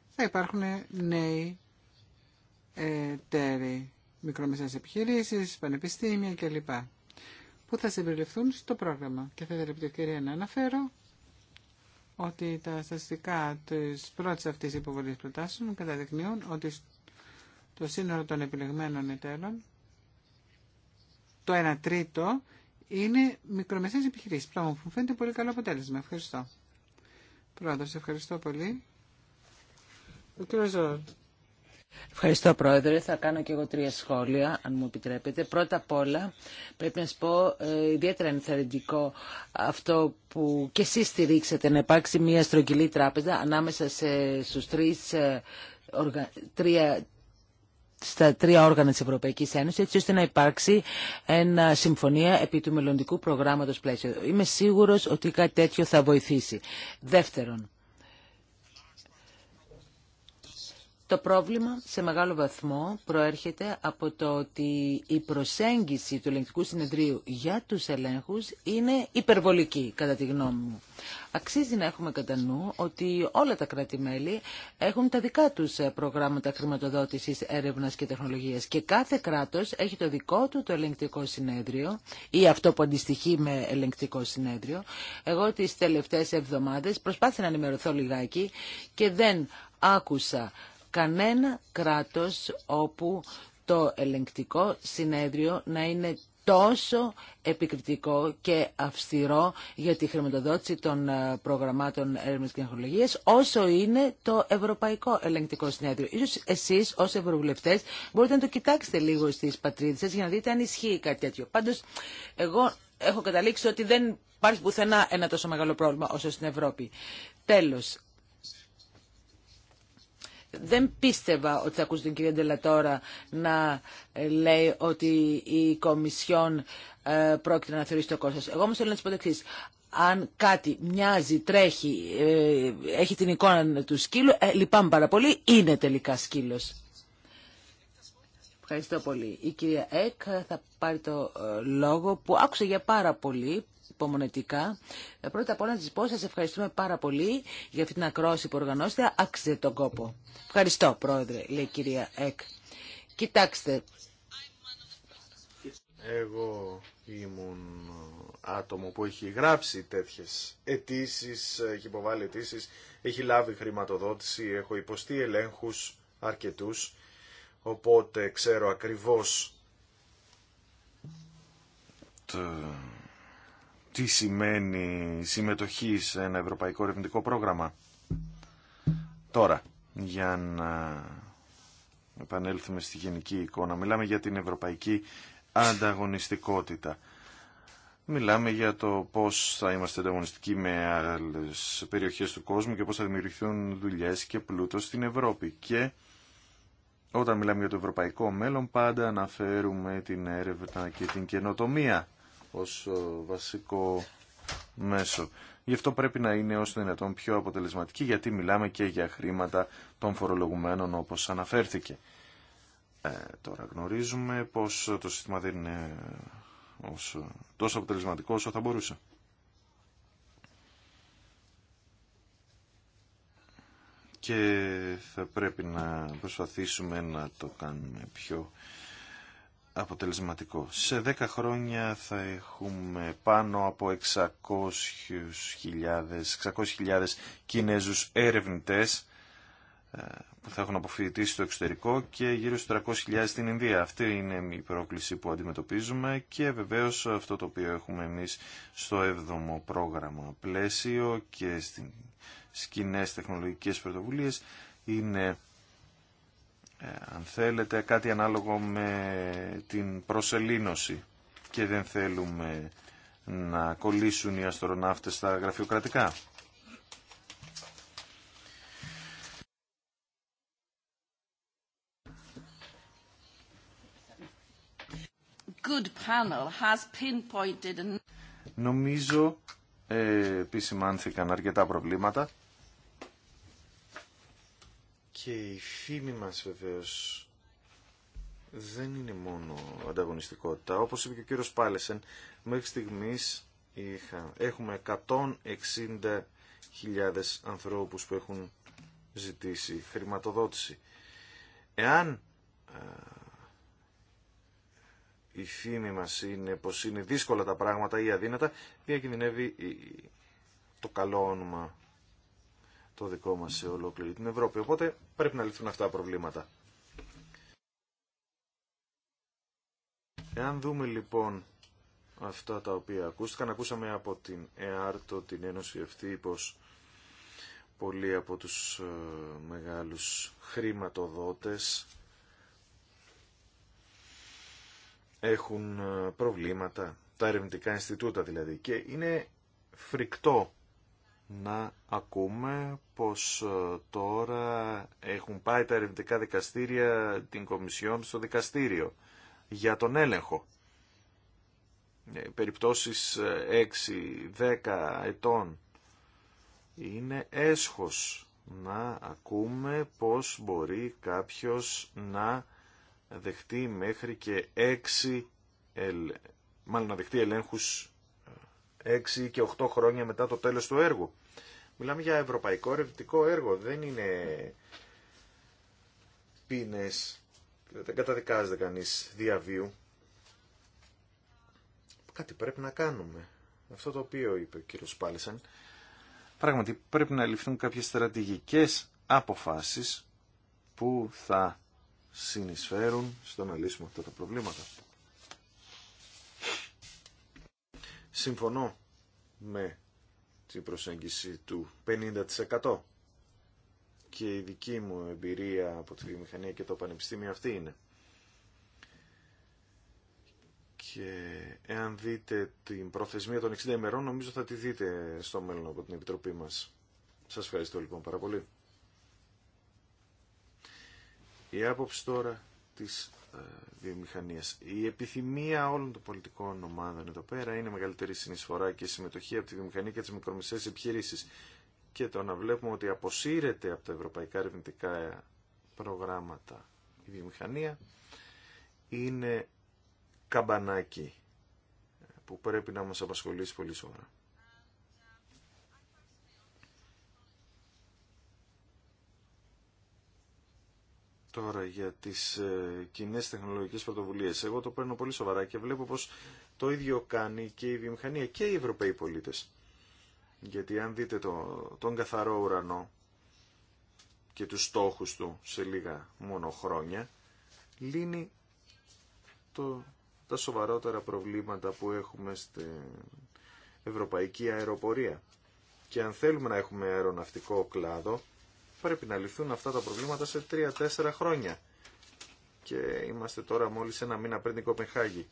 θα υπάρχουν νέοι εταίροι, μικρομεσαίες επιχειρήσεις, πανεπιστήμια κλπ που θα συμπεριληφθούν στο πρόγραμμα. Και θα ήθελα την ευκαιρία να αναφέρω ότι τα στατιστικά τη πρώτη αυτή υποβολή προτάσεων καταδεικνύουν ότι το σύνολο των επιλεγμένων εταίρων το 1 τρίτο είναι μικρομεσαίες επιχειρήσεις, πράγμα που μου φαίνεται πολύ καλό αποτέλεσμα. Ευχαριστώ. Πρόεδρος, ευχαριστώ πολύ. Ο κύριος Ευχαριστώ Πρόεδρε. Θα κάνω και εγώ τρία σχόλια, αν μου επιτρέπετε. Πρώτα απ' όλα, πρέπει να σας πω, ε, ιδιαίτερα ενθαρρυντικό αυτό που και εσείς στηρίξατε, να υπάρξει μια στρογγυλή τράπεζα ανάμεσα σε, στους τρεις, ε, τρία, στα τρία όργανα της Ευρωπαϊκής Ένωσης έτσι ώστε να υπάρξει ένα συμφωνία επί του μελλοντικού προγράμματος πλαίσιο. Είμαι σίγουρος ότι κάτι τέτοιο θα βοηθήσει. Δεύτερον, Το πρόβλημα σε μεγάλο βαθμό προέρχεται από το ότι η προσέγγιση του ελεγκτικού συνεδρίου για τους ελέγχους είναι υπερβολική, κατά τη γνώμη μου. Αξίζει να έχουμε κατά νου ότι όλα τα κράτη-μέλη έχουν τα δικά τους προγράμματα χρηματοδότησης έρευνας και τεχνολογίας και κάθε κράτος έχει το δικό του το ελεγκτικό συνέδριο ή αυτό που αντιστοιχεί με ελεγκτικό συνέδριο. Εγώ τις τελευταίες εβδομάδες προσπάθησα να ενημερωθώ λιγάκι και δεν άκουσα κανένα κράτος όπου το ελεγκτικό συνέδριο να είναι τόσο επικριτικό και αυστηρό για τη χρηματοδότηση των ε, προγραμμάτων έρευνας και εγχολογίας όσο είναι το Ευρωπαϊκό Ελεγκτικό Συνέδριο. Ίσως εσείς ως ευρωβουλευτές μπορείτε να το κοιτάξετε λίγο στις πατρίδες σας για να δείτε αν ισχύει κάτι τέτοιο. Πάντως εγώ έχω καταλήξει ότι δεν υπάρχει πουθενά ένα τόσο μεγάλο πρόβλημα όσο στην Ευρώπη. Τέλος, δεν πίστευα ότι θα ακούσω την κυρία Ντελατόρα να ε, λέει ότι η Κομισιόν ε, πρόκειται να θεωρήσει το κόστος. Εγώ όμως θέλω να της πω το Αν κάτι μοιάζει, τρέχει, ε, έχει την εικόνα του σκύλου, ε, λυπάμαι πάρα πολύ, είναι τελικά σκύλος. Ευχαριστώ πολύ. Η κυρία Εκ θα πάρει το λόγο που άκουσε για πάρα πολύ, υπομονετικά. Πρώτα απ' όλα να σα πω, ευχαριστούμε πάρα πολύ για αυτή την ακρόαση που οργανώσετε. Άξιζε τον κόπο. Ευχαριστώ, Πρόεδρε, λέει η κυρία Εκ. Κοιτάξτε. Εγώ ήμουν άτομο που έχει γράψει τέτοιε αιτήσει, έχει υποβάλει αιτήσει, έχει λάβει χρηματοδότηση, έχω υποστεί ελέγχου αρκετού. οπότε ξέρω ακριβώς τι σημαίνει συμμετοχή σε ένα ευρωπαϊκό ερευνητικό πρόγραμμα. Τώρα, για να επανέλθουμε στη γενική εικόνα, μιλάμε για την ευρωπαϊκή ανταγωνιστικότητα. Μιλάμε για το πώς θα είμαστε ανταγωνιστικοί με άλλες περιοχές του κόσμου και πώς θα δημιουργηθούν δουλειές και πλούτο στην Ευρώπη. Και όταν μιλάμε για το ευρωπαϊκό μέλλον πάντα αναφέρουμε την έρευνα και την καινοτομία ως ε, βασικό μέσο. Γι' αυτό πρέπει να είναι όσο δυνατόν πιο αποτελεσματική γιατί μιλάμε και για χρήματα των φορολογουμένων όπως αναφέρθηκε. Ε, τώρα γνωρίζουμε πως το σύστημα δεν είναι όσο, τόσο αποτελεσματικό όσο θα μπορούσε. Και θα πρέπει να προσπαθήσουμε να το κάνουμε πιο αποτελεσματικό. Σε 10 χρόνια θα έχουμε πάνω από 600.000 600 Κινέζους έρευνητές ε, που θα έχουν αποφοιτήσει στο εξωτερικό και γύρω στους 300.000 στην Ινδία. Αυτή είναι η πρόκληση που αντιμετωπίζουμε και βεβαίως αυτό το οποίο έχουμε εμείς στο 7ο πρόγραμμα πλαίσιο και στις κοινέ τεχνολογικές πρωτοβουλίες είναι ε, αν θέλετε, κάτι ανάλογο με την προσελήνωση και δεν θέλουμε να κολλήσουν οι αστροναύτες στα γραφειοκρατικά. Νομίζω ε, επισημάνθηκαν αρκετά προβλήματα και η φήμη μας βεβαίως δεν είναι μόνο ανταγωνιστικότητα. Όπως είπε και ο κύριος Πάλεσεν, μέχρι στιγμής είχα, έχουμε 160.000 ανθρώπους που έχουν ζητήσει χρηματοδότηση. Εάν η φήμη μας είναι πως είναι δύσκολα τα πράγματα ή αδύνατα, διακινδυνεύει το καλό όνομα το δικό μας σε ολόκληρη την Ευρώπη. Οπότε πρέπει να λυθούν αυτά τα προβλήματα. Εάν δούμε λοιπόν αυτά τα οποία ακούστηκαν, ακούσαμε από την ΕΑΡΤΟ, την Ένωση αυτή, πως πολλοί από τους ε, μεγάλους χρηματοδότες έχουν ε, προβλήματα, τα ερευνητικά Ινστιτούτα δηλαδή, και είναι φρικτό να ακούμε πως ε, τώρα έχουν πάει τα ερευνητικά δικαστήρια την Κομισιόν στο δικαστήριο για τον έλεγχο. Ε, περιπτώσεις 6-10 ε, ετών είναι έσχος να ακούμε πως μπορεί κάποιος να δεχτεί μέχρι και 6 μάλλον να δεχτεί ελέγχους 6 και 8 χρόνια μετά το τέλος του έργου. Μιλάμε για ευρωπαϊκό ερευνητικό έργο. Δεν είναι πίνες. Δεν καταδικάζεται κανείς διαβίου. Κάτι πρέπει να κάνουμε. Αυτό το οποίο είπε ο κύριος Πάλισαν. Πράγματι πρέπει να ληφθούν κάποιες στρατηγικές αποφάσεις που θα συνεισφέρουν στο να λύσουμε αυτά τα προβλήματα. Συμφωνώ με την προσέγγιση του 50%. Και η δική μου εμπειρία από τη βιομηχανία και το πανεπιστήμιο αυτή είναι. Και εάν δείτε την προθεσμία των 60 ημερών, νομίζω θα τη δείτε στο μέλλον από την Επιτροπή μας. Σας ευχαριστώ λοιπόν πάρα πολύ. Η άποψη τώρα της ε, βιομηχανίας. Η επιθυμία όλων των πολιτικών ομάδων εδώ πέρα είναι μεγαλύτερη συνεισφορά και συμμετοχή από τη βιομηχανία και τις μικρομεσαίες επιχειρήσεις. Και το να βλέπουμε ότι αποσύρεται από τα ευρωπαϊκά ερευνητικά προγράμματα η βιομηχανία είναι καμπανάκι που πρέπει να μας απασχολήσει πολύ σοβαρά. Τώρα για τις ε, κοινέ τεχνολογικές πρωτοβουλίες. Εγώ το παίρνω πολύ σοβαρά και βλέπω πως το ίδιο κάνει και η βιομηχανία και οι Ευρωπαίοι πολίτες. Γιατί αν δείτε το, τον καθαρό ουρανό και τους στόχους του σε λίγα μόνο χρόνια, λύνει το, τα σοβαρότερα προβλήματα που έχουμε στην ευρωπαϊκή αεροπορία. Και αν θέλουμε να έχουμε αεροναυτικό κλάδο, Πρέπει να λυθούν αυτά τα προβλήματα σε 3-4 χρόνια. Και είμαστε τώρα μόλις ένα μήνα πριν την Κοπενχάγη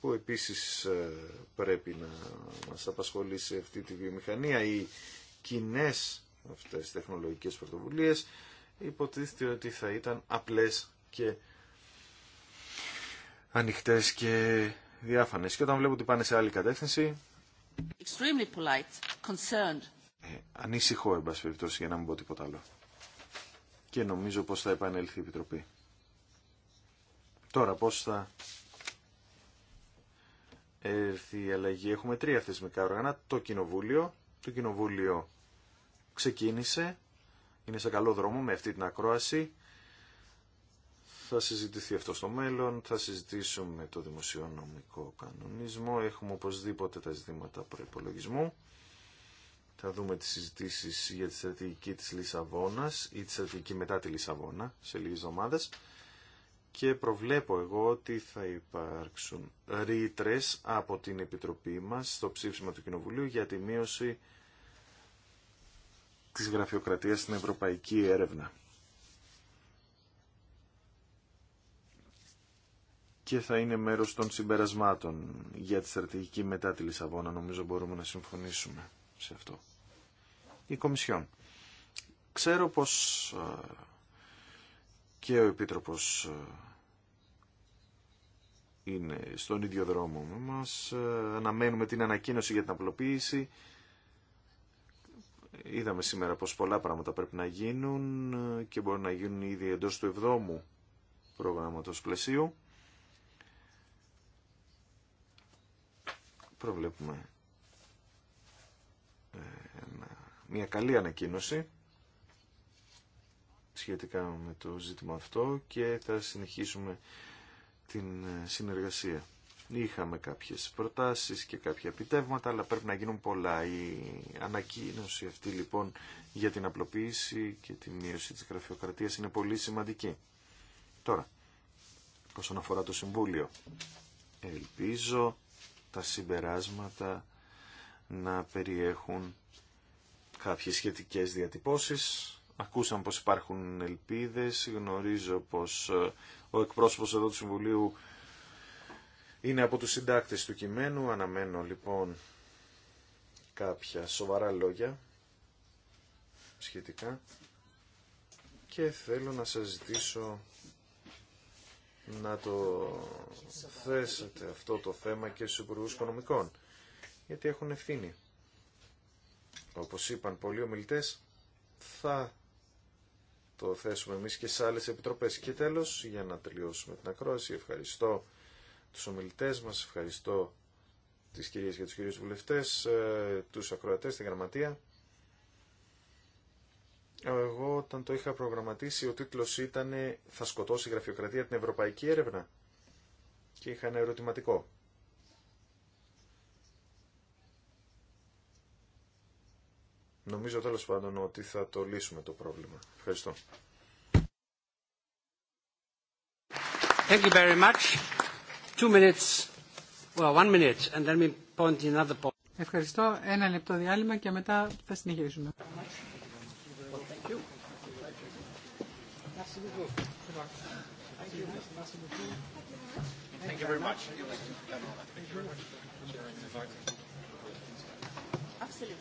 που επίσης ε, πρέπει να μας απασχολήσει αυτή τη βιομηχανία. Οι κοινέ αυτές τεχνολογικές πρωτοβουλίες υποτίθεται ότι θα ήταν απλές και ανοιχτές και διάφανες. Και όταν βλέπω ότι πάνε σε άλλη κατεύθυνση... Ε, ανησυχώ, εν πάση για να μην πω τίποτα άλλο. Και νομίζω πως θα επανέλθει η Επιτροπή. Τώρα, πώς θα έρθει η αλλαγή. Έχουμε τρία θεσμικά όργανα. Το Κοινοβούλιο. Το Κοινοβούλιο ξεκίνησε. Είναι σε καλό δρόμο με αυτή την ακρόαση. Θα συζητηθεί αυτό στο μέλλον. Θα συζητήσουμε το δημοσιονομικό κανονισμό. Έχουμε οπωσδήποτε τα ζητήματα προπολογισμού θα δούμε τις συζητήσεις για τη στρατηγική της Λισαβόνας ή τη στρατηγική μετά τη Λισαβόνα σε λίγες εβδομάδες και προβλέπω εγώ ότι θα υπάρξουν ρήτρε από την Επιτροπή μας στο ψήφισμα του Κοινοβουλίου για τη μείωση της γραφειοκρατίας στην ευρωπαϊκή έρευνα. και θα είναι μέρος των συμπερασμάτων για τη στρατηγική μετά τη Λισαβόνα. Νομίζω μπορούμε να συμφωνήσουμε σε αυτό η Κομισιόν. Ξέρω πως ε, και ο Επίτροπος ε, είναι στον ίδιο δρόμο με μας. Ε, αναμένουμε την ανακοίνωση για την απλοποίηση. Είδαμε σήμερα πως πολλά πράγματα πρέπει να γίνουν και μπορεί να γίνουν ήδη εντός του εβδόμου προγράμματος πλαισίου. Προβλέπουμε μια καλή ανακοίνωση σχετικά με το ζήτημα αυτό και θα συνεχίσουμε την ε, συνεργασία. Είχαμε κάποιες προτάσεις και κάποια επιτεύγματα, αλλά πρέπει να γίνουν πολλά. Η ανακοίνωση αυτή λοιπόν για την απλοποίηση και τη μείωση της γραφειοκρατίας είναι πολύ σημαντική. Τώρα, όσον αφορά το Συμβούλιο, ελπίζω τα συμπεράσματα να περιέχουν κάποιες σχετικές διατυπώσεις. Ακούσαμε πως υπάρχουν ελπίδες, γνωρίζω πως ε, ο εκπρόσωπος εδώ του Συμβουλίου είναι από τους συντάκτες του κειμένου. Αναμένω λοιπόν κάποια σοβαρά λόγια σχετικά και θέλω να σας ζητήσω να το θέσετε αυτό το θέμα και στους Υπουργούς Οικονομικών γιατί έχουν ευθύνη όπως είπαν πολλοί ομιλητές, θα το θέσουμε εμείς και σε άλλες επιτροπές. Και τέλος, για να τελειώσουμε την ακρόαση, ευχαριστώ τους ομιλητές μας, ευχαριστώ τις κυρίες και τους κυρίους βουλευτές, ε, τους ακροατές, την γραμματεία. Εγώ όταν το είχα προγραμματίσει ο τίτλος ήταν «Θα σκοτώσει η γραφειοκρατία την ευρωπαϊκή έρευνα» και είχα ένα ερωτηματικό. Νομίζω τέλος πάντων ότι θα το λύσουμε το πρόβλημα. Ευχαριστώ. Thank you very much. Two minutes, well, one minute, and then we point another point. Ευχαριστώ. Ένα λεπτό διάλειμμα και μετά θα συνεχίσουμε. Thank you very much. Thank you very much. Absolutely.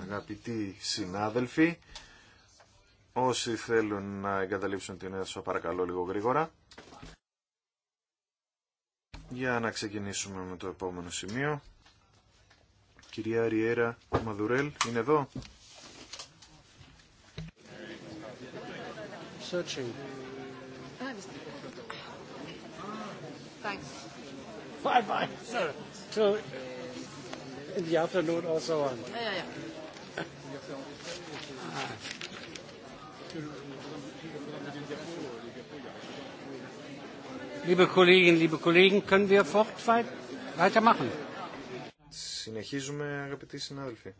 Αγαπητοί συνάδελφοι, όσοι θέλουν να εγκαταλείψουν την αίθουσα παρακαλώ λίγο γρήγορα. Για να ξεκινήσουμε με το επόμενο σημείο. Κυρία Ριέρα Μαδουρέλ, είναι εδώ. Liebe Kolleginnen, liebe Kollegen, können wir fortfahren? Weitermachen. Συνεχίζουμε αγαπητοί συνάδελφοι.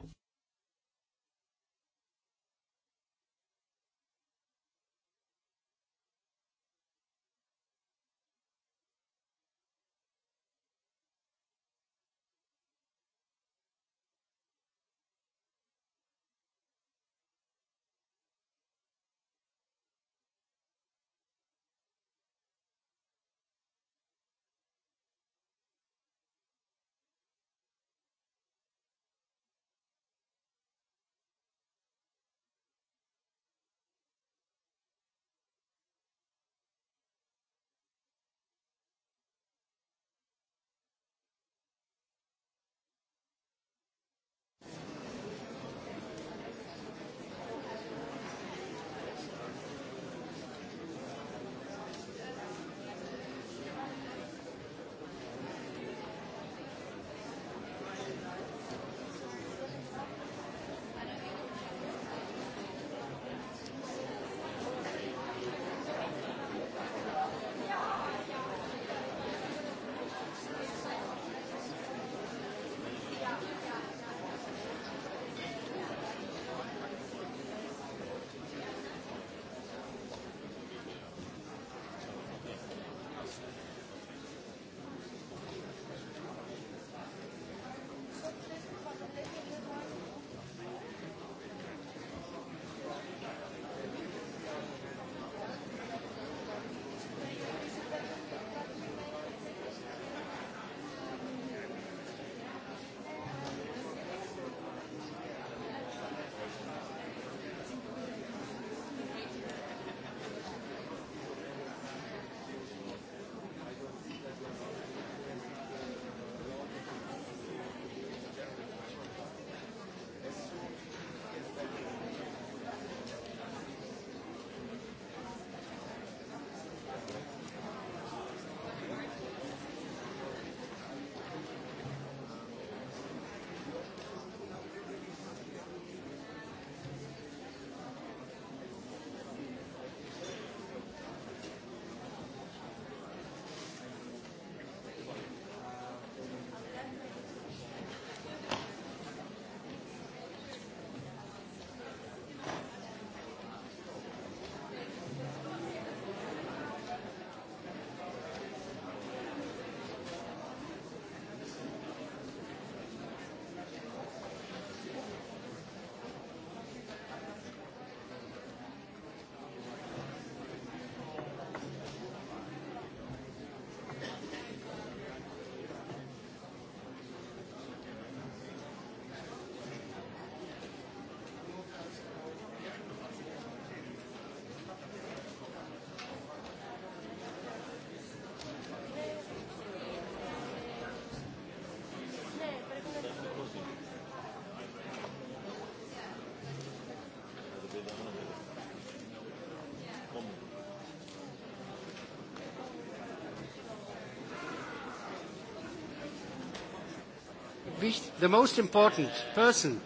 the most important person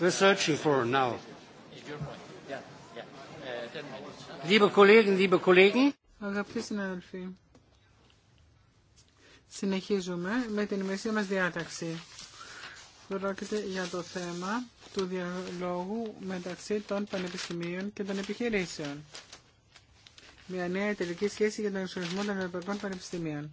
we're searching for now. Liebe Kollegen, liebe Kollegen. Αγαπητοί συνάδελφοι, συνεχίζουμε με την ημερησία μας διάταξη. Πρόκειται για το θέμα του διαλόγου μεταξύ των πανεπιστημίων και των επιχειρήσεων. Μια νέα εταιρική σχέση για τον εξορισμό των ευρωπαϊκών πανεπιστημίων.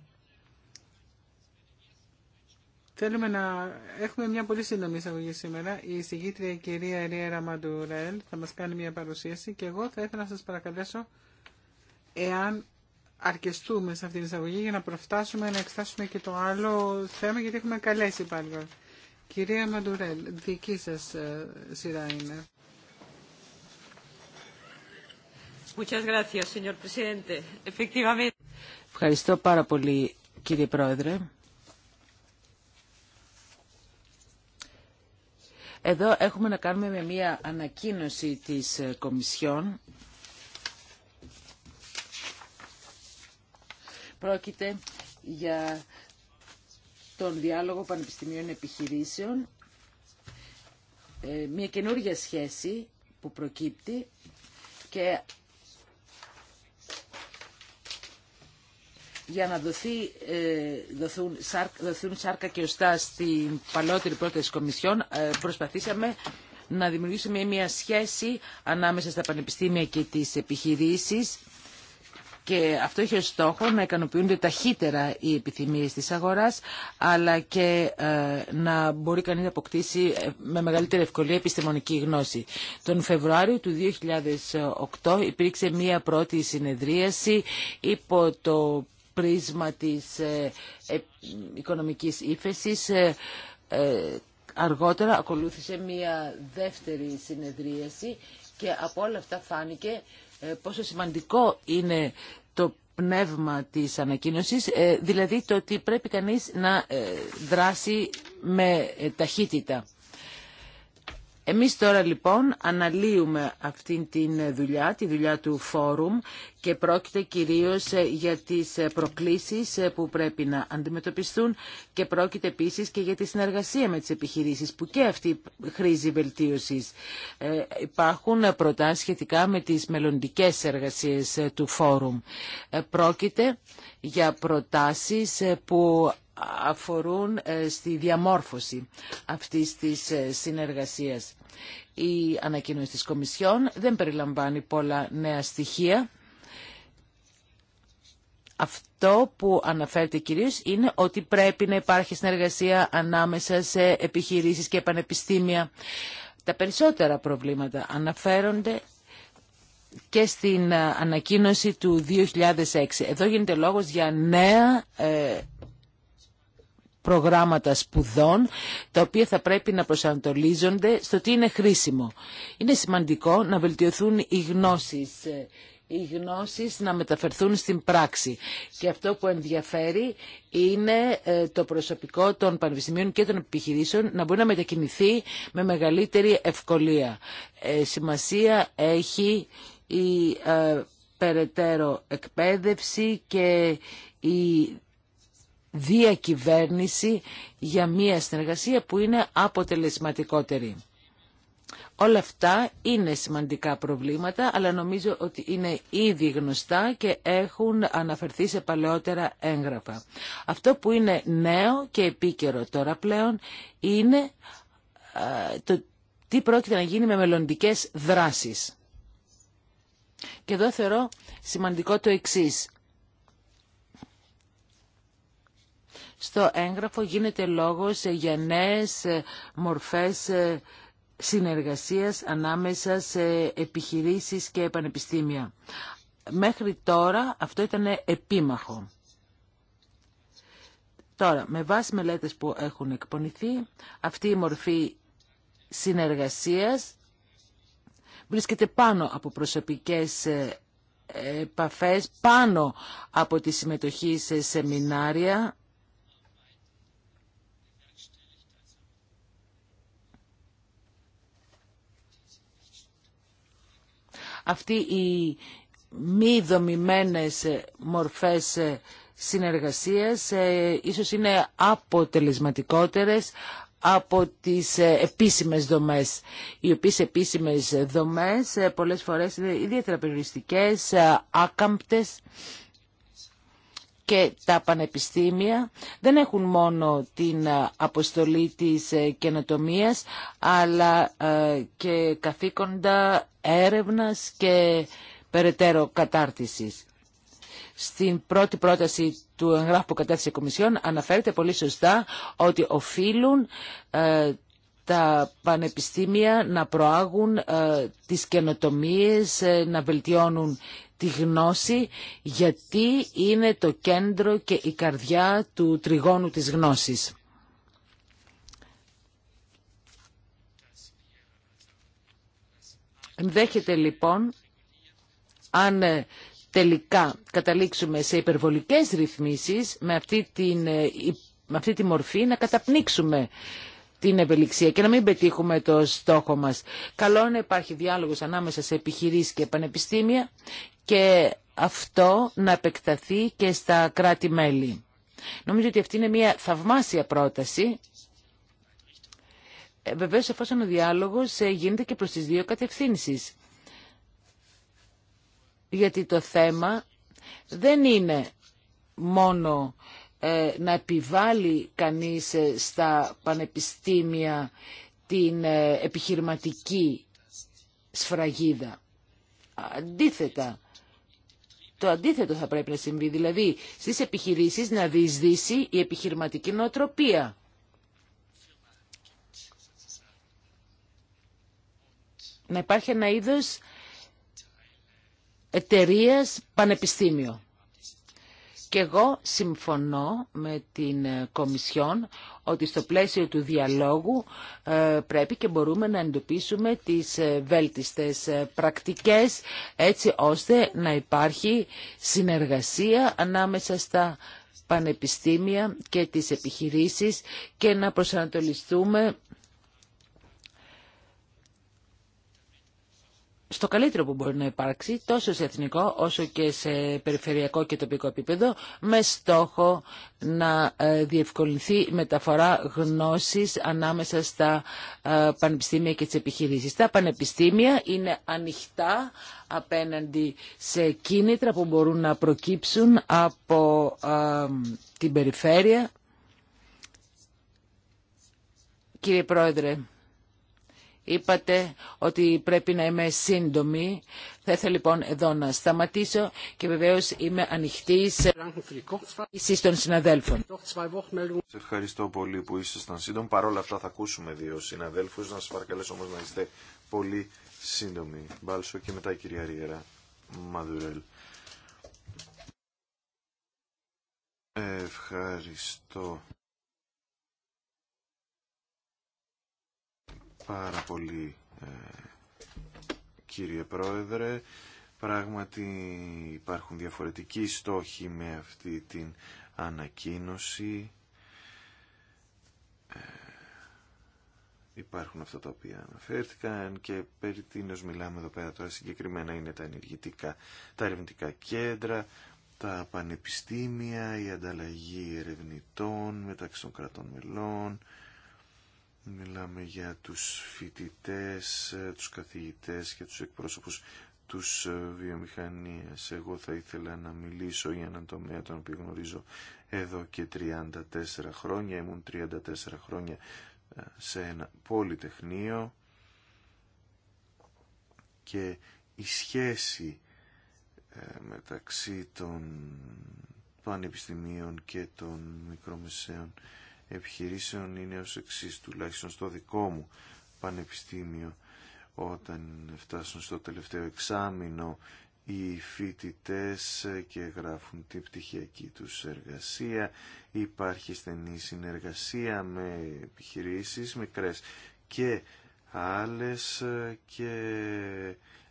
Θέλουμε να έχουμε μια πολύ σύντομη εισαγωγή σήμερα. Η εισηγήτρια η κυρία Ριέρα Μαντουρέλ θα μας κάνει μια παρουσίαση και εγώ θα ήθελα να σας παρακαλέσω εάν αρκεστούμε σε αυτήν την εισαγωγή για να προφτάσουμε να εξετάσουμε και το άλλο θέμα γιατί έχουμε καλέσει πάλι. Κυρία Μαντουρέλ, δική σας ε, σειρά είναι. Ευχαριστώ πάρα πολύ κύριε Πρόεδρε. Εδώ έχουμε να κάνουμε με μια ανακοίνωση της ε, Κομισιόν. Πρόκειται για τον διάλογο πανεπιστημίων επιχειρήσεων, ε, μια καινούργια σχέση που προκύπτει και για να δοθεί, ε, δοθούν, δοθούν σάρκα και οστά στην παλαιότερη πρόταση Κομισιόν ε, προσπαθήσαμε να δημιουργήσουμε μια σχέση ανάμεσα στα πανεπιστήμια και τις επιχειρήσεις και αυτό έχει ως στόχο να ικανοποιούνται ταχύτερα οι επιθυμίες της αγοράς αλλά και ε, να μπορεί κανείς να αποκτήσει με μεγαλύτερη ευκολία επιστημονική γνώση. Τον Φεβρουάριο του 2008 υπήρξε μία πρώτη συνεδρίαση υπό το πρίσμα της ε, ε, οικονομικής ύφεσης. Ε, αργότερα ακολούθησε μία δεύτερη συνεδρίαση και από όλα αυτά φάνηκε πόσο σημαντικό είναι το πνεύμα της ανακοίνωσης, δηλαδή το ότι πρέπει κανείς να δράσει με ταχύτητα. Εμείς τώρα λοιπόν αναλύουμε αυτή τη δουλειά, τη δουλειά του φόρουμ και πρόκειται κυρίως ε, για τις ε, προκλήσεις ε, που πρέπει να αντιμετωπιστούν και πρόκειται επίσης και για τη συνεργασία με τις επιχειρήσεις που και αυτή χρήζει βελτίωσης. Ε, υπάρχουν προτάσεις σχετικά με τις μελλοντικέ εργασίες του φόρουμ. Ε, πρόκειται για προτάσεις που αφορούν ε, στη διαμόρφωση αυτής της ε, συνεργασίας. Η ανακοίνωση της Κομισιόν δεν περιλαμβάνει πολλά νέα στοιχεία. Αυτό που αναφέρεται κυρίως είναι ότι πρέπει να υπάρχει συνεργασία ανάμεσα σε επιχειρήσεις και πανεπιστήμια. Τα περισσότερα προβλήματα αναφέρονται και στην ε, ανακοίνωση του 2006. Εδώ γίνεται λόγος για νέα προγράμματα σπουδών τα οποία θα πρέπει να προσανατολίζονται στο τι είναι χρήσιμο. Είναι σημαντικό να βελτιωθούν οι γνώσεις ε, οι γνώσεις να μεταφερθούν στην πράξη. Και αυτό που ενδιαφέρει είναι ε, το προσωπικό των πανεπιστημίων και των επιχειρήσεων να μπορεί να μετακινηθεί με μεγαλύτερη ευκολία. Ε, σημασία έχει η περαιτέρω εκπαίδευση και η διακυβέρνηση για μια συνεργασία που είναι αποτελεσματικότερη. Όλα αυτά είναι σημαντικά προβλήματα, αλλά νομίζω ότι είναι ήδη γνωστά και έχουν αναφερθεί σε παλαιότερα έγγραφα. Αυτό που είναι νέο και επίκαιρο τώρα πλέον είναι το τι πρόκειται να γίνει με μελλοντικές δράσεις. Και εδώ θεωρώ σημαντικό το εξής. Στο έγγραφο γίνεται λόγος για νέες ε, μορφές ε, συνεργασίας ανάμεσα σε επιχειρήσεις και πανεπιστήμια. Μέχρι τώρα αυτό ήταν επίμαχο. Τώρα, με βάση μελέτες που έχουν εκπονηθεί, αυτή η μορφή συνεργασίας βρίσκεται πάνω από προσωπικές ε, επαφές, πάνω από τη συμμετοχή σε σεμινάρια Αυτή οι μη δομημένες μορφές συνεργασίας ε, ίσως είναι αποτελεσματικότερες από τις ε, επίσημες δομές, οι οποίες επίσημες δομές ε, πολλές φορές είναι ιδιαίτερα περιοριστικές, άκαμπτες και τα πανεπιστήμια δεν έχουν μόνο την ε, αποστολή της ε, καινοτομίας αλλά ε, και καθήκοντα έρευνας και περαιτέρω κατάρτισης. Στην πρώτη πρόταση του εγγράφου που κατέθεσε η Κομισιόν αναφέρεται πολύ σωστά ότι οφείλουν τα πανεπιστήμια να προάγουν τις καινοτομίες, να βελτιώνουν τη γνώση γιατί είναι το κέντρο και η καρδιά του τριγώνου της γνώσης. Ενδέχεται λοιπόν αν ε, τελικά καταλήξουμε σε υπερβολικές ρυθμίσεις με αυτή, την, ε, τη μορφή να καταπνίξουμε την ευελιξία και να μην πετύχουμε το στόχο μας. Καλό είναι να υπάρχει διάλογος ανάμεσα σε επιχειρήσεις και πανεπιστήμια και αυτό να επεκταθεί και στα κράτη-μέλη. Νομίζω ότι αυτή είναι μια θαυμάσια πρόταση. Ε, βεβαίως, εφόσον ο διάλογος ε, γίνεται και προς τις δύο κατευθύνσεις. Γιατί το θέμα δεν είναι μόνο ε, να επιβάλλει κανείς ε, στα πανεπιστήμια την επιχειρηματική σφραγίδα. Αντίθετα, το αντίθετο θα πρέπει να συμβεί, δηλαδή στις επιχειρήσεις να διεισδύσει η επιχειρηματική νοοτροπία. Να υπάρχει ένα είδος εταιρείας πανεπιστήμιο. Και εγώ συμφωνώ με την ε, Κομισιόν ότι στο πλαίσιο του διαλόγου ε, πρέπει και μπορούμε να εντοπίσουμε τις ε, βέλτιστες πρακτικές έτσι ώστε να υπάρχει συνεργασία ανάμεσα στα πανεπιστήμια και τις επιχειρήσεις και να προσανατολιστούμε στο καλύτερο που μπορεί να υπάρξει τόσο σε εθνικό όσο και σε περιφερειακό και τοπικό επίπεδο με στόχο να ε, διευκολυνθεί μεταφορά γνώσης ανάμεσα στα ε, πανεπιστήμια και τις επιχειρήσεις. Τα πανεπιστήμια είναι ανοιχτά απέναντι σε κίνητρα που μπορούν να προκύψουν από ε, την περιφέρεια. Κύριε Πρόεδρε, Είπατε ότι πρέπει να είμαι σύντομη. Θα ήθελα λοιπόν εδώ να σταματήσω και βεβαίως είμαι ανοιχτή σε των συναδέλφων. Σε ευχαριστώ πολύ που ήσασταν σύντομοι. όλα αυτά θα ακούσουμε δύο συναδέλφους. Να σας παρακαλέσω όμως να είστε πολύ σύντομοι. Μπάλσο και μετά η κυρία Ριέρα Μαδουρέλ. Ε, ευχαριστώ. πάρα πολύ ε, κύριε Πρόεδρε. Πράγματι υπάρχουν διαφορετικοί στόχοι με αυτή την ανακοίνωση. Ε, υπάρχουν αυτά τα οποία αναφέρθηκαν και περί τίνος μιλάμε εδώ πέρα τώρα συγκεκριμένα είναι τα ενεργητικά, τα ερευνητικά κέντρα, τα πανεπιστήμια, η ανταλλαγή ερευνητών μεταξύ των κρατών μελών, Μιλάμε για τους φοιτητές, τους καθηγητές και τους εκπρόσωπους τους ε, βιομηχανίες. Εγώ θα ήθελα να μιλήσω για έναν τομέα τον οποίο γνωρίζω εδώ και 34 χρόνια. Ήμουν 34 χρόνια ε, σε ένα πολυτεχνείο και η σχέση ε, μεταξύ των πανεπιστημίων και των μικρομεσαίων επιχειρήσεων είναι ως εξή τουλάχιστον στο δικό μου πανεπιστήμιο. Όταν φτάσουν στο τελευταίο εξάμεινο οι φοιτητέ και γράφουν την πτυχιακή τους εργασία. Υπάρχει στενή συνεργασία με επιχειρήσεις μικρές και άλλες και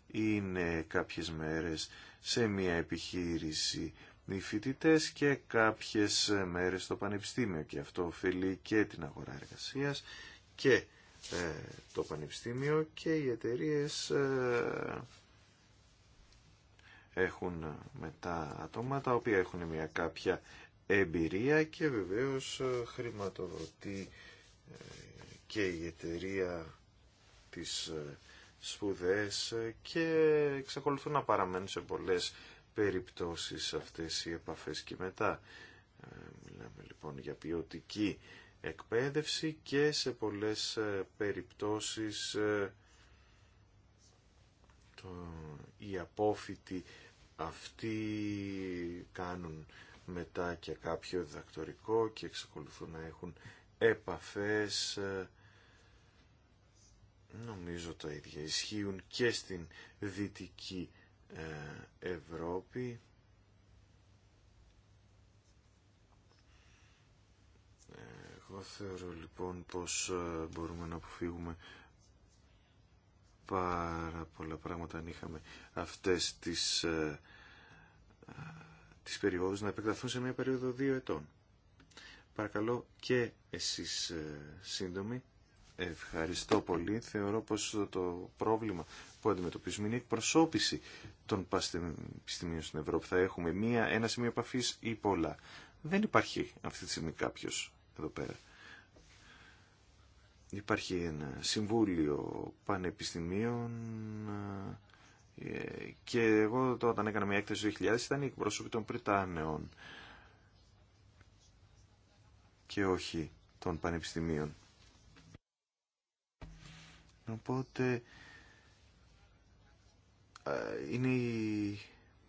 είναι κάποιες μέρες σε μια επιχείρηση οι φοιτητέ και κάποιες μέρες στο πανεπιστήμιο και αυτό ωφελεί και την αγορά εργασίας και ε, το πανεπιστήμιο και οι εταιρείε ε, έχουν μετά άτομα τα οποία έχουν μια κάποια εμπειρία και βεβαίως ε, χρηματοδοτεί και η εταιρεία τις σπουδές και εξακολουθούν να παραμένουν σε πολλές περιπτώσεις αυτές οι επαφές και μετά. Ε, μιλάμε λοιπόν για ποιοτική εκπαίδευση και σε πολλές ε, περιπτώσεις ε, το, οι απόφοιτοι αυτοί κάνουν μετά και κάποιο διδακτορικό και εξακολουθούν να έχουν επαφές νομίζω τα ίδια ισχύουν και στην Δυτική ε, Ευρώπη ε, εγώ θεωρώ λοιπόν πως ε, μπορούμε να αποφύγουμε πάρα πολλά πράγματα αν είχαμε αυτές τις, τις περιόδους να επεκταθούν σε μια περίοδο δύο ετών. Παρακαλώ και εσείς σύντομοι Ευχαριστώ πολύ. Θεωρώ πως το πρόβλημα που αντιμετωπίζουμε είναι η εκπροσώπηση των πανεπιστημίων στην Ευρώπη. Θα έχουμε μία, ένα σημείο επαφή ή πολλά. Δεν υπάρχει αυτή τη στιγμή κάποιο εδώ πέρα. Υπάρχει ένα συμβούλιο πανεπιστημίων ε, και εγώ όταν έκανα μια έκθεση του 2000 ήταν η εκπρόσωπη των Πριτάνεων και όχι των πανεπιστημίων. Οπότε είναι οι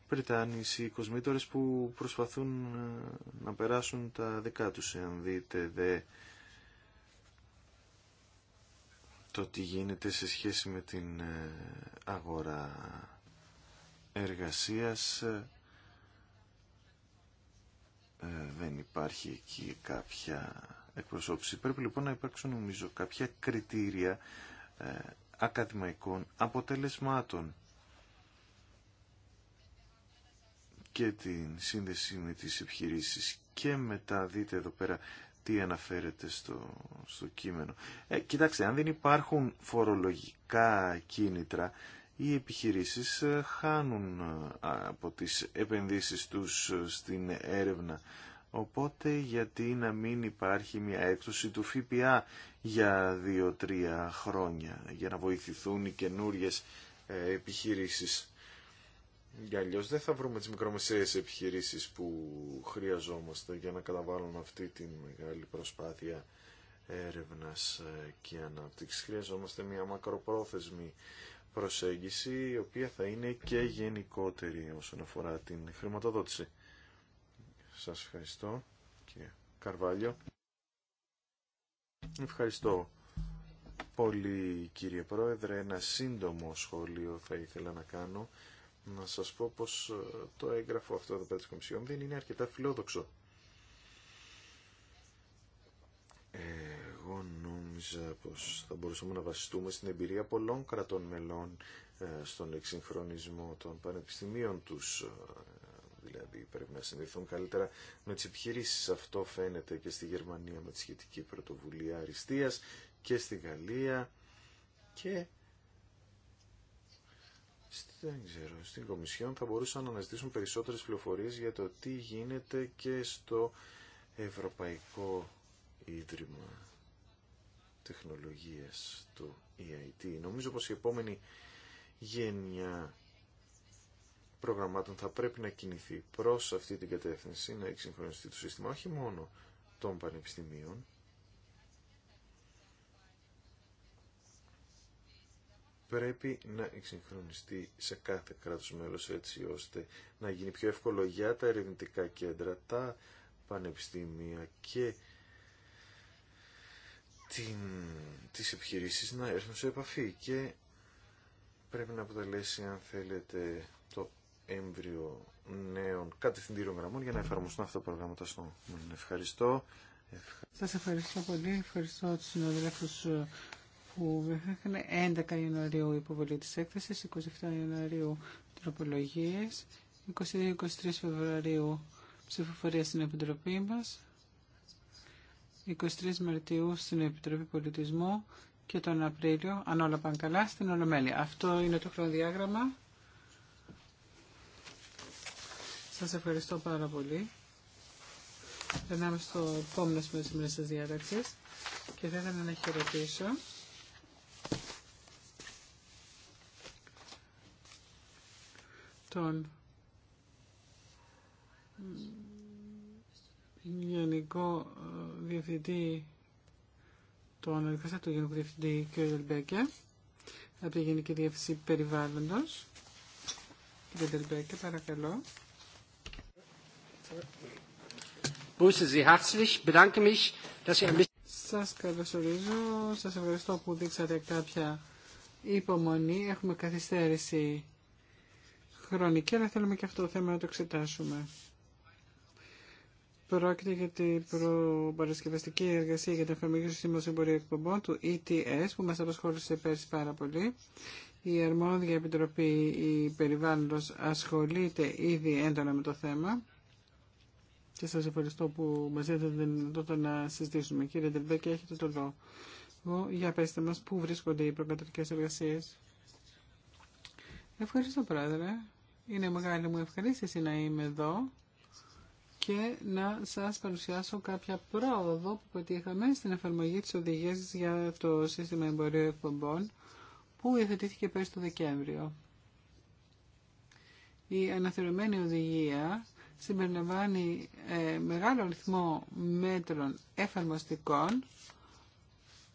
Πριτάνης, οι κοσμήτορες που προσπαθούν ε, να περάσουν τα δικά τους. Εάν δείτε δε το τι γίνεται σε σχέση με την ε, αγορά εργασίας ε, δεν υπάρχει εκεί κάποια εκπροσώπηση. Πρέπει λοιπόν να υπάρξουν νομίζω κάποια κριτήρια ε, ακαδημαϊκών αποτελεσμάτων και την σύνδεση με τις επιχειρήσεις και μετά δείτε εδώ πέρα τι αναφέρεται στο, στο κείμενο. Ε, κοιτάξτε, αν δεν υπάρχουν φορολογικά κίνητρα, οι επιχειρήσεις ε, χάνουν ε, από τις επενδύσεις τους στην έρευνα Οπότε γιατί να μην υπάρχει μια έκπτωση του ΦΠΑ για δύο-τρία χρόνια για να βοηθηθούν οι καινούριες ε, επιχειρήσεις. Για αλλιώς δεν θα βρούμε τις μικρομεσαίες επιχειρήσεις που χρειαζόμαστε για να καταβάλουν αυτή τη μεγάλη προσπάθεια έρευνας ε, και ανάπτυξης. Χρειαζόμαστε μια μακροπρόθεσμη προσέγγιση η οποία θα είναι και γενικότερη όσον αφορά την χρηματοδότηση. Σας ευχαριστώ και Καρβάλιο. Ευχαριστώ πολύ κύριε Πρόεδρε. Ένα σύντομο σχόλιο θα ήθελα να κάνω. Να σας πω πως ε, το έγγραφο αυτό εδώ πέρα της Κομισιόν δεν είναι αρκετά φιλόδοξο. Εγώ νόμιζα πως θα μπορούσαμε να βασιστούμε στην εμπειρία πολλών κρατών μελών ε, στον εξυγχρονισμό των πανεπιστημίων τους ε, δηλαδή πρέπει να συνδεθούν καλύτερα με τις επιχειρήσεις. Αυτό φαίνεται και στη Γερμανία με τη σχετική πρωτοβουλία αριστείας και στη Γαλλία και δεν ξέρω, στην Κομισιόν θα μπορούσαν να αναζητήσουν περισσότερες πληροφορίες για το τι γίνεται και στο Ευρωπαϊκό Ίδρυμα Τεχνολογίας του EIT. Νομίζω πως η επόμενη γενιά προγραμμάτων θα πρέπει να κινηθεί προς αυτή την κατεύθυνση, να εξυγχρονιστεί το σύστημα όχι μόνο των πανεπιστημίων, πρέπει να εξυγχρονιστεί σε κάθε κράτος μέλος έτσι ώστε να γίνει πιο εύκολο για τα ερευνητικά κέντρα, τα πανεπιστήμια και την, τις επιχειρήσεις να έρθουν σε επαφή και πρέπει να αποτελέσει αν θέλετε έμβριο νέων κατευθυντήριων γραμμών για να εφαρμοστούν αυτά τα προγράμματα στο Ευχαριστώ. Σας ευχαριστώ πολύ. Ευχαριστώ τους συνοδελέφους ε, που είχαν 11 Ιανουαρίου υποβολή της έκθεσης, 27 Ιανουαρίου τροπολογίες, 22-23 Φεβρουαρίου ψηφοφορία στην Επιτροπή μας, 23 Μαρτίου στην Επιτροπή Πολιτισμού και τον Απρίλιο, αν όλα πάνε καλά, στην Ολομέλεια. Αυτό είναι το χρονοδιάγραμμα. Σας ευχαριστώ πάρα πολύ. Περνάμε στο επόμενο σημείο της ημέρας της διάταξης και θα ήθελα να χαιρετήσω τον Γενικό ε, Διευθυντή τον εργαστά του Γενικού Διευθυντή κ. Δελμπέκε από τη Γενική Διεύθυνση Περιβάλλοντος. Κύριε Δελμπέκε, παρακαλώ. Σα καλωσορίζω, Σα ευχαριστώ που δείξατε κάποια υπομονή. Έχουμε καθυστέρηση χρονική, αλλά θέλουμε και αυτό το θέμα να το εξετάσουμε. Πρόκειται για την προπαρασκευαστική εργασία για την εφαρμογή του Σύμβουλου Εμπορίου Εκπομπών του ETS που μα απασχόλησε πέρσι πάρα πολύ. Η Αρμόδια Επιτροπή η Περιβάλλοντος ασχολείται ήδη έντονα με το θέμα και σας ευχαριστώ που μας δίνετε την δυνατότητα να συζητήσουμε. Κύριε Τελμπέκη, έχετε το λόγο. Για πέστε μας πού βρίσκονται οι προκατορικές εργασίες. Ευχαριστώ, Πρόεδρε. Είναι μεγάλη μου ευχαρίστηση να είμαι εδώ και να σας παρουσιάσω κάποια πρόοδο που πετύχαμε στην εφαρμογή της οδηγίας για το σύστημα εμπορίου εκπομπών που υιοθετήθηκε πέρσι το Δεκέμβριο. Η αναθερωμένη οδηγία συμπεριλαμβάνει ε, μεγάλο ρυθμό μέτρων εφαρμοστικών.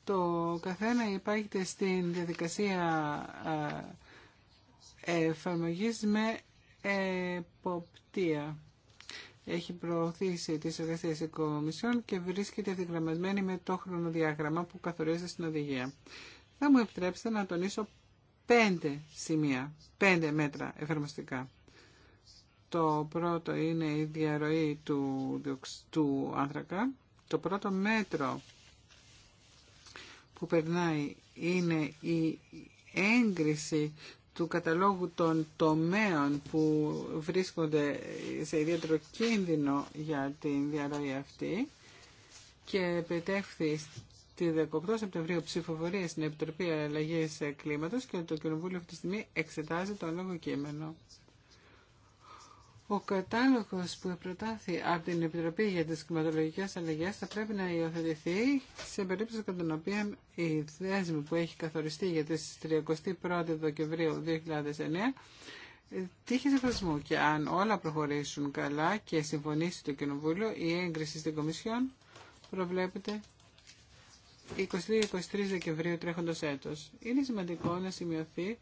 Το καθένα υπάρχει στην διαδικασία ε, εφαρμογής με εποπτεία. Έχει προωθήσει τις εργασίες οικομισιών και βρίσκεται ευθυγραμμασμένη με το χρονοδιάγραμμα που καθορίζεται στην οδηγία. Θα μου επιτρέψετε να τονίσω πέντε σημεία, πέντε μέτρα εφαρμοστικά. Το πρώτο είναι η διαρροή του, του άνθρακα. Το πρώτο μέτρο που περνάει είναι η έγκριση του καταλόγου των τομέων που βρίσκονται σε ιδιαίτερο κίνδυνο για την διαρροή αυτή και επιτεύχθη τη 18 Σεπτεμβρίου ψηφοφορία στην Επιτροπή Αλλαγή Κλίματο και το Κοινοβούλιο αυτή τη στιγμή εξετάζει το λόγο κείμενο. Ο κατάλογος που προτάθη από την Επιτροπή για τις Κλιματολογικές Αλλαγές θα πρέπει να υιοθετηθεί σε περίπτωση κατά την οποία η δέσμη που έχει καθοριστεί για τις 31 Δεκεμβρίου 2009 σε φασμού και αν όλα προχωρήσουν καλά και συμφωνήσει το Κοινοβούλιο, η έγκριση στην Κομισιόν προβλέπεται 22-23 Δεκεμβρίου τρέχοντος έτος. Είναι σημαντικό να σημειωθεί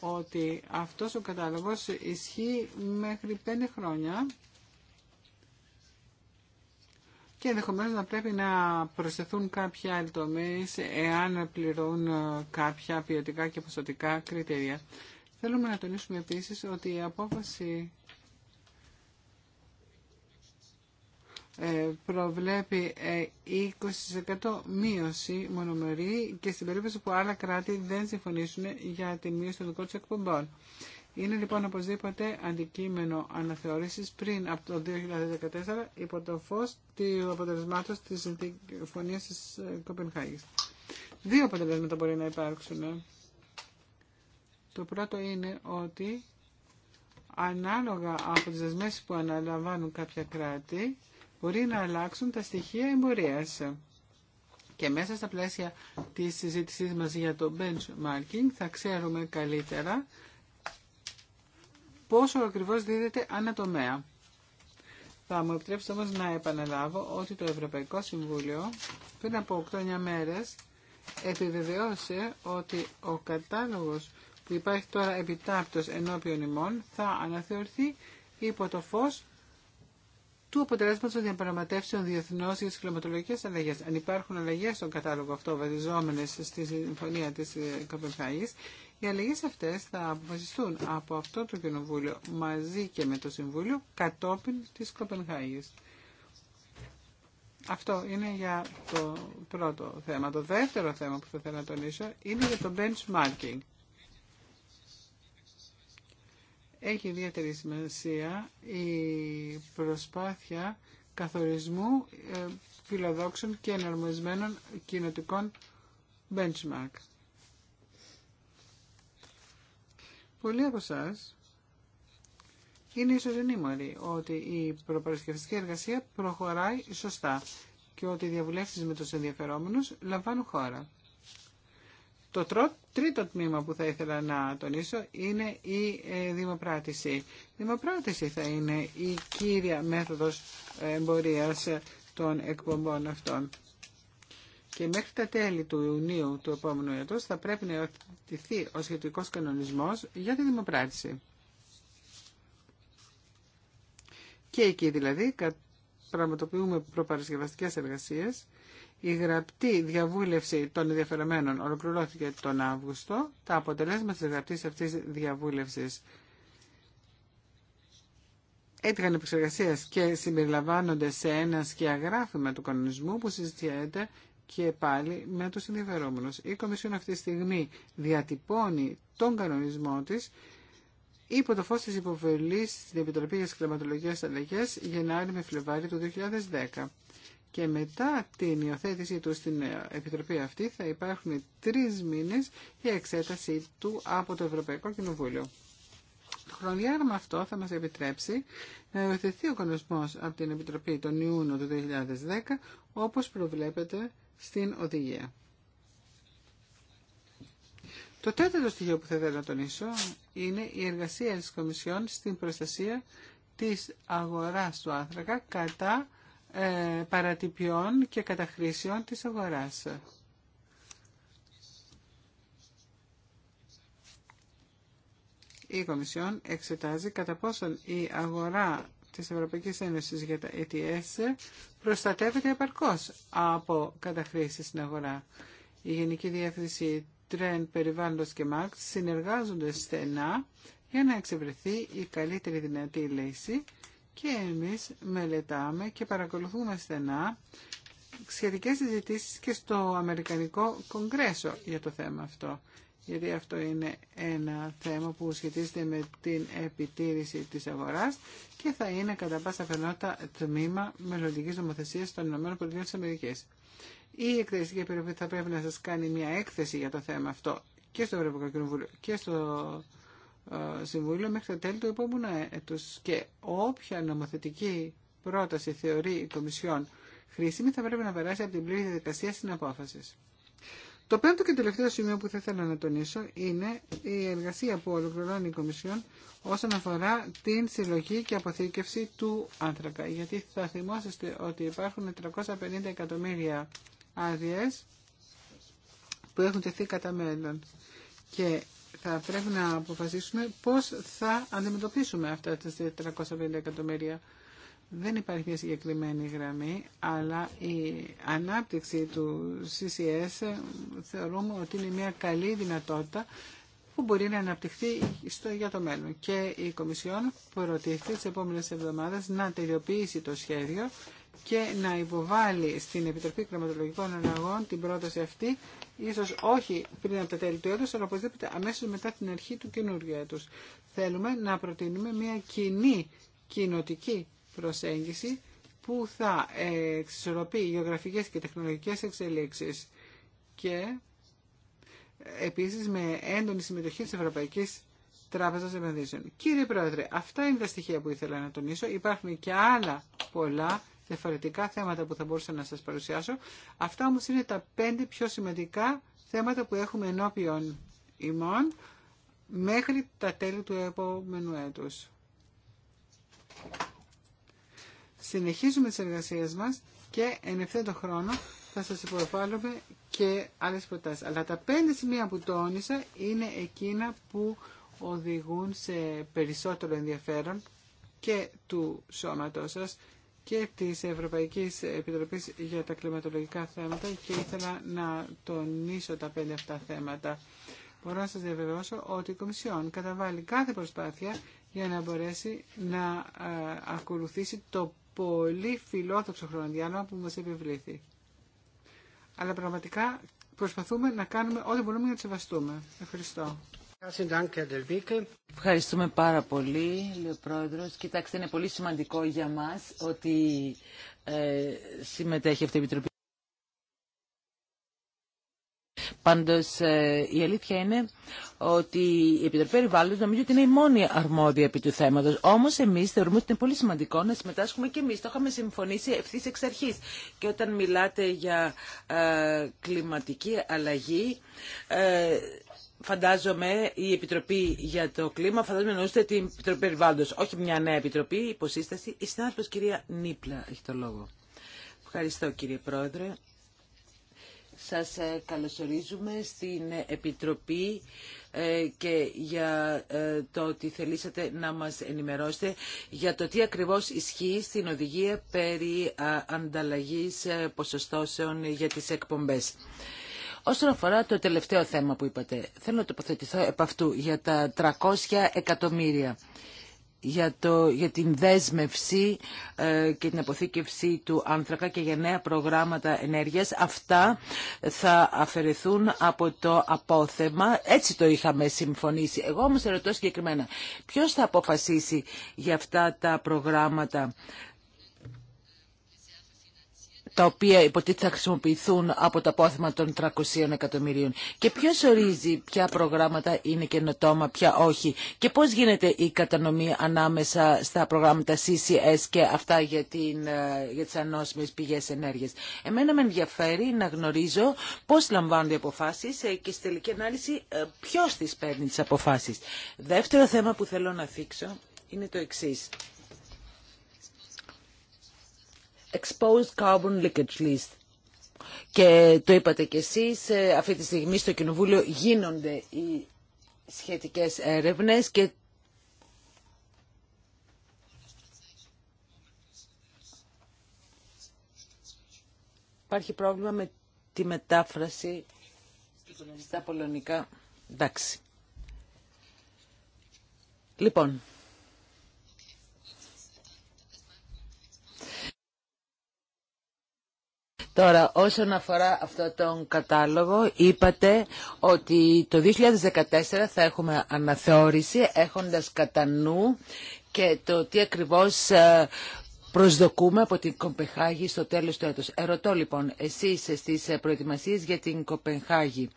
ότι αυτός ο κατάλογος ισχύει μέχρι 5 χρόνια και ενδεχομένω να πρέπει να προσθεθούν κάποια άλλοι εάν πληρούν ε, κάποια ποιοτικά και ποσοτικά κριτήρια. Θέλουμε να τονίσουμε επίσης ότι η απόφαση Ε, προβλέπει 20% ε, μείωση μονομερή και στην περίπτωση που άλλα κράτη δεν συμφωνήσουν για τη μείωση των δικών του εκπομπών. Είναι λοιπόν οπωσδήποτε αντικείμενο αναθεωρήσεις πριν από το 2014 υπό το φως του αποτελεσμάτων της συμφωνίας της ε, Κοπενχάγης. Δύο αποτελέσματα μπορεί να υπάρξουν. Το πρώτο είναι ότι ανάλογα από τις δεσμεύσεις που αναλαμβάνουν κάποια κράτη μπορεί να αλλάξουν τα στοιχεία εμπορίας. Και μέσα στα πλαίσια της συζήτησής μας για το benchmarking θα ξέρουμε καλύτερα πόσο ακριβώς δίδεται ανατομέα. Θα μου επιτρέψετε όμως να επαναλάβω ότι το Ευρωπαϊκό Συμβούλιο πριν από 8-9 μέρες επιβεβαιώσε ότι ο κατάλογος που υπάρχει τώρα επιτάπτως ενώπιον ημών θα αναθεωρηθεί υπό το φως του αποτελέσματο των διαπραγματεύσεων διεθνώ για τι κλιματολογικέ αλλαγέ. Αν υπάρχουν αλλαγέ στον κατάλογο αυτό βασιζόμενε στη συμφωνία τη ε, Κοπενχάγη, οι αλλαγέ αυτέ θα αποφασιστούν από αυτό το Κοινοβούλιο μαζί και με το Συμβούλιο κατόπιν τη Κοπενχάγη. Αυτό είναι για το πρώτο θέμα. Το δεύτερο θέμα που θα ήθελα να τονίσω είναι για το benchmarking έχει ιδιαίτερη σημασία η προσπάθεια καθορισμού ε, φιλοδόξων και εναρμοσμένων κοινοτικών benchmark. Πολλοί από εσά είναι ισοδυνήμοροι ότι η προπαρασκευαστική εργασία προχωράει σωστά και ότι οι διαβουλεύσεις με τους ενδιαφερόμενους λαμβάνουν χώρα. Το τρίτο τμήμα που θα ήθελα να τονίσω είναι η ε, δημοπράτηση. Η δημοπράτηση θα είναι η κύρια μέθοδος εμπορίας των εκπομπών αυτών. Και μέχρι τα τέλη του Ιουνίου του επόμενου έτους θα πρέπει να εορτηθεί ο σχετικός κανονισμός για τη δημοπράτηση. Και εκεί δηλαδή πραγματοποιούμε προπαρασκευαστικές εργασίες η γραπτή διαβούλευση των ενδιαφερομένων ολοκληρώθηκε τον Αύγουστο. Τα αποτελέσματα της γραπτής αυτής διαβούλευσης έτυχαν επεξεργασία και συμπεριλαμβάνονται σε ένα σκιαγράφημα του κανονισμού που συζητιέται και πάλι με τους ενδιαφερόμενους. Η Κομισιόν αυτή τη στιγμή διατυπώνει τον κανονισμό της υπό το φως της υποβολής στην Επιτροπή για τι Κλιματολογικές Αλλαγές Γενάρη με Φλεβάρι του 2010 και μετά την υιοθέτησή του στην Επιτροπή αυτή θα υπάρχουν τρεις μήνες για εξέταση του από το Ευρωπαϊκό Κοινοβούλιο. Το αυτό θα μας επιτρέψει να υιοθετηθεί ο κανονισμός από την Επιτροπή τον Ιούνιο του 2010 όπως προβλέπεται στην οδηγία. Το τέταρτο στοιχείο που θα ήθελα να τονίσω είναι η εργασία της Κομισιόν στην προστασία της αγοράς του άνθρακα κατά ε, παρατυπιών και καταχρήσεων της αγοράς. Η Κομισιόν εξετάζει κατά πόσον η αγορά της Ευρωπαϊκής Ένωσης για τα ETS ε προστατεύεται επαρκώς από καταχρήσεις στην αγορά. Η Γενική Διεύθυνση Τρέν Περιβάλλοντος και Μάρκτ συνεργάζονται στενά για να εξευρεθεί η καλύτερη δυνατή λύση και εμείς μελετάμε και παρακολουθούμε στενά σχετικές συζητήσεις και στο Αμερικανικό Κογκρέσο για το θέμα αυτό. Γιατί αυτό είναι ένα θέμα που σχετίζεται με την επιτήρηση της αγοράς και θα είναι κατά πάσα φαινότητα τμήμα μελλοντικής νομοθεσίας των ΗΠΑ. Η εκτελεστική περιοχή θα πρέπει να σας κάνει μια έκθεση για το θέμα αυτό και στο Ευρωπαϊκό Κοινοβούλιο και στο Συμβούλιο μέχρι τα τέλη του επόμενου έτους και όποια νομοθετική πρόταση θεωρεί η Κομισιόν χρήσιμη θα πρέπει να περάσει από την πλήρη διαδικασία στην Το πέμπτο και τελευταίο σημείο που θα ήθελα να τονίσω είναι η εργασία που ολοκληρώνει η Κομισιόν όσον αφορά την συλλογή και αποθήκευση του άνθρακα. Γιατί θα θυμόσαστε ότι υπάρχουν 350 εκατομμύρια άδειε που έχουν τεθεί κατά μέλλον. Και θα πρέπει να αποφασίσουμε πώς θα αντιμετωπίσουμε αυτά τα 450 εκατομμύρια. Δεν υπάρχει μια συγκεκριμένη γραμμή, αλλά η ανάπτυξη του CCS θεωρούμε ότι είναι μια καλή δυνατότητα που μπορεί να αναπτυχθεί στο, για το μέλλον. Και η Κομισιόν προτίθεται τις επόμενες εβδομάδες να τελειοποιήσει το σχέδιο και να υποβάλει στην Επιτροπή Κραματολογικών Αναγών την πρόταση αυτή, ίσω όχι πριν από τα τέλη του έτου, αλλά οπωσδήποτε αμέσω μετά την αρχή του καινούργιου έτου. Θέλουμε να προτείνουμε μια κοινή κοινοτική προσέγγιση που θα εξισορροπεί γεωγραφικές και τεχνολογικές εξελίξεις και επίσης με έντονη συμμετοχή της Ευρωπαϊκής Τράπεζας Επενδύσεων. Κύριε Πρόεδρε, αυτά είναι τα στοιχεία που ήθελα να τονίσω. Υπάρχουν και άλλα πολλά διαφορετικά θέματα που θα μπορούσα να σας παρουσιάσω. Αυτά όμως είναι τα πέντε πιο σημαντικά θέματα που έχουμε ενώπιον ημών μέχρι τα τέλη του επόμενου έτους. Συνεχίζουμε τις εργασίες μας και εν το χρόνο θα σας υποβάλλουμε και άλλες προτάσεις. Αλλά τα πέντε σημεία που τόνισα είναι εκείνα που οδηγούν σε περισσότερο ενδιαφέρον και του σώματός σας και της Ευρωπαϊκής Επιτροπής για τα κλιματολογικά θέματα και ήθελα να τονίσω τα πέντε αυτά θέματα. Μπορώ να σας διαβεβαιώσω ότι η Κομισιόν καταβάλει κάθε προσπάθεια για να μπορέσει να ε, ακολουθήσει το πολύ φιλόδοξο χρονοδιάγραμμα που μας επιβλήθη. Αλλά πραγματικά προσπαθούμε να κάνουμε ό,τι μπορούμε για να τις Ευχαριστώ. Ευχαριστούμε πάρα πολύ, λέει ο Πρόεδρος. Κοιτάξτε, είναι πολύ σημαντικό για μας ότι ε, συμμετέχει αυτή η Επιτροπή. Πάντως, ε, η αλήθεια είναι ότι η Επιτροπή Περιβάλλοντος νομίζω ότι είναι η μόνη αρμόδια επί του θέματος. Όμως εμείς θεωρούμε ότι είναι πολύ σημαντικό να συμμετάσχουμε και εμείς. Το είχαμε συμφωνήσει ευθύς εξ αρχής. Και όταν μιλάτε για ε, κλιματική αλλαγή, ε, φαντάζομαι η Επιτροπή για το Κλίμα, φαντάζομαι εννοούστε την Επιτροπή Περιβάλλοντος, όχι μια νέα Επιτροπή, υποσύσταση. Η συνάδελφος κυρία Νίπλα έχει το λόγο. Ευχαριστώ κύριε Πρόεδρε. Σας ε, καλωσορίζουμε στην Επιτροπή ε, και για ε, το ότι θελήσατε να μας ενημερώσετε για το τι ακριβώς ισχύει στην οδηγία περί ανταλλαγής ποσοστώσεων για τις εκπομπές. Όσον αφορά το τελευταίο θέμα που είπατε, θέλω να τοποθετηθώ επ' αυτού για τα 300 εκατομμύρια για, το, για την δέσμευση ε, και την αποθήκευση του άνθρακα και για νέα προγράμματα ενέργειας. Αυτά θα αφαιρεθούν από το απόθεμα. Έτσι το είχαμε συμφωνήσει. Εγώ όμως ρωτώ συγκεκριμένα, ποιος θα αποφασίσει για αυτά τα προγράμματα τα οποία υποτίθεται θα χρησιμοποιηθούν από το απόθεμα των 300 εκατομμυρίων. Και ποιο ορίζει ποια προγράμματα είναι καινοτόμα, ποια όχι. Και πώς γίνεται η κατανομή ανάμεσα στα προγράμματα CCS και αυτά για, την, ε, για τις ανώσιμες πηγές ενέργειας. Εμένα με ενδιαφέρει να γνωρίζω πώς λαμβάνονται οι αποφάσει ε, και στη τελική ανάλυση ε, ποιο τι παίρνει τις αποφάσεις. Δεύτερο θέμα που θέλω να θίξω είναι το εξή. Exposed Carbon Leakage List. Και το είπατε κι εσείς, ε, αυτή τη στιγμή στο Κοινοβούλιο γίνονται οι σχετικές έρευνες και Υπάρχει πρόβλημα με τη μετάφραση στα πολωνικά. Εντάξει. Λοιπόν, Τώρα, όσον αφορά αυτό τον κατάλογο, είπατε ότι το 2014 θα έχουμε αναθεώρηση έχοντας κατά νου και το τι ακριβώς ε, προσδοκούμε από την Κοπεχάγη στο τέλος του έτους. Ερωτώ λοιπόν, εσείς στις προετοιμασίες για την Κοπεχάγη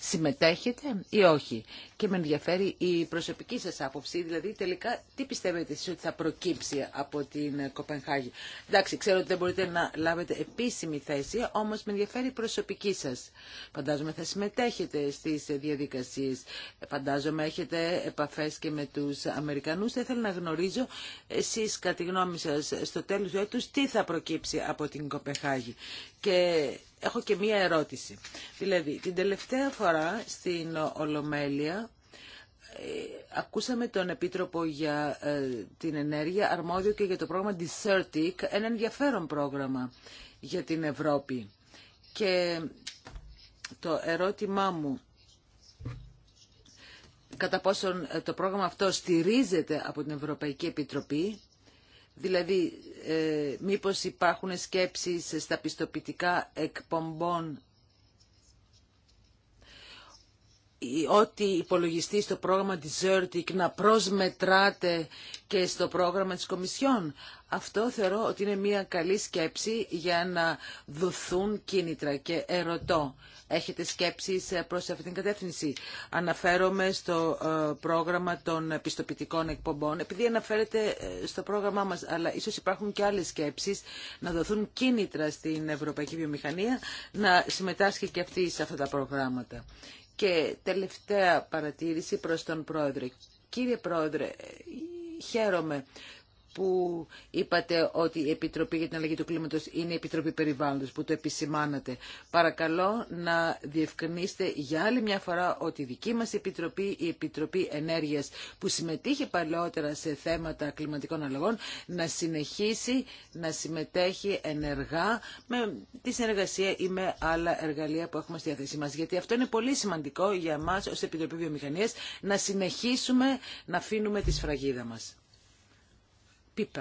συμμετέχετε ή όχι. Και με ενδιαφέρει η προσωπική σας άποψη, δηλαδή τελικά τι πιστεύετε εσείς ότι θα προκύψει από την Κοπενχάγη. Εντάξει, ξέρω ότι δεν μπορείτε να λάβετε επίσημη θέση, όμως με ενδιαφέρει η προσωπική σας. Φαντάζομαι θα συμμετέχετε στις διαδικασίες, φαντάζομαι έχετε επαφές και με τους Αμερικανούς. Θα ήθελα να γνωρίζω εσείς κατά τη γνώμη σας το τέλος του έτους τι θα προκύψει από την Κοπεχάγη. Και έχω και μία ερώτηση. Δηλαδή, την τελευταία φορά στην Ολομέλεια ε, ακούσαμε τον Επίτροπο για ε, την Ενέργεια, αρμόδιο και για το πρόγραμμα Desertic, ένα ενδιαφέρον πρόγραμμα για την Ευρώπη. Και το ερώτημά μου κατά πόσον ε, το πρόγραμμα αυτό στηρίζεται από την Ευρωπαϊκή Επιτροπή Δηλαδή, ε, μήπως υπάρχουν σκέψεις στα πιστοποιητικά εκπομπών ότι υπολογιστεί στο πρόγραμμα της να προσμετράτε και στο πρόγραμμα της Κομισιόν. Αυτό θεωρώ ότι είναι μια καλή σκέψη για να δοθούν κίνητρα και ερωτώ. Έχετε σκέψεις προς αυτήν την κατεύθυνση. Αναφέρομαι στο ε, πρόγραμμα των πιστοποιητικών εκπομπών, επειδή αναφέρεται ε, στο πρόγραμμά μας, αλλά ίσως υπάρχουν και άλλες σκέψεις να δοθούν κίνητρα στην Ευρωπαϊκή Βιομηχανία να συμμετάσχει και αυτή σε αυτά τα προγράμματα. Και τελευταία παρατήρηση προς τον πρόεδρε. Κύριε Πρόεδρε, χαίρομαι που είπατε ότι η Επιτροπή για την Αλλαγή του Κλίματος είναι η Επιτροπή Περιβάλλοντος, που το επισημάνατε. Παρακαλώ να διευκρινίσετε για άλλη μια φορά ότι η δική μας Επιτροπή, η Επιτροπή Ενέργειας, που συμμετείχε παλαιότερα σε θέματα κλιματικών αλλαγών, να συνεχίσει να συμμετέχει ενεργά με τη συνεργασία ή με άλλα εργαλεία που έχουμε στη διάθεσή μας. Γιατί αυτό είναι πολύ σημαντικό για εμάς ως Επιτροπή Βιομηχανίας να συνεχίσουμε να αφήνουμε τη σφραγίδα μας. Και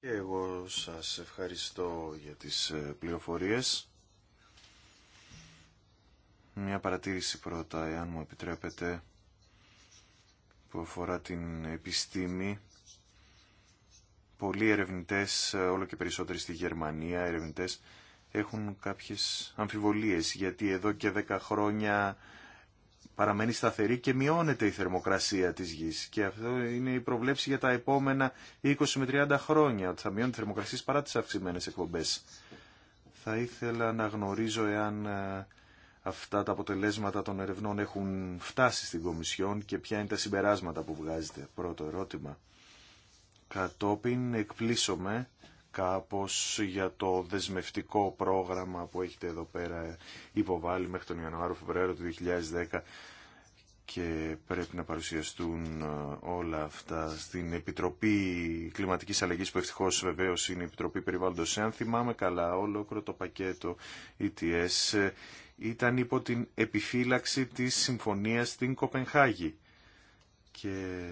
Εγώ σας ευχαριστώ για τις ε, πληροφορίες. Μια παρατήρηση πρώτα, εάν μου επιτρέπετε, που αφορά την επιστήμη. Πολλοί ερευνητές, ε, όλο και περισσότεροι στη Γερμανία, ερευνητές έχουν κάποιες αμφιβολίες, γιατί εδώ και δέκα χρόνια παραμένει σταθερή και μειώνεται η θερμοκρασία της γης. Και αυτό είναι η προβλέψη για τα επόμενα 20 με 30 χρόνια, ότι θα μειώνει θερμοκρασία παρά τις αυξημένες εκπομπές. Θα ήθελα να γνωρίζω εάν ε, αυτά τα αποτελέσματα των ερευνών έχουν φτάσει στην Κομισιόν και ποια είναι τα συμπεράσματα που βγάζετε. Πρώτο ερώτημα. Κατόπιν εκπλήσωμε κάπως για το δεσμευτικό πρόγραμμα που έχετε εδώ πέρα υποβάλει μέχρι τον Ιανουάριο Φεβρουάριο του 2010 και πρέπει να παρουσιαστούν ε, όλα αυτά στην Επιτροπή Κλιματικής Αλλαγής που ευτυχώς βεβαίως είναι η Επιτροπή Περιβάλλοντος. Αν θυμάμαι καλά, ολόκληρο το πακέτο ETS ε, ήταν υπό την επιφύλαξη της συμφωνίας στην Κοπενχάγη και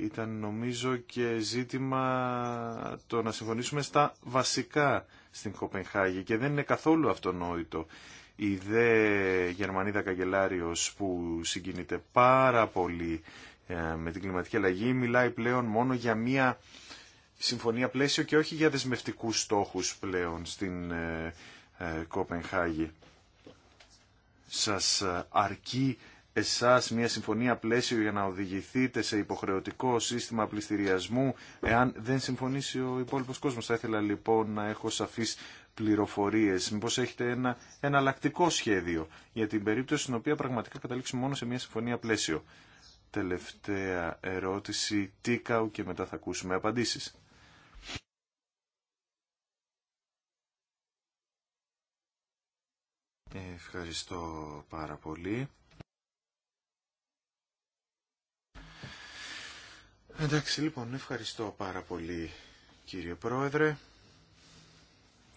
ήταν νομίζω και ζήτημα το να συμφωνήσουμε στα βασικά στην Κοπενχάγη και δεν είναι καθόλου αυτονόητο η δε Γερμανίδα Καγκελάριος που συγκινείται πάρα πολύ ε, με την κλιματική αλλαγή μιλάει πλέον μόνο για μία συμφωνία πλαίσιο και όχι για δεσμευτικούς στόχους πλέον στην ε, ε, Κοπενχάγη. Σας αρκεί εσάς μια συμφωνία πλαίσιο για να οδηγηθείτε σε υποχρεωτικό σύστημα πληστηριασμού εάν δεν συμφωνήσει ο υπόλοιπος κόσμος. Θα ήθελα λοιπόν να έχω σαφείς πληροφορίες, μήπως έχετε ένα εναλλακτικό σχέδιο για την περίπτωση στην οποία πραγματικά καταλήξουμε μόνο σε μια συμφωνία πλαίσιο. Τελευταία ερώτηση, Τίκαου και μετά θα ακούσουμε απαντήσεις. Ευχαριστώ πάρα πολύ. Εντάξει, λοιπόν, ευχαριστώ πάρα πολύ κύριε Πρόεδρε.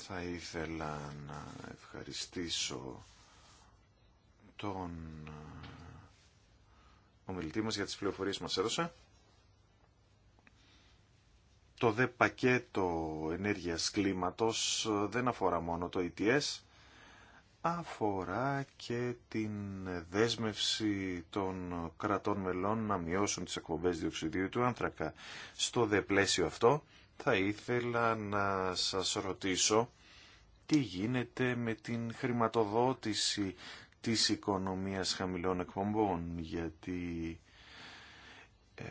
Θα ήθελα να ευχαριστήσω τον ε, ομιλητή μας για τις πληροφορίες που μας έδωσε. Το δε πακέτο ενέργειας κλίματος ε, δεν αφορά μόνο το ETS, αφορά και την δέσμευση των κρατών μελών να μειώσουν τις εκπομπές διοξιδίου του άνθρακα. Στο δε πλαίσιο αυτό θα ήθελα να σας ρωτήσω τι γίνεται με την χρηματοδότηση της οικονομίας χαμηλών εκπομπών, γιατί ε,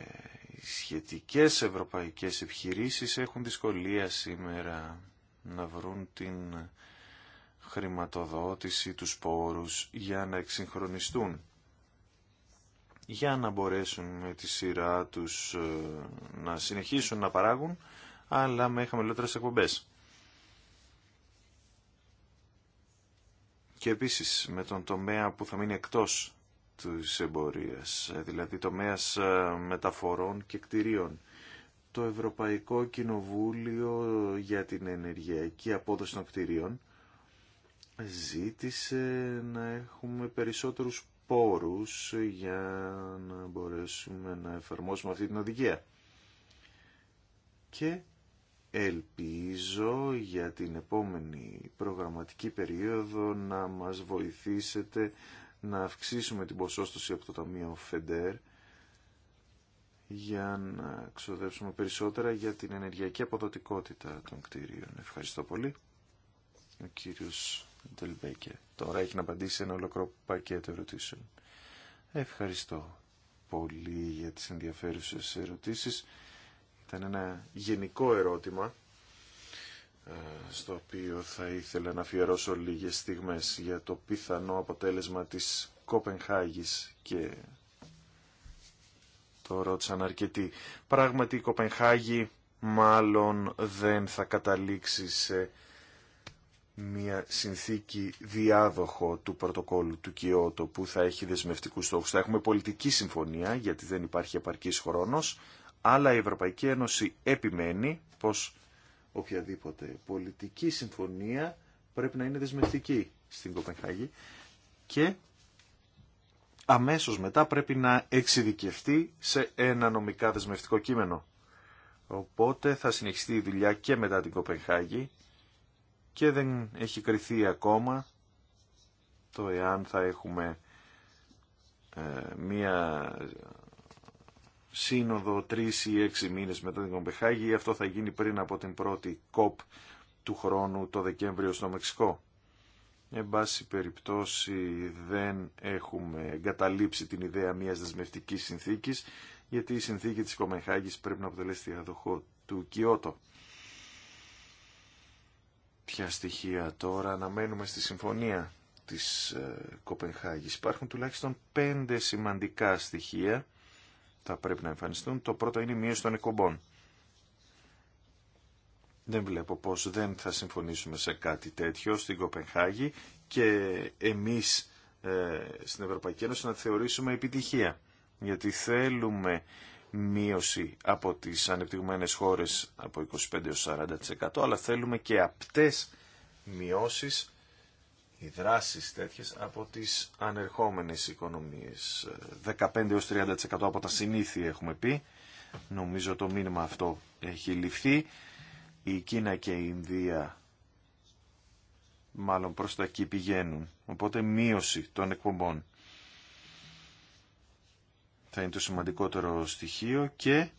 οι σχετικές ευρωπαϊκές επιχειρήσεις έχουν δυσκολία σήμερα να βρουν την χρηματοδότηση τους πόρους για να εξυγχρονιστούν για να μπορέσουν με τη σειρά τους ε, να συνεχίσουν να παράγουν αλλά με χαμηλότερες εκπομπές. Και επίσης με τον τομέα που θα μείνει εκτός της εμπορίας, δηλαδή τομέας ε, μεταφορών και κτηρίων. Το Ευρωπαϊκό Κοινοβούλιο για την Ενεργειακή Απόδοση των Κτηρίων ζήτησε να έχουμε περισσότερους πόρους για να μπορέσουμε να εφαρμόσουμε αυτή την οδηγία. Και Ελπίζω για την επόμενη προγραμματική περίοδο να μας βοηθήσετε να αυξήσουμε την ποσόστοση από το Ταμείο ΦΕΝΤΕΡ για να ξοδέψουμε περισσότερα για την ενεργειακή αποδοτικότητα των κτίριων. Ευχαριστώ πολύ. Ο κύριος Ντελμπέκε τώρα έχει να απαντήσει σε ένα ολόκληρο πακέτο ερωτήσεων. Ευχαριστώ πολύ για τις ενδιαφέρουσες ερωτήσεις. Είναι ένα γενικό ερώτημα ε, στο οποίο θα ήθελα να αφιερώσω λίγες στιγμές για το πιθανό αποτέλεσμα της Κοπενχάγης και το ρώτησαν αρκετοί. Πράγματι η Κοπενχάγη μάλλον δεν θα καταλήξει σε μια συνθήκη διάδοχο του πρωτοκόλλου του Κιώτο που θα έχει δεσμευτικούς στόχους. Θα έχουμε πολιτική συμφωνία γιατί δεν υπάρχει επαρκής χρόνος αλλά η Ευρωπαϊκή Ένωση επιμένει πως οποιαδήποτε πολιτική συμφωνία πρέπει να είναι δεσμευτική στην Κοπενχάγη και αμέσως μετά πρέπει να εξειδικευτεί σε ένα νομικά δεσμευτικό κείμενο. Οπότε θα συνεχιστεί η δουλειά και μετά την Κοπενχάγη και δεν έχει κρυθεί ακόμα το εάν θα έχουμε ε, μία σύνοδο τρει ή έξι μήνες μετά την Κομπεχάγη. Αυτό θα γίνει πριν από την πρώτη κοπ του χρόνου το Δεκέμβριο στο Μεξικό. Εν πάση περιπτώσει δεν έχουμε εγκαταλείψει την ιδέα μιας δεσμευτικής συνθήκης γιατί η συνθήκη της Κομεχάγης πρέπει να αποτελέσει διαδοχό του Κιώτο. Ποια στοιχεία τώρα αναμένουμε στη συμφωνία της ε, Κοπενχάγης. Υπάρχουν τουλάχιστον πέντε σημαντικά στοιχεία θα πρέπει να εμφανιστούν. Το πρώτο είναι η μείωση των εκπομπών. Δεν βλέπω πως δεν θα συμφωνήσουμε σε κάτι τέτοιο στην Κοπενχάγη και εμείς ε, στην Ευρωπαϊκή Ένωση να θεωρήσουμε επιτυχία. Γιατί θέλουμε μείωση από τις ανεπτυγμένες χώρες από 25 έως 40% αλλά θέλουμε και απτές μειώσεις οι δράσεις τέτοιες από τις ανερχόμενες οικονομίες. 15-30% από τα συνήθεια έχουμε πει. Νομίζω το μήνυμα αυτό έχει ληφθεί. Η Κίνα και η Ινδία μάλλον προς τα εκεί πηγαίνουν. Οπότε μείωση των εκπομπών θα είναι το σημαντικότερο στοιχείο και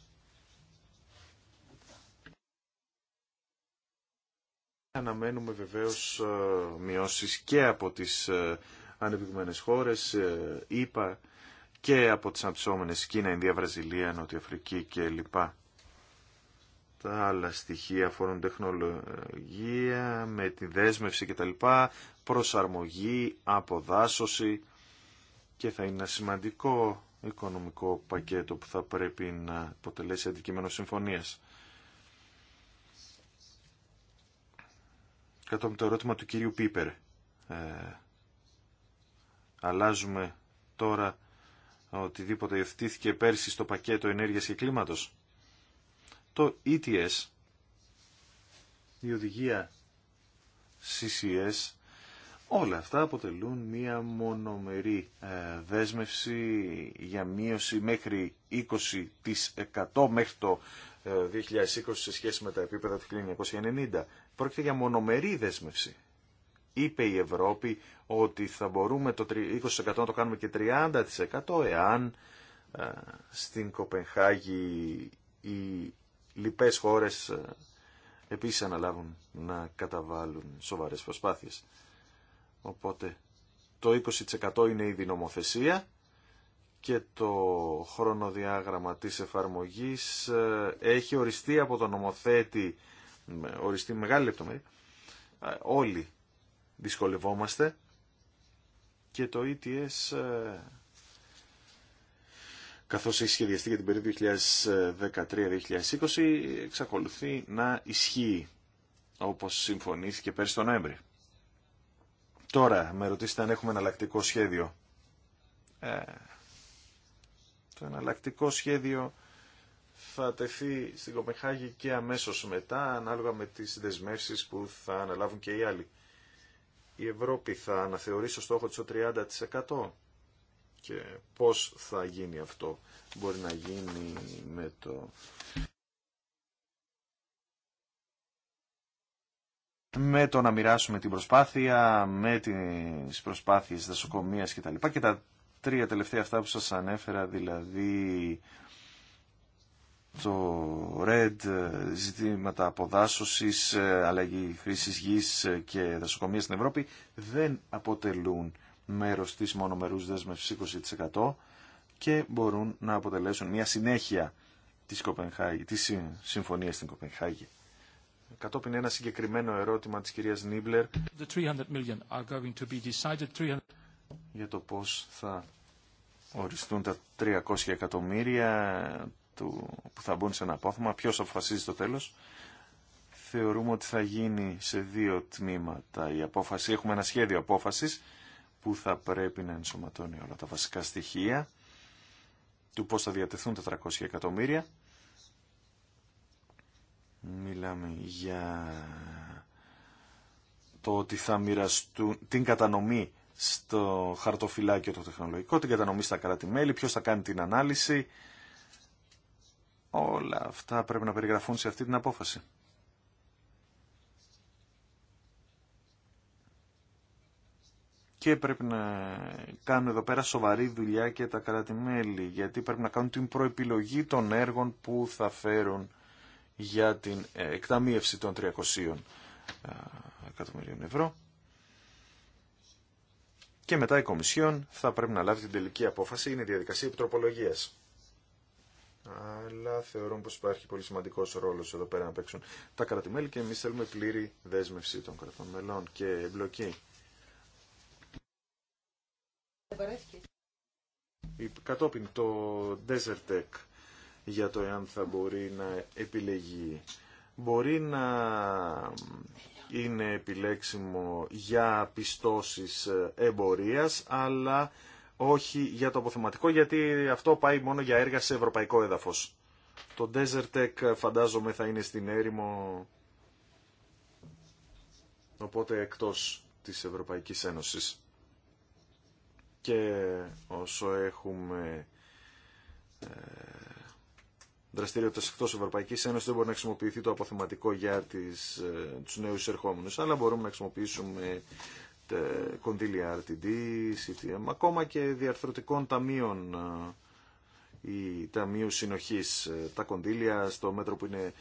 Αναμένουμε βεβαίως ε, μειώσεις και από τις ε, ανεπτυγμένες χώρες, ήπα ε, και από τις αναπτυσσόμενες Κίνα, Ινδία, Βραζιλία, Νότια Αφρική κλπ. Τα άλλα στοιχεία αφορούν τεχνολογία, με τη δέσμευση κτλ, προσαρμογή, αποδάσωση και θα είναι ένα σημαντικό οικονομικό πακέτο που θα πρέπει να αποτελέσει αντικείμενο συμφωνίας. κατόπιν το ερώτημα του κυρίου Πίπερ. Ε, αλλάζουμε τώρα οτιδήποτε ευθύθηκε πέρσι στο πακέτο ενέργειας και κλίματος. Το ETS, η οδηγία CCS, όλα αυτά αποτελούν μία μονομερή ε, δέσμευση για μείωση μέχρι 20% μέχρι το 2020 ε, σε σχέση με τα επίπεδα του 1990. Πρόκειται για μονομερή δέσμευση. Είπε η Ευρώπη ότι θα μπορούμε το 20% να το κάνουμε και 30% εάν ε, στην Κοπενχάγη οι λοιπές χώρες ε, επίσης αναλάβουν να καταβάλουν σοβαρές προσπάθειες. Οπότε το 20% είναι ήδη νομοθεσία και το χρονοδιάγραμμα της εφαρμογής ε, έχει οριστεί από τον νομοθέτη οριστεί μεγάλη λεπτομέρεια. Όλοι δυσκολευόμαστε και το ETS ε, καθώς έχει σχεδιαστεί για την περίοδο 2013-2020 εξακολουθεί να ισχύει όπως συμφωνήθηκε πέρσι τον Νοέμβρη. Τώρα με ρωτήσετε αν έχουμε εναλλακτικό σχέδιο. Ε, το εναλλακτικό σχέδιο θα τεθεί στην Κοπεχάγη και αμέσως μετά, ανάλογα με τις δεσμεύσεις που θα αναλάβουν και οι άλλοι. Η Ευρώπη θα αναθεωρήσει το στόχο της 30% και πώς θα γίνει αυτό. Μπορεί να γίνει με το... με το να μοιράσουμε την προσπάθεια, με τις προσπάθειες δασοκομείας κτλ. Και τα τρία τελευταία αυτά που σας ανέφερα, δηλαδή το RED, ε, ζητήματα αποδάσωσης, ε, αλλαγή χρήσης γης ε, και δασοκομεία στην Ευρώπη δεν αποτελούν μέρος της μονομερούς δέσμευσης 20% και μπορούν να αποτελέσουν μια συνέχεια της, συμφωνία της συμφωνίας στην Κοπενχάγη. Κατόπιν ένα συγκεκριμένο ερώτημα της κυρίας Νίμπλερ για το πώς θα οριστούν τα 300 εκατομμύρια που θα μπουν σε ένα απόθεμα, Ποιο αποφασίζει το τέλος. Θεωρούμε ότι θα γίνει σε δύο τμήματα η απόφαση. Έχουμε ένα σχέδιο απόφασης που θα πρέπει να ενσωματώνει όλα τα βασικά στοιχεία του πώ θα διατεθούν τα 400 εκατομμύρια. Μιλάμε για το ότι θα μοιραστούν την κατανομή στο χαρτοφυλάκιο το τεχνολογικό, την κατανομή στα κράτη-μέλη, ποιος θα κάνει την ανάλυση, Όλα αυτά πρέπει να περιγραφούν σε αυτή την απόφαση. Και πρέπει να κάνουν εδώ πέρα σοβαρή δουλειά και τα κρατημέλη, γιατί πρέπει να κάνουν την προεπιλογή των έργων που θα φέρουν για την εκταμίευση των 300 εκατομμυρίων ευρώ. Και μετά η Κομισιόν θα πρέπει να λάβει την τελική απόφαση, είναι διαδικασία επιτροπολογίας αλλά θεωρώ πως υπάρχει πολύ σημαντικό ρόλο εδώ πέρα να παίξουν τα κρατημέλη και εμεί θέλουμε πλήρη δέσμευση των κρατών μελών και εμπλοκή. Κατόπιν το Desert Tech για το εάν θα μπορεί να επιλεγεί. Μπορεί να είναι επιλέξιμο για πιστώσεις εμπορίας, αλλά όχι για το αποθεματικό, γιατί αυτό πάει μόνο για έργα σε ευρωπαϊκό έδαφος. Το Desert Tech φαντάζομαι θα είναι στην έρημο, οπότε εκτός της Ευρωπαϊκής Ένωσης. Και όσο έχουμε ε, δραστηριότητες εκτός Ευρωπαϊκής Ένωσης δεν μπορεί να χρησιμοποιηθεί το αποθεματικό για τις, ε, τους νέους ερχόμενους, αλλά μπορούμε να χρησιμοποιήσουμε ε, κονδύλια RTD, CTM, ακόμα και διαρθρωτικών ταμείων ε, ή ταμείου συνοχής, ε, τα κονδύλια στο μέτρο που είναι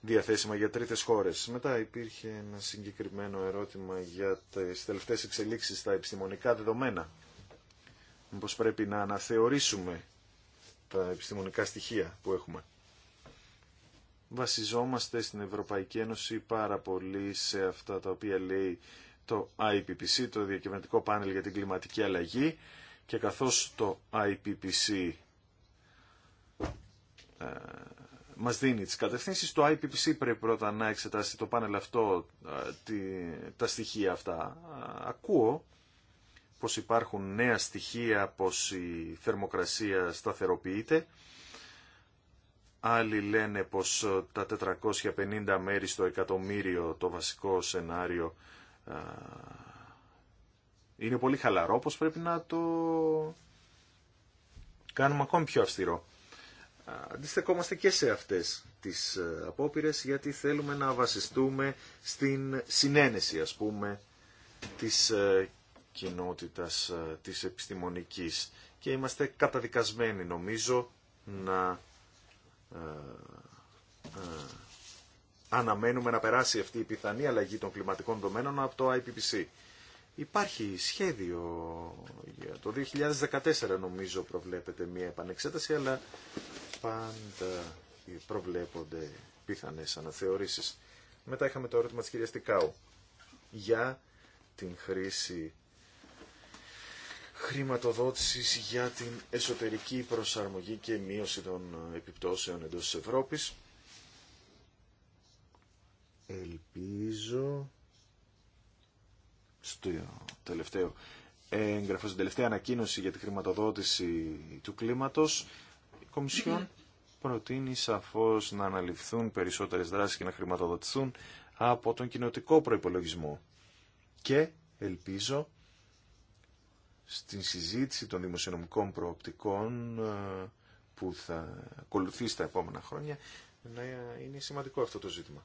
διαθέσιμα για τρίτες χώρες. Μετά υπήρχε ένα συγκεκριμένο ερώτημα για τις τελευταίες εξελίξεις στα επιστημονικά δεδομένα. Μήπως πρέπει να αναθεωρήσουμε τα επιστημονικά στοιχεία που έχουμε. Βασιζόμαστε στην Ευρωπαϊκή Ένωση πάρα πολύ σε αυτά τα οποία λέει το IPPC, το Διακυβερνητικό Πάνελ για την Κλιματική Αλλαγή και καθώς το IPPC ε, μας δίνει τις κατευθύνσεις, το IPPC πρέπει πρώτα να εξετάσει το πάνελ αυτό, ε, τα στοιχεία αυτά. Ακούω πως υπάρχουν νέα στοιχεία, πως η θερμοκρασία σταθεροποιείται. Άλλοι λένε πως τα 450 μέρη στο εκατομμύριο το βασικό σενάριο είναι πολύ χαλαρό, πως πρέπει να το κάνουμε ακόμη πιο αυστηρό. Αντιστεκόμαστε και σε αυτές τις ε, απόπειρες, γιατί θέλουμε να βασιστούμε στην συνένεση, ας πούμε, της ε, κοινότητας ε, της επιστημονικής και είμαστε καταδικασμένοι νομίζω να αναμένουμε να περάσει αυτή η πιθανή αλλαγή των κλιματικών δομένων από το IPPC. Υπάρχει σχέδιο για το 2014 νομίζω προβλέπεται μια επανεξέταση, αλλά πάντα προβλέπονται πιθανές αναθεωρήσεις. Μετά είχαμε το ερώτημα της κυρίας Τικάου για την χρήση χρηματοδότησης για την εσωτερική προσαρμογή και μείωση των επιπτώσεων εντός της Ευρώπης ελπίζω στο τελευταίο έγγραφο, στην τελευταία ανακοίνωση για τη χρηματοδότηση του κλίματος, η Κομισιόν προτείνει σαφώς να αναλυφθούν περισσότερες δράσεις και να χρηματοδοτηθούν από τον κοινοτικό προϋπολογισμό. Και ελπίζω στην συζήτηση των δημοσιονομικών προοπτικών ε, που θα ακολουθεί στα επόμενα χρόνια να είναι σημαντικό αυτό το ζήτημα.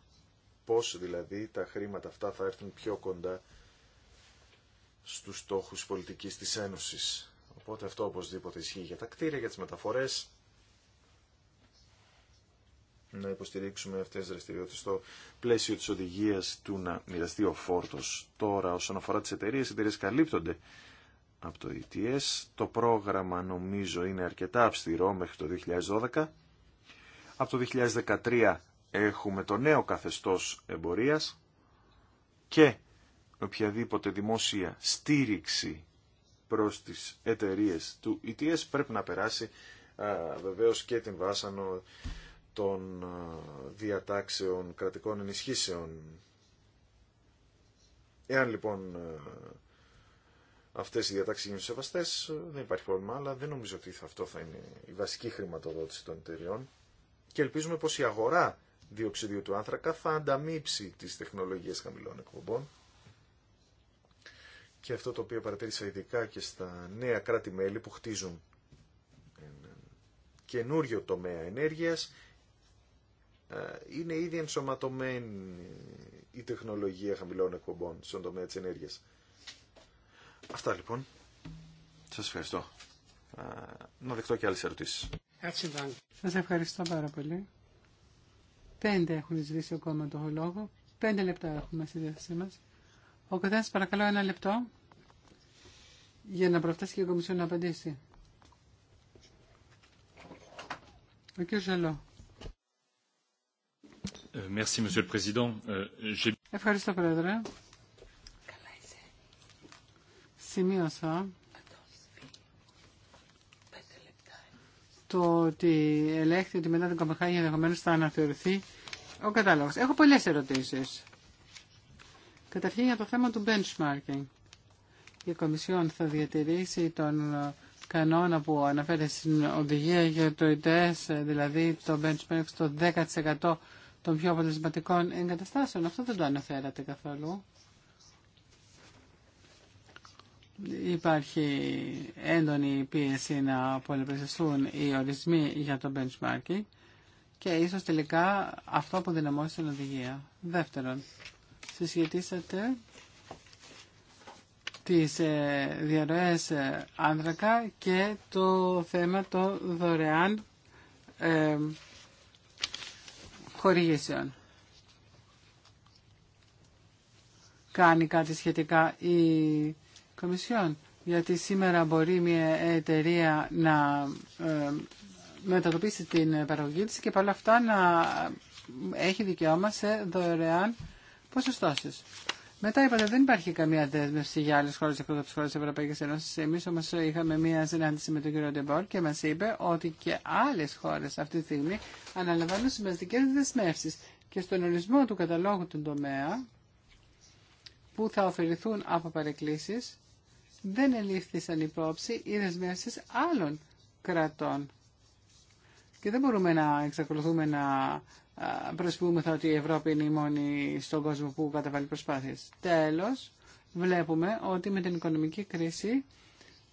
Πώς δηλαδή τα χρήματα αυτά θα έρθουν πιο κοντά στους στόχους πολιτικής της Ένωσης. Οπότε αυτό οπωσδήποτε ισχύει για τα κτίρια, για τις μεταφορές. Να υποστηρίξουμε αυτές τις δραστηριότητες στο πλαίσιο της οδηγίας του να μοιραστεί ο φόρτος. Τώρα όσον αφορά τις εταιρείες, οι εταιρείες καλύπτονται από το ETS. Το πρόγραμμα νομίζω είναι αρκετά αυστηρό μέχρι το 2012. Από το 2013 έχουμε το νέο καθεστώς εμπορίας και οποιαδήποτε δημόσια στήριξη προς τις εταιρείες του ETS πρέπει να περάσει α, βεβαίως και την βάσανο των διατάξεων κρατικών ενισχύσεων. Εάν λοιπόν αυτές οι διατάξεις γίνουν σεβαστές δεν υπάρχει πρόβλημα, αλλά δεν νομίζω ότι αυτό θα είναι η βασική χρηματοδότηση των εταιρεών και ελπίζουμε πως η αγορά διοξιδίου του άνθρακα θα ανταμείψει τις τεχνολογίες χαμηλών εκπομπών. Και αυτό το οποίο παρατήρησα ειδικά και στα νέα κράτη-μέλη που χτίζουν καινούριο τομέα ενέργειας ε, είναι ήδη ενσωματωμένη η τεχνολογία χαμηλών εκπομπών στον τομέα της ενέργειας. Αυτά λοιπόν. Σας ευχαριστώ. Ε, να δεχτώ και άλλες ερωτήσεις. Σας ευχαριστώ πάρα πολύ. Πέντε έχουν σβήσει ακόμα το λόγο. Πέντε λεπτά έχουμε στη διάθεσή μα. Ο καθένα, παρακαλώ ένα λεπτό για να προφτάσει και η Κομισιόν να απαντήσει. Ο κ. Ζαλό. Ε, ε, Ευχαριστώ, Πρόεδρε. Σημείωσα το ότι ελέγχθη ότι μετά την Κοπεχάγη ενδεχομένω θα αναθεωρηθεί ο κατάλογος. Έχω πολλές ερωτήσεις. Καταρχήν για το θέμα του benchmarking. Η Κομισιόν θα διατηρήσει τον κανόνα που αναφέρεται στην οδηγία για το ΙΤΕΣ, δηλαδή το benchmark στο 10% των πιο αποτελεσματικών εγκαταστάσεων. Αυτό δεν το αναφέρατε καθόλου υπάρχει έντονη πίεση να πολυπλασιαστούν οι ορισμοί για το benchmarking και ίσως τελικά αυτό που δυναμώσει την οδηγία. Δεύτερον, συσχετίσατε τις ε, διαρροές ε, άνθρακα και το θέμα των δωρεάν ε, χορηγήσεων. Κάνει κάτι σχετικά η Κομισιόν. Γιατί σήμερα μπορεί μια εταιρεία να ε, μετατοπίσει την παραγωγή της και παρόλα αυτά να έχει δικαίωμα σε δωρεάν ποσοστώσεις. Μετά είπατε δεν υπάρχει καμία δέσμευση για άλλε χώρε εκτό από τις χώρε τη Ευρωπαϊκή Ένωση. Εμεί όμω είχαμε μία συνάντηση με τον κύριο Ντεμπόρ και μα είπε ότι και άλλε χώρε αυτή τη στιγμή αναλαμβάνουν σημαντικέ δεσμεύσει. Και στον ορισμό του καταλόγου του τομέα που θα ωφεληθούν από παρεκκλήσεις δεν ελήφθησαν υπόψη οι δεσμεύσει άλλων κρατών. Και δεν μπορούμε να εξακολουθούμε να προσποιούμεθα ότι η Ευρώπη είναι η μόνη στον κόσμο που καταβάλει προσπάθειες. Τέλος, βλέπουμε ότι με την οικονομική κρίση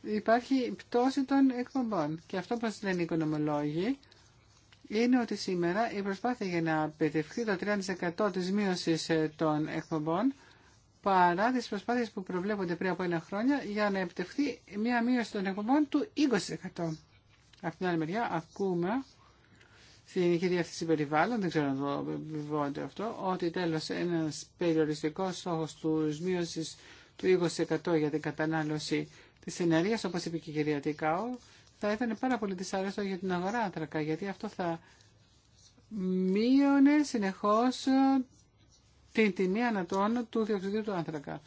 υπάρχει πτώση των εκπομπών. Και αυτό που λένε οι οικονομολόγοι είναι ότι σήμερα η προσπάθεια για να πετευχθεί το 30% της μείωσης ε, των εκπομπών παρά τις προσπάθειες που προβλέπονται πριν από ένα χρόνια για να επιτευχθεί μια μείωση των εκπομπών του 20%. Από την άλλη μεριά ακούμε στην Ελληνική Διεύθυνση Περιβάλλον, δεν ξέρω αν το επιβεβαιώνεται αυτό, ότι τέλος ένας περιοριστικός στόχος του μείωσης του 20% για την κατανάλωση της ενέργειας, όπως είπε και η κυρία Τικάου, θα ήταν πάρα πολύ δυσάρεστο για την αγορά άνθρακα, γιατί αυτό θα μείωνε συνεχώς την τιμή ανατών του διοξιδίου του άνθρακα.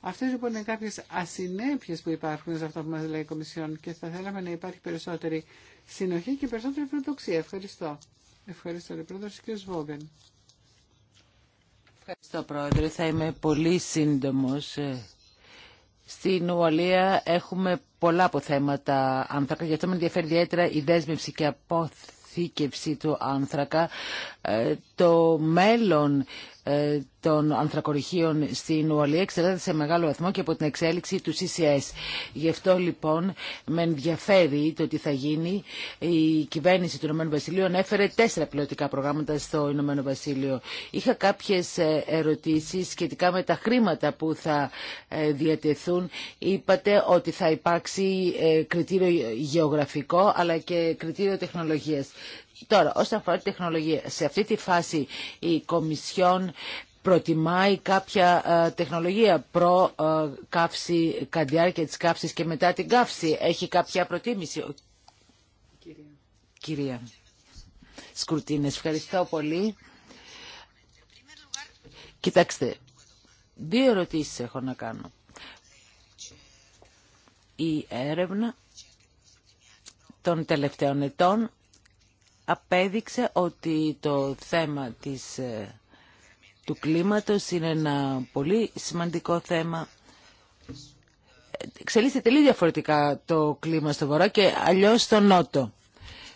Αυτές λοιπόν είναι κάποιες ασυνέπειες που υπάρχουν σε αυτό που μας λέει η Κομισιόν και θα θέλαμε να υπάρχει περισσότερη συνοχή και περισσότερη φιλοδοξία. Ευχαριστώ. Ευχαριστώ, Πρόεδρος και ο Σβόγγεν. Ευχαριστώ, Πρόεδρε. Θα είμαι πολύ σύντομος. Στην Ουαλία έχουμε πολλά αποθέματα άνθρακα, γι' αυτό με ενδιαφέρει ιδιαίτερα η δέσμευση και αποθήκευση του άνθρακα, ε, το μέλλον ε, των ανθρακοριχείων στην Ουαλία εξαρτάται σε μεγάλο βαθμό και από την εξέλιξη του CCS. Γι' αυτό λοιπόν με ενδιαφέρει το τι θα γίνει. Η κυβέρνηση του Ηνωμένου Βασιλείου ανέφερε τέσσερα πιλωτικά προγράμματα στο Ηνωμένο Βασίλειο. Είχα κάποιες ε, ερωτήσεις σχετικά με τα χρήματα που θα ε, διατεθούν. Είπατε ότι θα υπάρξει κριτήριο γεωγραφικό αλλά και κριτήριο τεχνολογίας. Τώρα, όσον αφορά τη τεχνολογία, σε αυτή τη φάση η Κομισιόν προτιμάει κάποια ε, τεχνολογία προ ε, καύση, κατά διάρκεια της καύσης και μετά την καύση. Έχει κάποια προτίμηση. Κυρία. Κυρία Σκουρτίνες, ευχαριστώ πολύ. Κοιτάξτε, δύο ερωτήσεις έχω να κάνω. Η έρευνα των τελευταίων ετών απέδειξε ότι το θέμα της, ε, του κλίματος είναι ένα πολύ σημαντικό θέμα. Εξελίσσεται τελείως διαφορετικά το κλίμα στο βορρά και αλλιώς στο νότο.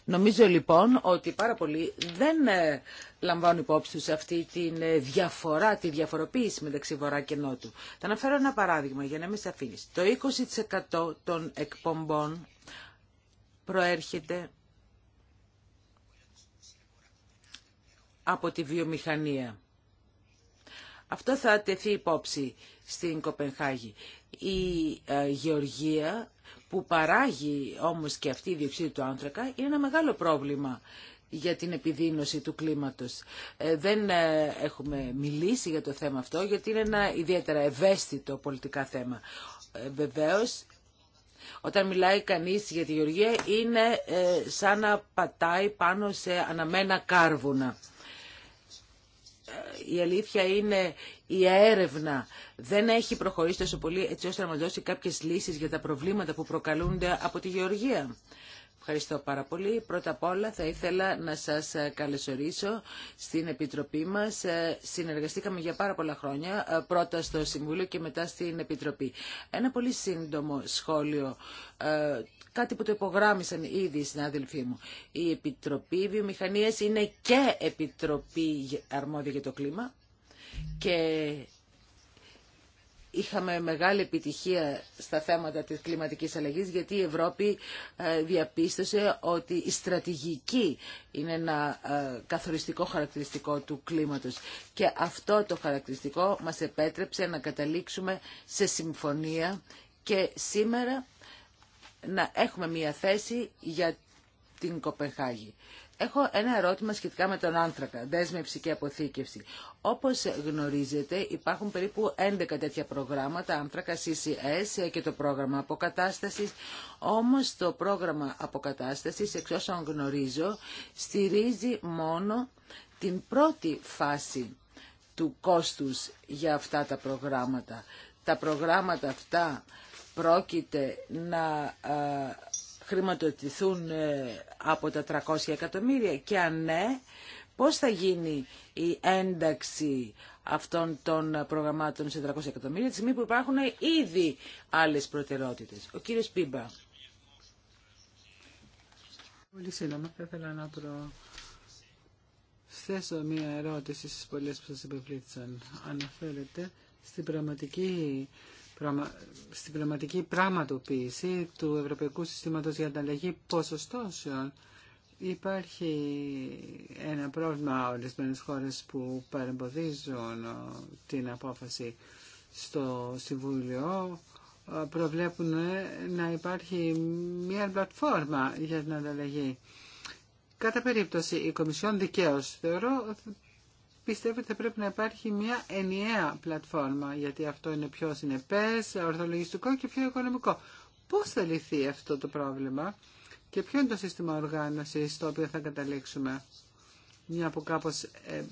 Νομίζω λοιπόν ότι πάρα πολλοί δεν ε, λαμβάνουν υπόψη τους αυτή τη ε, διαφορά, τη διαφοροποίηση μεταξύ βορρά και νότου. Θα αναφέρω ένα παράδειγμα για να μην σε αφήνεις. Το 20% των εκπομπών προέρχεται από τη βιομηχανία. Αυτό θα τεθεί υπόψη στην Κοπενχάγη. Η ε, γεωργία που παράγει όμως και αυτή η του άνθρακα είναι ένα μεγάλο πρόβλημα για την επιδείνωση του κλίματος. Ε, δεν ε, έχουμε μιλήσει για το θέμα αυτό γιατί είναι ένα ιδιαίτερα ευαίσθητο πολιτικά θέμα. Βεβαίως, όταν μιλάει κανείς για τη γεωργία είναι σαν να πατάει πάνω σε αναμένα κάρβουνα η αλήθεια είναι η έρευνα δεν έχει προχωρήσει τόσο πολύ έτσι ώστε να μας δώσει κάποιες λύσεις για τα προβλήματα που προκαλούνται από τη Γεωργία. Ευχαριστώ πάρα πολύ. Πρώτα απ' όλα θα ήθελα να σας καλωσορίσω στην Επιτροπή μας. Ε, συνεργαστήκαμε για πάρα πολλά χρόνια, ε, πρώτα στο Συμβούλιο και μετά στην Επιτροπή. Ένα πολύ σύντομο σχόλιο. Ε, κάτι που το υπογράμμισαν ήδη οι συνάδελφοί μου. Η Επιτροπή Βιομηχανίας είναι και Επιτροπή Αρμόδια για το Κλίμα και είχαμε μεγάλη επιτυχία στα θέματα της κλιματικής αλλαγής γιατί η Ευρώπη ε, διαπίστωσε ότι η στρατηγική είναι ένα ε, καθοριστικό χαρακτηριστικό του κλίματος και αυτό το χαρακτηριστικό μας επέτρεψε να καταλήξουμε σε συμφωνία και σήμερα να έχουμε μια θέση για την Κοπεχάγη. Έχω ένα ερώτημα σχετικά με τον άνθρακα, δέσμευση και αποθήκευση. Όπως γνωρίζετε υπάρχουν περίπου 11 τέτοια προγράμματα, άνθρακα CCS και το πρόγραμμα αποκατάστασης. Όμως το πρόγραμμα αποκατάστασης, εξ όσων γνωρίζω, στηρίζει μόνο την πρώτη φάση του κόστους για αυτά τα προγράμματα. Τα προγράμματα αυτά πρόκειται να ε, χρηματοδοτηθούν ε, από τα 300 εκατομμύρια και αν ναι, πώς θα γίνει η ένταξη αυτών των προγραμμάτων σε 300 εκατομμύρια, τη στιγμή που υπάρχουν ήδη άλλες προτεραιότητες. Ο κύριος Πίμπα. Πολύ σύντομα, θα ήθελα να προ... Θέσω μία ερώτηση στις πολλές που σας υπευλήθησαν. Αναφέρεται στην πραγματική στην πραγματική πραγματοποίηση του Ευρωπαϊκού Συστήματος για Ανταλλαγή Ποσοστώσεων υπάρχει ένα πρόβλημα ορισμένε χώρες που παρεμποδίζουν ε, την απόφαση στο Συμβούλιο ε, προβλέπουν ε, να υπάρχει μια πλατφόρμα για την ανταλλαγή. Κατά περίπτωση, η Κομισιόν δικαίως θεωρώ Πιστεύετε ότι θα πρέπει να υπάρχει μια ενιαία πλατφόρμα, γιατί αυτό είναι πιο συνεπές, ορθολογιστικό και πιο οικονομικό. Πώς θα λυθεί αυτό το πρόβλημα και ποιο είναι το σύστημα οργάνωσης στο οποίο θα καταλήξουμε. Μια που κάπως ε,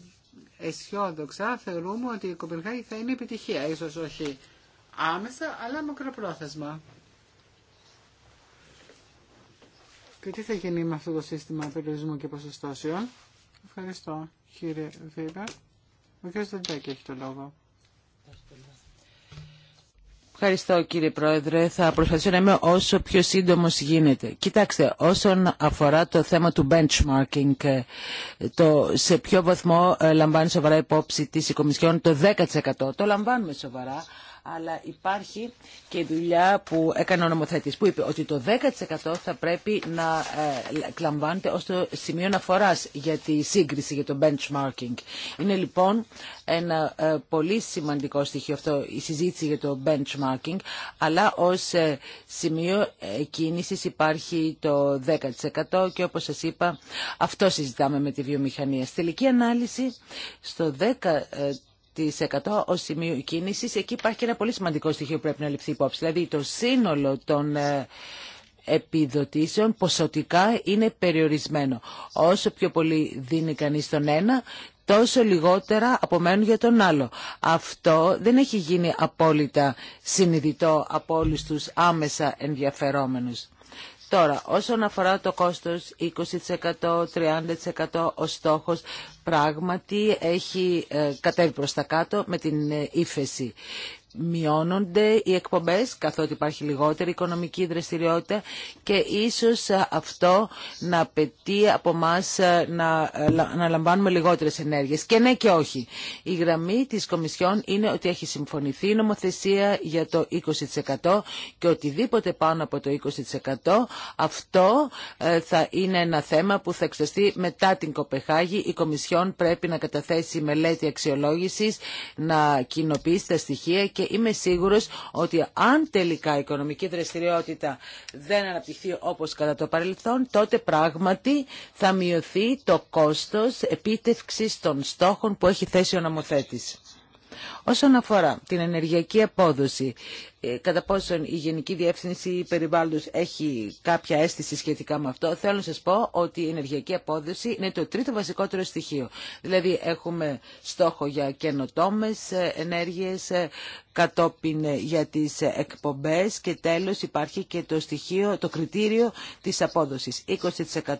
αισιόδοξα θεωρούμε ότι η Κοπενχάγη θα είναι επιτυχία, ίσως όχι άμεσα, αλλά μακροπρόθεσμα. Και τι θα γίνει με αυτό το σύστημα περιορισμού και ποσοστώσεων. Ευχαριστώ κύριε Βίμπερ. Ο κ. Δεντέκη έχει το λόγο. Ευχαριστώ κύριε Πρόεδρε. Θα προσπαθήσω να είμαι όσο πιο σύντομος γίνεται. Κοιτάξτε, όσον αφορά το θέμα του benchmarking, το σε ποιο βαθμό ε, λαμβάνει σοβαρά υπόψη της οικομισιόν, το 10%. Το λαμβάνουμε σοβαρά, αλλά υπάρχει και δουλειά που έκανε ο νομοθέτης που είπε ότι το 10% θα πρέπει να εκλαμβάνεται ως το σημείο αναφοράς για τη σύγκριση, για το benchmarking. Είναι λοιπόν ένα ε, πολύ σημαντικό στοιχείο αυτό η συζήτηση για το benchmarking αλλά ως ε, σημείο ε, κίνησης υπάρχει το 10% και όπως σας είπα αυτό συζητάμε με τη βιομηχανία. Στη τελική ανάλυση στο 10% ο σημείο κίνησης, εκεί υπάρχει και ένα πολύ σημαντικό στοιχείο που πρέπει να ληφθεί υπόψη. Δηλαδή το σύνολο των ε, επιδοτήσεων ποσοτικά είναι περιορισμένο. Όσο πιο πολύ δίνει κανείς τον ένα, τόσο λιγότερα απομένουν για τον άλλο. Αυτό δεν έχει γίνει απόλυτα συνειδητό από όλους τους άμεσα ενδιαφερόμενους. Τώρα, όσον αφορά το κόστος 20%, 30% ο στόχος πράγματι έχει ε, κατέβει προς τα κάτω με την ε, ύφεση μειώνονται οι εκπομπές καθότι υπάρχει λιγότερη οικονομική δραστηριότητα και ίσως αυτό να απαιτεί από εμά να, ε, να λαμβάνουμε λιγότερες ενέργειες. Και ναι και όχι. Η γραμμή της Κομισιόν είναι ότι έχει συμφωνηθεί η νομοθεσία για το 20% και οτιδήποτε πάνω από το 20% αυτό ε, θα είναι ένα θέμα που θα εξεταστεί μετά την Κοπεχάγη. Η Κομισιόν πρέπει να καταθέσει μελέτη αξιολόγησης, να κοινοποιήσει τα στοιχεία είμαι σίγουρος ότι αν τελικά η οικονομική δραστηριότητα δεν αναπτυχθεί όπως κατά το παρελθόν, τότε πράγματι θα μειωθεί το κόστος επίτευξης των στόχων που έχει θέσει ο νομοθέτης. Όσον αφορά την ενεργειακή απόδοση, ε, κατά πόσον η Γενική Διεύθυνση Περιβάλλοντος έχει κάποια αίσθηση σχετικά με αυτό, θέλω να σας πω ότι η ενεργειακή απόδοση είναι το τρίτο βασικότερο στοιχείο. Δηλαδή έχουμε στόχο για καινοτόμες ε, ενέργειες, ε, κατόπιν για τις εκπομπές και τέλος υπάρχει και το στοιχείο, το κριτήριο της απόδοσης,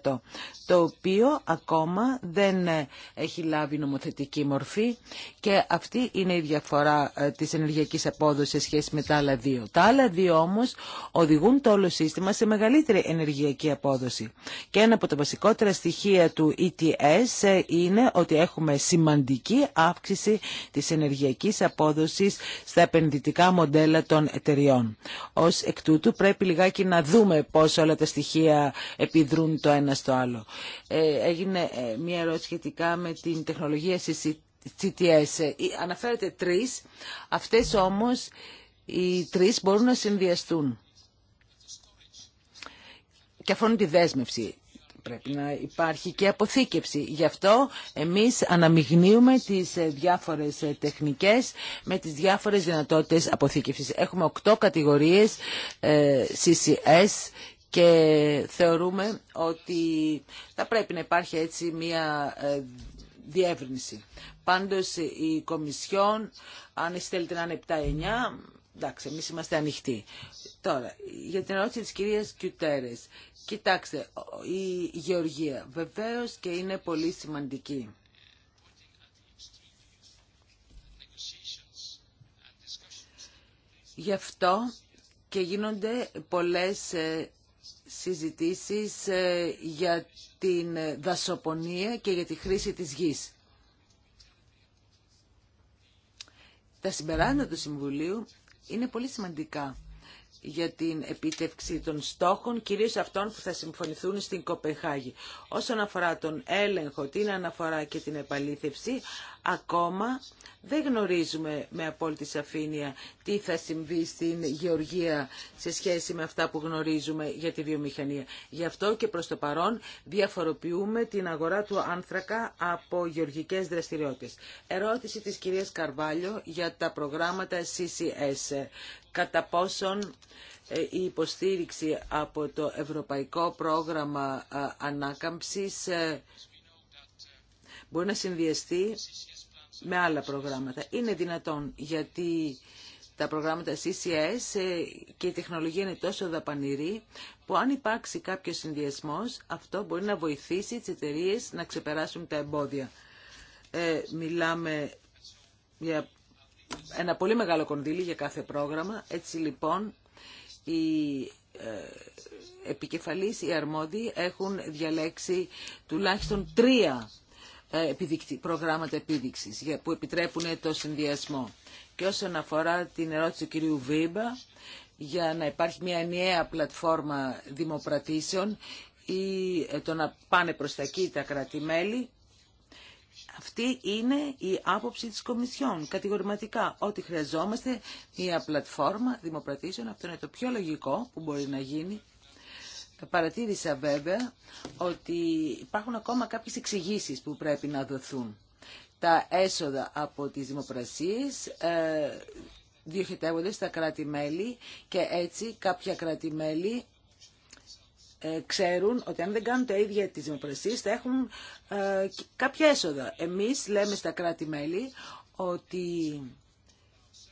20%, το οποίο ακόμα δεν έχει λάβει νομοθετική μορφή και αυτή είναι η διαφορά αφορά ε, της ενεργειακής απόδοσης σε σχέση με τα άλλα δύο. Τα άλλα δύο όμως οδηγούν το όλο σύστημα σε μεγαλύτερη ενεργειακή απόδοση. Και ένα από τα βασικότερα στοιχεία του ETS ε, είναι ότι έχουμε σημαντική αύξηση της ενεργειακής απόδοσης στα επενδυτικά μοντέλα των εταιριών. Ως εκ τούτου πρέπει λιγάκι να δούμε πώς όλα τα στοιχεία επιδρούν το ένα στο άλλο. Ε, έγινε μια ερώτηση σχετικά με την τεχνολογία CCT ε, αναφέρεται τρεις, αυτές όμως οι τρεις μπορούν να συνδυαστούν. Και είναι τη δέσμευση. Πρέπει να υπάρχει και αποθήκευση. Γι' αυτό εμείς αναμειγνύουμε τις ε, διάφορες ε, τεχνικές με τις διάφορες δυνατότητες αποθήκευσης. Έχουμε οκτώ κατηγορίες CCS και θεωρούμε ότι θα πρέπει να υπάρχει έτσι μια διεύρυνση. Πάντως η Κομισιόν, αν εσείς θέλετε να είναι 7-9, εντάξει, εμείς είμαστε ανοιχτοί. Τώρα, για την ερώτηση της κυρίας Κιουτέρες. Κοιτάξτε, η Γεωργία βεβαίως και είναι πολύ σημαντική. Γι' αυτό και γίνονται πολλές ε, συζητήσεις ε, για την δασοπονία και για τη χρήση της γης. Τα συμπεράσματα του Συμβουλίου είναι πολύ σημαντικά για την επίτευξη των στόχων, κυρίως αυτών που θα συμφωνηθούν στην Κοπεχάγη. Όσον αφορά τον έλεγχο, την αναφορά και την επαλήθευση, ακόμα δεν γνωρίζουμε με απόλυτη σαφήνεια τι θα συμβεί στην γεωργία σε σχέση με αυτά που γνωρίζουμε για τη βιομηχανία. Γι' αυτό και προς το παρόν διαφοροποιούμε την αγορά του άνθρακα από γεωργικές δραστηριότητες. Ερώτηση της κυρίας Καρβάλιο για τα προγράμματα CCS κατά πόσον ε, η υποστήριξη από το Ευρωπαϊκό Πρόγραμμα ε, Ανάκαμψης ε, μπορεί να συνδυαστεί με άλλα προγράμματα. Είναι δυνατόν γιατί τα προγράμματα CCS και η τεχνολογία είναι τόσο δαπανηρή που αν υπάρξει κάποιο συνδυασμός αυτό μπορεί να βοηθήσει τις εταιρείε να ξεπεράσουν τα εμπόδια. Ε, μιλάμε για ένα πολύ μεγάλο κονδύλι για κάθε πρόγραμμα. Έτσι λοιπόν οι ε, επικεφαλής, οι αρμόδιοι έχουν διαλέξει τουλάχιστον τρία ε, προγράμματα επίδειξης που επιτρέπουν το συνδυασμό. Και όσον αφορά την ερώτηση του κυρίου Βίμπα για να υπάρχει μια ενιαία πλατφόρμα δημοπρατήσεων ή ε, το να πάνε προς τα εκεί τα αυτή είναι η άποψη της Κομισιόν, κατηγορηματικά, ότι χρειαζόμαστε μια πλατφόρμα δημοπρατήσεων. Αυτό είναι το πιο λογικό που μπορεί να γίνει. Παρατήρησα βέβαια ότι υπάρχουν ακόμα κάποιες εξηγήσει που πρέπει να δοθούν. Τα έσοδα από τις δημοπρασίες ε, διοχετεύονται στα κράτη-μέλη και έτσι κάποια κράτη-μέλη ε, ξέρουν ότι αν δεν κάνουν τα ίδια τις δημοπρασίες θα έχουν ε, κάποια έσοδα. Εμείς λέμε στα κράτη-μέλη ότι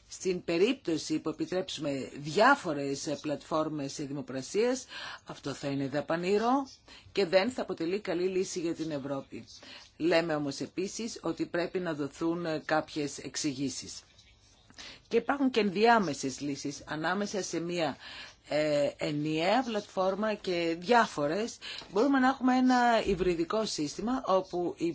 στην περίπτωση που επιτρέψουμε διάφορες πλατφόρμες δημοπρασίες, αυτό θα είναι δαπανήρο και δεν θα αποτελεί καλή λύση για την Ευρώπη. Λέμε όμως επίσης ότι πρέπει να δοθούν κάποιες εξηγήσει. Και υπάρχουν και ενδιάμεσες λύσεις ανάμεσα σε μια ε, ενιαία πλατφόρμα και διάφορες μπορούμε να έχουμε ένα υβριδικό σύστημα όπου η